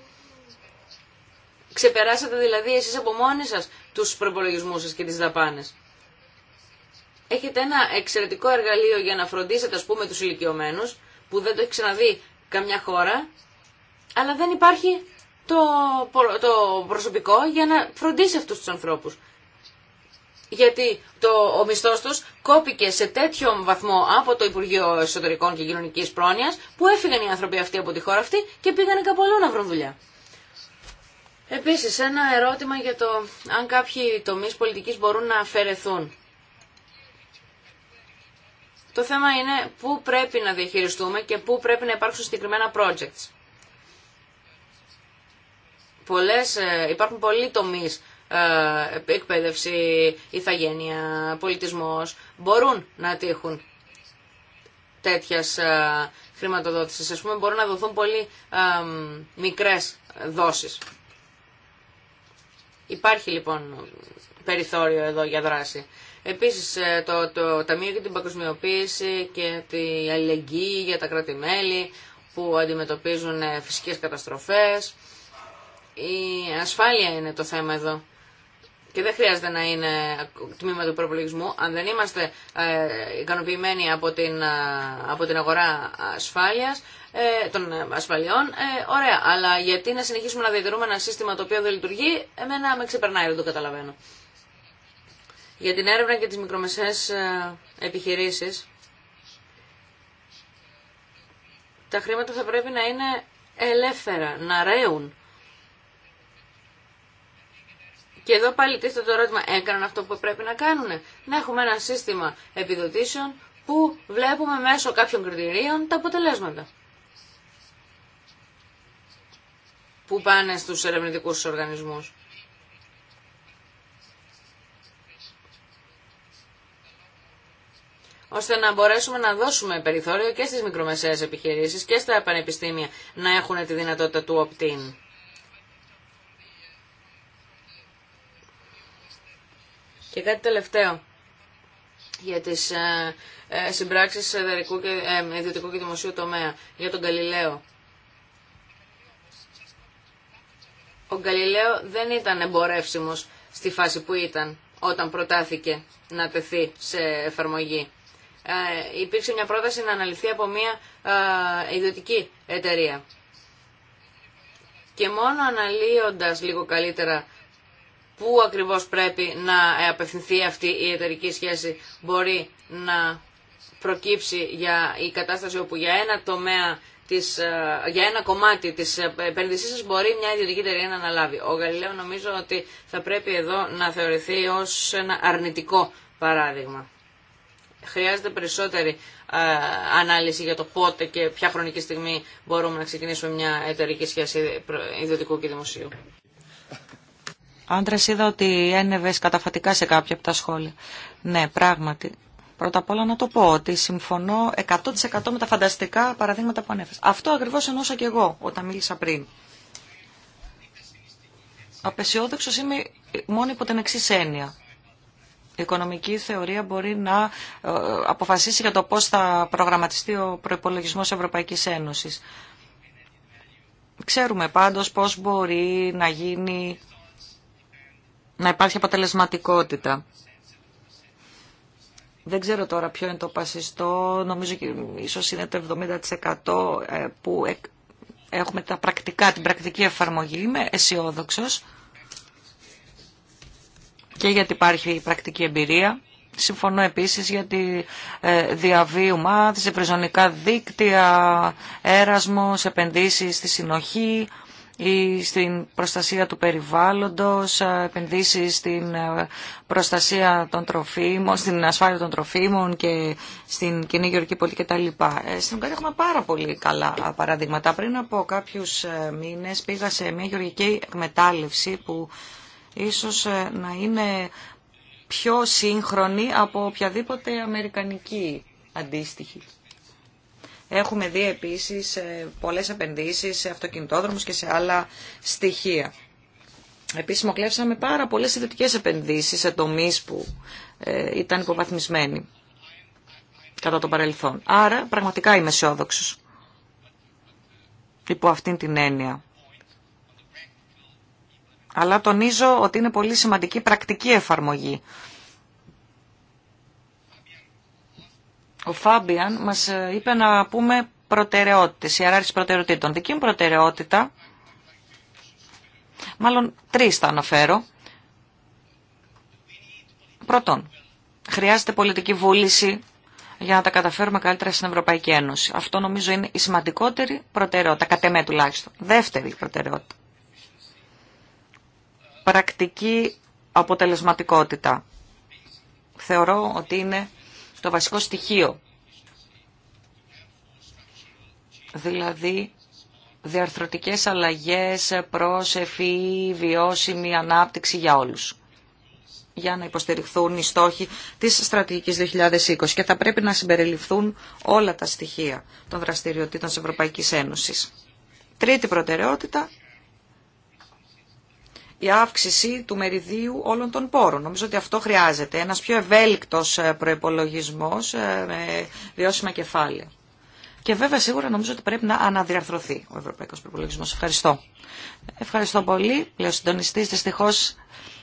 Ξεπεράσατε δηλαδή εσείς από μόνοι σας τους προπολογισμού σας και τις δαπάνες. Έχετε ένα εξαιρετικό εργαλείο για να φροντίσετε ας πούμε τους ηλικιωμένους που δεν το έχει ξαναδεί καμιά χώρα αλλά δεν υπάρχει το, το προσωπικό για να φροντίσει αυτούς τους ανθρώπους γιατί το, ο μισθό του κόπηκε σε τέτοιο βαθμό από το Υπουργείο Εσωτερικών και Κοινωνική Πρόνοια που έφυγαν οι άνθρωποι αυτοί από τη χώρα αυτή και πήγανε κάπου αλλού να βρουν δουλειά. Επίση, ένα ερώτημα για το αν κάποιοι τομεί πολιτική μπορούν να αφαιρεθούν. Το θέμα είναι πού πρέπει να διαχειριστούμε και πού πρέπει να υπάρξουν συγκεκριμένα projects. Πολλές, ε, υπάρχουν πολλοί τομείς ε, εκπαίδευση, ηθαγένεια, πολιτισμός μπορούν να τύχουν τέτοιας ε, χρηματοδότησης. Ας πούμε μπορούν να δοθούν πολύ ε, μικρές δόσεις. Υπάρχει λοιπόν περιθώριο εδώ για δράση. Επίσης το, το Ταμείο για την Παγκοσμιοποίηση και τη αλληλεγγύη για τα κρατη που αντιμετωπίζουν φυσικές καταστροφές. Η ασφάλεια είναι το θέμα εδώ και δεν χρειάζεται να είναι τμήμα του προπολογισμού. Αν δεν είμαστε ε, ικανοποιημένοι από την, ε, από την αγορά ασφάλειας, ε, των ασφαλιών, ωραία. Αλλά γιατί να συνεχίσουμε να διατηρούμε ένα σύστημα το οποίο δεν λειτουργεί, εμένα με ξεπερνάει, δεν το καταλαβαίνω. Για την έρευνα και τις μικρομεσαίες επιχειρήσεις, τα χρήματα θα πρέπει να είναι ελεύθερα, να ρέουν. Και εδώ πάλι τίθεται το ερώτημα, έκαναν αυτό που πρέπει να κάνουν. Να έχουμε ένα σύστημα επιδοτήσεων που βλέπουμε μέσω κάποιων κριτηρίων τα αποτελέσματα. Που πάνε στους ερευνητικούς οργανισμούς. ώστε να μπορέσουμε να δώσουμε περιθώριο και στις μικρομεσαίες επιχειρήσεις και στα πανεπιστήμια να έχουν τη δυνατότητα του opt-in. Και κάτι τελευταίο για τις ε, ε συμπράξεις ιδιωτικού και, ε, και δημοσίου τομέα, για τον Γαλιλαίο. Ο Γαλιλαίο δεν ήταν εμπορεύσιμος στη φάση που ήταν όταν προτάθηκε να τεθεί σε εφαρμογή. Ε, υπήρξε μια πρόταση να αναλυθεί από μια ε, ιδιωτική εταιρεία. Και μόνο αναλύοντας λίγο καλύτερα πού ακριβώς πρέπει να απευθυνθεί αυτή η εταιρική σχέση μπορεί να προκύψει για η κατάσταση όπου για ένα τομέα της, ε, για ένα κομμάτι της επένδυσής σας μπορεί μια ιδιωτική εταιρεία να αναλάβει. Ο Γαλιλαίο νομίζω ότι θα πρέπει εδώ να θεωρηθεί ως ένα αρνητικό παράδειγμα. Χρειάζεται περισσότερη ε, ανάλυση για το πότε και ποια χρονική στιγμή μπορούμε να ξεκινήσουμε μια εταιρική σχέση ιδιωτικού και δημοσίου. Άντρες είδα ότι ένευε καταφατικά σε κάποια από τα σχόλια. Ναι, πράγματι. Πρώτα απ' όλα να το πω ότι συμφωνώ 100% με τα φανταστικά παραδείγματα που ανέφερε. Αυτό ακριβώ ενώσα και εγώ όταν μίλησα πριν. Απεσιόδοξος είμαι μόνο υπό την εξή έννοια. Η οικονομική θεωρία μπορεί να ε, αποφασίσει για το πώ θα προγραμματιστεί ο προπολογισμό Ευρωπαϊκή Ένωση. Ξέρουμε πάντως πώς μπορεί να γίνει να υπάρχει αποτελεσματικότητα. Δεν ξέρω τώρα ποιο είναι το πασιστό, νομίζω ίσως είναι το 70% ε, που έχουμε τα πρακτικά, την πρακτική εφαρμογή. Είμαι αισιόδοξο και γιατί υπάρχει η πρακτική εμπειρία. Συμφωνώ επίσης για τη ε, διαβίου μάθηση, δίκτία δίκτυα, έρασμος, επενδύσεις στη συνοχή, ή στην προστασία του περιβάλλοντος, ε, επενδύσεις στην ε, προστασία των τροφίμων, στην ασφάλεια των τροφίμων και στην κοινή γεωργική πολιτική κτλ. Ε, στην Ουγγαρία έχουμε πάρα πολύ καλά παραδείγματα. Πριν από κάποιους μήνες πήγα σε μια γεωργική εκμετάλλευση που ίσως να είναι πιο σύγχρονη από οποιαδήποτε αμερικανική αντίστοιχη. Έχουμε δει επίσης ε, πολλές επενδύσεις σε αυτοκινητόδρομους και σε άλλα στοιχεία. Επίσης μοκλέψαμε πάρα πολλές ιδιωτικές επενδύσεις σε τομείς που ε, ήταν υποβαθμισμένοι κατά το παρελθόν. Άρα πραγματικά είμαι αισιόδοξο. υπό αυτήν την έννοια. Αλλά τονίζω ότι είναι πολύ σημαντική πρακτική εφαρμογή ο Φάμπιαν μας ε, είπε να πούμε προτεραιότητες, ιεράρχηση προτεραιοτήτων. Δική μου προτεραιότητα, μάλλον τρεις θα αναφέρω. Πρώτον, χρειάζεται πολιτική βούληση για να τα καταφέρουμε καλύτερα στην Ευρωπαϊκή Ένωση. Αυτό νομίζω είναι η σημαντικότερη προτεραιότητα, κατ' εμέ τουλάχιστον. Δεύτερη προτεραιότητα. Πρακτική αποτελεσματικότητα. Θεωρώ ότι είναι το βασικό στοιχείο. Δηλαδή, διαρθρωτικές αλλαγές προς ευφυή, βιώσιμη ανάπτυξη για όλους για να υποστηριχθούν οι στόχοι της στρατηγικής 2020 και θα πρέπει να συμπεριληφθούν όλα τα στοιχεία των δραστηριοτήτων της Ευρωπαϊκής Ένωσης. Τρίτη προτεραιότητα, η αύξηση του μεριδίου όλων των πόρων. Νομίζω ότι αυτό χρειάζεται. Ένας πιο ευέλικτος ε, προϋπολογισμός ε, με βιώσιμα κεφάλαια. Και βέβαια σίγουρα νομίζω ότι πρέπει να αναδιαρθρωθεί ο Ευρωπαϊκός Προϋπολογισμός. Ευχαριστώ. Ευχαριστώ πολύ. Λέω συντονιστής, δυστυχώς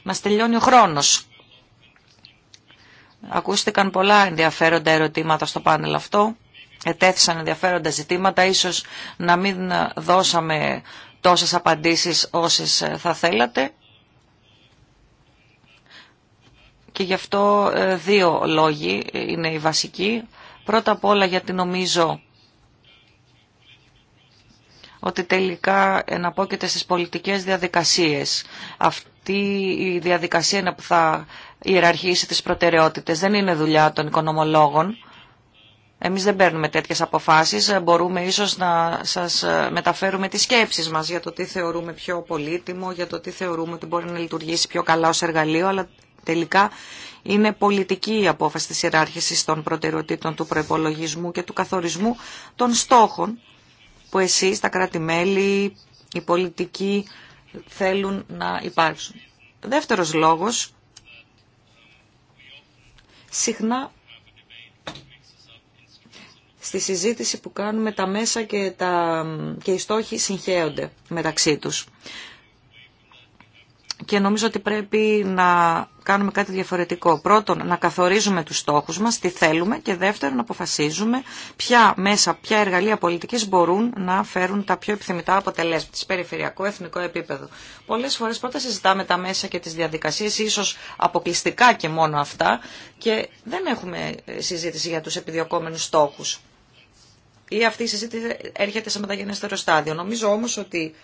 μας τελειώνει ο χρόνος. Ακούστηκαν πολλά ενδιαφέροντα ερωτήματα στο πάνελ αυτό. Ετέθησαν ενδιαφέροντα ζητήματα. Ίσως να μην δώσαμε τόσες απαντήσεις όσες ε, θα θέλατε. Και γι' αυτό ε, δύο λόγοι ε, είναι οι βασικοί. Πρώτα απ' όλα γιατί νομίζω ότι τελικά εναπόκειται στις πολιτικές διαδικασίες. Αυτή η διαδικασία είναι που θα ιεραρχήσει τις προτεραιότητες. Δεν είναι δουλειά των οικονομολόγων. Εμείς δεν παίρνουμε τέτοιες αποφάσεις, μπορούμε ίσως να σας ε, μεταφέρουμε τις σκέψεις μας για το τι θεωρούμε πιο πολύτιμο, για το τι θεωρούμε ότι μπορεί να λειτουργήσει πιο καλά ως εργαλείο, αλλά τελικά είναι πολιτική η απόφαση της ιεράρχησης των προτεραιοτήτων του προπολογισμού και του καθορισμού των στόχων που εσείς, τα κράτη-μέλη, οι πολιτικοί θέλουν να υπάρξουν. Δεύτερος λόγος, συχνά στη συζήτηση που κάνουμε τα μέσα και, τα, και οι στόχοι συγχέονται μεταξύ τους. Και νομίζω ότι πρέπει να κάνουμε κάτι διαφορετικό. Πρώτον, να καθορίζουμε τους στόχους μας, τι θέλουμε και δεύτερον, να αποφασίζουμε ποια μέσα, ποια εργαλεία πολιτικής μπορούν να φέρουν τα πιο επιθυμητά αποτελέσματα σε περιφερειακό, εθνικό επίπεδο. Πολλές φορές πρώτα συζητάμε τα μέσα και τις διαδικασίες, ίσως αποκλειστικά και μόνο αυτά και δεν έχουμε συζήτηση για τους επιδιωκόμενους στόχους ή αυτή η συζήτηση έρχεται σε μεταγενέστερο στάδιο. Νομίζω όμως ότι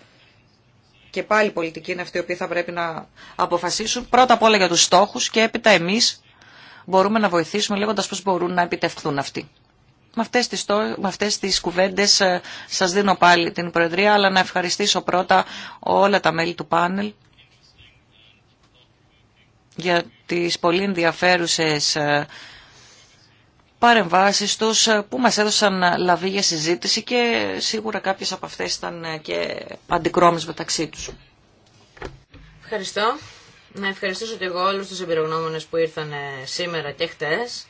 και πάλι οι πολιτικοί είναι αυτοί οι οποίοι θα πρέπει να αποφασίσουν πρώτα απ' όλα για του στόχους και έπειτα εμείς μπορούμε να βοηθήσουμε λέγοντα πώ μπορούν να επιτευχθούν αυτοί. Με αυτές, τις, κουβέντε σα ε, σας δίνω πάλι την Προεδρία, αλλά να ευχαριστήσω πρώτα όλα τα μέλη του πάνελ για τις πολύ ενδιαφέρουσες ε, παρεμβάσεις τους ε, που μας έδωσαν ε, λαβή για συζήτηση και σίγουρα κάποιες από αυτές ήταν ε, και αντικρόμες μεταξύ τους. Ευχαριστώ. Να ευχαριστήσω και εγώ όλους τους εμπειρογνώμονες που ήρθαν σήμερα και χτες.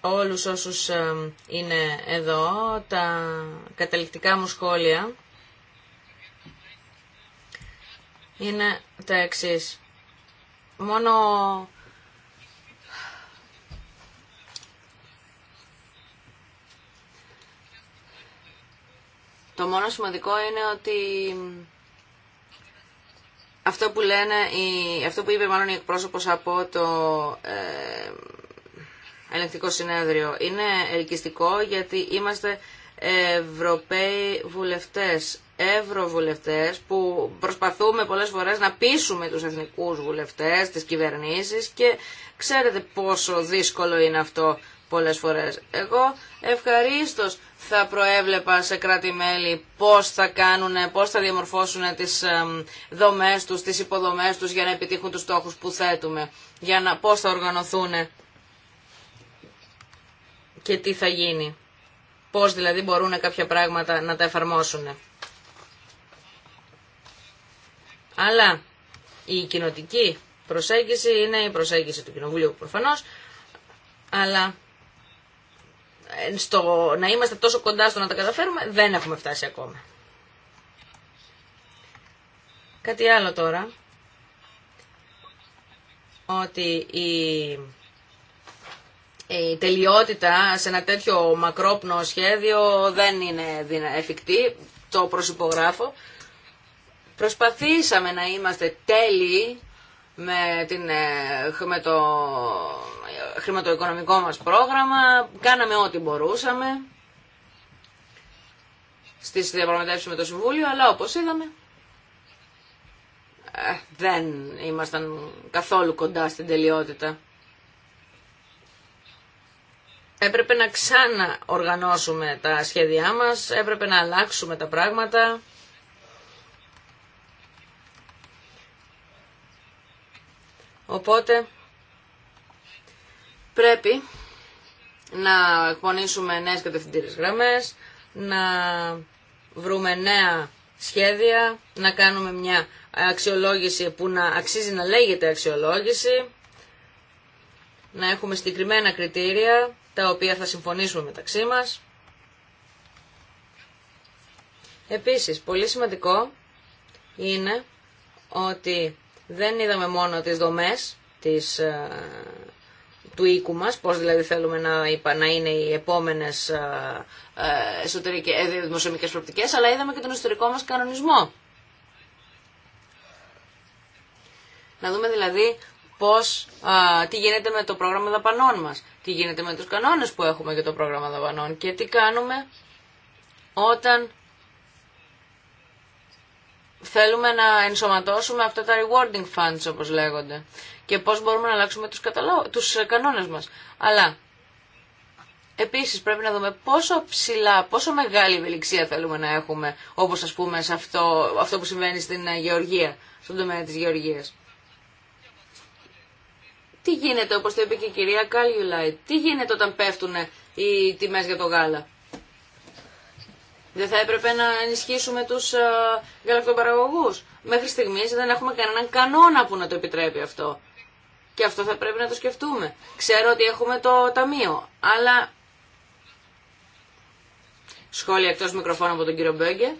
Όλους όσους είναι εδώ, τα καταληκτικά μου σχόλια είναι τα εξής. Μόνο Το μόνο σημαντικό είναι ότι αυτό που, λένε, αυτό που είπε μάλλον η εκπρόσωπος από το ε, συνέδριο είναι ελκυστικό γιατί είμαστε Ευρωπαίοι βουλευτές, ευρωβουλευτές που προσπαθούμε πολλές φορές να πείσουμε τους εθνικούς βουλευτές, τις κυβερνήσεις και ξέρετε πόσο δύσκολο είναι αυτό πολλές φορές. Εγώ ευχαρίστως θα προέβλεπα σε κράτη-μέλη πώς θα κάνουν, πώς θα διαμορφώσουν τις δομές τους, τις υποδομές τους για να επιτύχουν τους στόχους που θέτουμε, για να, πώς θα οργανωθούν και τι θα γίνει. Πώς δηλαδή μπορούν κάποια πράγματα να τα εφαρμόσουν. Αλλά η κοινοτική προσέγγιση είναι η προσέγγιση του Κοινοβουλίου προφανώς, αλλά ε, στο να είμαστε τόσο κοντά στο να τα καταφέρουμε, δεν έχουμε φτάσει ακόμα. Κάτι άλλο τώρα, ότι η, η τελειότητα σε ένα τέτοιο μακρόπνο σχέδιο δεν είναι εφικτή, το προσυπογράφω. Προσπαθήσαμε να είμαστε τέλειοι με, την, ε, με το χρηματοοικονομικό μας πρόγραμμα, κάναμε ό,τι μπορούσαμε στις διαπραγματεύσεις με το Συμβούλιο, αλλά όπως είδαμε ε, δεν ήμασταν καθόλου κοντά στην τελειότητα. Έπρεπε να ξαναοργανώσουμε τα σχέδιά μας, έπρεπε να αλλάξουμε τα πράγματα. Οπότε Πρέπει να εκπονήσουμε νέε κατευθυντήρε γραμμές, να βρούμε νέα σχέδια, να κάνουμε μια αξιολόγηση που να αξίζει να λέγεται αξιολόγηση, να έχουμε συγκεκριμένα κριτήρια τα οποία θα συμφωνήσουμε μεταξύ μας. Επίσης, πολύ σημαντικό είναι ότι δεν είδαμε μόνο τις δομές της ε, του οίκου μας, πώς δηλαδή θέλουμε να, είπα, να είναι οι επόμενες ε, ε, εσωτερικές, ε, δημοσιομικές προοπτικές, αλλά είδαμε και τον ιστορικό μας κανονισμό. Να δούμε δηλαδή πώς, τι γίνεται με το πρόγραμμα δαπανών μας, τι γίνεται με τους κανόνες που έχουμε για το πρόγραμμα δαπανών και τι κάνουμε όταν θέλουμε να ενσωματώσουμε αυτά τα rewarding funds όπως λέγονται και πώς μπορούμε να αλλάξουμε τους, καταλό... τους ε, κανόνες μας. Αλλά επίσης πρέπει να δούμε πόσο ψηλά, πόσο μεγάλη ευελιξία θέλουμε να έχουμε, όπως ας πούμε σε αυτό, αυτό που συμβαίνει στην ε, Γεωργία, στον τομέα της Γεωργίας. Τι γίνεται, όπως το είπε και η κυρία Λάιτ, τι γίνεται όταν πέφτουν οι τιμές για το γάλα. Δεν θα έπρεπε να ενισχύσουμε τους ε, γαλακτοπαραγωγούς. Μέχρι στιγμής δεν έχουμε κανέναν κανόνα που να το επιτρέπει αυτό. Και αυτό θα πρέπει να το σκεφτούμε. Ξέρω ότι έχουμε το ταμείο, αλλά... Σχόλια εκτός μικροφώνου από τον κύριο Μπέγκε.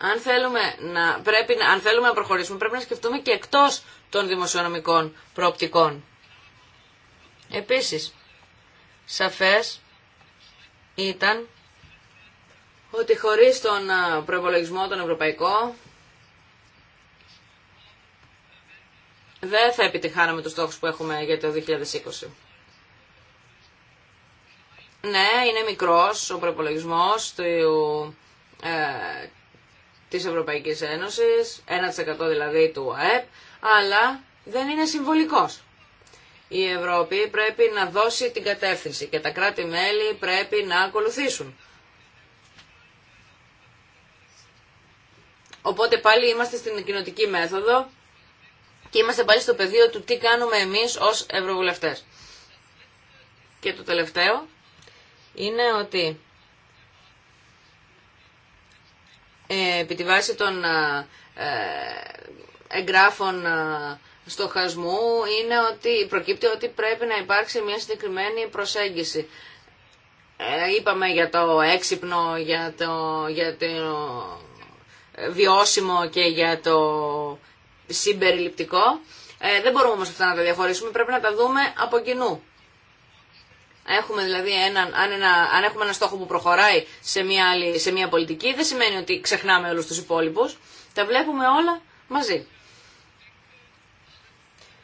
αν θέλουμε να, πρέπει, αν θέλουμε να προχωρήσουμε, πρέπει να σκεφτούμε και εκτός των δημοσιονομικών προοπτικών. Επίσης, σαφές ήταν ότι χωρίς τον προπολογισμό τον ευρωπαϊκό δεν θα επιτυχάναμε τους στόχους που έχουμε για το 2020. Ναι, είναι μικρός ο προπολογισμό του, ε, της Ευρωπαϊκής Ένωσης, 1% δηλαδή του ΑΕΠ, αλλά δεν είναι συμβολικός. Η Ευρώπη πρέπει να δώσει την κατεύθυνση και τα κράτη-μέλη πρέπει να ακολουθήσουν. Οπότε πάλι είμαστε στην κοινοτική μέθοδο και είμαστε πάλι στο πεδίο του τι κάνουμε εμείς ως ευρωβουλευτές. Και το τελευταίο είναι ότι ε, επί τη βάση των ε, ε, εγγράφων στοχασμού είναι ότι προκύπτει ότι πρέπει να υπάρξει μια συγκεκριμένη προσέγγιση. είπαμε για το έξυπνο, για, το, για, το, βιώσιμο και για το συμπεριληπτικό. Ε, δεν μπορούμε όμως αυτά να τα διαχωρίσουμε, πρέπει να τα δούμε από κοινού. Έχουμε δηλαδή έναν, αν, ένα, αν έχουμε ένα στόχο που προχωράει σε μια, άλλη, σε μια πολιτική, δεν σημαίνει ότι ξεχνάμε όλους τους υπόλοιπους. Τα βλέπουμε όλα μαζί.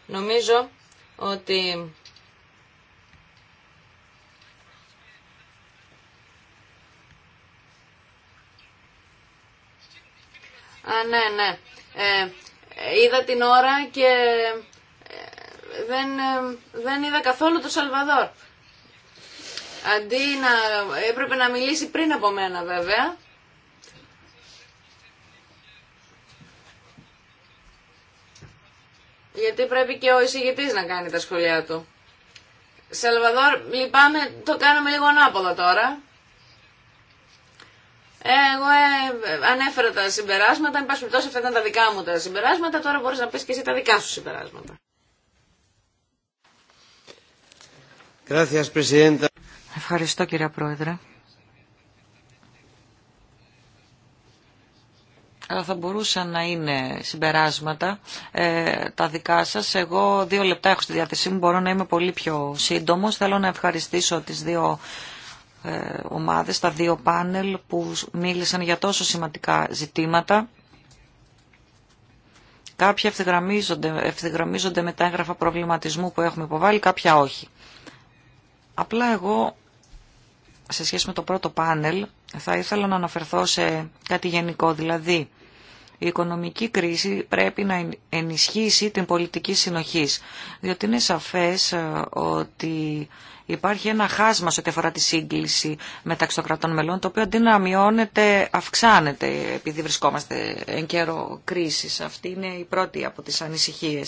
Νομίζω ότι Α, ναι, ναι. Ε, είδα την ώρα και ε, δεν, ε, δεν είδα καθόλου το Σαλβαδόρ. Αντί να... έπρεπε να μιλήσει πριν από μένα βέβαια. Γιατί πρέπει και ο εισηγητής να κάνει τα σχολιά του. Σαλβαδόρ, λυπάμαι, το κάνουμε λίγο ανάποδα τώρα. Ε, εγώ ε, ανέφερα τα συμπεράσματα, εν πάση περιπτώσει αυτά ήταν τα δικά μου τα συμπεράσματα, τώρα μπορείς να πεις και εσύ τα δικά σου συμπεράσματα. Ευχαριστώ κυρία Πρόεδρε. αλλά θα μπορούσαν να είναι συμπεράσματα ε, τα δικά σας. Εγώ δύο λεπτά έχω στη διάθεσή μου, μπορώ να είμαι πολύ πιο σύντομος. Θέλω να ευχαριστήσω τις δύο ε, ομάδες, τα δύο πάνελ που μίλησαν για τόσο σημαντικά ζητήματα. Κάποια ευθυγραμμίζονται, ευθυγραμμίζονται με τα έγγραφα προβληματισμού που έχουμε υποβάλει, κάποια όχι. Απλά εγώ, σε σχέση με το πρώτο πάνελ, θα ήθελα να αναφερθώ σε κάτι γενικό, δηλαδή η οικονομική κρίση πρέπει να ενισχύσει την πολιτική συνοχής, διότι είναι σαφές ε, ότι Υπάρχει ένα χάσμα σε ό,τι αφορά τη σύγκληση μεταξύ των κρατών μελών, το οποίο αντί να μειώνεται, αυξάνεται, επειδή βρισκόμαστε εν καιρό Αυτή είναι η πρώτη από τις ανησυχίε.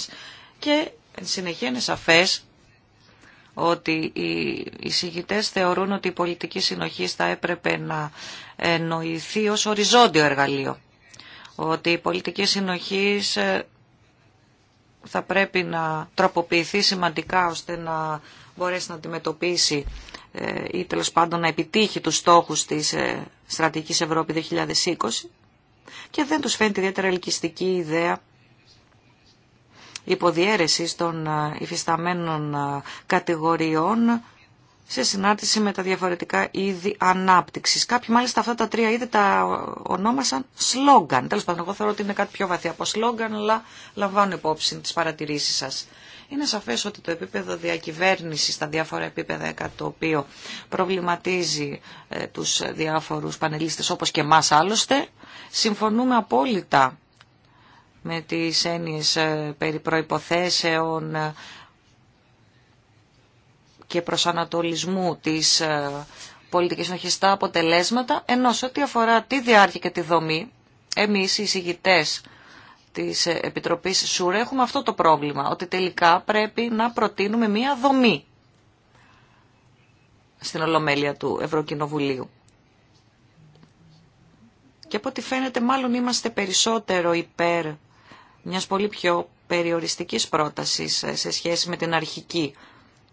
Και εν συνεχεία είναι ότι οι εισηγητέ θεωρούν ότι η πολιτική συνοχή θα έπρεπε να εννοηθεί ως οριζόντιο εργαλείο. Ότι η πολιτική συνοχή ε, θα πρέπει να τροποποιηθεί σημαντικά ώστε να μπορέσει να αντιμετωπίσει ε, ή τέλος πάντων να επιτύχει τους στόχους της ε, στρατηγικής Ευρώπη 2020 και δεν τους φαίνεται ιδιαίτερα ελκυστική ιδέα υποδιέρεσης των ε, υφισταμένων κατηγοριών σε συνάρτηση με τα διαφορετικά είδη ανάπτυξη. Κάποιοι μάλιστα αυτά τα τρία είδη τα ονόμασαν σλόγγαν. Τέλο πάντων, εγώ θεωρώ ότι είναι κάτι πιο βαθύ από σλόγγαν, αλλά λαμβάνω υπόψη τι παρατηρήσει σα. Είναι σαφές ότι το επίπεδο διακυβέρνησης στα διάφορα επίπεδα το οποίο προβληματίζει ε, τους διάφορους πανελίστες όπως και εμάς άλλωστε. Συμφωνούμε απόλυτα με τις έννοιες ε, περί προϋποθέσεων ε, και προσανατολισμού της πολιτικής συνοχής αποτελέσματα, ενώ σε ό,τι αφορά τη διάρκεια και τη δομή, εμείς οι εισηγητές της Επιτροπής ΣΟΥΡ έχουμε αυτό το πρόβλημα, ότι τελικά πρέπει να προτείνουμε μία δομή στην Ολομέλεια του Ευρωκοινοβουλίου. Και από ό,τι φαίνεται μάλλον είμαστε περισσότερο υπέρ μιας πολύ πιο περιοριστικής πρότασης σε σχέση με την αρχική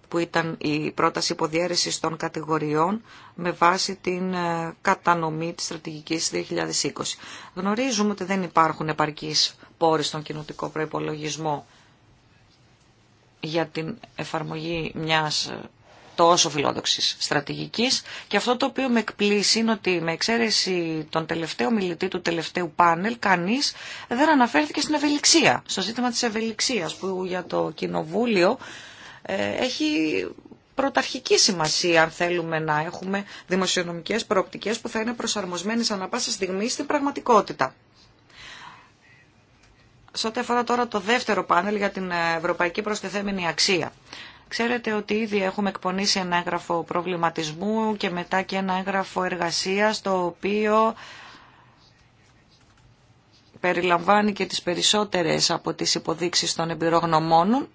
που ήταν η πρόταση υποδιέρεσης των κατηγοριών με βάση την ε, κατανομή της στρατηγικής 2020. Γνωρίζουμε ότι δεν υπάρχουν επαρκείς πόρη στον κοινωτικό προϋπολογισμό για την εφαρμογή μιας τόσο φιλόδοξης στρατηγικής και αυτό το οποίο με εκπλήσει είναι ότι με εξαίρεση τον τελευταίο μιλητή του τελευταίου πάνελ κανείς δεν αναφέρθηκε στην ευελιξία, στο ζήτημα της ευελιξίας που για το κοινοβούλιο ε, έχει πρωταρχική σημασία αν θέλουμε να έχουμε δημοσιονομικές προοπτικές που θα είναι προσαρμοσμένες ανα πάσα στιγμή στην πραγματικότητα. Σε ό,τι αφορά τώρα το δεύτερο πάνελ για την ευρωπαϊκή προστεθέμενη αξία. Ξέρετε ότι ήδη έχουμε εκπονήσει ένα έγγραφο προβληματισμού και μετά και ένα έγγραφο εργασίας το οποίο περιλαμβάνει και τις περισσότερες από τις υποδείξεις των εμπειρογνωμόνων.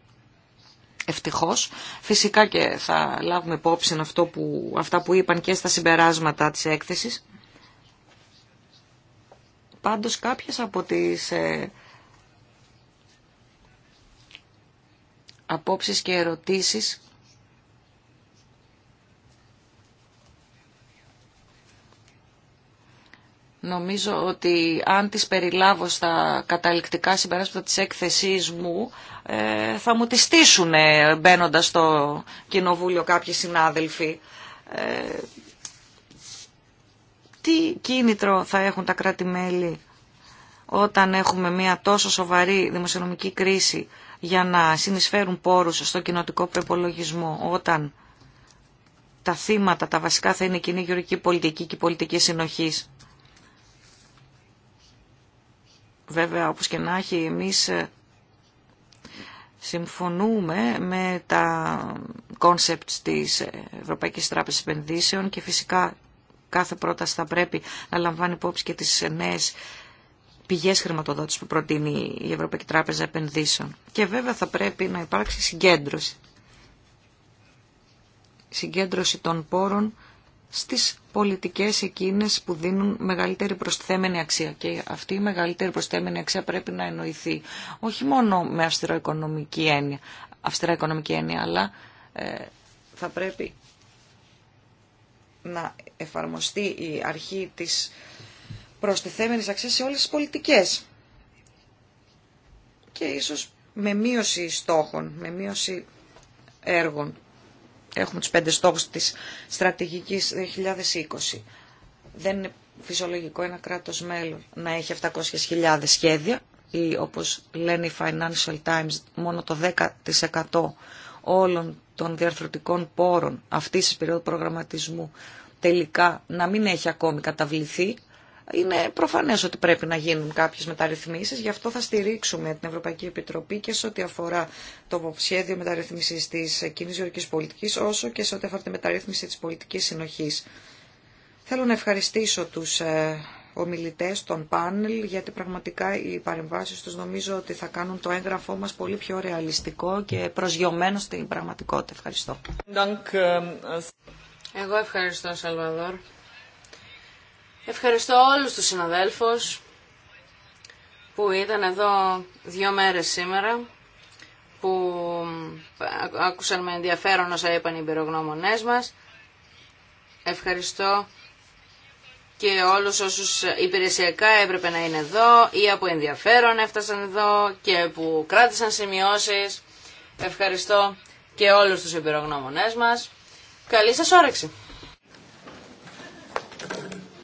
Ευτυχώς. Φυσικά και θα λάβουμε υπόψη αυτό που, αυτά που είπαν και στα συμπεράσματα της έκθεσης. Πάντως κάποιες από τις ε, απόψεις και ερωτήσεις Νομίζω ότι αν τις περιλάβω στα καταληκτικά συμπεράσματα της έκθεσής μου, ε, θα μου τις στήσουν ε, μπαίνοντα στο κοινοβούλιο κάποιοι συνάδελφοι. Ε, τι κίνητρο θα έχουν τα κράτη-μέλη όταν έχουμε μια τόσο σοβαρή δημοσιονομική κρίση για να συνεισφέρουν πόρους στο κοινοτικό προπολογισμό όταν τα θύματα, τα βασικά θα είναι η κοινή γεωργική πολιτική και πολιτική συνοχής. Βέβαια, όπως και να έχει, εμείς ε, συμφωνούμε με τα κόνσεπτ της Ευρωπαϊκής Τράπεζας Επενδύσεων και φυσικά κάθε πρόταση θα πρέπει να λαμβάνει υπόψη και τις νέες πηγές χρηματοδότησης που προτείνει η Ευρωπαϊκή Τράπεζα Επενδύσεων. Και βέβαια θα πρέπει να υπάρξει συγκέντρωση. Συγκέντρωση των πόρων στις πολιτικές εκείνε που δίνουν μεγαλύτερη προσθέμενη αξία. Και αυτή η μεγαλύτερη προσθέμενη αξία πρέπει να εννοηθεί όχι μόνο με αυστηροοικονομική έννοια, αυστηρά οικονομική έννοια, αλλά ε, θα πρέπει να εφαρμοστεί η αρχή της προστιθέμενης αξίας σε όλες τις πολιτικές. Και ίσως με μείωση στόχων, με μείωση έργων. Έχουμε τους πέντε στόχους της στρατηγικής 2020. Δεν είναι φυσιολογικό ένα κράτος μέλλον να έχει 700.000 σχέδια ή όπως λένε οι Financial Times μόνο το 10% όλων των διαρθρωτικών πόρων αυτής της περίοδου προγραμματισμού τελικά να μην έχει ακόμη καταβληθεί είναι προφανέ ότι πρέπει να γίνουν κάποιε μεταρρυθμίσει. γι' αυτό θα στηρίξουμε την Ευρωπαϊκή Επιτροπή και σε ό,τι αφορά το σχέδιο μεταρρύθμιση τη κοινή γεωργική πολιτική όσο και σε ό,τι αφορά τη μεταρρύθμιση τη πολιτική συνοχή. Θέλω να ευχαριστήσω τους ε, ομιλητέ των πάνελ, γιατί πραγματικά οι παρεμβάσει του νομίζω ότι θα κάνουν το έγγραφό μα πολύ πιο ρεαλιστικό και προσγειωμένο στην πραγματικότητα. Ευχαριστώ. Ε, ε, Εγώ ευχαριστώ, Σαλβαδόρ. Ευχαριστώ όλους τους συναδέλφους που ήταν εδώ δύο μέρες σήμερα, που άκουσαν με ενδιαφέρον όσα είπαν οι εμπειρογνώμονές μας. Ευχαριστώ και όλους όσους υπηρεσιακά έπρεπε να είναι εδώ ή από ενδιαφέρον έφτασαν εδώ και που κράτησαν σημειώσεις. Ευχαριστώ και όλους τους εμπειρογνώμονές μας. Καλή σας όρεξη!